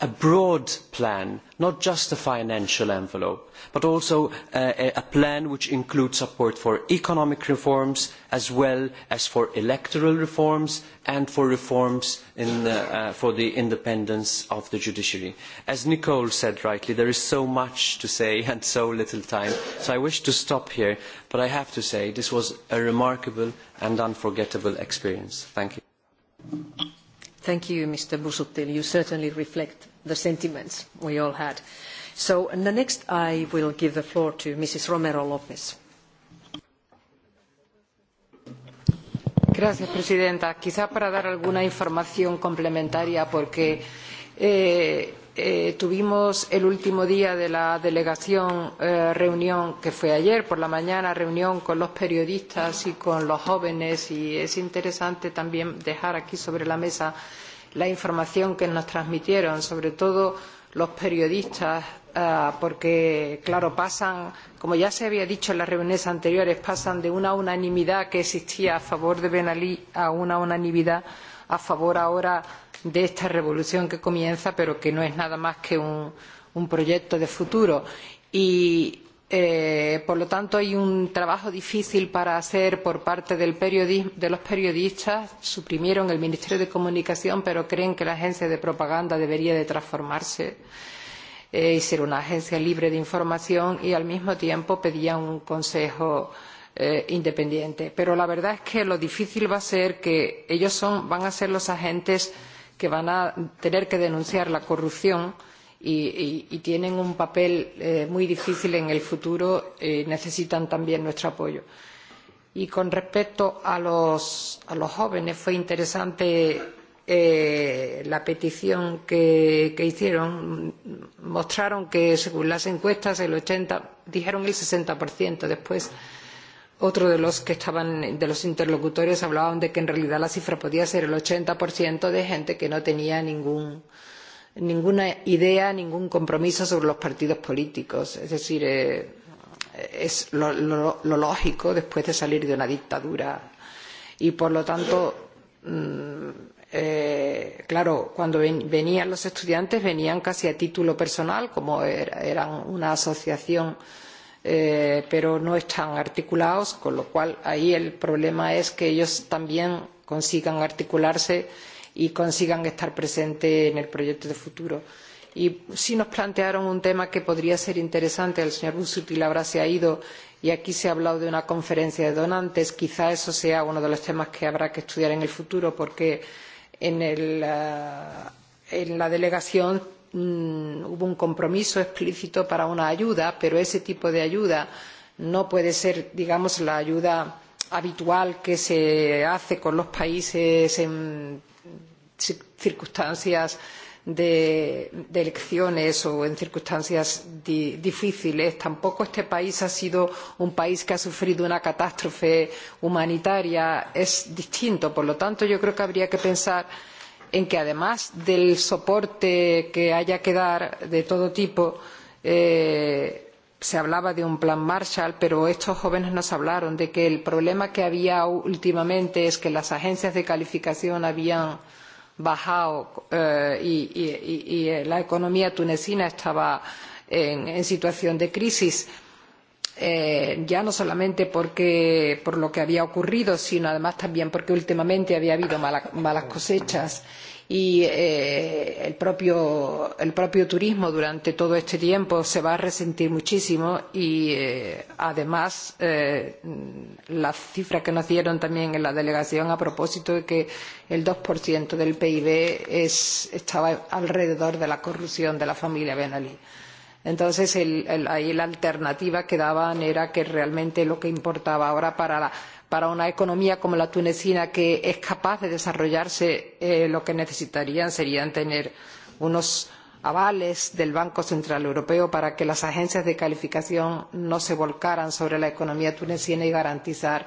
a broad plan, not just a financial envelope, but also uh, a, plan which includes support for economic reforms as well as for electoral reforms and for reforms the, uh, for the independence of the judiciary. As Nicole said rightly, there is so much to say *laughs* and so little time, so I wish to stop here, but I have to say this was a remarkable and unforgettable experience. Thank you. Thank you, Mr. Busuttil. You certainly reflect the sentiments we all had. So and the next I will give the floor to Mrs. Romero Lopez. Gracias, Presidenta. Quizá para dar alguna información complementaria, porque eh, eh, tuvimos el último día de la delegación eh, reunión, que fue ayer por la mañana, reunión con los periodistas y con los jóvenes, y es interesante también dejar aquí sobre la mesa eh, la información que nos transmitieron, sobre todo los periodistas, eh, porque, claro, pasan, como ya se había dicho en las reuniones anteriores, pasan de una unanimidad que existía a favor de Ben Ali a una unanimidad a favor ahora de esta revolución que comienza, pero que no es nada más que un, un proyecto de futuro. Y Eh, por lo tanto, hay un trabajo difícil para hacer por parte del de los periodistas. Suprimieron el Ministerio de Comunicación, pero creen que la agencia de propaganda debería de transformarse eh, y ser una agencia libre de información y al mismo tiempo pedían un consejo eh, independiente. Pero la verdad es que lo difícil va a ser que ellos son, van a ser los agentes que van a tener que denunciar la corrupción y, tienen un papel eh, muy difícil en el futuro y eh, necesitan también nuestro apoyo. Y con respecto a los, a los jóvenes, fue interesante eh, la petición que, que hicieron. Mostraron que, según las encuestas, el 80, dijeron el 60%. Después, otro de los que estaban de los interlocutores hablaban de que en realidad la cifra podía ser el 80% de gente que no tenía ningún eh, ninguna idea, ningún compromiso sobre los partidos políticos. Es decir, eh, es lo, lo, lo lógico después de salir de una dictadura. Y por lo tanto, mm, eh, claro, cuando ven, venían los estudiantes venían casi a título personal, como era, eran una asociación, eh, pero no están articulados, con lo cual ahí el problema es que ellos también consigan articularse y consigan estar presentes en el proyecto de futuro. Y sí nos plantearon un tema que podría ser interesante, el señor Busuttil ahora se ha ido y aquí se ha hablado de una conferencia de donantes, quizá eso sea uno de los temas que habrá que estudiar en el futuro porque en, el, ah, en la delegación mmm, hubo un compromiso explícito para una ayuda, pero ese tipo de ayuda no puede ser, digamos, la ayuda habitual que se hace con los países en circunstancias de, de elecciones o en circunstancias di, difíciles. Tampoco este país ha sido un país que ha sufrido una catástrofe humanitaria. Es distinto. Por lo tanto, yo creo que habría que pensar en que, además del soporte que haya que dar de todo tipo, eh, se hablaba de un plan Marshall, pero estos jóvenes nos hablaron de que el problema que había últimamente es que las agencias de calificación habían bajado eh, y, y, y la economía tunecina estaba en, en situación de crisis, eh, ya no solamente porque, por lo que había ocurrido, sino además también porque últimamente había habido mala, malas cosechas. Eh, y eh, el, propio, el propio turismo durante todo este tiempo se va a resentir muchísimo y eh, además eh, las cifras que nos dieron también en la delegación a propósito de que el 2% del PIB es, estaba alrededor de la corrupción de la familia Ben Ali. Entonces, el, el, ahí la alternativa que daban era que realmente lo que importaba ahora para la para una economía como la tunecina que es capaz de desarrollarse eh, lo que necesitarían serían tener unos avales del Banco Central Europeo para que las agencias de calificación no se volcaran sobre la economía tunecina y garantizar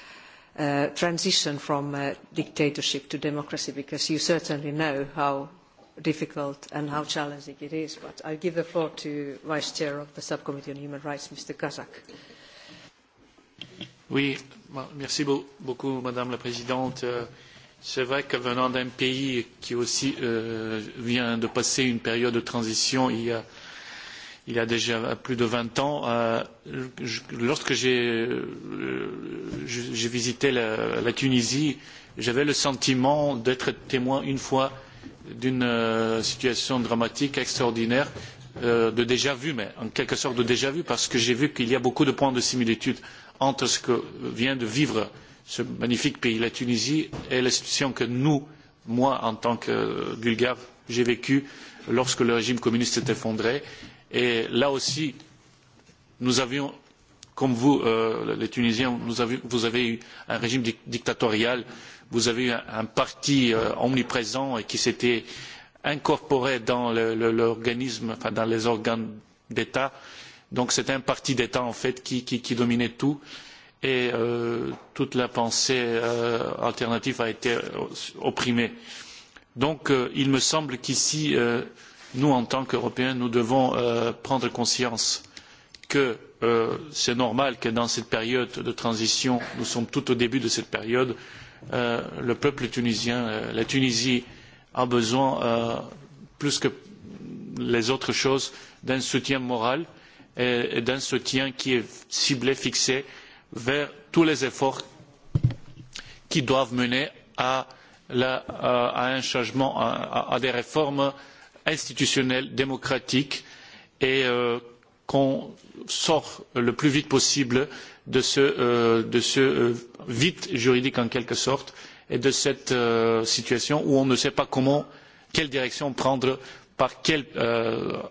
Uh, transition from uh, dictatorship to democracy because you certainly know how difficult and how challenging it is. But I give the floor to Vice Chair of the Subcommittee on Human Rights, Mr. Kazak. Oui, merci beaucoup, Madame la Présidente. Euh, c'est vrai que venant d'un pays qui aussi euh, vient de passer une période de transition, il y a il y a déjà plus de 20 ans, euh, lorsque euh, j'ai visité la, la Tunisie, j'avais le sentiment d'être témoin une fois d'une euh, situation dramatique, extraordinaire, euh, de déjà vu, mais en quelque sorte de déjà vu, parce que j'ai vu qu'il y a beaucoup de points de similitude entre ce que vient de vivre ce magnifique pays, la Tunisie, et la situation que nous, moi, en tant que Bulgare, j'ai vécue lorsque le régime communiste s'est effondré et là aussi, nous avions, comme vous, euh, les Tunisiens, nous avions, vous avez eu un régime di dictatorial, vous avez eu un, un parti euh, omniprésent et qui s'était incorporé dans l'organisme, enfin dans les organes d'État. Donc c'était un parti d'État en fait qui, qui, qui dominait tout et euh, toute la pensée euh, alternative a été euh, opprimée. Donc euh, il me semble qu'ici euh, nous, en tant qu'Européens, nous devons euh, prendre conscience que euh, c'est normal que dans cette période de transition, nous sommes tout au début de cette période, euh, le peuple tunisien, euh, la Tunisie a besoin, euh, plus que les autres choses, d'un soutien moral et, et d'un soutien qui est ciblé, fixé vers tous les efforts qui doivent mener à, la, à un changement, à, à des réformes institutionnelle démocratique et euh, qu'on sorte le plus vite possible de ce, euh, de ce euh, vide juridique en quelque sorte et de cette situation où on ne sait pas comment, quelle direction prendre, par quelle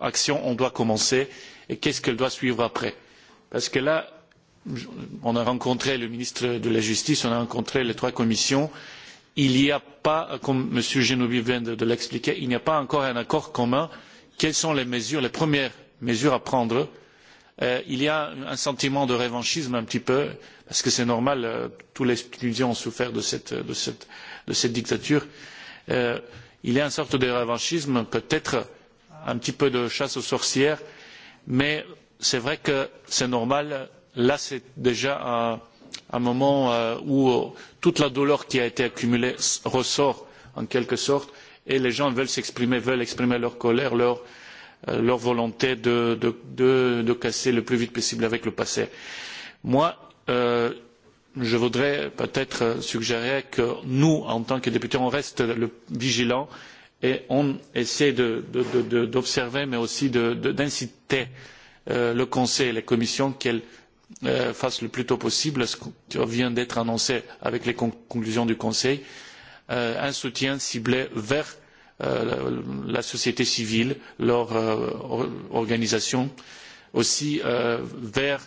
action on doit commencer et qu'est-ce qu'elle doit suivre après. Parce que là, on a rencontré le ministre de la Justice, on a rencontré les trois commissions, euh, il n'y a pas comme m. genoviev vient de l'expliquer il n'y a pas encore un accord commun quelles sont les mesures les premières mesures à prendre? Euh, il y a un sentiment de revanchisme un petit peu parce que c'est normal euh, tous les tunisiens ont souffert de cette, de cette, de cette dictature euh, il y a une sorte de revanchisme peut être un petit peu de chasse aux sorcières mais c'est vrai que c'est normal là c'est déjà un un moment euh, où euh, toute la douleur qui a été accumulée ressort en quelque sorte et les gens veulent s'exprimer, veulent exprimer leur colère, leur, euh, leur volonté de, de, de, de casser le plus vite possible avec le passé. Moi, euh, je voudrais peut-être suggérer que nous, en tant que députés, on reste le, vigilants et on essaie d'observer, mais aussi d'inciter euh, le Conseil et les commissions qu'elles euh, fasse le plus tôt possible ce qui vient d'être annoncé avec les conclusions du Conseil, euh, un soutien ciblé vers euh, la société civile, leur euh, organisation, aussi euh, vers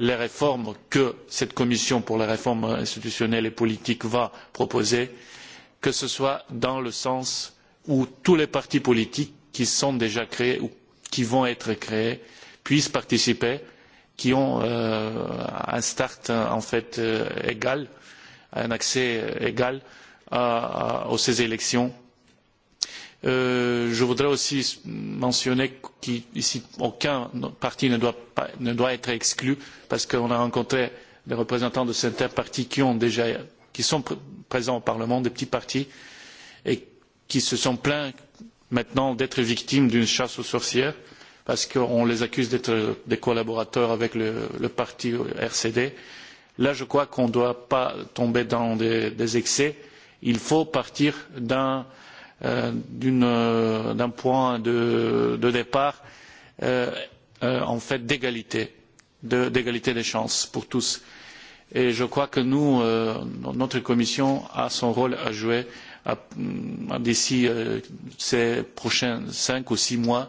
les réformes que cette commission pour les réformes institutionnelles et politiques va proposer, que ce soit dans le sens où tous les partis politiques qui sont déjà créés ou qui vont être créés puissent participer qui ont euh, un start en fait euh, égal, un accès égal à, à, à ces élections. Euh, je voudrais aussi mentionner qu'ici aucun parti ne doit, pas, ne doit être exclu parce qu'on a rencontré des représentants de certains partis qui, ont déjà, qui sont pr présents au Parlement, des petits partis, et qui se sont plaints maintenant d'être victimes d'une chasse aux sorcières parce qu'on les accuse d'être des collaborateurs avec le, le parti RCD. Là, je crois qu'on ne doit pas tomber dans des, des excès. Il faut partir d'un euh, euh point de, de départ euh, euh, en fait d'égalité, d'égalité de, des chances pour tous. Et je crois que nous, euh, notre commission a son rôle à jouer d'ici euh, ces prochains cinq ou six mois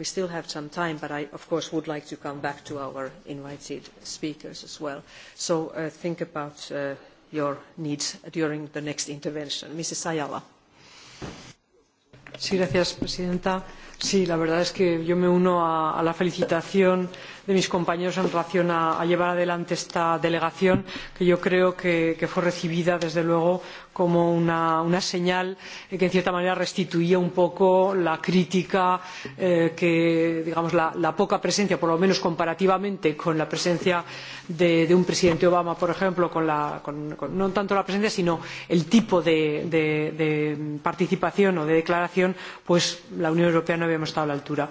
We still have some time, but I, of course, would like to come back to our invited speakers as well. So uh, think about uh, your needs during the next intervention. Mrs. Ayala. Sí, gracias, Presidenta. Sí, la verdad es que yo me uno a, a la felicitación de mis compañeros en relación con la llevada adelante de esta delegación que yo creo que, fue recibida desde luego como una, señal eh, que en cierta manera restituía un poco la crítica eh, digamos la, poca presencia por lo menos comparativamente con la presencia de, un presidente obama por ejemplo no tanto la presencia sino el tipo de, participación o de declaración pues la unión europea no había estado a la altura.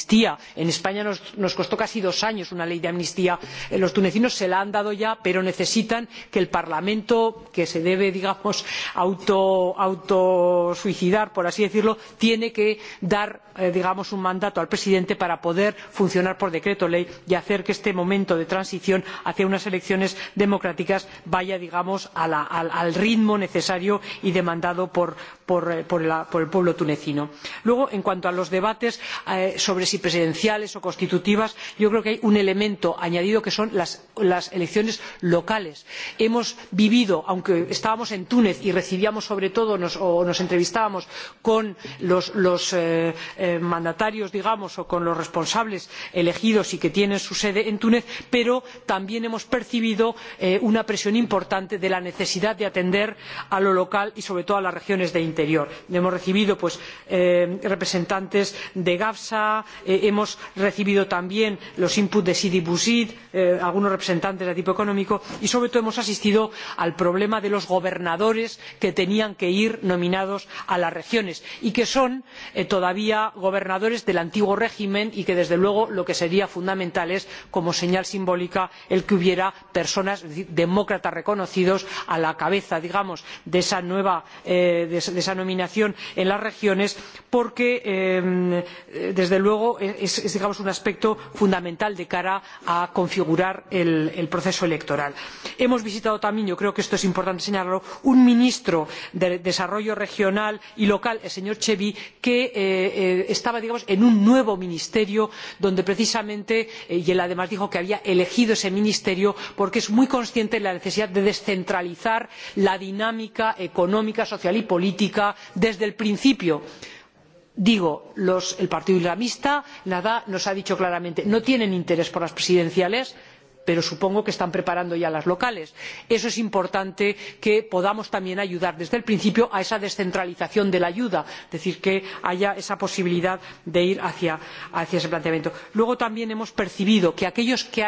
amnistía en españa nos, costó casi dos años una ley de amnistía eh, los tunecinos se la han dado ya pero necesitan que el parlamento que se debe digamos autosuicidar por así decirlo dé Eh, digamos un mandato al presidente para poder funcionar por decreto ley y hacer que este momento de transición hacia unas elecciones democráticas vaya digamos al, ritmo necesario y demandado eh, por, el pueblo tunecino. luego en cuanto a los debates eh, sobre si presidenciales o constitutivas yo creo que hay un elemento añadido que son las, elecciones locales. hemos vivido aunque estábamos en túnez y recibíamos sobre todo o nos entrevistábamos con los, mandatarios digamos o con los responsables elegidos y que tienen su sede en túnez pero también hemos percibido eh, una presión importante de la necesidad de atender a lo local y sobre todo a las regiones del interior. hemos recibido eh, representantes de gafsa eh, hemos recibido también los inputs de sidi bouzid algunos representantes de tipo económico y sobre todo hemos asistido al problema de los gobernadores que tenían que ir nominados a las regiones y que son todavía gobernadores del antiguo régimen y que desde luego lo que sería fundamental es como señal simbólica que hubiera personas demócratas reconocidos a la cabeza digamos de esa nueva eh, nominación en las regiones porque eh, desde luego es un aspecto fundamental de cara a configurar el proceso electoral. hemos visitado también yo creo que esto es importante señalarlo a un ministro de desarrollo regional y local el señor chebbi que eh, Eh, estaba digamos en un nuevo ministerio donde precisamente eh, y él además dijo que había elegido ese ministerio porque es muy consciente de la necesidad de descentralizar la dinámica económica social y política desde el principio digo el partido islamista nos ha dicho claramente no tiene interés por las presidenciales pero supongo que están preparando ya las locales. eso es importante que podamos también ayudar desde el principio a esa descentralización de la ayuda es decir que haya esa posibilidad de ir hacia, ese planteamiento. luego también hemos percibido que aquellos que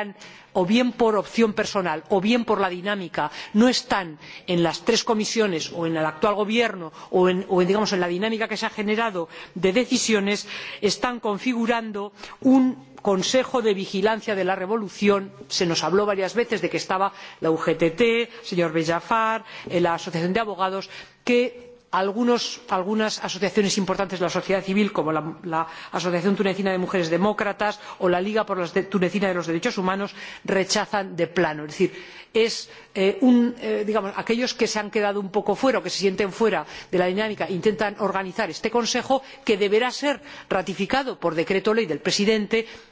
o bien por opción personal o bien por la dinámica no están en las tres comisiones o en el actual gobierno o, o en, digamos en la dinámica que se ha generado de decisiones están configurando un consejo de vigilancia de la revolución se nos habló varias veces de que estaba la ugt el señor bellafar eh, la asociación de abogados que algunas asociaciones importantes de la sociedad civil como la, asociación tunecina de mujeres demócratas o la liga tunecina de derechos humanos rechazan de plano es decir eh, eh, aquellos que se han quedado un poco fuera o que se sienten fuera de la dinámica intentan organizar este consejo que deberá ser ratificado por decreto ley del presidente y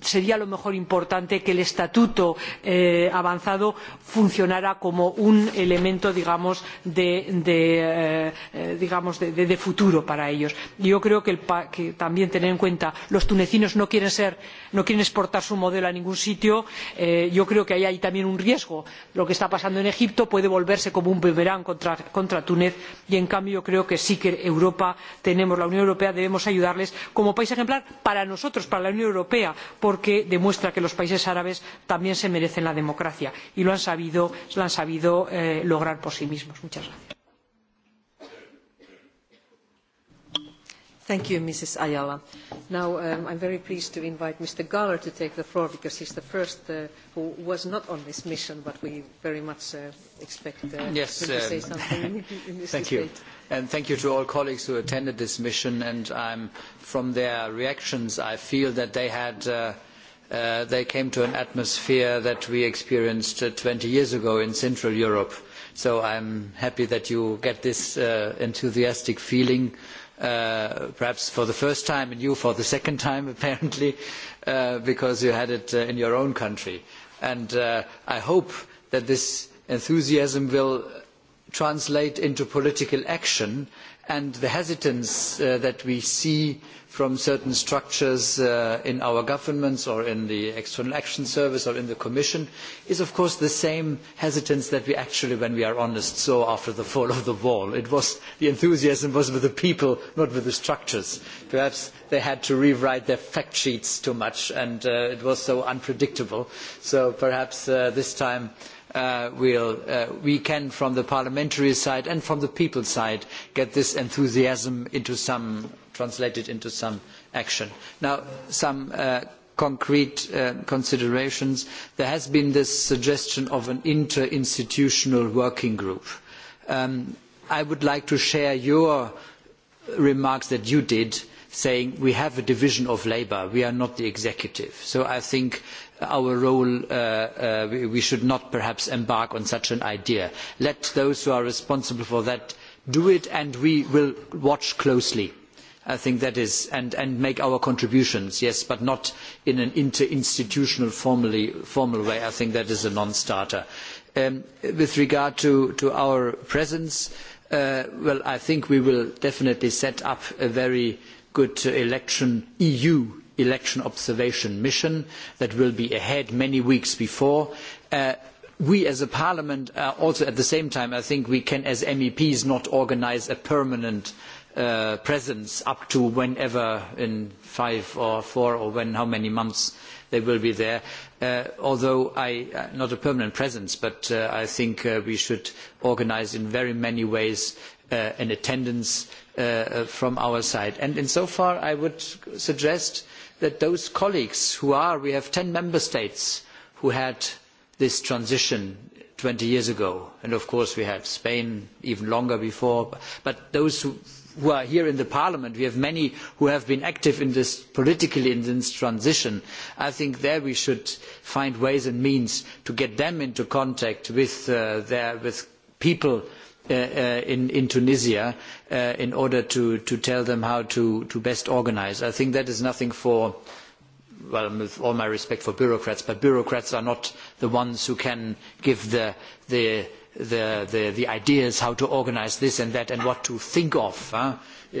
sería a lo mejor importante que el estatuto eh, avanzado funcionara como un elemento digamos de, de, eh, eh, de, futuro para ellos. yo creo que, el, que también tener en cuenta que los tunecinos no quieren, ser, no quieren exportar su modelo a ningún sitio eh, yo creo que ahí hay también un riesgo. lo que está pasando en egipto puede volverse como un boomerang contra, contra túnez y en cambio yo creo que sí que europa tenemos la unión europea debemos ayudarles como país ejemplar para nosotros para la unión europea porque demuestra que los países árabes también se merecen la democracia y lo han sabido, eh, lograr por sí mismos. Thank you, Mrs. Ayala. Now, um, I'm very pleased to invite Mr. Galler to take the floor because he's the first uh, who was not on this mission, but we very much uh, expect uh, yes, him to say um, something in, in this Thank debate. you. And thank you to all colleagues who attended this mission. And I'm, from their reactions, I feel that they had... Uh, uh, they came to an atmosphere that we experienced uh, 20 years ago in Central Europe. So I'm happy that you get this uh, enthusiastic feeling uh, Uh, perhaps for the first time and you for the second time *laughs* apparently uh, because you had it uh, in your own country i hope that this enthusiasm will translate into political action and the hesitance that we see from certain structures uh, in our governments or in the External Action Service or in the Commission is of course the same hesitance that we actually, when we are honest, saw after the fall of the wall. It was, the enthusiasm was with the people, not with the structures. Perhaps they had to rewrite their fact sheets too much and uh, it was so unpredictable. So perhaps uh, this time Uh, uh, we can from the parliamentary side and from the people side get this enthusiasm into some, translated into some action. Now, some uh, concrete uh, considerations. There has been this suggestion of an interinstitutional working group. Um, I would like to share your remarks that you did saying we have a division of labour, we are not the executive. So I think our role uh, uh, we should not perhaps embark on such an idea. let those who are responsible for that do it and we will watch closely i think that is and, and make our contributions yes but not in an interinstitutional formally, formal way i think that is a non starter. Um, with regard to, to our presence uh, well i think we will definitely set up a very good election eu election observation mission that will be ahead many weeks before. Uh, we as a parliament uh, also at the same time I think we can as MEPs not organise a permanent uh, presence up to whenever in five or four or when how many months they will be there. Uh, although I, uh, not a permanent presence, but uh, I think uh, we should organise in very many ways uh, an attendance uh, from our side. And insofar, I would suggest that those colleagues who are, we have 10 member states who had this transition 20 years ago. And of course we had Spain even longer before. But those who, are here in the parliament, we have many who have been active in this politically in this transition. I think there we should find ways and means to get them into contact with, uh, their, with people Uh, uh, in, Tunisia uh, in order to, to tell them how to, to best organise, I think that is nothing for, well, with all my respect for bureaucrats, but bureaucrats are not the ones who can give the, the, the, the, the ideas how to organise this and that and what to think of.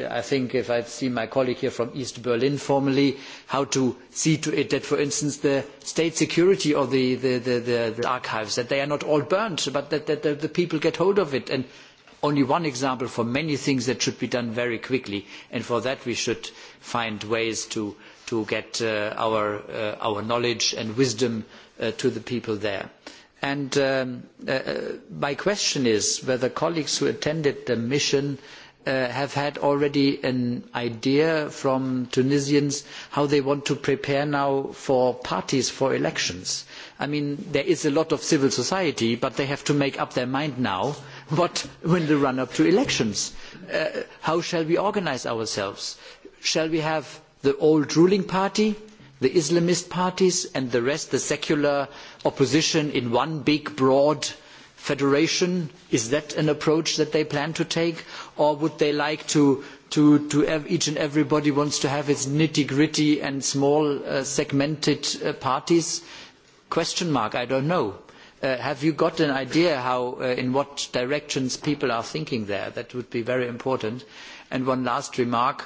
I think if I see my colleague here from East Berlin formally, how to see to it that, for instance, the state security of the, the, the, the archives, that they are not all burned, but that, that, that the people get hold of it. And only one example for many things that should be done very quickly. And for that we should find ways to, to get uh, our, uh, our knowledge and wisdom uh, to the people there. And um, uh, uh, my question is whether colleagues who attended the mission uh, Uh, have had already an idea from Tunisians how they want to prepare now for parties for elections. I mean, there is a lot of civil society, but they have to make up their mind now *laughs* what when the run-up to elections. Uh, how shall we organise ourselves? Shall we have the old ruling party, the Islamist parties, and the rest, the secular opposition in one big broad federation? Is that an approach that they plan to take? Or would they like to, to, to each and everybody wants to have its nitty-gritty and small uh, segmented uh, parties? Question mark, I don't know. Uh, have you got an idea how, uh, in what directions people are thinking there? That would be very important. And one last remark.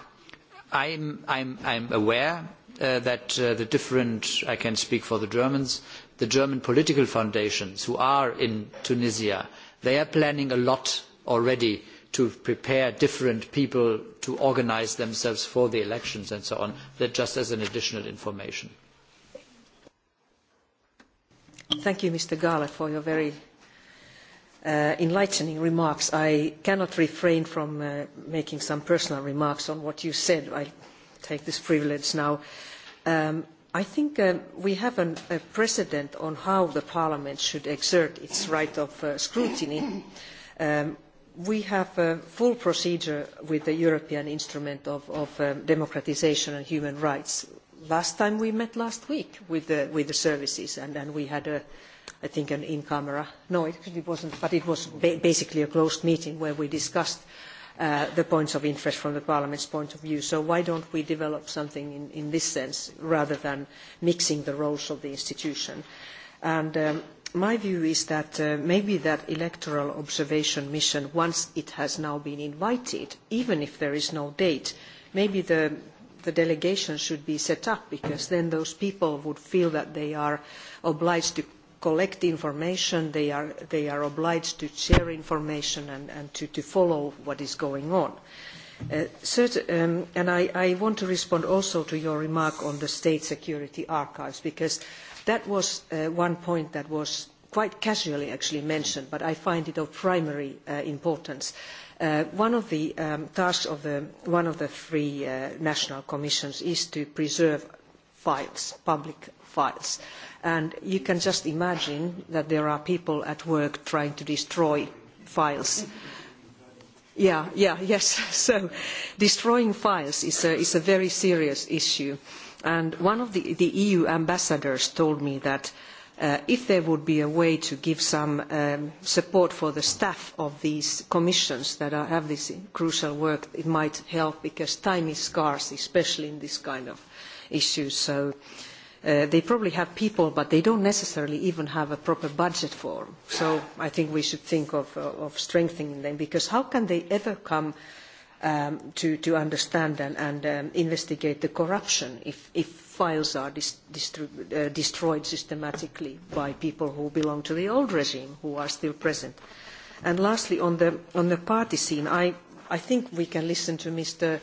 I'm, I'm, I'm aware uh, that uh, the different, I can speak for the Germans, uh, the German political foundations who are in Tunisia, they are planning a lot already to prepare different people to organise themselves for the elections and so on. That just as an additional information. Thank you, Mr. Gahler, for your very uh, enlightening remarks. I cannot refrain from uh, making some personal remarks on what you said. I take this privilege now. Um, I think um, we have an, a precedent on how the Parliament should exert its right of uh, scrutiny. Um, we have a full procedure with the European Instrument of, of um, Democratization and Human Rights. Last time we met last week with the, with the services and, and we had a, I think an in-camera, no, it, it wasn't, but it was ba basically a closed meeting where we discussed uh, Uh, the points of interest from the Parliament's point of view. So why don't we develop something in, in this sense rather than mixing the roles of the institution? And um, my view is that uh, maybe that electoral observation mission, once it has now been invited, even if there is no date, maybe the, the delegation should be set up because then those people would feel that they are obliged to collect information, they are, they are obliged to share information and, and to, to follow what is going on. Uh, um, and I, I want to respond also to your remark on the state security archives, because that was uh, one point that was quite casually actually mentioned, but I find it of primary uh, importance. Uh, one of the um, tasks of the, one of the three uh, national commissions is to preserve files, public files. Uh, And you can just imagine that there are people at work trying to destroy files. Yeah, yeah, *laughs* yes. So destroying files is a, is a very serious issue. And one of the, the EU ambassadors told me that Uh, if there would be a way to give some um, support for the staff of these commissions that are, have this crucial work, it might help because time is scarce, especially in this kind of issues. So Uh, they probably have people, but they don't necessarily even have a proper budget for them. So I think we should think of, uh, of strengthening them, because how can they ever come um, to, to, understand and, and um, investigate the corruption if, if files are dis, uh, destroyed systematically by people who belong to the old regime, who are still present? And lastly, on the, on the party scene, I, I think we can listen to Mr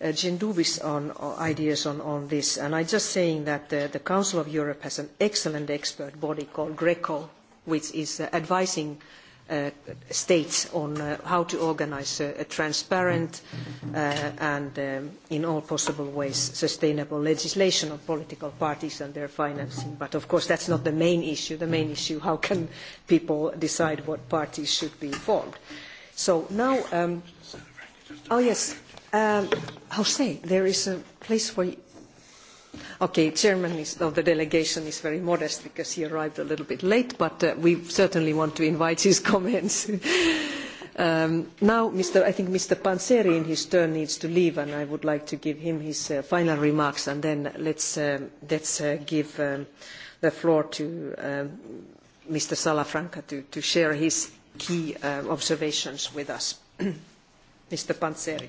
uh, Genduvis on uh, ideas on, on this, and I'm just saying that uh, the Council of Europe has an excellent expert body called GRECO, which is uh, advising uh, states on uh, how to organize a, a transparent uh, and um, in all possible ways sustainable legislation on political parties and their financing. But of course that's not the main issue. The main issue, how can people decide what parties should be formed? So now, um, oh yes, Jose, um, there is a place for you. Okay, chairman is, of the delegation is very modest because he arrived a little bit late, but uh, we certainly want to invite his *laughs* comments. um, now, Mr., I think Mr. Panzeri in his turn needs to leave, and I would like to give him his uh, final remarks, and then let's, um, let's uh, give um, the floor to um, Mr. Salafranca to, to share his key uh, observations with us. *clears throat* Mr. Panzeri.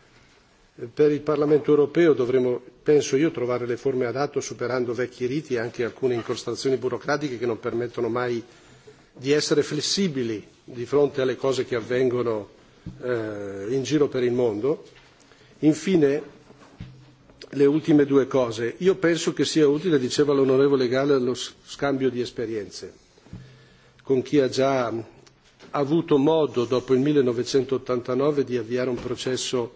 per il Parlamento europeo dovremo, penso io, trovare le forme adatte superando vecchi riti e anche alcune incrostazioni burocratiche che non permettono mai di essere flessibili di fronte alle cose che avvengono eh, in giro per il mondo. Infine, le ultime due cose. Io penso che sia utile, diceva l'onorevole Gale, lo scambio di esperienze con chi ha già avuto modo, dopo il 1989, di avviare un processo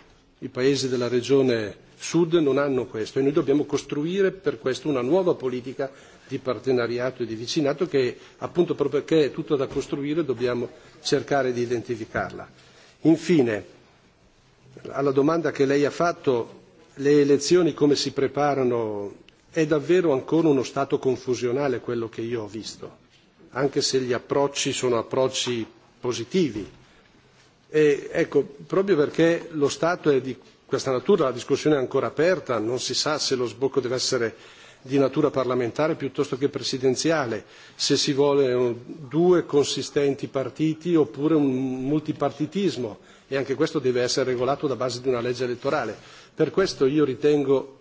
I paesi della regione sud non hanno questo e noi dobbiamo costruire per questo una nuova politica di partenariato e di vicinato che appunto proprio perché è tutto da costruire dobbiamo cercare di identificarla. Infine, alla domanda che lei ha fatto, le elezioni come si preparano? È davvero ancora uno stato confusionale quello che io ho visto, anche se gli approcci sono approcci positivi E, ecco, proprio perché lo Stato è di questa natura, la discussione è ancora aperta, non si sa se lo sbocco deve essere di natura parlamentare piuttosto che presidenziale, se si vogliono due consistenti partiti oppure un multipartitismo e anche questo deve essere regolato da base di una legge elettorale. Per questo io ritengo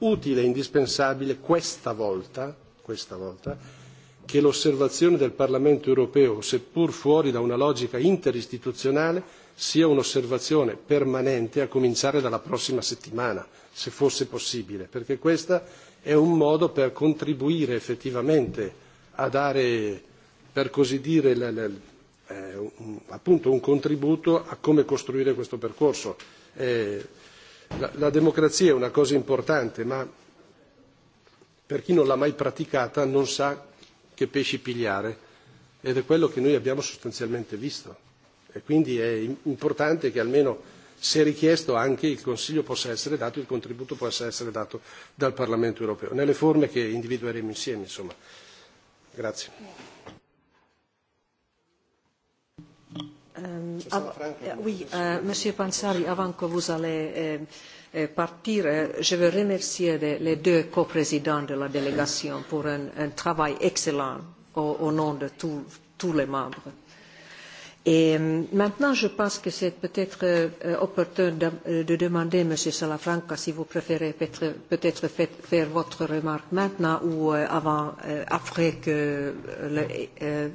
utile e indispensabile questa volta, questa volta che l'osservazione del Parlamento europeo, seppur fuori da una logica interistituzionale, sia un'osservazione permanente, a cominciare dalla prossima settimana, se fosse possibile, perché questo è un modo per contribuire effettivamente a dare, per così dire, le, le, eh, un, appunto un contributo a come costruire questo percorso. Eh, la, la democrazia è una cosa importante, ma per chi non l'ha mai praticata non sa che pesci pigliare ed è quello che noi abbiamo sostanzialmente visto e quindi è importante che almeno se richiesto anche il Consiglio possa essere dato, il contributo possa essere dato dal Parlamento europeo, nelle forme che individueremo insieme. Insomma. Grazie. Um, av, eh, oui, euh, Monsieur Pansari, avant que vous allez euh, Eh, partir. Eh, je veux remercier les deux coprésidents de la délégation pour un, un travail excellent au, au nom de tout, tous les membres. Et euh, maintenant, je pense que c'est peut-être euh, opportun de, euh, de demander, Monsieur Salafranca, si vous préférez peut-être faire votre remarque maintenant ou avant, après que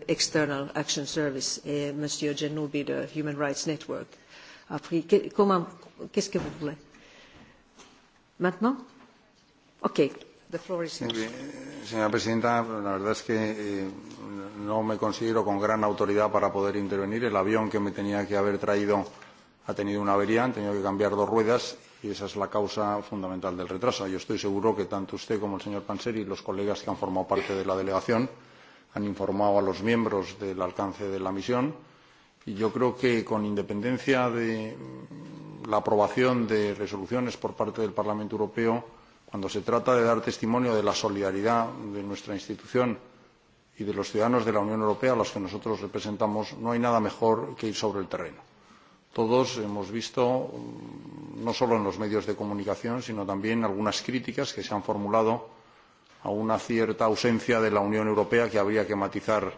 l'External Action Service et Monsieur Genoubi de Human Rights Network a pris. Qu'est-ce que vous voulez Maintenant? Okay. The floor is yours. Señora presidenta, la verdad es que eh, no me considero con gran autoridad para poder intervenir. El avión que me tenía que haber traído ha tenido una avería, han tenido que cambiar dos ruedas y esa es la causa fundamental del retraso. Yo estoy seguro que tanto usted como el señor Panseri y los colegas que han formado parte de la delegación han informado a los miembros del alcance de la misión y yo creo que con independencia de la aprobación de resoluciones por parte del Parlamento Europeo cuando se trata de dar testimonio de la solidaridad de nuestra institución y de los ciudadanos de la Unión Europea a los que nosotros representamos, no hay nada mejor que ir sobre el terreno. Todos hemos visto, mm, no solo en los medios de comunicación, sino también algunas críticas que se han formulado a una cierta ausencia de la Unión Europea que habría que matizar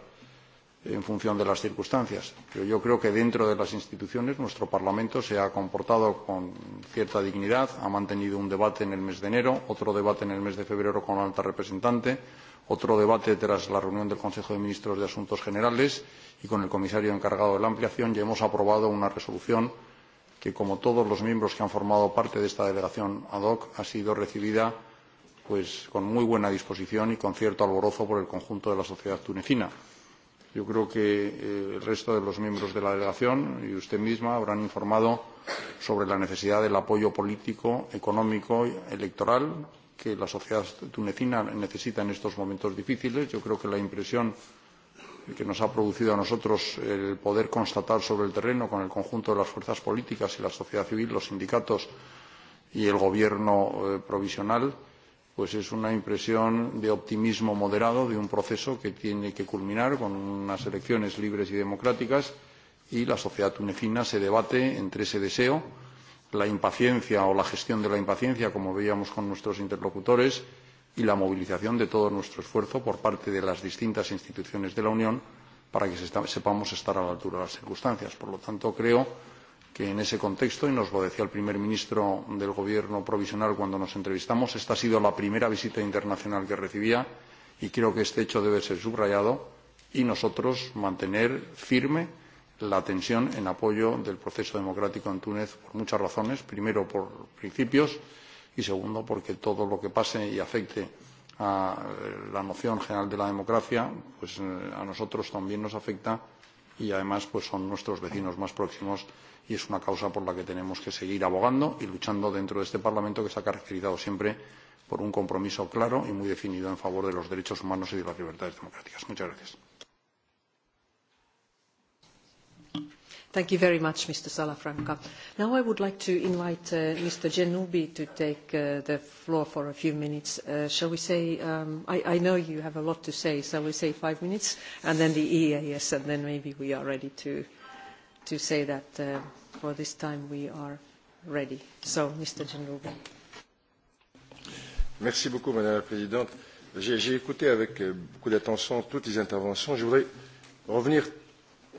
en función de las circunstancias. Pero yo creo que dentro de las instituciones nuestro Parlamento se ha comportado con cierta dignidad, ha mantenido un debate en el mes de enero, otro debate en el mes de febrero con la alta representante, otro debate tras la reunión del Consejo de Ministros de Asuntos Generales y con el comisario encargado de la ampliación ya hemos aprobado una resolución que, como todos los miembros que han formado parte de esta delegación ad hoc, ha sido recibida pues, con muy buena disposición y con cierto alborozo por el conjunto de la sociedad tunecina Yo creo que eh, el resto de los miembros de la delegación y usted misma habrán informado sobre la necesidad del apoyo político, económico, y electoral que la sociedad tunecina necesita en estos momentos difíciles. Yo creo que la impresión que nos ha producido a nosotros el poder constatar sobre el terreno con el conjunto de las fuerzas políticas y la sociedad civil, los sindicatos y el gobierno eh, provisional eh, pues es una impresión de optimismo moderado de un proceso que tiene que culminar con unas elecciones libres y democráticas y la sociedad tunecina se debate entre ese deseo, la impaciencia o la gestión de la impaciencia, como veíamos con nuestros interlocutores, y la movilización de todo nuestro esfuerzo por parte de las distintas instituciones de la Unión para que sepamos estar a la altura de las circunstancias. Por lo tanto, creo que que en ese contexto, y nos lo decía el primer ministro del Gobierno provisional cuando nos entrevistamos, esta ha sido la primera visita internacional que recibía y creo que este hecho debe ser subrayado y nosotros mantener firme la tensión en apoyo del proceso democrático en Túnez por muchas razones. Primero, por principios y segundo, porque todo lo que pase y afecte a la noción general de la democracia, pues eh, a nosotros también nos afecta y además pues son nuestros vecinos más próximos y es una causa por la que tenemos que seguir abogando y luchando dentro de este Parlamento que se ha caracterizado siempre por un compromiso claro y muy definido en favor de los derechos humanos y de las libertades democráticas. Muchas gracias. Thank you very much, Mr. Salafranca. Now I would like to invite uh, Mr. Genubi to take uh, the floor for a few minutes. Uh, shall we say, um, I, I know you have a lot to say, shall we say five minutes, and then the EAS, and then maybe we are ready to, to say that uh, for this time we are ready. So, Mr. Genubi. Merci beaucoup, Madame la Présidente. J'ai écouté avec euh, beaucoup d'attention toutes les interventions. Je voudrais revenir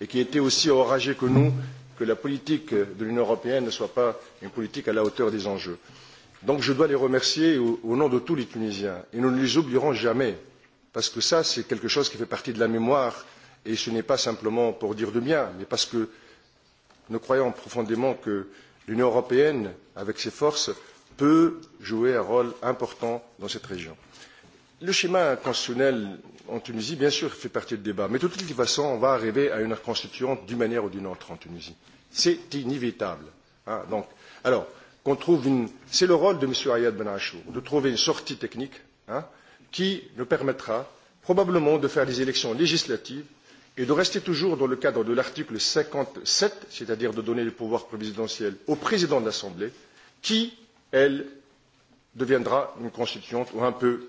et qui étaient aussi enragés que nous que la politique de l'Union européenne ne soit pas une politique à la hauteur des enjeux. Donc je dois les remercier au, au nom de tous les Tunisiens et nous ne les oublierons jamais parce que ça c'est quelque chose qui fait partie de la mémoire et ce n'est pas simplement pour dire du bien mais parce que nous croyons profondément que l'Union européenne avec ses forces peut jouer un rôle important dans cette région le schéma constitutionnel en Tunisie, bien sûr, fait partie du débat, mais de toute façon, on va arriver à une constituante d'une manière ou d'une autre en Tunisie. C'est inévitable. Hein, donc, alors, qu'on trouve une... C'est le rôle de M. Ayad Ben Achour de trouver une sortie technique hein, qui nous permettra probablement de faire des élections législatives et de rester toujours dans le cadre de l'article 57, c'est-à-dire de donner le pouvoir présidentiel au président de l'Assemblée, qui, elle, deviendra une constituante ou un peu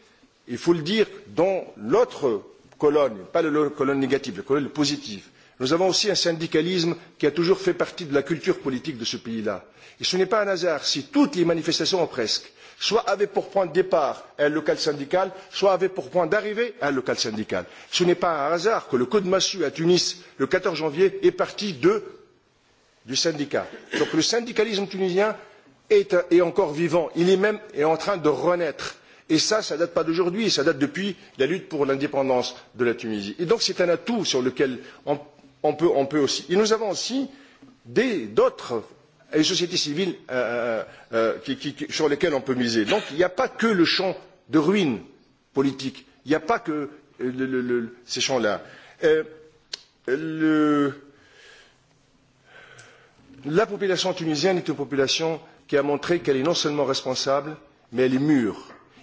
il faut le dire dans l'autre colonne pas la colonne négative la colonne positive nous avons aussi un syndicalisme qui a toujours fait partie de la culture politique de ce pays là et ce n'est pas un hasard si toutes les manifestations ou presque soit avaient pour point de départ un local syndical soit avaient pour point d'arrivée un local syndical. ce n'est pas un hasard que le coup de massue à tunis le quatorze janvier est parti de, du syndicat. donc le syndicalisme tunisien est, est encore vivant il est même est en train de renaître et ça, ça ne date pas d'aujourd'hui, ça date depuis la lutte pour l'indépendance de la Tunisie. Et donc c'est un atout sur lequel on, on, peut, on peut aussi. Et nous avons aussi d'autres et euh, sociétés civiles euh, euh, euh, qui, qui, qui, sur lesquelles on peut miser. Donc il n'y a pas que le champ de ruines politiques, Il n'y a pas que euh, le, le, le, ces champs-là. Euh, le... La population tunisienne est une population qui a montré qu'elle est non seulement responsable, mais elle est mûre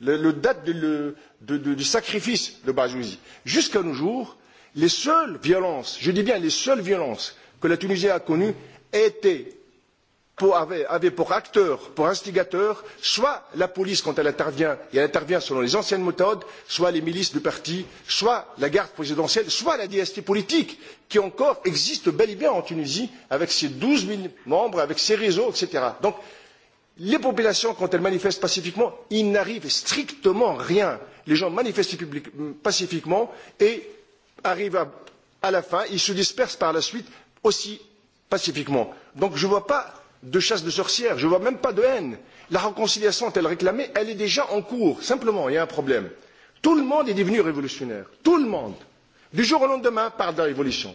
le, le date de, le, de, de, du sacrifice de Bajouzi. Jusqu'à nos jours, les seules violences, je dis bien les seules violences que la Tunisie a connues étaient pour, avait, avait pour acteur, pour instigateur, soit la police quand elle intervient, et elle intervient selon les anciennes méthodes, soit les milices du parti, soit la garde présidentielle, soit la dynastie politique, qui encore existe bel et bien en Tunisie, avec ses 12 000 membres, avec ses réseaux, etc. Donc les populations, quand elles manifestent pacifiquement, il n'arrive strictement rien. Les gens manifestent public, pacifiquement et arrivent à, à la fin, ils se dispersent par la suite aussi pacifiquement. Donc je ne vois pas de chasse de sorcières, je ne vois même pas de haine. La réconciliation telle réclamée, elle est déjà en cours. Simplement, il y a un problème. Tout le monde est devenu révolutionnaire. Tout le monde. Du jour au lendemain, par de la révolution.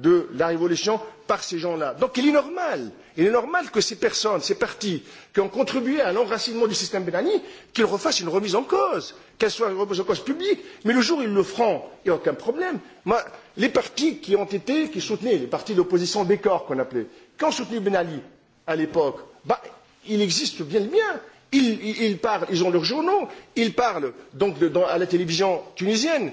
de la révolution par ces gens là. donc il est normal il est normal que ces personnes ces partis qui ont contribué à l'enracinement du système benani qu'ils refassent une remise en cause qu'elle soit une remise en cause publique mais le jour où ils le feront il n'y a aucun problème. Moi, les partis qui ont été qui soutenaient les partis d'opposition décor qu'on appelait qui ont soutenu ben ali à l'époque bah, il existe bien le bien ils, ils, ils parlent ils ont leurs journaux ils parlent donc de, dans, à la télévision tunisienne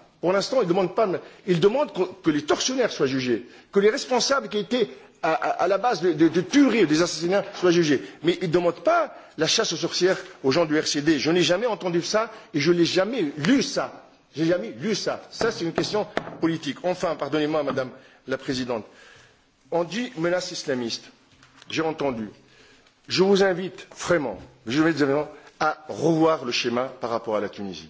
Pour l'instant, ils demandent pas, ils demandent que les tortionnaires soient jugés, que les responsables qui étaient à, à, à la base de, de, de tueries ou des assassinats soient jugés. Mais ils ne demandent pas la chasse aux sorcières aux gens du RCD. Je n'ai jamais entendu ça et je n'ai jamais lu ça. J'ai jamais lu ça. Ça, c'est une question politique. Enfin, pardonnez-moi, Madame la Présidente. On dit menace islamiste. J'ai entendu. Je vous invite vraiment, je vais dire vraiment, à revoir le schéma par rapport à la Tunisie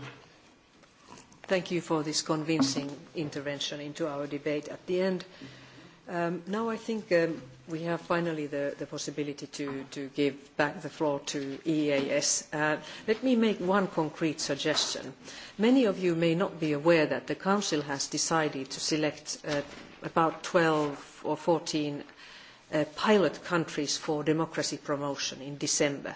Thank you for this convincing intervention into our debate at the end. Um, now I think um, we have finally the, the possibility to, to, give back the floor to EAS. Uh, let me make one concrete suggestion. Many of you may not be aware that the Council has decided to select uh, about 12 or 14 uh, pilot countries for democracy promotion in December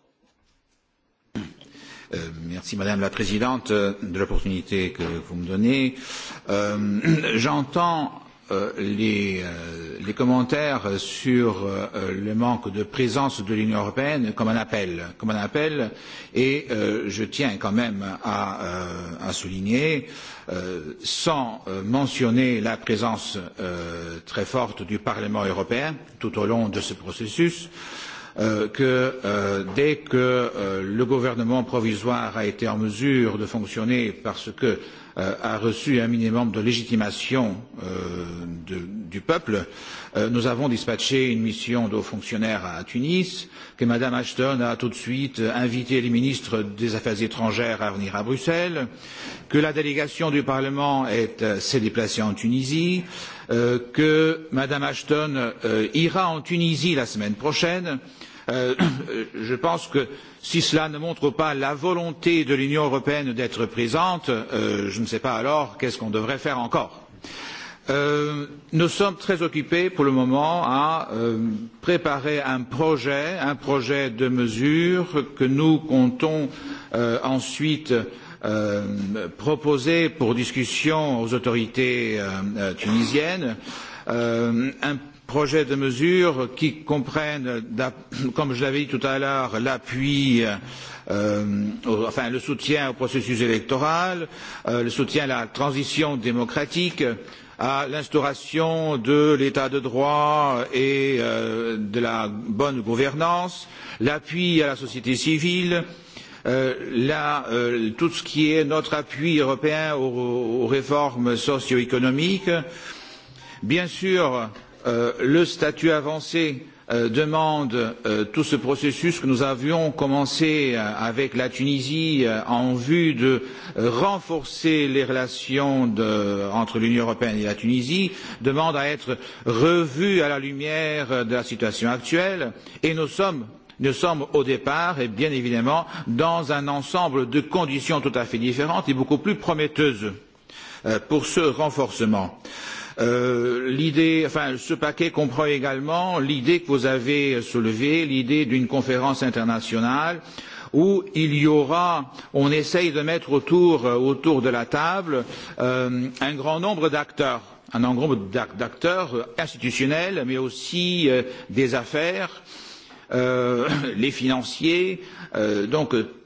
Euh, merci Madame la Présidente euh, de l'opportunité que vous me donnez. Euh, *clears throat* J'entends euh, les, euh, les commentaires sur euh, le manque de présence de l'Union européenne comme un appel, comme un appel, et euh, je tiens quand même à, euh, à souligner euh, sans euh, mentionner la présence euh, très forte du Parlement européen tout au long de ce processus, euh, Euh, que euh, dès que euh, le gouvernement provisoire a été en mesure de fonctionner parce que euh, a reçu un minimum de légitimation euh, de, du peuple. Euh, nous avons dispatché une mission de hauts fonctionnaires à Tunis, que Mme Ashton a tout de suite euh, invité les ministres des Affaires étrangères à venir à Bruxelles, que la délégation du Parlement euh, s'est déplacée en Tunisie, euh, que Mme Ashton ira en Tunisie la semaine prochaine, euh, Euh, *clears throat* je pense que si cela ne montre pas la volonté de l'Union européenne d'être présente, euh, je ne sais pas alors qu'est-ce qu'on devrait faire encore. Euh, nous sommes très occupés pour le moment à préparer un projet, un projet de mesures que nous comptons ensuite proposer pour discussion aux autorités tunisiennes. un projet de mesure qui comprenne *clears throat* comme je l'avais dit tout à l'heure l'appui euh, enfin le soutien au processus électoral euh, le soutien à la transition démocratique à l'instauration de l'état de droit et euh, de la bonne gouvernance l'appui à la société civile euh, la, euh, tout ce qui est notre appui européen aux, aux réformes socio économiques bien sûr euh, Euh, le statut avancé euh, demande euh, tout ce processus que nous avions commencé euh, avec la Tunisie euh, en vue de euh, renforcer les relations de, entre l'Union européenne et la Tunisie demande à être revu à la lumière euh, de la situation actuelle et nous sommes nous sommes au départ et bien évidemment dans un ensemble de conditions tout à fait différentes et beaucoup plus prometteuses pour ce renforcement. Euh, Euh, l'idée, enfin, ce paquet comprend également l'idée que vous avez soulevée, l'idée d'une conférence internationale où il y aura, on essaye de mettre autour, euh, autour de la table euh, un grand nombre d'acteurs un nombre d'acteurs euh, institutionnels, mais aussi euh, des affaires, euh, *laughs* les financiers, euh, donc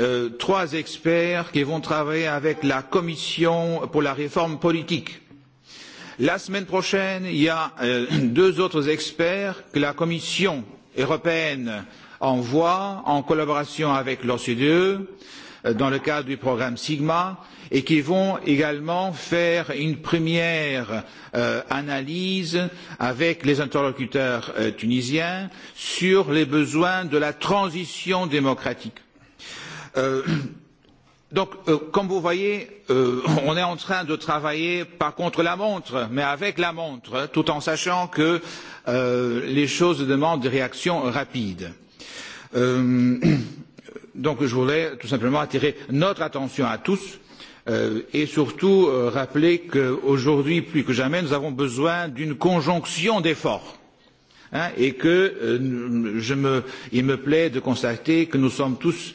Euh, trois experts qui vont travailler avec la Commission pour la réforme politique. La semaine prochaine, il y a euh, *clears throat* deux autres experts que la Commission européenne envoie en collaboration avec l'OCDE euh, dans le cadre du programme Sigma et qui vont également faire une première euh, analyse avec les interlocuteurs euh, tunisiens sur les besoins de la transition démocratique Euh, donc, euh, comme vous voyez, euh, on est en train de travailler pas contre la montre, mais avec la montre, tout en sachant que euh, les choses demandent des réactions rapides. Euh, donc, je voulais tout simplement attirer notre attention à tous euh, et surtout euh, rappeler qu'aujourd'hui, plus que jamais, nous avons besoin d'une conjonction d'efforts hein, et que euh, je me, il me plaît de constater que nous sommes tous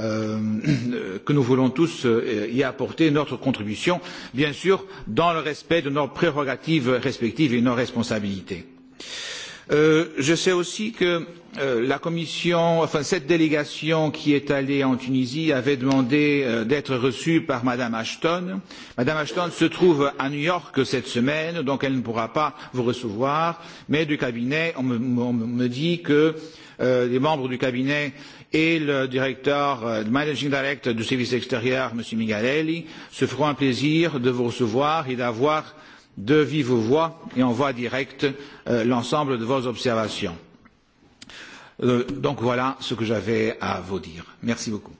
Euh, *clears throat* que nous voulons tous euh, y apporter notre contribution, bien sûr dans le respect de nos prérogatives respectives et de nos responsabilités. Euh, je sais aussi que euh, la commission, enfin cette délégation qui est allée en Tunisie avait demandé euh, d'être reçue par Madame Ashton. Madame Ashton se trouve à New York cette semaine, donc elle ne pourra pas vous recevoir, mais du cabinet, on me, on me dit que euh, les membres du cabinet et le directeur, euh, le managing director du service extérieur, M. Migarelli, se feront un plaisir de vous recevoir et d'avoir de vive voix et en voix directe euh, l'ensemble de vos observations. Euh, donc voilà ce que j'avais à vous dire. Merci beaucoup.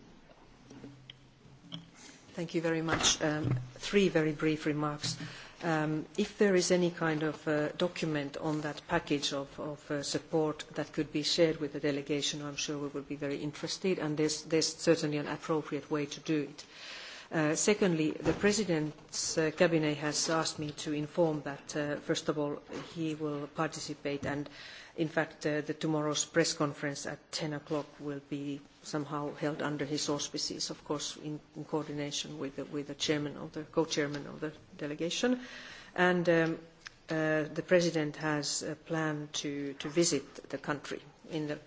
Thank you very much. Um, three very brief remarks. Um, if there is any kind of uh, document on that package of, of uh, support that could be shared with the delegation, I'm sure we would be very interested, and there's, there's certainly an appropriate way to do it. Uh, secondly, the President's uh, Cabinet has asked me to inform that, uh, first of all, he will participate, and in fact, uh, the tomorrow's press conference at 10 o'clock will be somehow held under his auspices, of course, in, in coordination with the, with the chairman of the co-chairman of the delegation. And um, uh, the president has a plan to, to visit the country in the,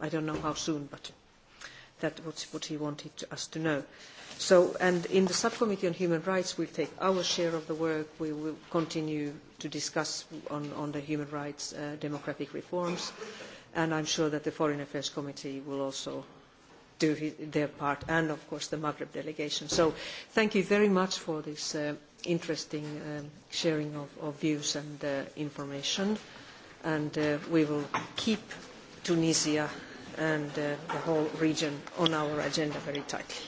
I don't know how soon, but that was what he wanted to, us to know. So, and in the subcommittee on human rights, we'll take our share of the work. We will continue to discuss on, on the human rights, uh, democratic reforms, and I'm sure that the Foreign Affairs Committee will also do their part, and of course the Maghreb delegation. So thank you very much for this uh, interesting um, sharing of, of, views and uh, information. And uh, we will keep Tunisia and uh, the whole region on our agenda very tightly.